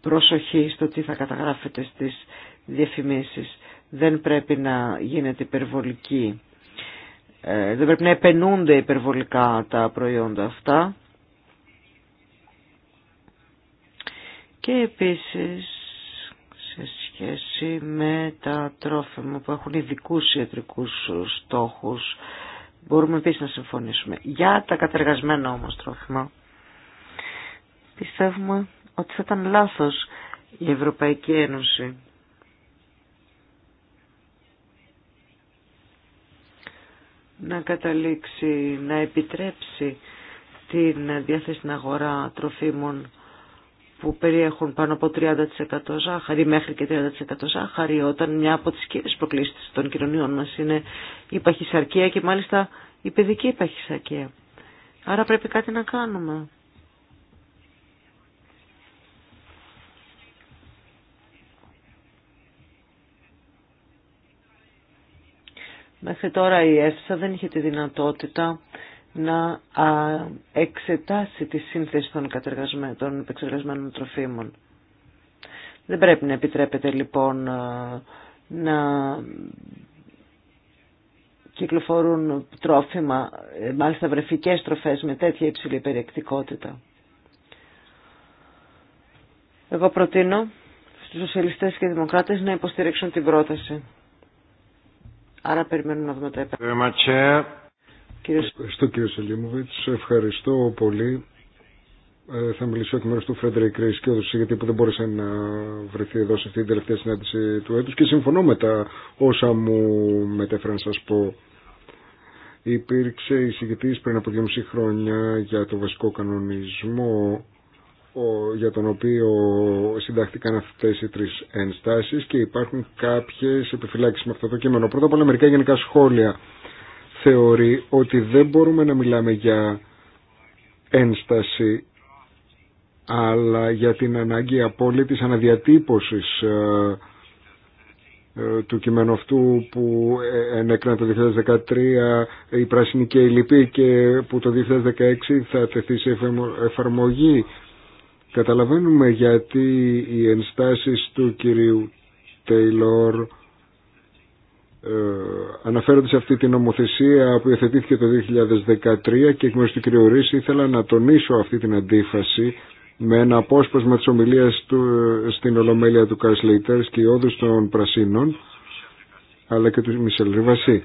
προσοχή στο τι θα καταγράφεται στις διαφημίσεις. Δεν πρέπει να γίνεται υπερβολική. Ε, δεν πρέπει να επενούνται υπερβολικά τα προϊόντα αυτά Και επίσης σε σχέση με τα τρόφιμα που έχουν ειδικού ιατρικούς στόχους μπορούμε επίσης να συμφωνήσουμε. Για τα κατεργασμένα όμως τρόφιμα πιστεύουμε ότι θα ήταν λάθος η Ευρωπαϊκή Ένωση να καταλήξει, να επιτρέψει την διάθεση στην αγορά τροφίμων που περιέχουν πάνω από 30% ζάχαρη, μέχρι και 30% ζάχαρη, όταν μια από τις κύριες προκλήσεις των κοινωνιών μας είναι η παχυσαρκία και μάλιστα η παιδική παχυσαρκία. Άρα πρέπει κάτι να κάνουμε. Μέχρι τώρα η ΕΦΣΑ δεν είχε τη δυνατότητα να εξετάσει τη σύνθεση των, των επεξεργασμένων τροφίμων. Δεν πρέπει να επιτρέπεται λοιπόν να κυκλοφορούν τρόφιμα, ε, μάλιστα βρεφικές τροφές με τέτοια υψηλή περιεκτικότητα. Εγώ προτείνω στους σοσιαλιστές και δημοκράτες να υποστηρίξουν την πρόταση. Άρα περιμένουμε να δούμε τα Ευχαριστώ κύριε Σελίμωβιτς, ευχαριστώ πολύ. Ε, θα μιλήσω εκ μέρους του Φρέντερικ Ρέις και όδους, γιατί που δεν μπόρεσε να βρεθεί εδώ σε αυτή την τελευταία συνάντηση του έτους και συμφωνώ με τα όσα μου μετέφεραν σας πω. Υπήρξε εισηγητή πριν από 2,5 χρόνια για το βασικό κανονισμό για τον οποίο συντάχθηκαν αυτέ οι τρει ενστάσεις και υπάρχουν κάποιε επιφυλάξει με αυτό το κείμενο. Πρώτα απ' όλα μερικά γενικά σχόλια θεωρεί ότι δεν μπορούμε να μιλάμε για ένσταση αλλά για την ανάγκη απόλυτης αναδιατύπωσης ε, ε, του κειμένου αυτού που ε, ενέκρινα το 2013 η πράσινη και η λυπή και που το 2016 θα τεθεί σε εφαρμογή. Καταλαβαίνουμε γιατί οι ενστάσεις του κυρίου Τέιλορ ε, αναφέρονται σε αυτή την νομοθεσία που υιοθετήθηκε το 2013 και εκ μέρους του κ. ήθελα να τονίσω αυτή την αντίφαση με ένα απόσπασμα της ομιλίας του στην Ολομέλεια του Καρ Σλέιτερ και η των Πρασίνων αλλά και του Μισελ Ριβασί.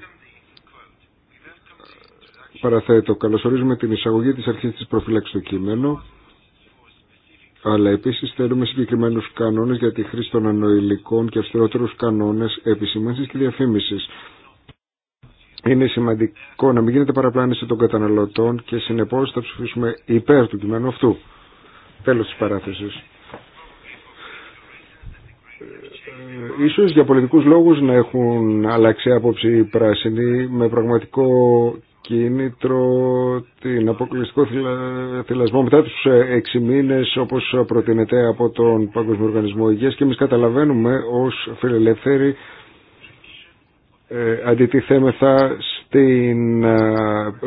Παραθέτω, καλωσορίζουμε την εισαγωγή της αρχής της προφύλαξης στο κείμενο αλλά επίσης θέλουμε συγκεκριμένους κανόνες για τη χρήση των ανοηλικών και αυστηρότερους κανόνες επισήμανσης και διαφήμισης. Είναι σημαντικό να μην γίνεται παραπλάνηση των καταναλωτών και συνεπώς θα ψηφίσουμε υπέρ του κειμένου αυτού. Τέλος της παράθεσης. Ε, ίσως για πολιτικούς λόγους να έχουν αλλάξει άποψη οι πράσινοι με πραγματικό κίνητρο, την αποκλειστικό θυλασμό μετά τους ε, έξι μήνες όπως προτείνεται από τον Παγκοσμίο Οργανισμό Υγείας και εμείς καταλαβαίνουμε ως φιλελεύθεροι ε, αντιτιθέμεθα στην, ε,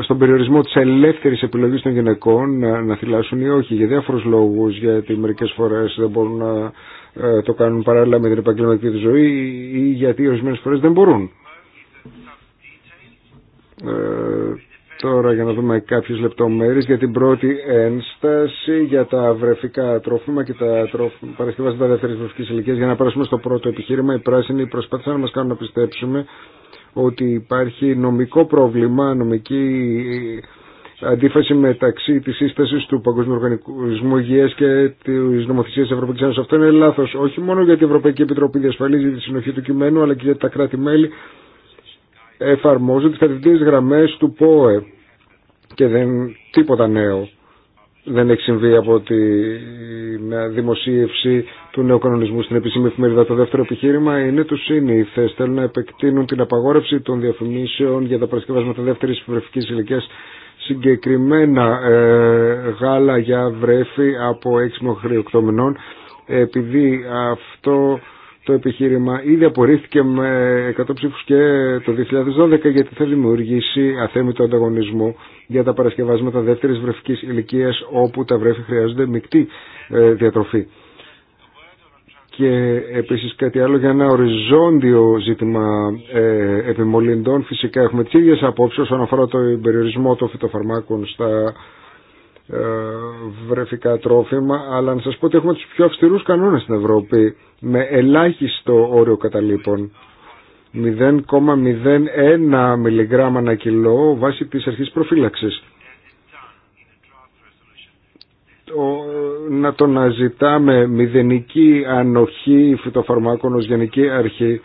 στον περιορισμό της ελεύθερης επιλογής των γυναικών να, να ή όχι για διάφορους λόγους γιατί μερικές φορές δεν μπορούν να ε, το κάνουν παράλληλα με την επαγγελματική του ζωή ή γιατί ορισμένε φορές δεν μπορούν. Ε, τώρα για να δούμε κάποιες λεπτομέρειες για την πρώτη ένσταση για τα βρεφικά τρόφιμα και τα τρόφιμα παρασκευάζοντα δεύτερης βρεφικής ηλικίας για να περάσουμε στο πρώτο επιχείρημα οι πράσινοι προσπάθησαν να μας κάνουν να πιστέψουμε ότι υπάρχει νομικό πρόβλημα, νομική ε, αντίφαση μεταξύ της σύσταση του Παγκόσμιου Οργανισμού Υγείας και τη νομοθεσία της Ευρωπαϊκής Ένωσης Αυτό είναι λάθος, Όχι μόνο γιατί η Ευρωπαϊκή Επιτροπή διασφαλίζει τη συνοχή του κειμένου, αλλά και για τα κράτη-μέλη Εφαρμόζονται τις κατευθυντές γραμμές του ΠΟΕ και δεν τίποτα νέο δεν έχει συμβεί από τη δημοσίευση του νέου κανονισμού στην επίσημη εφημερίδα. Το δεύτερο επιχείρημα είναι του συνήθε. Θέλουν να επεκτείνουν την απαγόρευση των διαφημίσεων για τα παρασκευάσματα δεύτερη βρεφική ηλικία. Συγκεκριμένα ε, γάλα για βρέφη από 6 μέχρι 8 επειδή αυτό το επιχείρημα ήδη απορρίφθηκε με 100 ψήφους και το 2012 γιατί θα δημιουργήσει αθέμητο ανταγωνισμό για τα παρασκευάσματα δεύτερης βρεφικής ηλικίας όπου τα βρέφη χρειάζονται μεικτή ε, διατροφή. Και επίσης κάτι άλλο για ένα οριζόντιο ζήτημα ε, επιμολυντών. Φυσικά έχουμε τις ίδιες απόψεις όσον αφορά το περιορισμό των φυτοφαρμάκων στα ε, βρεφικά τρόφιμα, αλλά να σας πω ότι έχουμε τους πιο αυστηρούς κανόνες στην Ευρώπη με ελάχιστο όριο καταλήπων. 0,01 μιλιγράμμα ανά κιλό βάσει της αρχής προφύλαξης. να το να ζητάμε μηδενική ανοχή φυτοφαρμάκων ως γενική αρχή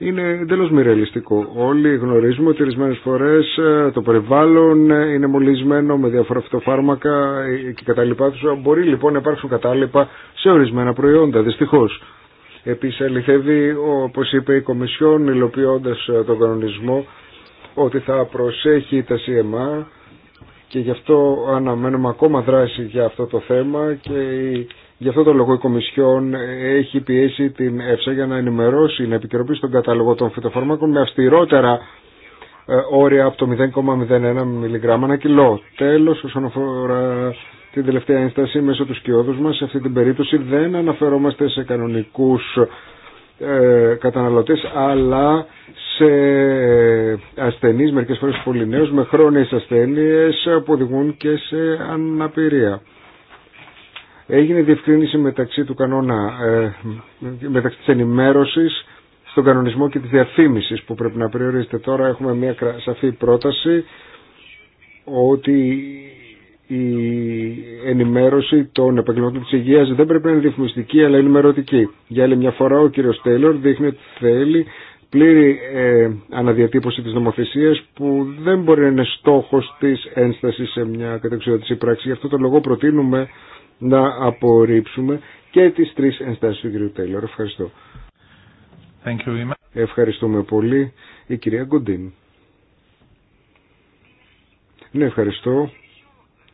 είναι εντελώ μη ρεαλιστικό. Όλοι γνωρίζουμε ότι ορισμένε φορέ ε, το περιβάλλον ε, είναι μολυσμένο με διάφορα φυτοφάρμακα ε, και κατάλοιπά Μπορεί λοιπόν να υπάρξουν κατάλοιπα σε ορισμένα προϊόντα, δυστυχώ. Επίση, αληθεύει, όπω είπε η Κομισιόν, υλοποιώντα τον κανονισμό, ότι θα προσέχει τα CMA και γι' αυτό αναμένουμε ακόμα δράση για αυτό το θέμα και η Γι' αυτό το λόγο η Κομισιόν έχει πιέσει την ΕΦΣΑ για να ενημερώσει, να επικαιροποιήσει τον κατάλογο των φυτοφαρμάκων με αυστηρότερα ε, όρια από το 0,01 μιλιγκράμμα ένα κιλό. Τέλος, όσον αφορά την τελευταία ένσταση μέσω του σκιώδους μας, σε αυτή την περίπτωση δεν αναφερόμαστε σε κανονικούς ε, καταναλωτές, αλλά σε ασθενείς, μερικές φορές πολύ με χρόνιες ασθένειες που οδηγούν και σε αναπηρία. Έγινε διευκρίνηση μεταξύ του κανόνα, ε, μεταξύ της ενημέρωσης στον κανονισμό και της διαφήμισης που πρέπει να περιορίζεται. Τώρα έχουμε μια σαφή πρόταση ότι η ενημέρωση των επαγγελματών της υγείας δεν πρέπει να είναι διαφημιστική αλλά ενημερωτική. Για άλλη μια φορά ο κύριος Τέιλορ δείχνει ότι θέλει πλήρη ε, αναδιατύπωση της νομοθεσίας που δεν μπορεί να είναι στόχος της ένστασης σε μια κατεξοδότηση πράξη. Γι' αυτό το λόγο προτείνουμε να απορρίψουμε και τις τρεις ενστάσεις του κ. Τέιλορ. Ευχαριστώ. Thank you. Ευχαριστούμε πολύ. Η κυρία Γκοντίν. Ναι, ευχαριστώ.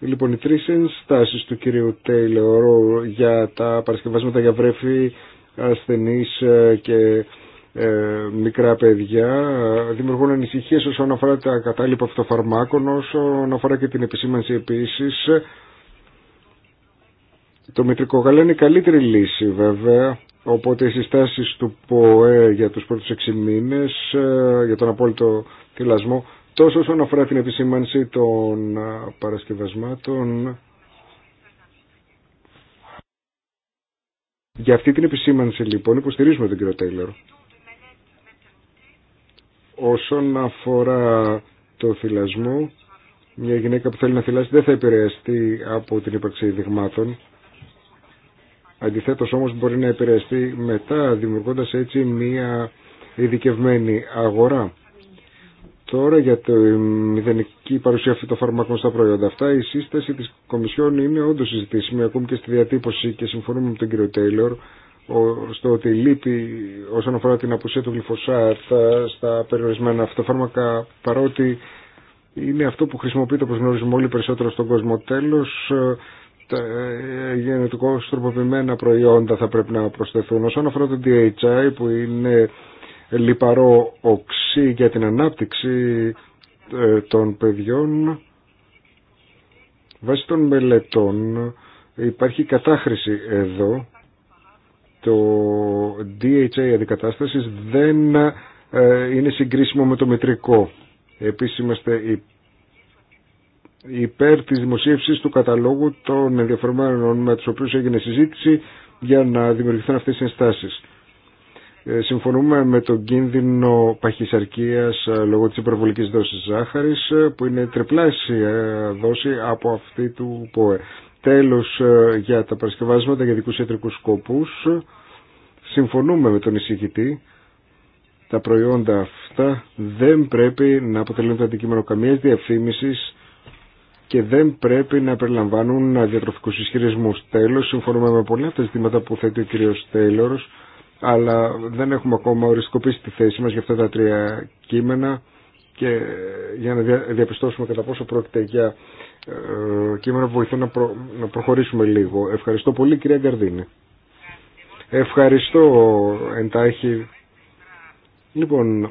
Λοιπόν, οι τρεις ενστάσεις του κυρίου Τέιλορ για τα παρασκευάσματα για βρέφη ασθενείς ε, και ε, μικρά παιδιά δημιουργούν ανησυχίες όσον αφορά τα κατάλληλα αυτοφαρμάκων όσον αφορά και την επισήμανση επίσης το μητρικό γάλα είναι η καλύτερη λύση βέβαια, οπότε οι συστάσεις του ΠΟΕ για τους πρώτους 6 μήνες, ε, για τον απόλυτο θυλασμό, τόσο όσον αφορά την επισήμανση των ε, παρασκευασμάτων, Για αυτή την επισήμανση λοιπόν υποστηρίζουμε τον κύριο Τέιλερ. Όσον αφορά το θυλασμό, μια γυναίκα που θέλει να θυλάσει δεν θα επηρεαστεί από την ύπαρξη δειγμάτων. Αντιθέτως όμως μπορεί να επηρεαστεί μετά δημιουργώντας έτσι μια ειδικευμένη αγορά. Τώρα για τη μηδενική παρουσία φάρμακών στα προϊόντα αυτά, η σύσταση της Κομισιόν είναι όντω συζητήσιμη ακόμη και στη διατύπωση και συμφωνούμε με τον κύριο Τέιλορ στο ότι λείπει όσον αφορά την απουσία του γλυφοσάτ στα περιορισμένα φυτοφάρμακα παρότι είναι αυτό που χρησιμοποιείται όπως γνωρίζουμε όλοι περισσότερο στον κόσμο. Τέλος, τα ε, γενετικό τροποποιημένα προϊόντα θα πρέπει να προσθεθούν. Όσον αφορά το DHI που είναι λιπαρό οξύ για την ανάπτυξη ε, των παιδιών, βάσει των μελετών υπάρχει κατάχρηση εδώ. Το DHI αντικατάστασης δεν ε, είναι συγκρίσιμο με το μετρικό. Επίσης είμαστε υπέρ της δημοσίευσης του καταλόγου των ενδιαφορεμένων με τους οποίους έγινε συζήτηση για να δημιουργηθούν αυτές οι ενστάσεις. Ε, συμφωνούμε με τον κίνδυνο παχυσαρκίας ε, λόγω της υπερβολικής δόσης ζάχαρης ε, που είναι τριπλάσια δόση από αυτή του ΠΟΕ. Τέλος για τα παρασκευάσματα για δικούς ιατρικούς σκοπούς. Συμφωνούμε με τον εισηγητή. Τα προϊόντα αυτά δεν πρέπει να αποτελούν το αντικείμενο καμίας διαφήμισης και δεν πρέπει να περιλαμβάνουν διατροφικούς ισχυρισμού. Τέλος, συμφωνούμε με πολλά αυτά τα ζητήματα που θέτει ο κ. Τέλορ, αλλά δεν έχουμε ακόμα οριστικοποιήσει τη θέση μα για αυτά τα τρία κείμενα και για να διαπιστώσουμε κατά πόσο πρόκειται για ε, κείμενα που βοηθούν να, προχωρήσουμε λίγο. Ευχαριστώ πολύ κυρία Γκαρδίνη. Ευχαριστώ εντάχει. Λοιπόν,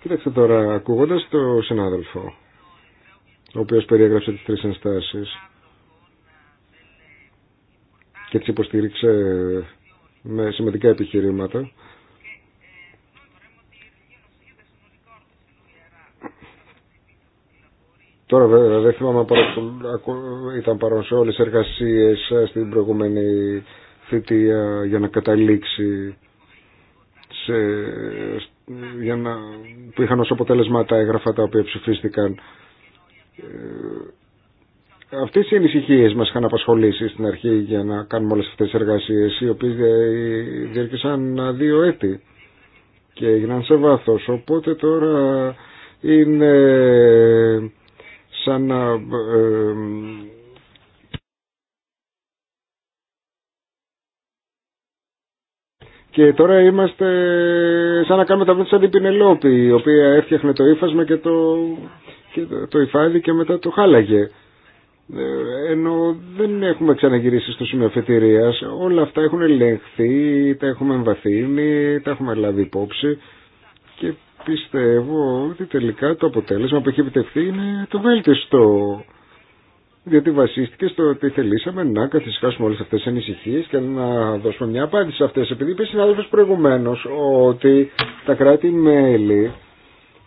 Κοιτάξτε τώρα, ακούγοντα το συνάδελφο, ο οποίο περιέγραψε τι τρεις ενστάσεις και τι υποστήριξε με σημαντικά επιχειρήματα, Τώρα βέβαια δεν θυμάμαι ήταν παρόν σε όλες τις εργασίες ε, στην προηγούμενη θητεία για να καταλήξει σε, για να, που είχαν ως αποτέλεσμα τα έγγραφα τα οποία ψηφίστηκαν. Ε, αυτές οι ανησυχίε μας είχαν απασχολήσει στην αρχή για να κάνουμε όλες αυτές τις εργασίες, οι οποίες διέρχεσαν δύο έτη και έγιναν σε βάθος. Οπότε τώρα είναι σαν να ε, Και τώρα είμαστε σαν να κάνουμε τα πρώτα σαν την Πινελόπη, η οποία έφτιαχνε το ύφασμα και το, και το υφάδι και μετά το χάλαγε. Ε, ενώ δεν έχουμε ξαναγυρίσει στο σημείο όλα αυτά έχουν ελεγχθεί, τα έχουμε εμβαθύνει, τα έχουμε λάβει υπόψη και πιστεύω ότι τελικά το αποτέλεσμα που έχει επιτευχθεί είναι το βέλτιστο διότι βασίστηκε στο ότι θελήσαμε να καθισχάσουμε όλες αυτές τις ανησυχίες και να δώσουμε μια απάντηση σε αυτές. Επειδή είπε συνάδελφος προηγουμένως ότι τα κράτη-μέλη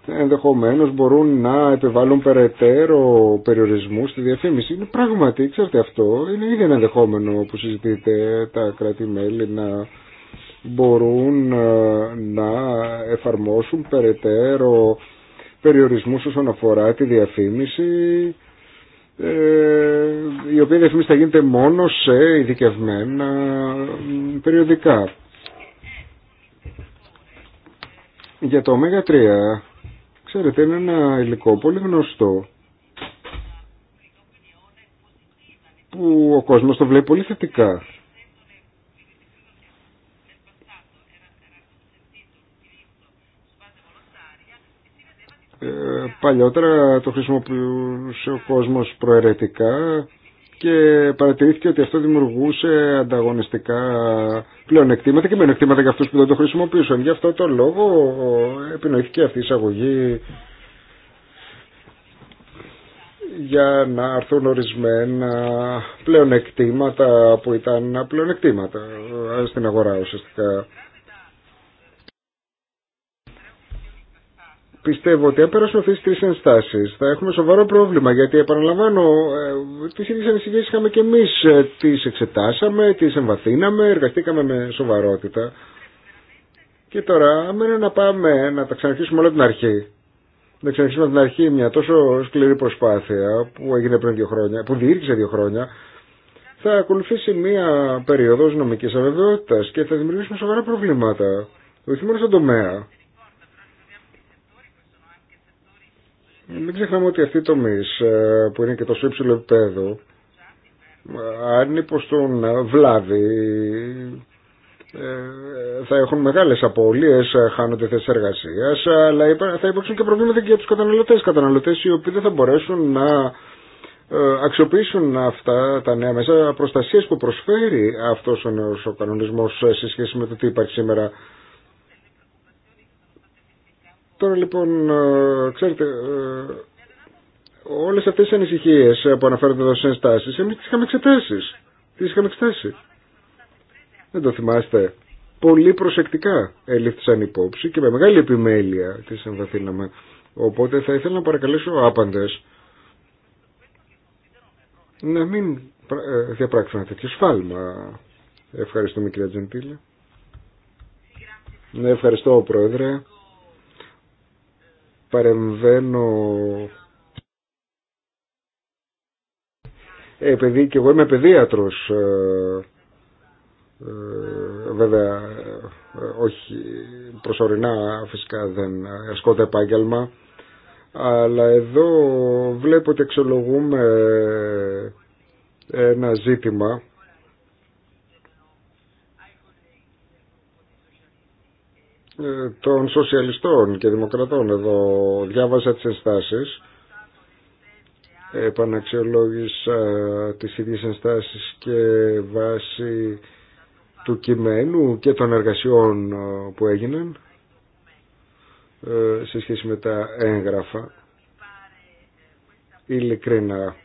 ενδεχομένως μπορούν να επιβάλλουν περαιτέρω περιορισμού στη διαφήμιση. Είναι πράγματι, ξέρετε αυτό, είναι ήδη ένα ενδεχόμενο που συζητείτε τα κράτη-μέλη να μπορούν ε, να εφαρμόσουν περαιτέρω περιορισμούς όσον αφορά τη διαφήμιση ε, η οποία διαφήμιση θα γίνεται μόνο σε ειδικευμένα περιοδικά. Για το ω3, ξέρετε, είναι ένα υλικό πολύ γνωστό που ο κόσμος το βλέπει πολύ θετικά. παλιότερα το χρησιμοποιούσε ο κόσμος προαιρετικά και παρατηρήθηκε ότι αυτό δημιουργούσε ανταγωνιστικά πλεονεκτήματα και μειονεκτήματα για αυτούς που δεν το χρησιμοποιούσαν. Γι' αυτό το λόγο επινοήθηκε αυτή η εισαγωγή για να έρθουν ορισμένα πλεονεκτήματα που ήταν πλεονεκτήματα στην αγορά ουσιαστικά. πιστεύω ότι αν περάσουν αυτέ τι τρει ενστάσει θα έχουμε σοβαρό πρόβλημα. Γιατί επαναλαμβάνω, ε, τι ίδιε ανησυχίε είχαμε και εμεί. Ε, τι εξετάσαμε, τι εμβαθύναμε, εργαστήκαμε με σοβαρότητα. Και τώρα, άμα να πάμε να τα ξαναρχίσουμε όλα την αρχή. Να ξαναρχίσουμε από την αρχή μια τόσο σκληρή προσπάθεια που έγινε πριν δύο χρόνια, που διήρκησε δύο χρόνια, θα ακολουθήσει μια περίοδο νομική αβεβαιότητα και θα δημιουργήσουμε σοβαρά προβλήματα. Όχι μόνο στον τομέα Μην ξεχνάμε ότι αυτοί οι τομεί ε, που είναι και τόσο υψηλό επίπεδο, ε, αν υποστούν ε, βλάβη, θα έχουν μεγάλε απώλειε, χάνονται θέσει εργασία, αλλά θα υπάρξουν και προβλήματα και για του καταναλωτέ. Καταναλωτέ οι οποίοι δεν θα μπορέσουν να αξιοποιήσουν αυτά τα νέα μέσα προστασία που προσφέρει αυτό ο νέο κανονισμό σε σχέση με το τι υπάρχει σήμερα Τώρα λοιπόν, ε, ξέρετε, ε, όλες αυτές οι ανησυχίες που αναφέρονται εδώ στις ενστάσεις, εμείς τις είχαμε εξετάσει. Τις είχαμε εξετάσει. Δεν το θυμάστε. Πολύ προσεκτικά ελήφθησαν υπόψη και με μεγάλη επιμέλεια τις εμβαθύναμε. Οπότε θα ήθελα να παρακαλέσω άπαντες να μην ε, διαπράξουν ένα τέτοιο σφάλμα. Ευχαριστούμε κυρία Τζεντήλια. Ναι, ευχαριστώ πρόεδρε παρεμβαίνω επειδή και εγώ είμαι παιδίατρος ε, ε, βέβαια ε, όχι προσωρινά φυσικά δεν ασκώται επάγγελμα αλλά εδώ βλέπω ότι εξολογούμε ένα ζήτημα Ε, των σοσιαλιστών και δημοκρατών εδώ διάβασα τις ενστάσεις επαναξιολόγησα τις ίδιες ενστάσεις και βάση του κειμένου και των εργασιών ε, που έγιναν ε, σε σχέση με τα έγγραφα ειλικρινά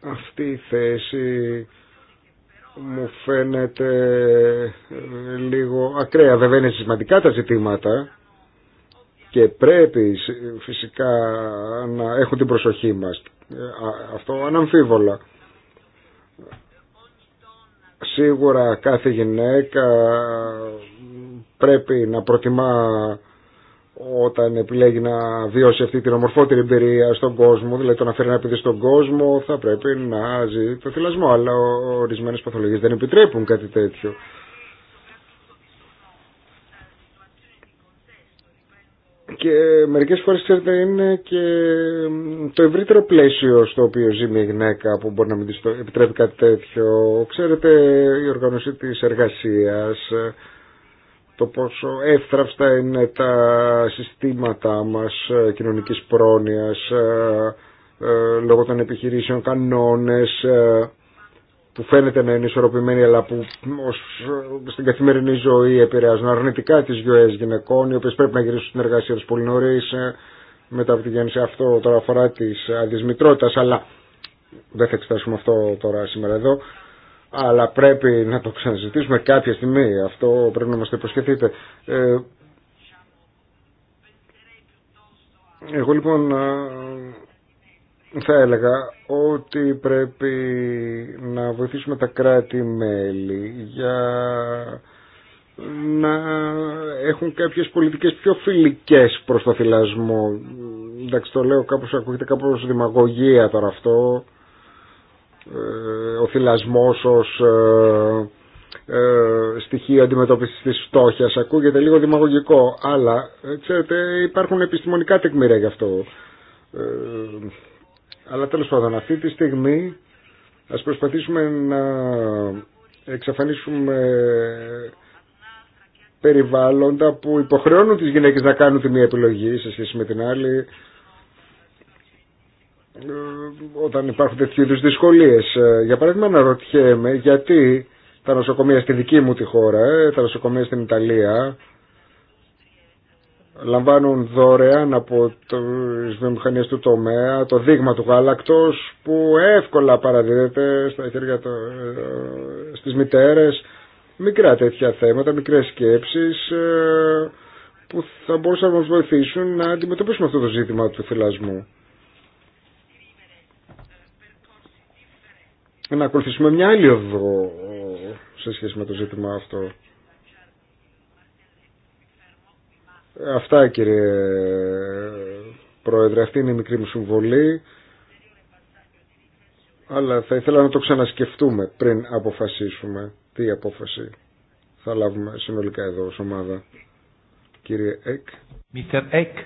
αυτή η θέση μου φαίνεται ε, λίγο ακραία. Βέβαια είναι σημαντικά τα ζητήματα και πρέπει φυσικά να έχουν την προσοχή μας. Ε, αυτό αναμφίβολα. Σίγουρα κάθε γυναίκα πρέπει να προτιμά όταν επιλέγει να βιώσει αυτή την ομορφότερη εμπειρία στον κόσμο, δηλαδή το να φέρει ένα παιδί στον κόσμο, θα πρέπει να ζει το θυλασμό. Αλλά ορισμένε παθολογίε δεν επιτρέπουν κάτι τέτοιο. Και μερικές φορές, ξέρετε, είναι και το ευρύτερο πλαίσιο στο οποίο ζει μια γυναίκα που μπορεί να μην επιτρέπει κάτι τέτοιο. Ξέρετε, η οργάνωση της εργασίας, το πόσο εύθραυστα είναι τα συστήματά μας ε, κοινωνικής πρόνοιας ε, ε, λόγω των επιχειρήσεων κανόνες που φαίνεται να είναι ισορροπημένοι αλλά που ως, στην καθημερινή ζωή επηρεάζουν αρνητικά τις γιοές γυναικών οι οποίες πρέπει να γυρίσουν στην εργασία τους πολύ νωρίς μετά από τη γέννηση αυτό τώρα αφορά της αντισμητρότητας αλλά δεν θα εξετάσουμε αυτό τώρα σήμερα εδώ αλλά πρέπει να το ξαναζητήσουμε κάποια στιγμή. Αυτό πρέπει να μας το υποσχεθείτε. Ε, εγώ λοιπόν ε, θα έλεγα ότι πρέπει να βοηθήσουμε τα κράτη-μέλη για να έχουν κάποιες πολιτικές πιο φιλικές προς το θυλασμό. Εντάξει το λέω κάπως, ακούγεται κάπως δημαγωγία τώρα αυτό. Ε, ο θυλασμός ως ε, ε, στοιχείο αντιμετώπισης της φτώχειας ακούγεται λίγο δημαγωγικό αλλά ξέρετε υπάρχουν επιστημονικά τεκμήρια γι' αυτό αλλά τέλος πάντων αυτή τη στιγμή ας προσπαθήσουμε να εξαφανίσουμε περιβάλλοντα που υποχρεώνουν τις γυναίκες να κάνουν τη μία επιλογή σε σχέση με την άλλη ε, όταν υπάρχουν τέτοιου είδου δυσκολίε. Ε, για παράδειγμα, αναρωτιέμαι γιατί τα νοσοκομεία στη δική μου τη χώρα, ε, τα νοσοκομεία στην Ιταλία, λαμβάνουν δωρεάν από τις βιομηχανίε του τομέα το δείγμα του γάλακτος που εύκολα παραδίδεται στα χέρια στις μικρά τέτοια θέματα, μικρές σκέψεις που θα μπορούσαν να μα βοηθήσουν να αντιμετωπίσουμε αυτό το ζήτημα του φυλασμού να ακολουθήσουμε μια άλλη οδό ε, σε σχέση με το ζήτημα αυτό. Αυτά κύριε Πρόεδρε, αυτή είναι η μικρή μου συμβολή. Αλλά θα ήθελα να το ξανασκεφτούμε πριν αποφασίσουμε τι απόφαση θα λάβουμε συνολικά εδώ ως ομάδα. Κύριε Εκ. Μίστερ Εκ.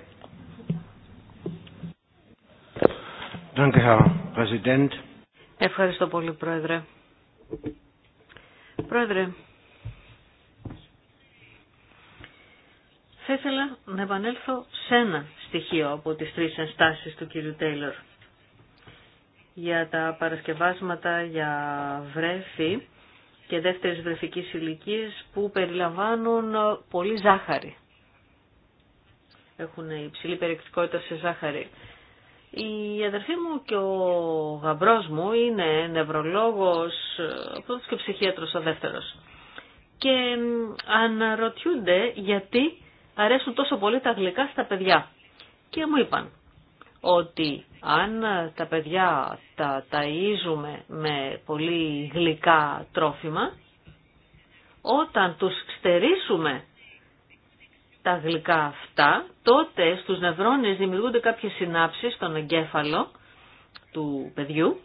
Danke, Herr Ευχαριστώ πολύ, Πρόεδρε. Πρόεδρε, θα ήθελα να επανέλθω σε ένα στοιχείο από τις τρεις ενστάσεις του κύριου Τέιλορ. Για τα παρασκευάσματα για βρέφη και δεύτερης βρεφικής ηλικία που περιλαμβάνουν πολύ ζάχαρη. Έχουν υψηλή περιεκτικότητα σε ζάχαρη. Η αδερφή μου και ο γαμπρός μου είναι νευρολόγος, πρώτος και ψυχίατρος ο δεύτερος. Και αναρωτιούνται γιατί αρέσουν τόσο πολύ τα γλυκά στα παιδιά. Και μου είπαν ότι αν τα παιδιά τα ταΐζουμε με πολύ γλυκά τρόφιμα, όταν τους στερήσουμε τα γλυκά αυτά, τότε στους νευρώνες δημιουργούνται κάποιες συνάψεις στον εγκέφαλο του παιδιού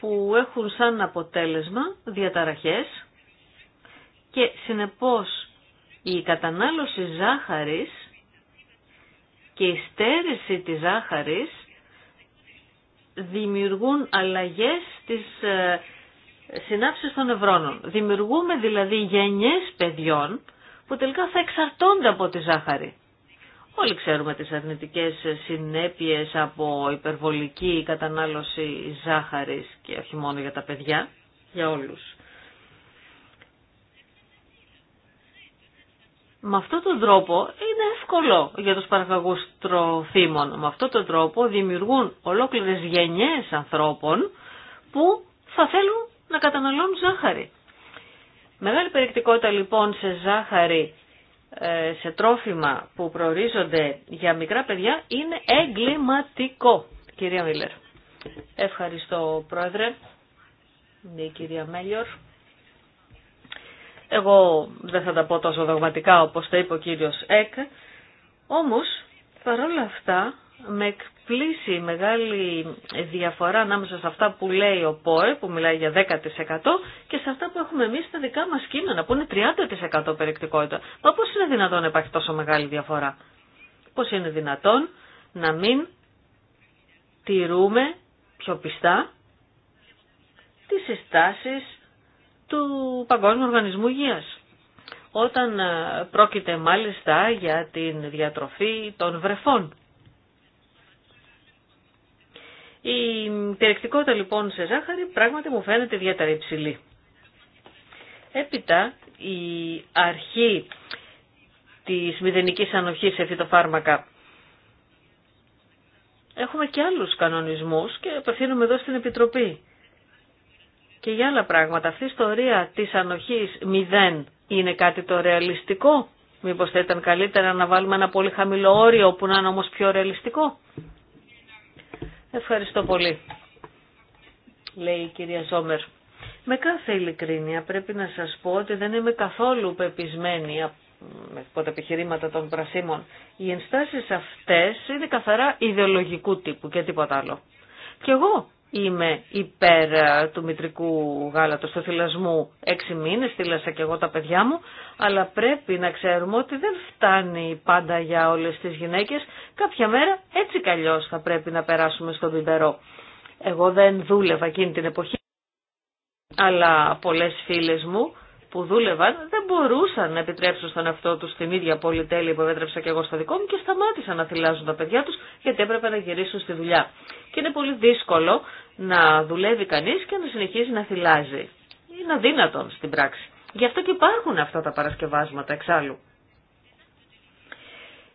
που έχουν σαν αποτέλεσμα διαταραχές και συνεπώς η κατανάλωση ζάχαρης και η στέρηση της ζάχαρης δημιουργούν αλλαγές στις ε, συνάψεις των νευρώνων. Δημιουργούμε δηλαδή γενιές παιδιών που τελικά θα εξαρτώνται από τη ζάχαρη. Όλοι ξέρουμε τις αρνητικές συνέπειες από υπερβολική κατανάλωση ζάχαρης και όχι μόνο για τα παιδιά, για όλους. Με αυτόν τον τρόπο είναι εύκολο για τους παραγωγούς τροφίμων. Με αυτόν τον τρόπο δημιουργούν ολόκληρες γενιές ανθρώπων που θα θέλουν να καταναλώνουν ζάχαρη. Μεγάλη περιεκτικότητα λοιπόν σε ζάχαρη, ε, σε τρόφιμα που προορίζονται για μικρά παιδιά είναι εγκληματικό. Κυρία Μίλλερ. Ευχαριστώ πρόεδρε. Η ναι, κυρία Μέλιορ. Εγώ δεν θα τα πω τόσο δογματικά όπως τα είπε ο κύριος Εκ. Όμως παρόλα αυτά με Πλήσει μεγάλη διαφορά ανάμεσα σε αυτά που λέει ο ΠΟΕ, που μιλάει για 10% και σε αυτά που έχουμε εμείς στα δικά μας κείμενα, που είναι 30% περιεκτικότητα. Μα πώς είναι δυνατόν να υπάρχει τόσο μεγάλη διαφορά. Πώς είναι δυνατόν να μην τηρούμε πιο πιστά τις συστάσεις του Παγκόσμιου Οργανισμού Υγείας. Όταν ε, πρόκειται μάλιστα για την διατροφή των βρεφών. Η διαρρεκτικότητα λοιπόν σε ζάχαρη πράγματι μου φαίνεται ιδιαίτερα υψηλή. Έπειτα η αρχή της μηδενικής ανοχής σε φυτοφάρμακα. Έχουμε και άλλους κανονισμούς και απευθύνουμε εδώ στην Επιτροπή. Και για άλλα πράγματα, αυτή η ιστορία της ανοχής μηδέν είναι κάτι το ρεαλιστικό. Μήπως θα ήταν καλύτερα να βάλουμε ένα πολύ χαμηλό όριο που να είναι όμως πιο ρεαλιστικό. Ευχαριστώ πολύ, λέει η κυρία Σόμερ. Με κάθε ειλικρίνεια πρέπει να σας πω ότι δεν είμαι καθόλου πεπισμένη από τα επιχειρήματα των πρασίμων. Οι ενστάσεις αυτές είναι καθαρά ιδεολογικού τύπου και τίποτα άλλο. Κι εγώ είμαι υπέρ ε, του μητρικού γάλατος, του θυλασμού έξι μήνες, θύλασα και εγώ τα παιδιά μου, αλλά πρέπει να ξέρουμε ότι δεν φτάνει πάντα για όλες τις γυναίκες. Κάποια μέρα έτσι καλλιώς θα πρέπει να περάσουμε στο πιπερό. Εγώ δεν δούλευα εκείνη την εποχή, αλλά πολλές φίλες μου που δούλευαν δεν μπορούσαν να επιτρέψουν στον εαυτό του την ίδια πολυτέλεια που επέτρεψα και εγώ στο δικό μου και σταμάτησαν να θυλάζουν τα παιδιά του γιατί έπρεπε να γυρίσουν στη δουλειά. Και είναι πολύ δύσκολο να δουλεύει κανεί και να συνεχίζει να θυλάζει. Είναι αδύνατον στην πράξη. Γι' αυτό και υπάρχουν αυτά τα παρασκευάσματα εξάλλου.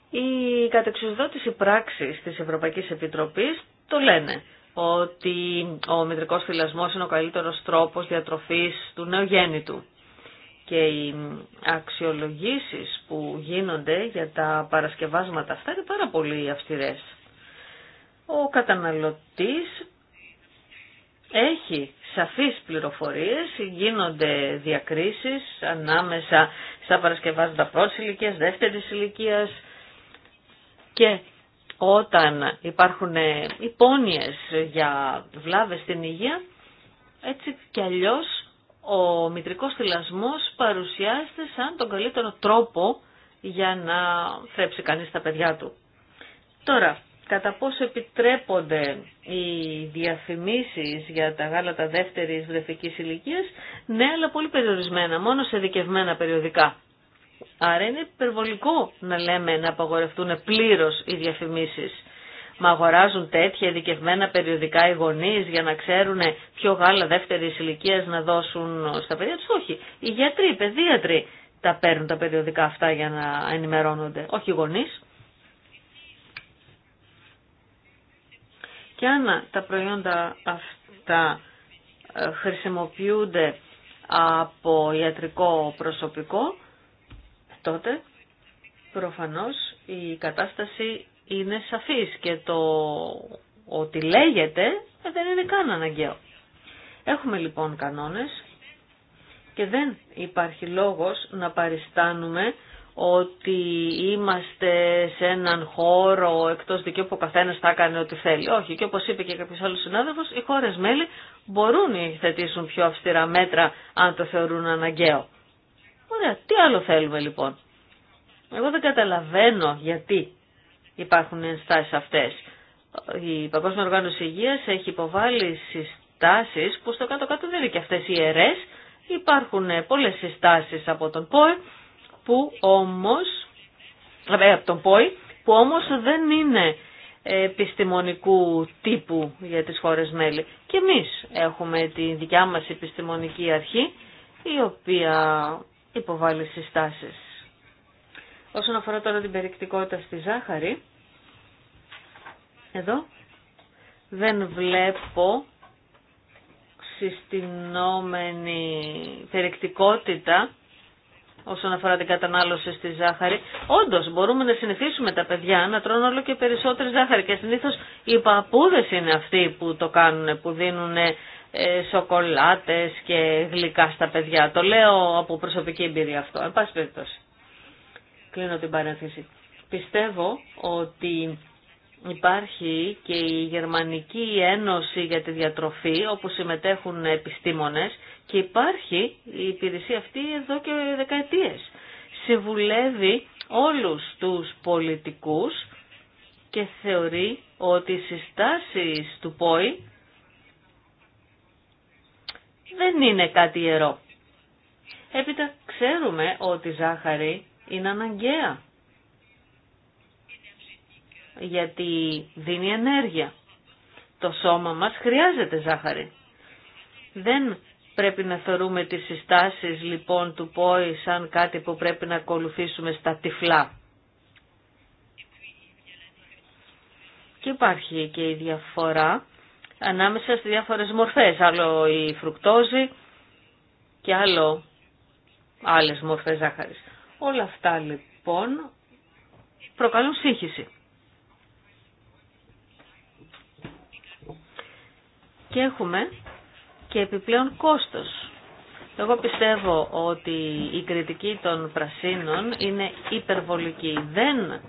Η κατεξουσδότηση πράξη τη Ευρωπαϊκή Επιτροπή το λένε ότι ο μητρικός θυλασμός είναι ο καλύτερος τρόπος διατροφής του νεογέννητου και οι αξιολογήσεις που γίνονται για τα παρασκευάσματα αυτά είναι πάρα πολύ αυστηρές. Ο καταναλωτής έχει σαφείς πληροφορίες, γίνονται διακρίσεις ανάμεσα στα παρασκευάσματα πρώτης ηλικίας, δεύτερης ηλικίας και όταν υπάρχουν υπόνοιες για βλάβες στην υγεία, έτσι κι αλλιώς ο μητρικός θυλασμός παρουσιάζεται σαν τον καλύτερο τρόπο για να θρέψει κανείς τα παιδιά του. Τώρα, κατά πόσο επιτρέπονται οι διαφημίσεις για τα γάλατα δεύτερης βρεφικής ηλικία, ναι, αλλά πολύ περιορισμένα, μόνο σε δικευμένα περιοδικά. Άρα είναι υπερβολικό να λέμε να απαγορευτούν πλήρως οι διαφημίσεις Μα αγοράζουν τέτοια ειδικευμένα περιοδικά οι γονεί για να ξέρουν ποιο γάλα δεύτερη ηλικία να δώσουν στα παιδιά του. Όχι. Οι γιατροί, οι παιδίατροι τα παίρνουν τα περιοδικά αυτά για να ενημερώνονται. Όχι οι γονεί. Και αν τα προϊόντα αυτά ε, χρησιμοποιούνται από ιατρικό προσωπικό, τότε προφανώς η κατάσταση είναι σαφής και το ότι λέγεται δεν είναι καν αναγκαίο. Έχουμε λοιπόν κανόνες και δεν υπάρχει λόγος να παριστάνουμε ότι είμαστε σε έναν χώρο εκτός δικαίου που ο καθένας θα έκανε ό,τι θέλει. Όχι, και όπως είπε και κάποιος άλλος συνάδελφος, οι χώρες μέλη μπορούν να θετήσουν πιο αυστηρά μέτρα αν το θεωρούν αναγκαίο. Ωραία, τι άλλο θέλουμε λοιπόν. Εγώ δεν καταλαβαίνω γιατί υπάρχουν ενστάσεις αυτές. Η Παγκόσμια Οργάνωση Υγείας έχει υποβάλει συστάσεις που στο κάτω-κάτω δεν είναι και αυτές οι ιερές. Υπάρχουν πολλές συστάσεις από τον ΠΟΕ που όμως, ε, από τον που όμως δεν είναι επιστημονικού τύπου για τις χώρες μέλη. Και εμείς έχουμε τη δικιά μας επιστημονική αρχή η οποία υποβάλλει συστάσεις. Όσον αφορά τώρα την περιεκτικότητα στη ζάχαρη, εδώ δεν βλέπω συστηνόμενη περιεκτικότητα όσον αφορά την κατανάλωση στη ζάχαρη. Όντω, μπορούμε να συνηθίσουμε τα παιδιά να τρώνε όλο και περισσότερη ζάχαρη. Και συνήθω οι παππούδε είναι αυτοί που το κάνουν, που δίνουν ε, σοκολάτες και γλυκά στα παιδιά. Το λέω από προσωπική εμπειρία αυτό, εν πάση περιπτώσει. Κλείνω την παρένθεση. Πιστεύω ότι υπάρχει και η Γερμανική Ένωση για τη Διατροφή όπου συμμετέχουν επιστήμονες και υπάρχει η υπηρεσία αυτή εδώ και δεκαετίες. Συμβουλεύει όλους τους πολιτικούς και θεωρεί ότι οι συστάσεις του ΠΟΗ δεν είναι κάτι ιερό. Έπειτα ξέρουμε ότι η ζάχαρη είναι αναγκαία. Γιατί δίνει ενέργεια. Το σώμα μας χρειάζεται ζάχαρη. Δεν πρέπει να θεωρούμε τις συστάσεις λοιπόν του ΠΟΗ σαν κάτι που πρέπει να ακολουθήσουμε στα τυφλά. Και υπάρχει και η διαφορά ανάμεσα στις διάφορες μορφές. Άλλο η φρουκτόζη και άλλο άλλες μορφές ζάχαρης. Όλα αυτά λοιπόν προκαλούν σύγχυση. Και έχουμε και επιπλέον κόστος. Εγώ πιστεύω ότι η κριτική των πρασίνων είναι υπερβολική. Δεν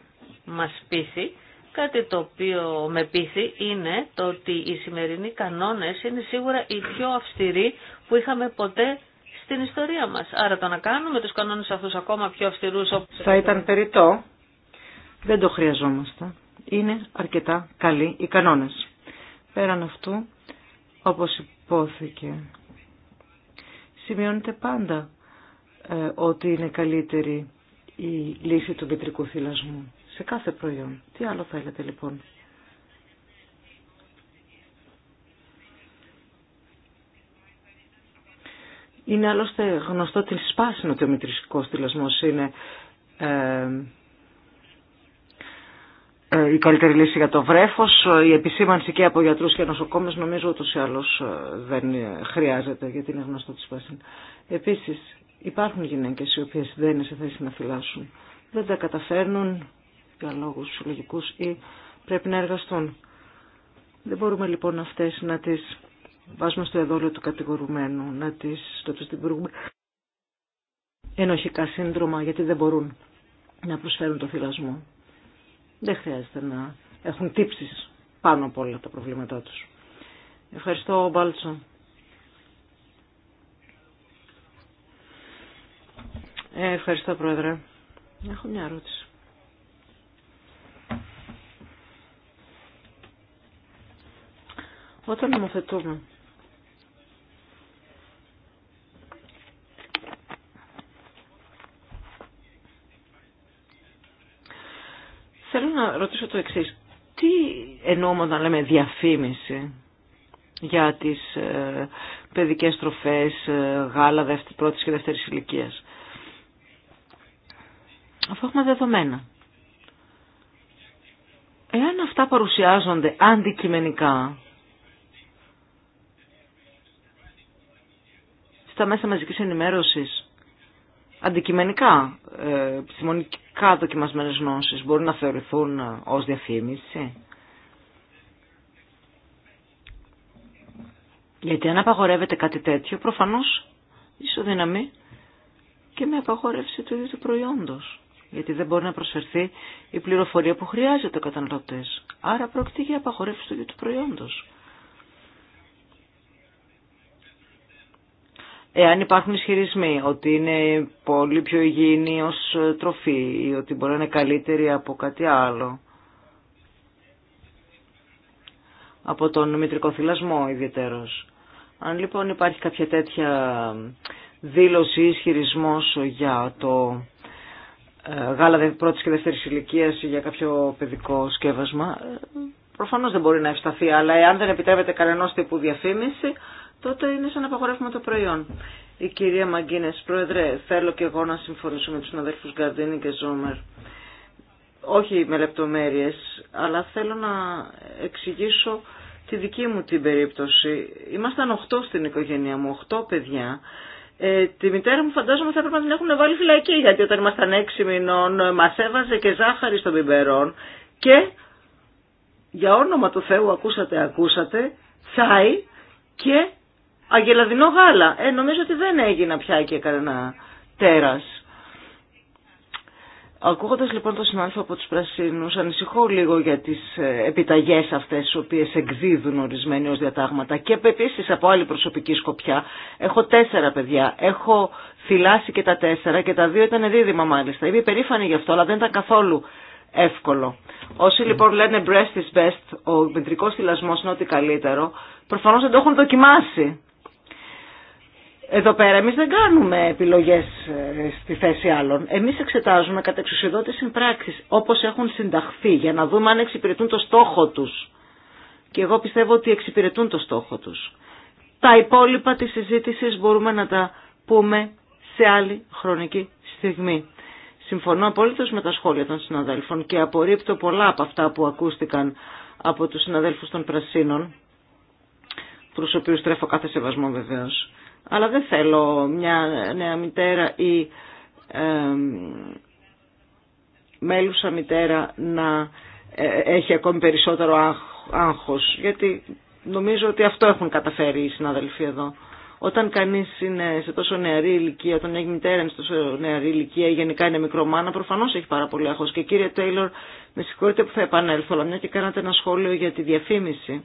μας πείθει. Κάτι το οποίο με πείθει είναι το ότι οι σημερινοί κανόνες είναι σίγουρα οι πιο αυστηροί που είχαμε ποτέ στην ιστορία μας. Άρα το να κάνουμε τους κανόνες αυτούς ακόμα πιο αυστηρούς... Όπως... Θα ήταν περιττό. Δεν το χρειαζόμαστε. Είναι αρκετά καλοί οι κανόνες. Πέραν αυτού, όπως υπόθηκε, σημειώνεται πάντα ε, ότι είναι καλύτερη η λύση του μητρικού θυλασμού σε κάθε προϊόν. Τι άλλο θέλετε λοιπόν. Είναι άλλωστε γνωστό ότι σπάσιμο ότι ο μητρησικός θυλασμός είναι ε, ε, η καλύτερη λύση για το βρέφος. Η επισήμανση και από γιατρούς και νοσοκόμες νομίζω ούτως ή άλλως ε, δεν χρειάζεται γιατί είναι γνωστό ότι σπάσιμο. Επίσης υπάρχουν γυναίκες οι οποίες δεν είναι σε θέση να φυλάσσουν. Δεν τα καταφέρνουν για λόγους λογικού ή πρέπει να εργαστούν. Δεν μπορούμε λοιπόν αυτές να τις βάζουμε στο εδόλιο του κατηγορουμένου, να τις, το τους δημιουργούμε ενοχικά σύνδρομα γιατί δεν μπορούν να προσφέρουν το θυλασμό. Δεν χρειάζεται να έχουν τύψεις πάνω από όλα τα προβλήματά τους. Ευχαριστώ Μπάλτσο. Ε, ευχαριστώ Πρόεδρε. Έχω μια ερώτηση. Όταν νομοθετούμε να ρωτήσω το εξής. Τι εννοούμε όταν λέμε διαφήμιση για τις ε, παιδικές τροφές, ε, γάλα πρώτης και δεύτερης ηλικίας. Αφού έχουμε δεδομένα. Εάν αυτά παρουσιάζονται αντικειμενικά στα μέσα μαζικής ενημέρωσης αντικειμενικά, ε, επιστημονικά δοκιμασμένες γνώσεις μπορούν να θεωρηθούν ε, ως διαφήμιση. Γιατί αν απαγορεύεται κάτι τέτοιο, προφανώς ισοδυναμεί και με απαγόρευση του ίδιου του προϊόντος. Γιατί δεν μπορεί να προσφερθεί η πληροφορία που χρειάζεται ο καταναλωτής. Άρα πρόκειται για απαγορεύση του ίδιου του προϊόντος. Εάν υπάρχουν ισχυρισμοί ότι είναι πολύ πιο υγιεινή ως τροφή ή ότι μπορεί να είναι καλύτερη από κάτι άλλο, από τον μητρικό θυλασμό ιδιαίτερος. Αν λοιπόν υπάρχει κάποια τέτοια δήλωση ή ισχυρισμός για το ε, γάλα πρώτης και δεύτερης ηλικίας ή για κάποιο παιδικό σκεύασμα, ε, προφανώς δεν μπορεί να ευσταθεί, αλλά εάν δεν επιτρέπεται κανένα τύπου διαφήμιση, τότε είναι σαν να απαγορεύουμε το προϊόν. Η κυρία Μαγκίνε, Πρόεδρε, θέλω και εγώ να συμφωνήσω με του συναδέλφου Γκαρδίνη και Ζόμερ. Όχι με λεπτομέρειε, αλλά θέλω να εξηγήσω τη δική μου την περίπτωση. Ήμασταν 8 στην οικογένεια μου, 8 παιδιά. Ε, τη μητέρα μου φαντάζομαι θα έπρεπε να την έχουν βάλει φυλακή, γιατί όταν ήμασταν 6 μηνών ε, μα έβαζε και ζάχαρη στον πιμπερόν. και για όνομα του Θεού ακούσατε, ακούσατε, τσάι και αγελαδινό γάλα. Ε, νομίζω ότι δεν έγινα πια και κανένα τέρας. Ακούγοντας λοιπόν τον συνάδελφο από του πράσινου, ανησυχώ λίγο για τις ε, επιταγές αυτές τι οποίες εκδίδουν ορισμένοι ως διατάγματα και επίση από άλλη προσωπική σκοπιά. Έχω τέσσερα παιδιά, έχω θυλάσει και τα τέσσερα και τα δύο ήταν δίδυμα μάλιστα. Είμαι περήφανη γι' αυτό, αλλά δεν ήταν καθόλου εύκολο. Όσοι λοιπόν λένε breast is best, ο μητρικός θυλασμός είναι ό,τι καλύτερο, προφανώς δεν το έχουν δοκιμάσει. Εδώ πέρα εμείς δεν κάνουμε επιλογές ε, στη θέση άλλων. Εμείς εξετάζουμε κατά εξουσιοδότηση συμπράξεις όπως έχουν συνταχθεί για να δούμε αν εξυπηρετούν το στόχο τους. Και εγώ πιστεύω ότι εξυπηρετούν το στόχο τους. Τα υπόλοιπα της συζήτησης μπορούμε να τα πούμε σε άλλη χρονική στιγμή. Συμφωνώ απόλυτα με τα σχόλια των συναδέλφων και απορρίπτω πολλά από αυτά που ακούστηκαν από τους συναδέλφου των Πρασίνων, προς οποίους τρέφω κάθε σεβασμό βεβαίως. Αλλά δεν θέλω μια νέα μητέρα ή ε, μέλουσα μητέρα να ε, έχει ακόμη περισσότερο άγχος. Γιατί νομίζω ότι αυτό έχουν καταφέρει οι συναδελφοί εδώ. Όταν κανείς είναι σε τόσο νεαρή ηλικία, όταν έχει μητέρα είναι σε τόσο νεαρή ηλικία ή γενικά είναι μικρομάνα, προφανώς έχει πάρα πολύ άγχος. Και κύριε Τέιλορ, με συγχωρείτε που θα επανέλθω, αλλά μια και κάνατε ένα σχόλιο για τη διαφήμιση.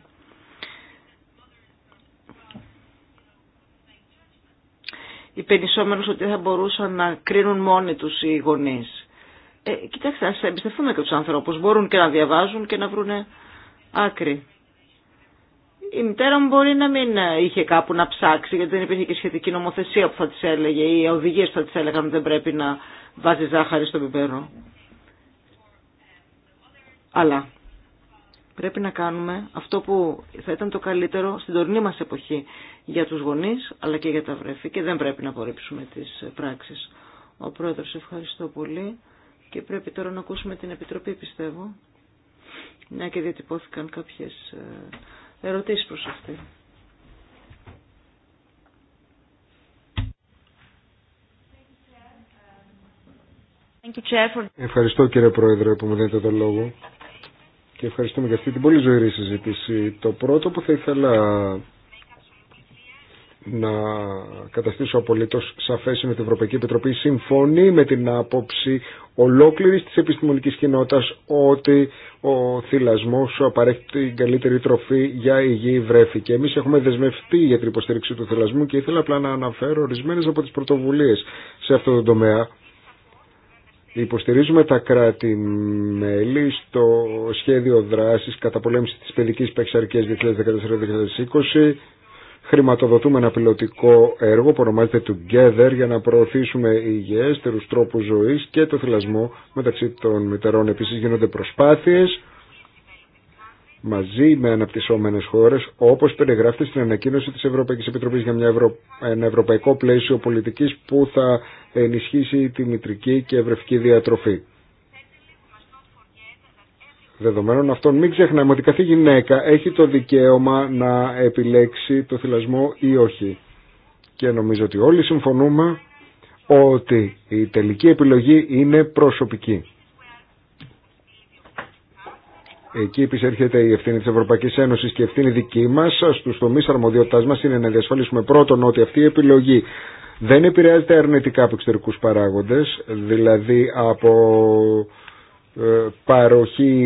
υπενισόμενους ότι θα μπορούσαν να κρίνουν μόνοι τους οι γονείς. Ε, κοιτάξτε, ας εμπιστευτούμε και τους ανθρώπους. Μπορούν και να διαβάζουν και να βρούνε άκρη. Η μητέρα μου μπορεί να μην είχε κάπου να ψάξει, γιατί δεν υπήρχε και σχετική νομοθεσία που θα της έλεγε ή οδηγίες που θα της έλεγαν ότι δεν πρέπει να βάζει ζάχαρη στο πιπέρο. Αλλά πρέπει να κάνουμε αυτό που θα ήταν το καλύτερο στην τωρινή μας εποχή για τους γονείς αλλά και για τα βρέφη και δεν πρέπει να απορρίψουμε τις πράξεις. Ο Πρόεδρος ευχαριστώ πολύ και πρέπει τώρα να ακούσουμε την Επιτροπή πιστεύω να και διατυπώθηκαν κάποιες ε, ερωτήσεις προς αυτή. Um, ευχαριστώ κύριε Πρόεδρε που μου δίνετε τον λόγο και ευχαριστούμε για αυτή την πολύ ζωηρή συζήτηση. Το πρώτο που θα ήθελα να καταστήσω απολύτως σαφές είναι ότι η Ευρωπαϊκή Επιτροπή συμφωνεί με την άποψη ολόκληρη της επιστημονικής κοινότητα ότι ο σου απαρέχει την καλύτερη τροφή για υγιή βρέφη και εμεί έχουμε δεσμευτεί για την υποστήριξη του θυλασμού και ήθελα απλά να αναφέρω ορισμένε από τι πρωτοβουλίε σε αυτό το τομέα Υποστηρίζουμε τα κράτη-μέλη στο σχέδιο δράσης πολέμηση της παιδικης παιξαρκιας παξαρκίας 2014-2020. Χρηματοδοτούμε ένα πιλωτικό έργο που ονομάζεται Together για να προωθήσουμε υγιέστερους τρόπους ζωής και το θυλασμό μεταξύ των μητερών. Επίσης γίνονται προσπάθειες μαζί με αναπτυσσόμενες χώρες όπως περιγράφεται στην ανακοίνωση της Ευρωπαϊκής Επιτροπής για μια ένα ευρωπαϊκό πλαίσιο πολιτικής που θα ενισχύσει τη μητρική και ευρευτική διατροφή. Δεδομένων αυτών μην ξεχνάμε ότι κάθε γυναίκα έχει το δικαίωμα να επιλέξει το θυλασμό ή όχι. Και νομίζω ότι όλοι συμφωνούμε ότι η τελική επιλογή είναι προσωπική. Εκεί επισέρχεται η ευθύνη τη Ευρωπαϊκή Ένωση και η ευθύνη δική μα στου τομεί αρμοδιότητά μα είναι να διασφαλίσουμε πρώτον ότι αυτή η επιλογή δεν επηρεάζεται αρνητικά από εξωτερικού παράγοντε, δηλαδή από ε, παροχή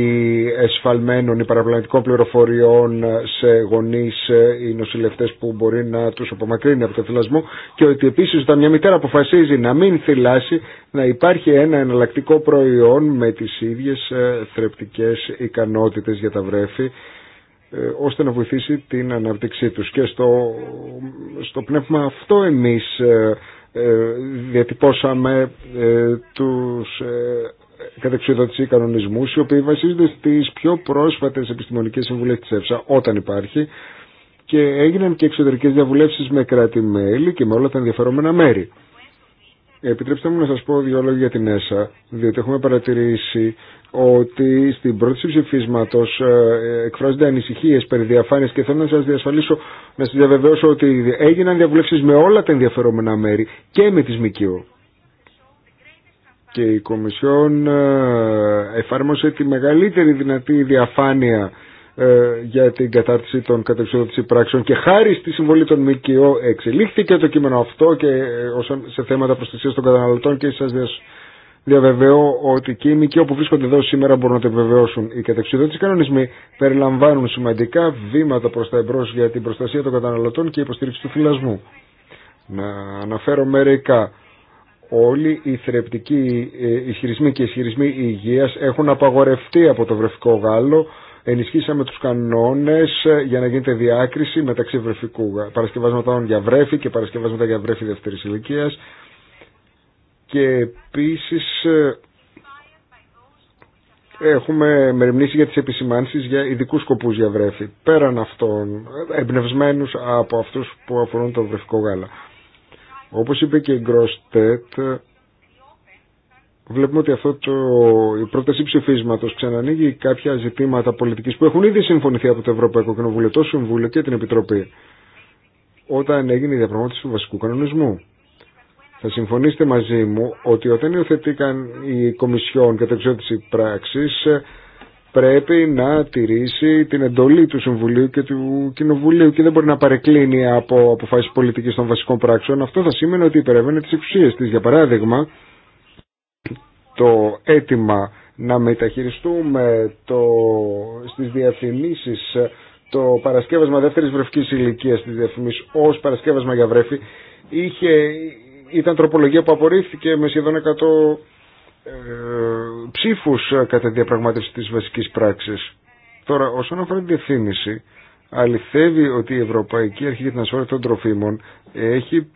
εσφαλμένων ή παραπλανητικών πληροφοριών σε γονείς ή ε, νοσηλευτές που μπορεί να τους απομακρύνει από το θυλασμό και ότι επίσης όταν μια μητέρα αποφασίζει να μην θυλάσει να υπάρχει ένα εναλλακτικό προϊόν με τις ίδιες ε, θρεπτικές ικανότητες για τα βρέφη ώστε να βοηθήσει την ανάπτυξή τους. Και στο, στο πνεύμα αυτό εμείς διατυπώσαμε τους κατεξοδότηση κανονισμούς οι οποίοι βασίζονται στις πιο πρόσφατες επιστημονικές συμβουλές της ΕΦΣΑ όταν υπάρχει και έγιναν και εξωτερικές διαβουλεύσεις με κράτη-μέλη και με όλα τα ενδιαφερόμενα μέρη. Επιτρέψτε μου να σας πω δύο λόγια για την ΕΣΑ, διότι έχουμε παρατηρήσει ότι στην πρώτη ψηφίσματος ε, εκφράζονται ανησυχίες περί διαφάνειας και θέλω να σας διασφαλίσω, να σας διαβεβαιώσω ότι έγιναν διαβουλεύσεις με όλα τα ενδιαφερόμενα μέρη και με τις ΜΚΟ και η Κομισιόν ε, εφάρμοσε τη μεγαλύτερη δυνατή διαφάνεια ε, για την κατάρτιση των κατεξοδότηση πράξεων και χάρη στη συμβολή των ΜΚΟ εξελίχθηκε το κείμενο αυτό και ε, σε θέματα προστασίας των καταναλωτών και σας διαβεβαιώ ότι και οι ΜΚΟ που βρίσκονται εδώ σήμερα μπορούν να το επιβεβαιώσουν. Οι κατεξοδότηση κανονισμοί περιλαμβάνουν σημαντικά βήματα προς τα εμπρός για την προστασία των καταναλωτών και υποστήριξη του φυλασμού. Να αναφέρω μερικά όλοι οι θρεπτικοί ε, ισχυρισμοί και ισχυρισμοί υγείας έχουν απαγορευτεί από το βρεφικό γάλο. Ενισχύσαμε τους κανόνες ε, για να γίνεται διάκριση μεταξύ βρεφικού παρασκευάσματων για βρέφη και παρασκευάσματα για βρέφη δεύτερης ηλικία. Και επίσης ε, έχουμε μεριμνήσει για τις επισημάνσεις για ειδικού σκοπούς για βρέφη. Πέραν αυτών, εμπνευσμένους από αυτούς που αφορούν το βρεφικό γάλα. Όπως είπε και η Γκροστέτ, βλέπουμε ότι αυτό το, η πρόταση ψηφίσματος ξανανοίγει κάποια ζητήματα πολιτικής που έχουν ήδη συμφωνηθεί από το Ευρωπαϊκό Κοινοβούλιο, το Συμβούλιο και την Επιτροπή όταν έγινε η διαπραγμάτευση του βασικού κανονισμού. Θα συμφωνήσετε μαζί μου ότι όταν υιοθετήκαν οι Κομισιόν κατά εξώτηση πράξης πρέπει να τηρήσει την εντολή του Συμβουλίου και του Κοινοβουλίου και δεν μπορεί να παρεκκλίνει από αποφάσεις πολιτική των βασικών πράξεων. Αυτό θα σήμαινε ότι υπερεύαινε τις εξουσίες της. Για παράδειγμα, το αίτημα να μεταχειριστούμε το, στις διαφημίσεις το παρασκεύασμα δεύτερης βρεφικής ηλικίας της διαφημίσεις ως παρασκεύασμα για βρέφη είχε, ήταν τροπολογία που απορρίφθηκε με σχεδόν 100 ε, ψήφους ε, κατά διαπραγμάτευση της βασικής πράξης. Τώρα, όσον αφορά τη διευθύνηση, αληθεύει ότι η Ευρωπαϊκή Αρχή για την Ασφάλεια των Τροφίμων έχει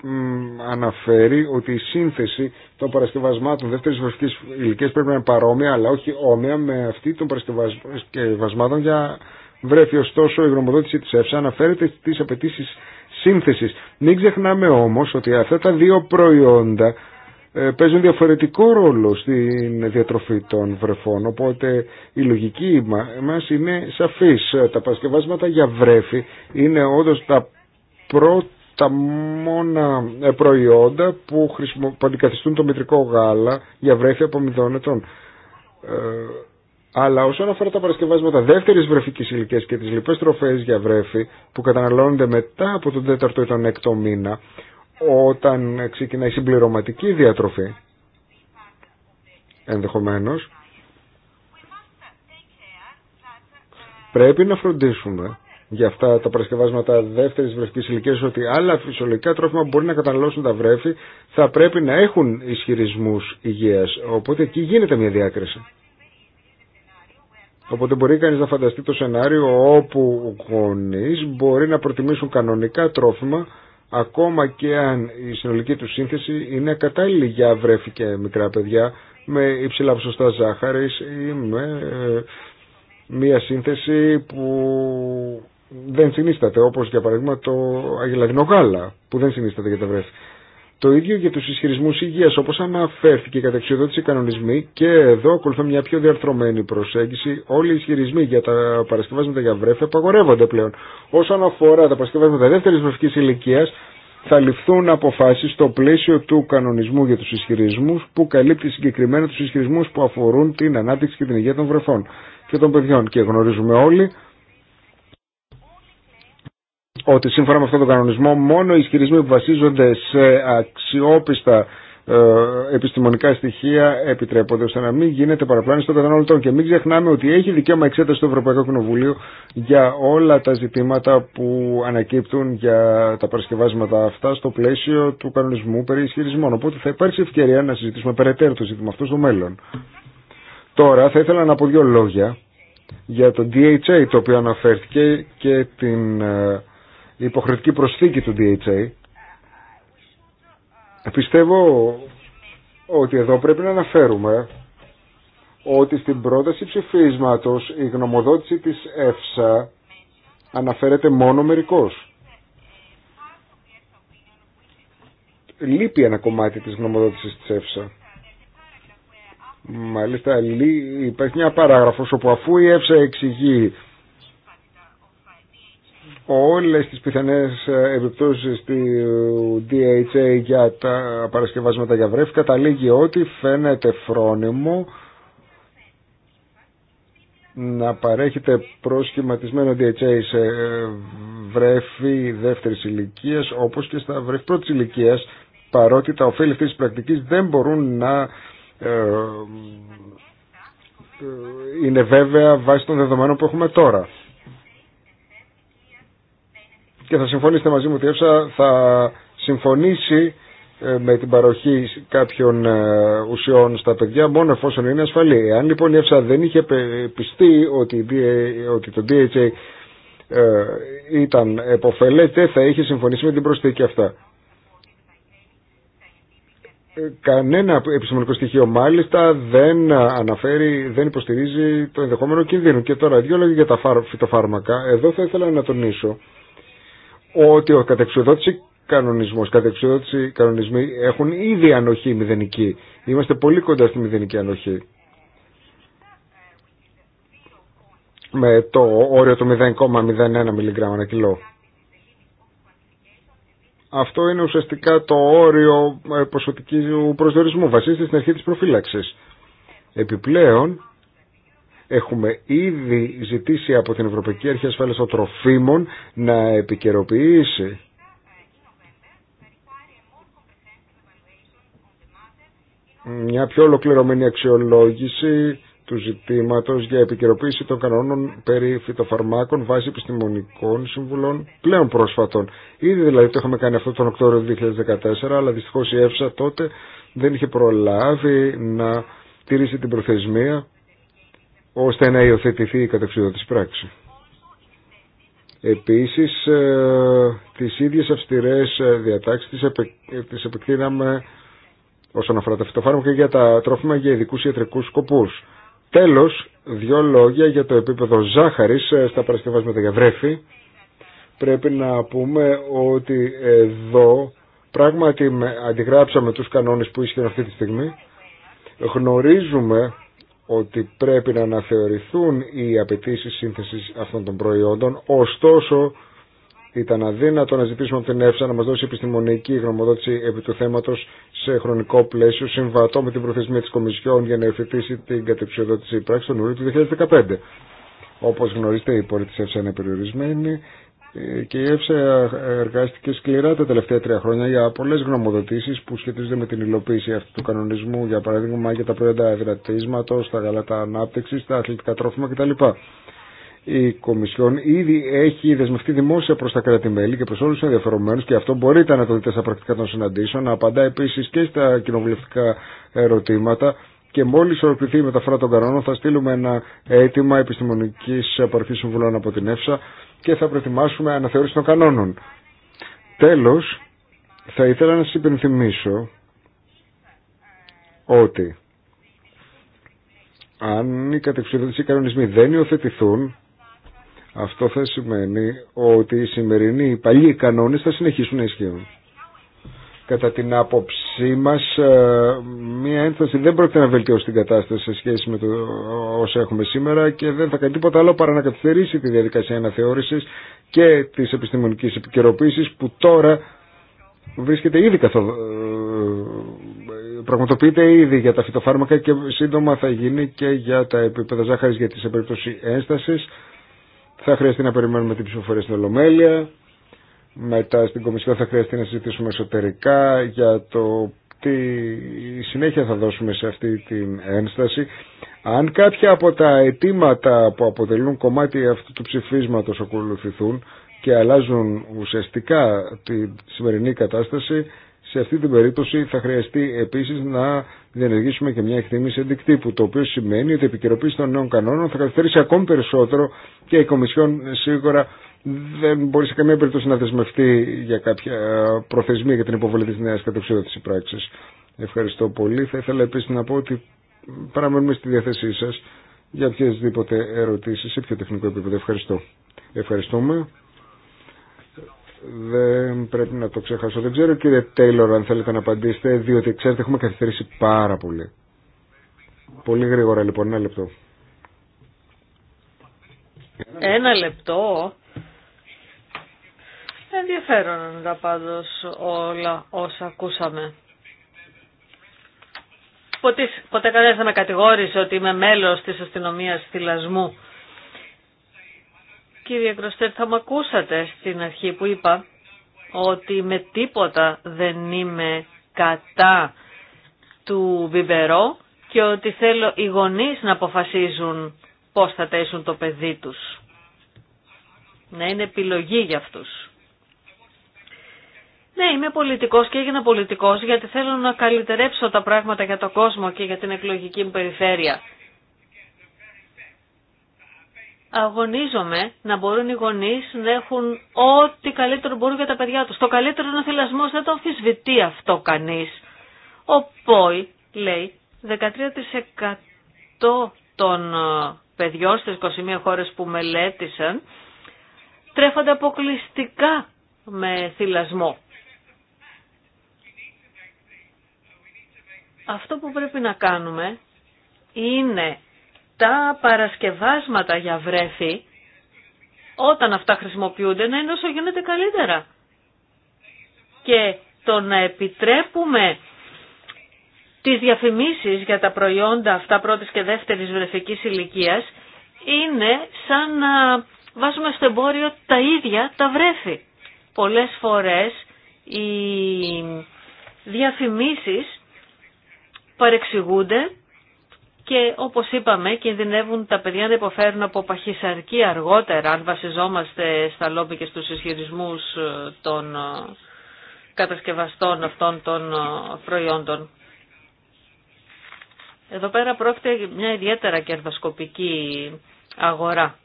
αναφέρει ότι η σύνθεση των παρασκευασμάτων δεύτερης βασικής ηλικία πρέπει να είναι παρόμοια, αλλά όχι όμοια με αυτή των παρασκευασμάτων για βρέφει. Ωστόσο, η γνωμοδότηση της ΕΦΣΑ αναφέρεται στις απαιτήσει σύνθεσης. Μην ξεχνάμε όμως ότι αυτά τα δύο προϊόντα ε, παίζουν διαφορετικό ρόλο στην διατροφή των βρεφών. Οπότε η λογική μας είναι σαφής. Ε, τα παρασκευάσματα για βρέφη είναι όντως τα πρώτα μόνα ε, προϊόντα που, χρησιμο... αντικαθιστούν το μητρικό γάλα για βρέφη από μηδόν ετών. Αλλά όσον αφορά τα παρασκευάσματα δεύτερης βρεφικής ηλικίας και τις λοιπές τροφέ για βρέφη που καταναλώνονται μετά από τον τέταρτο ή τον έκτο μήνα, όταν ξεκινάει συμπληρωματική διατροφή ενδεχομένως πρέπει να φροντίσουμε για αυτά τα παρασκευάσματα δεύτερης βρεφικής ηλικία, ότι άλλα φυσιολογικά τρόφιμα που μπορεί να καταναλώσουν τα βρέφη θα πρέπει να έχουν ισχυρισμούς υγείας οπότε εκεί γίνεται μια διάκριση Οπότε μπορεί κανείς να φανταστεί το σενάριο όπου γονείς μπορεί να προτιμήσουν κανονικά τρόφιμα ακόμα και αν η συνολική του σύνθεση είναι κατάλληλη για βρέφη και μικρά παιδιά με υψηλά ποσοστά ζάχαρης ή με ε, μία σύνθεση που δεν συνίσταται όπως για παράδειγμα το αγελαδινό γάλα που δεν συνίσταται για τα βρέφη. Το ίδιο για του ισχυρισμού υγεία, όπω αναφέρθηκε η κατεξοδότηση κανονισμοί και εδώ ακολουθώ μια πιο διαρθρωμένη προσέγγιση. Όλοι οι ισχυρισμοί για τα παρασκευάσματα για βρέφη απαγορεύονται πλέον. Όσον αφορά τα παρασκευάσματα δεύτερη βρεφική ηλικία θα ληφθούν αποφάσει στο πλαίσιο του κανονισμού για του ισχυρισμού που καλύπτει συγκεκριμένα του ισχυρισμού που αφορούν την ανάπτυξη και την υγεία των βρεφών και των παιδιών. Και γνωρίζουμε όλοι ότι σύμφωνα με αυτόν τον κανονισμό μόνο οι ισχυρισμοί που βασίζονται σε αξιόπιστα ε, επιστημονικά στοιχεία επιτρέπονται ώστε να μην γίνεται παραπλάνηση των καταναλωτών. Και μην ξεχνάμε ότι έχει δικαίωμα εξέταση του Ευρωπαϊκό Κοινοβούλιο για όλα τα ζητήματα που ανακύπτουν για τα παρασκευάσματα αυτά στο πλαίσιο του κανονισμού περί ισχυρισμών. Οπότε θα υπάρξει ευκαιρία να συζητήσουμε περαιτέρω το ζήτημα αυτό στο μέλλον. Τώρα θα ήθελα να πω δύο λόγια για το DHA το οποίο αναφέρθηκε και την ε, η υποχρεωτική προσθήκη του DHA. Πιστεύω ότι εδώ πρέπει να αναφέρουμε ότι στην πρόταση ψηφίσματος η γνωμοδότηση της ΕΦΣΑ αναφέρεται μόνο μερικώς. Λείπει ένα κομμάτι της γνωμοδότησης της ΕΦΣΑ. Μάλιστα υπάρχει μια παράγραφος όπου αφού η ΕΦΣΑ εξηγεί όλες τις πιθανές ε, επιπτώσεις του DHA για τα παρασκευάσματα για βρέφη καταλήγει ότι φαίνεται φρόνιμο να παρέχεται προσχηματισμένο DHA σε ε, βρέφη δεύτερης ηλικίας όπως και στα βρέφη πρώτης ηλικίας παρότι τα ωφέλη αυτής της πρακτικής δεν μπορούν να ε, είναι βέβαια βάσει των δεδομένων που έχουμε τώρα και θα συμφωνήσετε μαζί μου ότι η ΕΦΣΑ θα συμφωνήσει ε, με την παροχή κάποιων ε, ουσιών στα παιδιά μόνο εφόσον είναι ασφαλή. Αν λοιπόν η ΕΦΣΑ δεν είχε πιστεί ότι το DHA ε, ήταν εποφελές θα είχε συμφωνήσει με την προσθήκη αυτά. Κανένα επιστημονικό στοιχείο μάλιστα δεν αναφέρει, δεν υποστηρίζει το ενδεχόμενο κίνδυνο. Και τώρα δύο λόγια για τα φυτοφάρμακα. Εδώ θα ήθελα να τονίσω ότι ο κατεξοδότηση κανονισμός, κατεξοδότηση κανονισμοί έχουν ήδη ανοχή μηδενική. Είμαστε πολύ κοντά στη μηδενική ανοχή. Με το όριο το 0,01 μιλιγκράμμα ένα κιλό. Αυτό είναι ουσιαστικά το όριο ε, ποσοτικού προσδιορισμού. Βασίζεται στην αρχή της προφύλαξης. Επιπλέον, Έχουμε ήδη ζητήσει από την Ευρωπαϊκή Αρχή Ασφάλειας των Τροφίμων να επικαιροποιήσει μια πιο ολοκληρωμένη αξιολόγηση του ζητήματος για επικαιροποίηση των κανόνων περί φυτοφαρμάκων βάσει επιστημονικών συμβουλών πλέον πρόσφατων. Ήδη δηλαδή το είχαμε κάνει αυτό τον Οκτώβριο 2014, αλλά δυστυχώς η ΕΦΣΑ τότε δεν είχε προλάβει να τηρήσει την προθεσμία ώστε να υιοθετηθεί η της πράξη. Επίσης, ε, τις ίδιες αυστηρές ε, διατάξεις ε, τις επεκτείναμε όσον αφορά τα φυτοφάρμακα για τα τρόφιμα για ειδικούς ιατρικούς σκοπούς. Τέλος, δύο λόγια για το επίπεδο ζάχαρης στα παρασκευάσματα για βρέφη. Πρέπει να πούμε ότι εδώ πράγματι αντιγράψαμε τους κανόνες που ίσχυαν αυτή τη στιγμή. Γνωρίζουμε ότι πρέπει να αναθεωρηθούν οι απαιτήσει σύνθεσης αυτών των προϊόντων. Ωστόσο, ήταν αδύνατο να ζητήσουμε από την ΕΦΣΑ να μας δώσει επιστημονική γνωμοδότηση επί του θέματος σε χρονικό πλαίσιο συμβατό με την προθεσμία της Κομισιόν για να εφηθήσει την κατεψιοδότηση πράξη του Ιούλιο του 2015. Όπως γνωρίζετε, η πόλη της ΕΦΣΑ είναι περιορισμένη και η ΕΦΣΑ εργάστηκε σκληρά τα τελευταία τρία χρόνια για πολλέ γνωμοδοτήσει που σχετίζονται με την υλοποίηση αυτού του κανονισμού, για παράδειγμα για τα προϊόντα ευρατίσματο, τα γαλάτα ανάπτυξη, τα αθλητικά τρόφιμα κτλ. Η Κομισιόν ήδη έχει δεσμευτεί δημόσια προ τα κράτη-μέλη και προ όλου του ενδιαφερομένου και αυτό μπορείτε να το δείτε στα πρακτικά των συναντήσεων. Να απαντά επίση και στα κοινοβουλευτικά ερωτήματα και μόλι ολοκληρωθεί η μεταφορά των κανόνων θα στείλουμε ένα αίτημα επιστημονική παροχή συμβουλών από την ΕΦΣΑ και θα προετοιμάσουμε αναθεώρηση των κανόνων. Τέλος, θα ήθελα να σας υπενθυμίσω ότι αν οι κατευθυντές κανονισμοί δεν υιοθετηθούν, αυτό θα σημαίνει ότι οι σημερινοί οι παλιοί κανόνες θα συνεχίσουν να ισχύουν. Κατά την άποψή μας, ε, μία ένσταση δεν πρόκειται να βελτιώσει την κατάσταση σε σχέση με το όσα έχουμε σήμερα και δεν θα κάνει τίποτα άλλο παρά να καθυστερήσει τη διαδικασία αναθεώρησης και της επιστημονικής επικαιροποίησης που τώρα βρίσκεται ήδη ε, πραγματοποιείται ήδη για τα φυτοφάρμακα και σύντομα θα γίνει και για τα επίπεδα ζάχαρης γιατί σε περίπτωση ένσταση, θα χρειαστεί να περιμένουμε την ψηφοφορία στην Ολομέλεια μετά στην Κομισιόν θα χρειαστεί να συζητήσουμε εσωτερικά για το τι συνέχεια θα δώσουμε σε αυτή την ένσταση. Αν κάποια από τα αιτήματα που αποτελούν κομμάτι αυτού του ψηφίσματος ακολουθηθούν και αλλάζουν ουσιαστικά τη σημερινή κατάσταση, σε αυτή την περίπτωση θα χρειαστεί επίσης να διενεργήσουμε και μια εκτίμηση αντικτύπου, το οποίο σημαίνει ότι η επικαιροποίηση των νέων κανόνων θα καθυστερήσει ακόμη περισσότερο και η Κομισιόν σίγουρα δεν μπορεί σε καμία περίπτωση να δεσμευτεί για κάποια προθεσμία για την υποβολή της νέας τη πράξη. Ευχαριστώ πολύ. Θα ήθελα επίση να πω ότι παραμένουμε στη διάθεσή σα για οποιασδήποτε ερωτήσει σε πιο τεχνικό επίπεδο. Ευχαριστώ. Ευχαριστούμε. Δεν πρέπει να το ξεχάσω. Δεν ξέρω κύριε Τέιλορ αν θέλετε να απαντήσετε, διότι ξέρετε έχουμε καθυστερήσει πάρα πολύ. Πολύ γρήγορα λοιπόν, ένα λεπτό. Ένα λεπτό. Ενδιαφέροντα πάντως όλα όσα ακούσαμε. Ποτέ, ποτέ κανένας δεν με κατηγόρησε ότι είμαι μέλος της αστυνομίας θυλασμού. Κύριε Κροστέρ, θα μου ακούσατε στην αρχή που είπα ότι με τίποτα δεν είμαι κατά του βιβερό και ότι θέλω οι γονείς να αποφασίζουν πώς θα τέσουν το παιδί τους. Να είναι επιλογή για αυτούς. Ναι, είμαι πολιτικός και έγινα πολιτικός γιατί θέλω να καλυτερέψω τα πράγματα για τον κόσμο και για την εκλογική μου περιφέρεια. Αγωνίζομαι να μπορούν οι γονείς να έχουν ό,τι καλύτερο μπορούν για τα παιδιά τους. Το καλύτερο είναι ο θυλασμός, δεν το αμφισβητεί αυτό κανείς. Ο Πόι λέει 13% των ε, παιδιών στις 21 χώρες που μελέτησαν τρέφονται αποκλειστικά με θυλασμό. Αυτό που πρέπει να κάνουμε είναι τα παρασκευάσματα για βρέφη, όταν αυτά χρησιμοποιούνται, να είναι όσο γίνεται καλύτερα. Και το να επιτρέπουμε τις διαφημίσεις για τα προϊόντα αυτά πρώτης και δεύτερης βρεφικής ηλικίας, είναι σαν να βάζουμε στο εμπόριο τα ίδια τα βρέφη. Πολλές φορές οι διαφημίσεις παρεξηγούνται και όπως είπαμε κινδυνεύουν τα παιδιά να υποφέρουν από παχυσαρκή αργότερα αν βασιζόμαστε στα λόμπη και στους ισχυρισμούς ε, των ε, κατασκευαστών αυτών των ε, προϊόντων. Εδώ πέρα πρόκειται μια ιδιαίτερα κερδοσκοπική αγορά.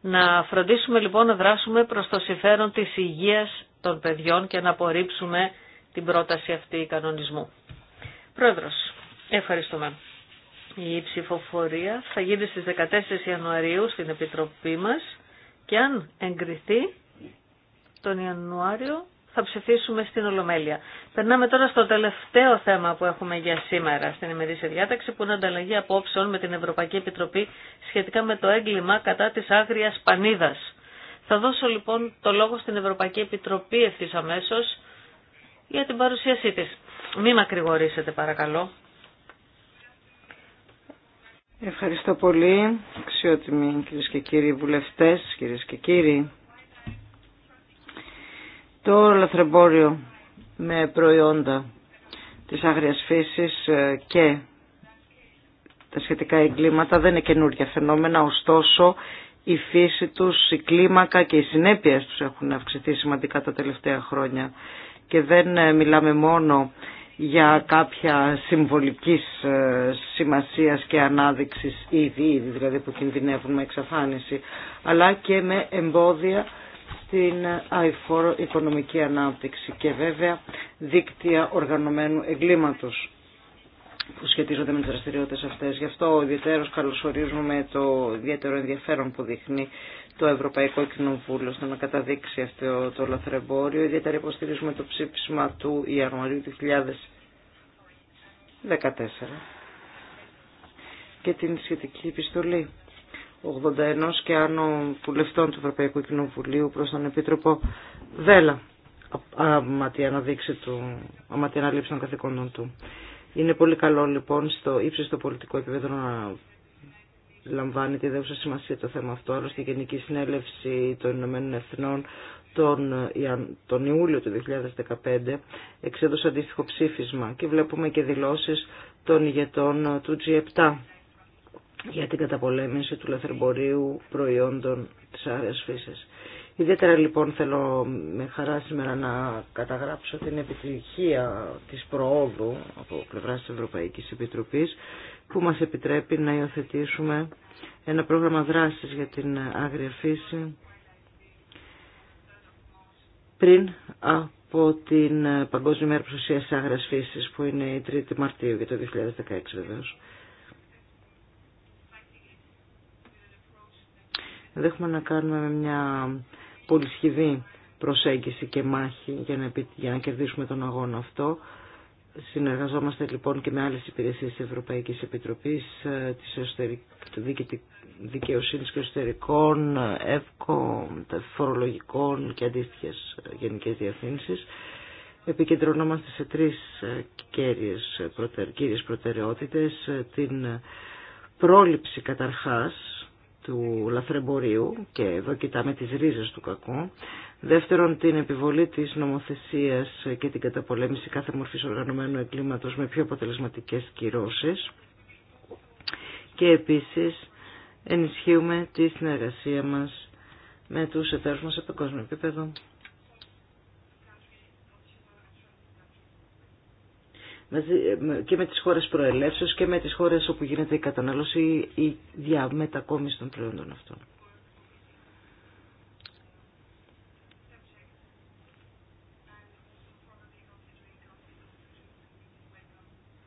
Να φροντίσουμε λοιπόν να δράσουμε προς το συμφέρον της υγείας των παιδιών και να απορρίψουμε την πρόταση αυτή κανονισμού. Πρόεδρος, Ευχαριστούμε. Η ψηφοφορία θα γίνει στις 14 Ιανουαρίου στην Επιτροπή μας και αν εγκριθεί τον Ιανουάριο θα ψηφίσουμε στην Ολομέλεια. Περνάμε τώρα στο τελευταίο θέμα που έχουμε για σήμερα στην ημερήσια διάταξη που είναι ανταλλαγή απόψεων με την Ευρωπαϊκή Επιτροπή σχετικά με το έγκλημα κατά της άγριας πανίδας. Θα δώσω λοιπόν το λόγο στην Ευρωπαϊκή Επιτροπή ευθύ αμέσω για την παρουσίασή της. Μη μακρηγορήσετε παρακαλώ. Ευχαριστώ πολύ, αξιότιμοι κυρίες και κύριοι βουλευτές, κυρίες και κύριοι. Το λαθρεμπόριο με προϊόντα της άγριας φύσης ε, και τα σχετικά εγκλήματα δεν είναι καινούργια φαινόμενα, ωστόσο η φύση του, η κλίμακα και οι συνέπειες τους έχουν αυξηθεί σημαντικά τα τελευταία χρόνια. Και δεν ε, μιλάμε μόνο για κάποια συμβολικής ε, σημασίας και ανάδειξης ήδη, ήδη δηλαδή που κινδυνεύουν με εξαφάνιση, αλλά και με εμπόδια στην ε, αϊφόρο οικονομική ανάπτυξη και βέβαια δίκτυα οργανωμένου εγκλήματος που σχετίζονται με τι δραστηριότητε αυτέ. Γι' αυτό ιδιαίτερω καλωσορίζουμε το ιδιαίτερο ενδιαφέρον που δείχνει το Ευρωπαϊκό Κοινοβούλιο στο να καταδείξει αυτό το λαθρεμπόριο. Ιδιαίτερα υποστηρίζουμε το ψήφισμα του Ιανουαρίου 2014 και την σχετική επιστολή 81 και άνω βουλευτών του Ευρωπαϊκού Κοινοβουλίου προς τον Επίτροπο Δέλα άμα τη του, άμα τη αναλήψη των καθηκόντων του. Είναι πολύ καλό λοιπόν στο ύψιστο πολιτικό επίπεδο να λαμβάνει τη δεύτερη σημασία το θέμα αυτό. Άλλωστε η Γενική Συνέλευση των Ηνωμένων Εθνών τον, τον Ιούλιο του 2015 εξέδωσε αντίστοιχο ψήφισμα και βλέπουμε και δηλώσεις των ηγετών του G7 για την καταπολέμηση του λαθρεμπορίου προϊόντων της άρεας φύσης. Ιδιαίτερα λοιπόν θέλω με χαρά σήμερα να καταγράψω την επιτυχία της προόδου από πλευράς της Ευρωπαϊκής Επιτροπής που μας επιτρέπει να υιοθετήσουμε ένα πρόγραμμα δράσης για την άγρια φύση πριν από την Παγκόσμια Μέρα Προστασίας της Φύσης που είναι η 3η Μαρτίου για το 2016 βεβαίως. έχουμε να κάνουμε μια πολυσχηδή προσέγγιση και μάχη για να, για να κερδίσουμε τον αγώνα αυτό. Συνεργαζόμαστε λοιπόν και με άλλες υπηρεσίες της Ευρωπαϊκής Επιτροπής, ε, της Δικαιοσύνης και Εσωτερικών, ε, ΕΦΚΟ, Φορολογικών και αντίστοιχες γενικές διαθύνσεις. Επικεντρωνόμαστε σε τρεις ε, κύριες προτεραιότητες, την πρόληψη καταρχάς του λαθρεμπορίου και εδώ κοιτάμε τις ρίζες του κακού. Δεύτερον, την επιβολή της νομοθεσίας και την καταπολέμηση κάθε μορφής οργανωμένου εγκλήματος με πιο αποτελεσματικές κυρώσεις. Και επίσης ενισχύουμε τη συνεργασία μας με τους εταίρους μας το επίπεδο και με τις χώρες προελεύσεως και με τις χώρες όπου γίνεται η κατανάλωση ή η διαμετακόμιση των προϊόντων αυτών.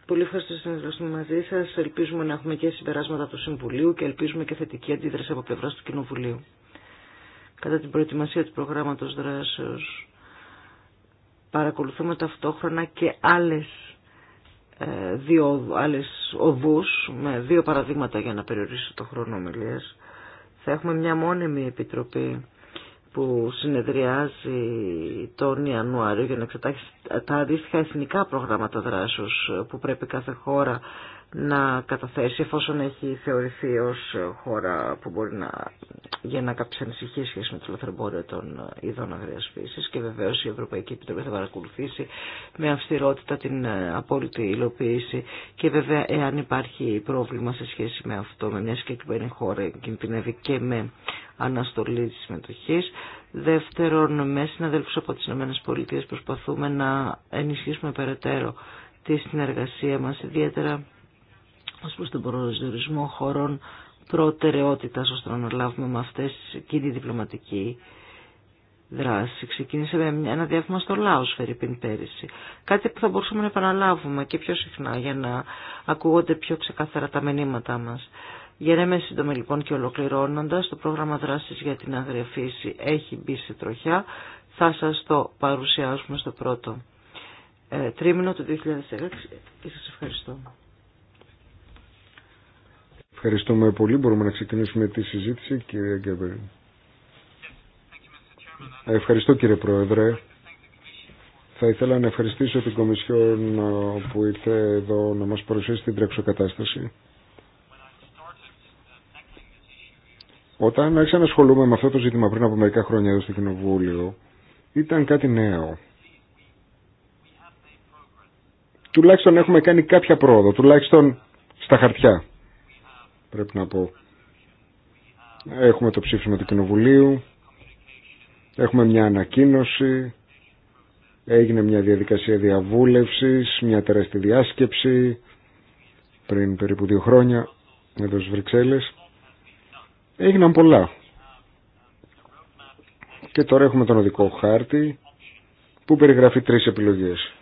Πολύ ευχαριστώ συνεργαστούμε μαζί σα. Ελπίζουμε να έχουμε και συμπεράσματα του Συμβουλίου και ελπίζουμε και θετική αντίδραση από πλευρά του Κοινοβουλίου. Κατά την προετοιμασία του προγράμματο δράσεω, παρακολουθούμε ταυτόχρονα και άλλε. Ε, δύο άλλες οδούς, με δύο παραδείγματα για να περιορίσω το χρόνο ομιλίας. Θα έχουμε μια μόνιμη επιτροπή που συνεδριάζει τον Ιανουάριο για να εξετάξει τα αντίστοιχα εθνικά προγράμματα δράσεως που πρέπει κάθε χώρα να καταθέσει εφόσον έχει θεωρηθεί ως χώρα που μπορεί να γεννά κάποιε ανησυχίε σχέση με το λαθρεμπόριο των ειδών αγρίας φύσης και βεβαίως η Ευρωπαϊκή Επιτροπή θα παρακολουθήσει με αυστηρότητα την ε, απόλυτη υλοποίηση και βέβαια εάν υπάρχει πρόβλημα σε σχέση με αυτό με μια συγκεκριμένη χώρα κινδυνεύει και με αναστολή της συμμετοχής δεύτερον με συναδέλφους από τις ΗΠΑ προσπαθούμε να ενισχύσουμε περαιτέρω τη συνεργασία μας ιδιαίτερα ως προς τον προορισμό χωρών προτεραιότητας ώστε να αναλάβουμε με αυτές και τη διπλωματική δράση. Ξεκίνησε με ένα διάβημα στο Λάος Φερρυπίν πέρυσι. Κάτι που θα μπορούσαμε να επαναλάβουμε και πιο συχνά για να ακούγονται πιο ξεκάθαρα τα μηνύματά μας. Για να είμαι λοιπόν και ολοκληρώνοντας, το πρόγραμμα δράσης για την αγριαφύση έχει μπει σε τροχιά. Θα σας το παρουσιάσουμε στο πρώτο ε, τρίμηνο του 2016 και σας ευχαριστώ. Ευχαριστούμε πολύ. Μπορούμε να ξεκινήσουμε τη συζήτηση, κύριε Γκέμπερ. Ευχαριστώ κύριε Πρόεδρε. Θα ήθελα να ευχαριστήσω την Κομισιόν ε, που ήρθε εδώ να μας παρουσιάσει την τρέξο κατάσταση. Όταν άρχισα να ασχολούμαι με αυτό το ζήτημα πριν από μερικά χρόνια εδώ στο Κοινοβούλιο, ήταν κάτι νέο. Τουλάχιστον έχουμε κάνει κάποια πρόοδο, τουλάχιστον στα χαρτιά πρέπει να πω. Έχουμε το ψήφισμα του Κοινοβουλίου, έχουμε μια ανακοίνωση, έγινε μια διαδικασία διαβούλευσης, μια τεράστια διάσκεψη πριν περίπου δύο χρόνια εδώ στις Βρυξέλλες. Έγιναν πολλά. Και τώρα έχουμε τον οδικό χάρτη που περιγράφει τρεις επιλογές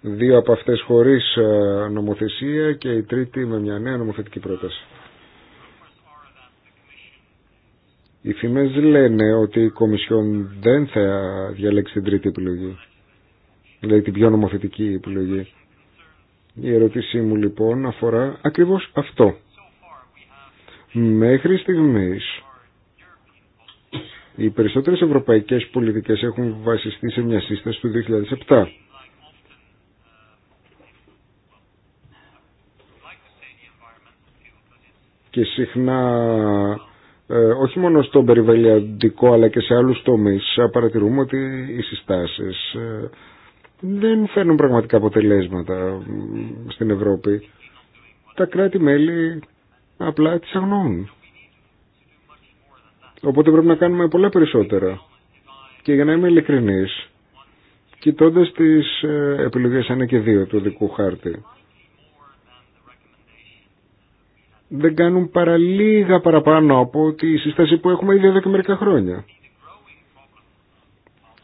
δύο από αυτές χωρίς ε, νομοθεσία και η τρίτη με μια νέα νομοθετική πρόταση. Οι φήμες λένε ότι η Κομισιόν δεν θα διαλέξει την τρίτη επιλογή, δηλαδή την πιο νομοθετική επιλογή. Η ερώτησή μου λοιπόν αφορά ακριβώς αυτό. Μέχρι στιγμής οι περισσότερες ευρωπαϊκές πολιτικές έχουν βασιστεί σε μια σύσταση του 2007 και συχνά ε, όχι μόνο στον περιβαλλοντικό αλλά και σε άλλους τομείς παρατηρούμε ότι οι συστάσεις ε, δεν φέρνουν πραγματικά αποτελέσματα στην Ευρώπη. Τα κράτη-μέλη απλά τις αγνοούν. Οπότε πρέπει να κάνουμε πολλά περισσότερα. Και για να είμαι ειλικρινής, κοιτώντας τις ε, επιλογές 1 και 2 του δικού χάρτη, δεν κάνουν παρά λίγα παραπάνω από τη συστάση που έχουμε ήδη εδώ και μερικά χρόνια.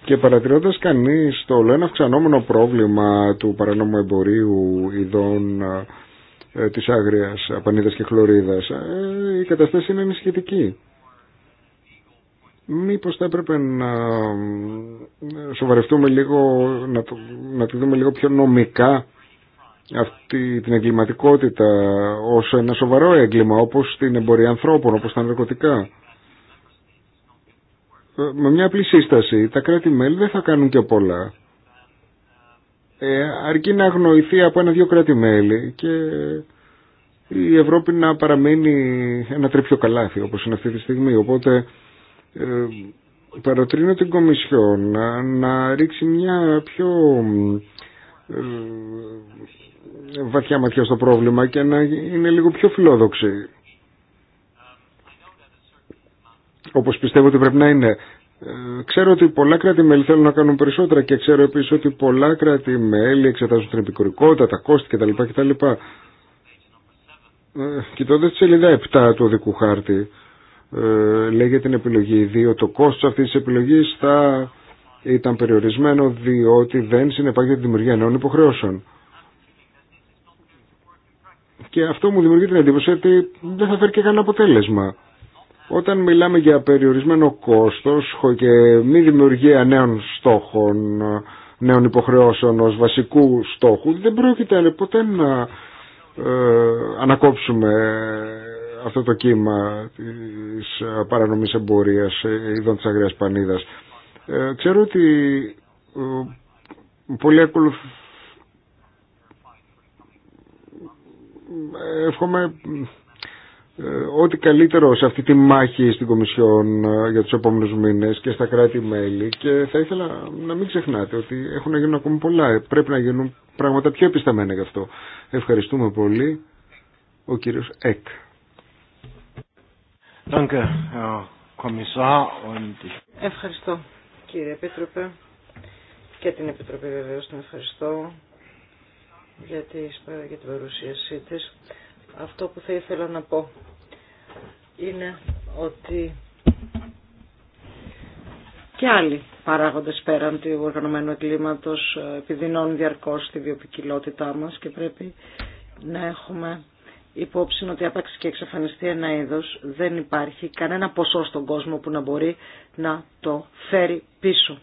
Και παρατηρώντας κανείς το όλο ένα αυξανόμενο πρόβλημα του παρανόμου εμπορίου ειδών ε, της άγριας και χλωρίδας, ε, η κατάσταση είναι ενισχυτική. Μήπως θα έπρεπε να ε, σοβαρευτούμε λίγο, να, το, να τη δούμε λίγο πιο νομικά αυτή την εγκληματικότητα ως ένα σοβαρό έγκλημα όπως την εμπορία ανθρώπων, όπως τα ναρκωτικά. Με μια απλή σύσταση, τα κράτη-μέλη δεν θα κάνουν και πολλά. Ε, αρκεί να αγνοηθεί από ένα-δυο κράτη-μέλη και η Ευρώπη να παραμείνει ένα τρίπιο καλάθι όπως είναι αυτή τη στιγμή. Οπότε ε, παροτρύνω την Κομισιόν να, να ρίξει μια πιο ε, βαθιά ματιά στο πρόβλημα και να είναι λίγο πιο φιλόδοξη. Όπως πιστεύω ότι πρέπει να είναι. Ε, ξέρω ότι πολλά κράτη-μέλη θέλουν να κάνουν περισσότερα και ξέρω επίσης ότι πολλά κράτη-μέλη εξετάζουν την επικουρικότητα, τα κόστη κτλ. κτλ. Ε, κοιτώντας τη σελίδα 7 του οδικού χάρτη, ε, λέγεται την επιλογή 2, το κόστος αυτής της επιλογής θα ήταν περιορισμένο διότι δεν συνεπάγεται τη δημιουργία νέων υποχρεώσεων. Και αυτό μου δημιουργεί την εντύπωση ότι δεν θα φέρει και κανένα αποτέλεσμα. Όταν μιλάμε για περιορισμένο κόστος και μη δημιουργία νέων στόχων, νέων υποχρεώσεων ως βασικού στόχου, δεν πρόκειται λοιπόν ποτέ να ε, ανακόψουμε αυτό το κύμα της παρανομής εμπορίας ε, ειδών της αγριάς πανίδας. Ε, ξέρω ότι ε, πολλοί εύχομαι ε, ό,τι καλύτερο σε αυτή τη μάχη στην Κομισιόν ε, για τους επόμενους μήνες και στα κράτη-μέλη και θα ήθελα να μην ξεχνάτε ότι έχουν να γίνουν ακόμη πολλά. Ε, πρέπει να γίνουν πράγματα πιο επισταμένα γι' αυτό. Ευχαριστούμε πολύ. Ο κύριος Εκ. Ευχαριστώ κύριε Επίτροπε και την Επιτροπή βεβαίως την ευχαριστώ για, τις, για την παρουσίασή της. Αυτό που θα ήθελα να πω είναι ότι και άλλοι παράγοντες πέραν του οργανωμένου κλίματος επιδεινώνουν διαρκώς τη βιοπικιλότητά μας και πρέπει να έχουμε υπόψη ότι άπαξ και εξαφανιστεί ένα είδος δεν υπάρχει κανένα ποσό στον κόσμο που να μπορεί να το φέρει πίσω.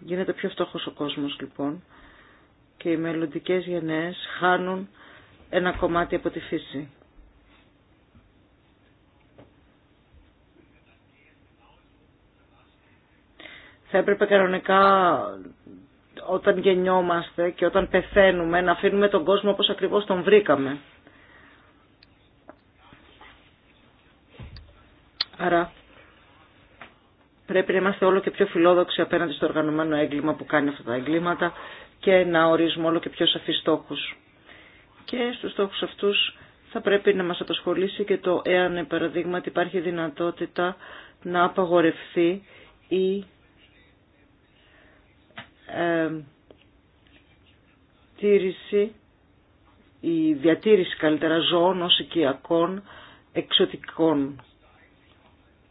Γίνεται πιο φτωχό ο κόσμο λοιπόν και οι μελλοντικέ γενναίε χάνουν ένα κομμάτι από τη φύση. Θα έπρεπε κανονικά όταν γεννιόμαστε και όταν πεθαίνουμε να αφήνουμε τον κόσμο όπως ακριβώς τον βρήκαμε. Άρα Πρέπει να είμαστε όλο και πιο φιλόδοξοι απέναντι στο οργανωμένο έγκλημα που κάνει αυτά τα εγκλήματα και να ορίζουμε όλο και πιο σαφείς στόχους. Και στους στόχους αυτούς θα πρέπει να μας απασχολήσει και το εάν ε, παραδείγματι υπάρχει δυνατότητα να απαγορευθεί η ε, η διατήρηση καλύτερα ζώων ως οικιακών εξωτικών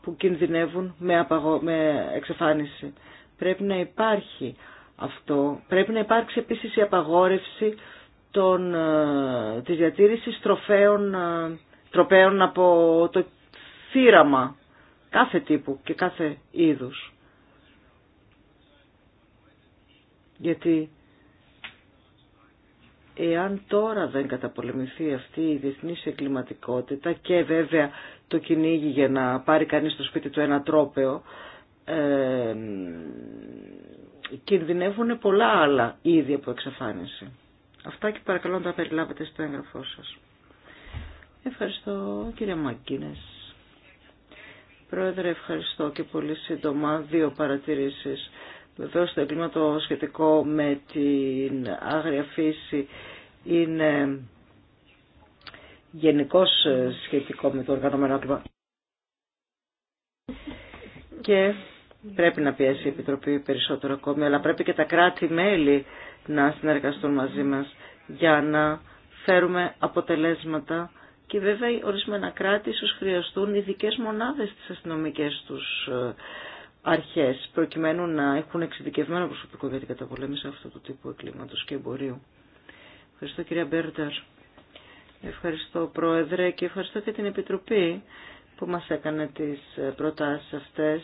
που κινδυνεύουν με, απαγω... με εξαφάνιση. Πρέπει να υπάρχει αυτό. Πρέπει να υπάρξει επίσης η απαγόρευση των, ε, της διατήρησης τροφέων, ε, τροπέων από το θύραμα κάθε τύπου και κάθε είδους. Γιατί εάν τώρα δεν καταπολεμηθεί αυτή η διεθνής εγκληματικότητα και βέβαια το κυνήγι για να πάρει κανείς στο σπίτι του ένα τρόπεο, ε, κινδυνεύουν πολλά άλλα ήδη από εξαφάνιση. Αυτά και παρακαλώ να τα περιλάβετε στο έγγραφό σας. Ευχαριστώ κύριε Μακκίνες. Πρόεδρε ευχαριστώ και πολύ σύντομα δύο παρατηρήσεις. Βεβαίω το έγκλημα το σχετικό με την άγρια φύση είναι γενικώ σχετικό με το οργανωμένο έγκλημα. Και πρέπει να πιέσει η Επιτροπή περισσότερο ακόμη, αλλά πρέπει και τα κράτη-μέλη να συνεργαστούν μαζί μας για να φέρουμε αποτελέσματα και βέβαια ορισμένα κράτη ίσως χρειαστούν ειδικέ μονάδες στις αστυνομικές τους ε, αρχές προκειμένου να έχουν εξειδικευμένο προσωπικό για την καταπολέμηση αυτού του τύπου εγκλήματος και εμπορίου. Ευχαριστώ κυρία Μπέρνταρ. Ευχαριστώ Πρόεδρε και ευχαριστώ και την Επιτροπή που μας έκανε τις προτάσεις αυτές.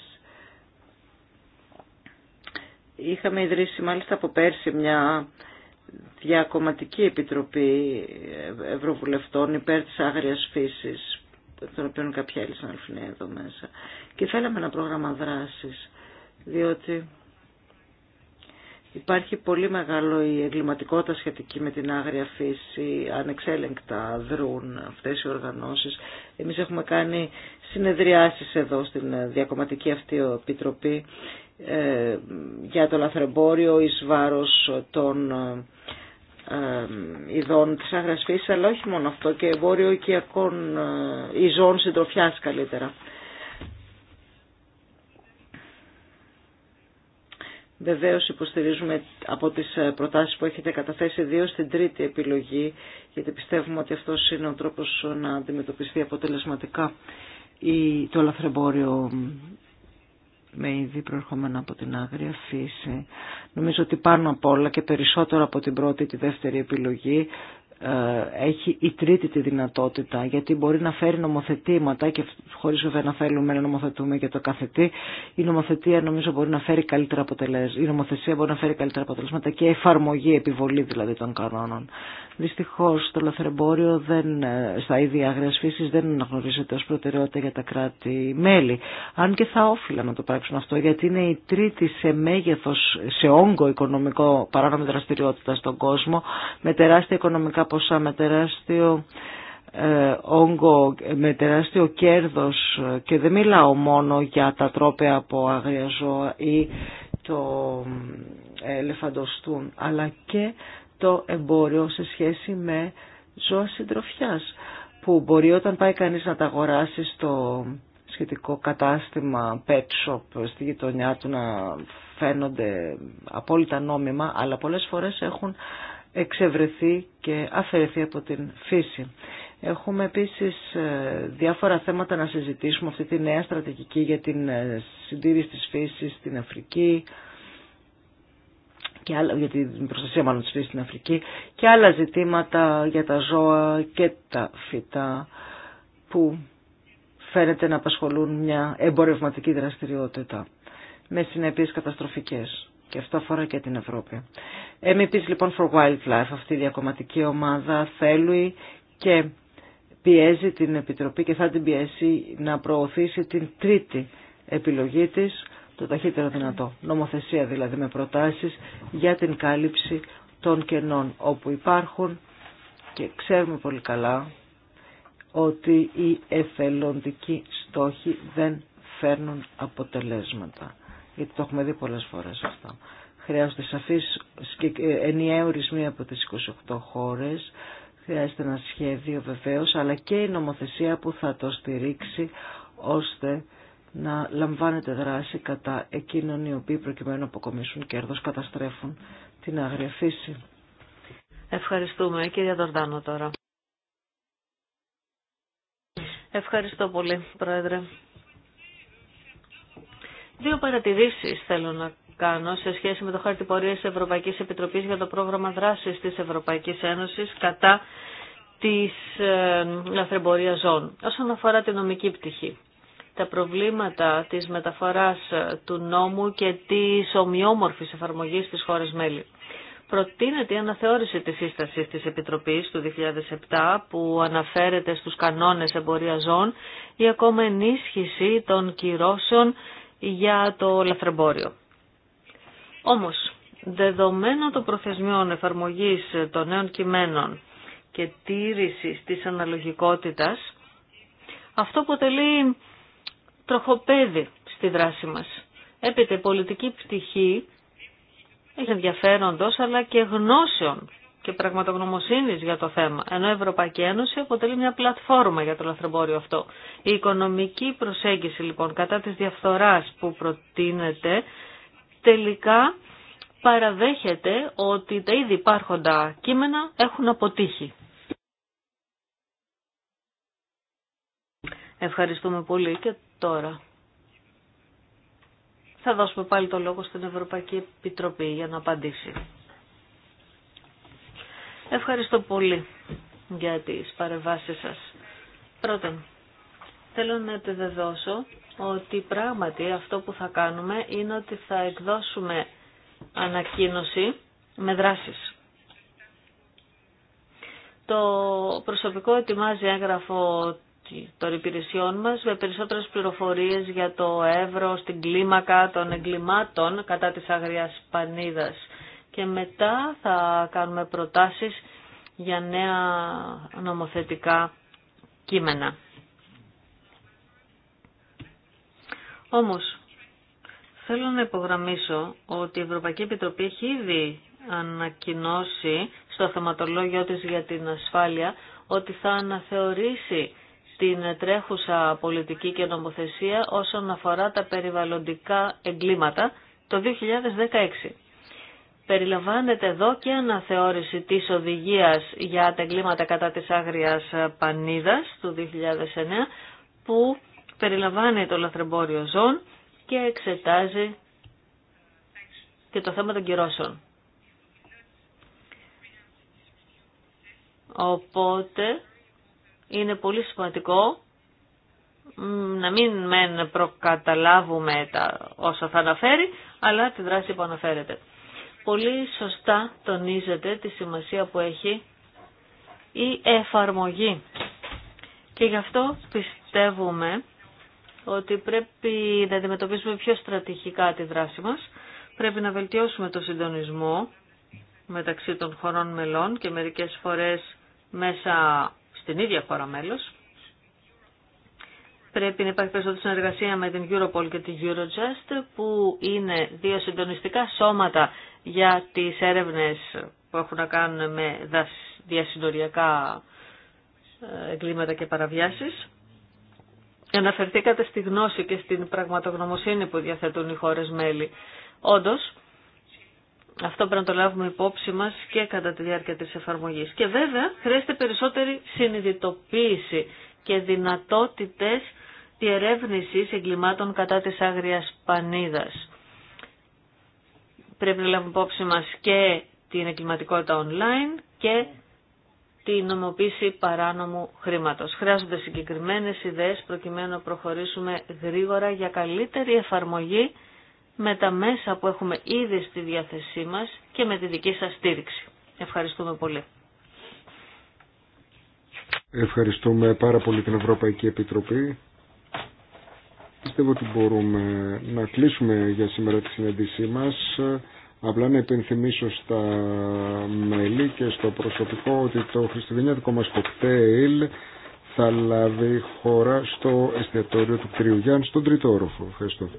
Είχαμε ιδρύσει μάλιστα από πέρσι μια διακομματική επιτροπή ευρωβουλευτών υπέρ της άγριας φύσης των οποίων κάποιοι άλλοι συνάδελφοι ναι, εδώ μέσα. Και θέλαμε ένα πρόγραμμα δράσης, διότι υπάρχει πολύ μεγάλο η εγκληματικότητα σχετική με την άγρια φύση, ανεξέλεγκτα δρούν αυτές οι οργανώσεις. Εμείς έχουμε κάνει συνεδριάσεις εδώ στην διακομματική αυτή επιτροπή ε, για το λαθρεμπόριο εις βάρος των ε, ειδών της άγρας φύσης, αλλά όχι μόνο αυτό και εμπόριο οικιακών ε, ζώων συντροφιάς καλύτερα. Βεβαίω υποστηρίζουμε από τις ε, προτάσεις που έχετε καταθέσει δύο στην τρίτη επιλογή, γιατί πιστεύουμε ότι αυτός είναι ο τρόπος να αντιμετωπιστεί αποτελεσματικά το λαθρεμπόριο με είδη προερχόμενα από την άγρια φύση. Νομίζω ότι πάνω απ' όλα και περισσότερο από την πρώτη τη δεύτερη επιλογή ε, έχει η τρίτη τη δυνατότητα γιατί μπορεί να φέρει νομοθετήματα και χωρίς βέβαια να θέλουμε να νομοθετούμε για το καθετή η νομοθεσία νομίζω μπορεί να φέρει καλύτερα αποτελέσματα η νομοθεσία μπορεί να φέρει καλύτερα αποτελέσματα και εφαρμογή, επιβολή δηλαδή των κανόνων Δυστυχώς το λαθρεμπόριο δεν, ε, στα ίδια άγρια φύσης δεν αναγνωρίζεται ως προτεραιότητα για τα κράτη-μέλη. Αν και θα όφυλα να το πράξουν αυτό, γιατί είναι η τρίτη σε μέγεθος, σε όγκο οικονομικό παράνομη δραστηριότητα στον κόσμο, με τεράστια οικονομικά ποσά, με τεράστιο ε, όγκο με τεράστιο κέρδος ε, και δεν μιλάω μόνο για τα τρόπια από άγρια ζώα ή το ελεφαντοστούν αλλά και το εμπόριο σε σχέση με ζώα συντροφιά. Που μπορεί όταν πάει κανείς να τα αγοράσει στο σχετικό κατάστημα pet shop στη γειτονιά του να φαίνονται απόλυτα νόμιμα, αλλά πολλές φορές έχουν εξευρεθεί και αφαιρεθεί από την φύση. Έχουμε επίσης ε, διάφορα θέματα να συζητήσουμε αυτή τη νέα στρατηγική για την ε, συντήρηση της φύσης στην Αφρική, και άλλα, για την προστασία μάλλον της φύσης στην Αφρική και άλλα ζητήματα για τα ζώα και τα φυτά που φαίνεται να απασχολούν μια εμπορευματική δραστηριότητα με συνέπειες καταστροφικές. Και αυτό αφορά και την Ευρώπη. MEPs λοιπόν for Wildlife, αυτή η διακομματική ομάδα, θέλει και πιέζει την Επιτροπή και θα την πιέσει να προωθήσει την τρίτη επιλογή της το ταχύτερο δυνατό. Νομοθεσία δηλαδή με προτάσεις για την κάλυψη των κενών όπου υπάρχουν και ξέρουμε πολύ καλά ότι οι εθελοντικοί στόχοι δεν φέρνουν αποτελέσματα. Γιατί το έχουμε δει πολλές φορές αυτό. Χρειάζονται σαφείς ε, ενιαίοι ορισμοί από τις 28 χώρες. Χρειάζεται ένα σχέδιο βεβαίως, αλλά και η νομοθεσία που θα το στηρίξει ώστε να λαμβάνεται δράση κατά εκείνων οι οποίοι προκειμένου να αποκομίσουν κέρδος καταστρέφουν την άγρια φύση. Ευχαριστούμε. Κύριε Δορδάνο τώρα. Ευχαριστώ πολύ, Πρόεδρε. Δύο παρατηρήσεις θέλω να κάνω σε σχέση με το χάρτη πορεία της Ευρωπαϊκής Επιτροπής για το πρόγραμμα δράσης της Ευρωπαϊκής Ένωσης κατά της ε, λαθρεμπορίας ζών. Όσον αφορά την νομική πτυχή τα προβλήματα της μεταφοράς του νόμου και της ομοιόμορφης εφαρμογής στις χώρες μέλη. Προτείνεται η αναθεώρηση της σύσταση της Επιτροπής του 2007 που αναφέρεται στους κανόνες εμπορία ζώων ή ακόμα ενίσχυση των κυρώσεων για το λαθρεμπόριο. Όμως, δεδομένο των προθεσμιών εφαρμογής των νέων κειμένων και τήρησης της αναλογικότητας, αυτό αποτελεί τροχοπέδι στη δράση μας. Έπειτα η πολιτική πτυχή έχει ενδιαφέροντος αλλά και γνώσεων και πραγματογνωμοσύνης για το θέμα, ενώ η Ευρωπαϊκή Ένωση αποτελεί μια πλατφόρμα για το λαθρεμπόριο αυτό. Η οικονομική προσέγγιση λοιπόν κατά της διαφθοράς που προτείνεται τελικά παραδέχεται ότι τα ήδη υπάρχοντα κείμενα έχουν αποτύχει. Ευχαριστούμε πολύ και τώρα θα δώσουμε πάλι το λόγο στην Ευρωπαϊκή Επιτροπή για να απαντήσει. Ευχαριστώ πολύ για τις παρεμβάσεις σας. Πρώτον, θέλω να επιβεβαιώσω ότι πράγματι αυτό που θα κάνουμε είναι ότι θα εκδώσουμε ανακοίνωση με δράσεις. Το προσωπικό ετοιμάζει έγγραφο των υπηρεσιών μας με περισσότερες πληροφορίες για το εύρο στην κλίμακα των εγκλημάτων κατά της αγριάς πανίδας. Και μετά θα κάνουμε προτάσεις για νέα νομοθετικά κείμενα. Όμως, θέλω να υπογραμμίσω ότι η Ευρωπαϊκή Επιτροπή έχει ήδη ανακοινώσει στο θεματολόγιο της για την ασφάλεια ότι θα αναθεωρήσει ...στην τρέχουσα πολιτική και νομοθεσία όσον αφορά τα περιβαλλοντικά εγκλήματα το 2016. Περιλαμβάνεται εδώ και αναθεώρηση της οδηγίας για τα εγκλήματα κατά της άγριας πανίδας του 2009 που περιλαμβάνει το λαθρεμπόριο ζών και εξετάζει και το θέμα των κυρώσεων. Οπότε είναι πολύ σημαντικό να μην μεν προκαταλάβουμε τα όσα θα αναφέρει, αλλά τη δράση που αναφέρεται. Πολύ σωστά τονίζεται τη σημασία που έχει η εφαρμογή. Και γι' αυτό πιστεύουμε ότι πρέπει να αντιμετωπίσουμε πιο στρατηγικά τη δράση μας. Πρέπει να βελτιώσουμε το συντονισμό μεταξύ των χωρών μελών και μερικές φορές μέσα στην ίδια χώρα μέλος. Πρέπει να υπάρχει περισσότερη συνεργασία με την Europol και την Eurojust που είναι δύο συντονιστικά σώματα για τις έρευνες που έχουν να κάνουν με διασυνοριακά ε, εγκλήματα και παραβιάσεις. Αναφερθήκατε στη γνώση και στην πραγματογνωμοσύνη που διαθέτουν οι χώρες μέλη. Όντως, αυτό πρέπει να το λάβουμε υπόψη μας και κατά τη διάρκεια της εφαρμογής. Και βέβαια χρειάζεται περισσότερη συνειδητοποίηση και δυνατότητες διερεύνησης εγκλημάτων κατά της άγριας πανίδας. Πρέπει να λάβουμε υπόψη μας και την εγκληματικότητα online και την νομοποίηση παράνομου χρήματος. Χρειάζονται συγκεκριμένες ιδέες προκειμένου να προχωρήσουμε γρήγορα για καλύτερη εφαρμογή με τα μέσα που έχουμε ήδη στη διάθεσή μας και με τη δική σας στήριξη. Ευχαριστούμε πολύ. Ευχαριστούμε πάρα πολύ την Ευρωπαϊκή Επιτροπή. Πιστεύω ότι μπορούμε να κλείσουμε για σήμερα τη συνέντησή μας. Απλά να υπενθυμίσω στα μέλη και στο προσωπικό ότι το χριστουγεννιάτικο μας κοκτέιλ θα λάβει χώρα στο εστιατόριο του κτηρίου Γιάννη στον τρίτο όροφο. Ευχαριστώ.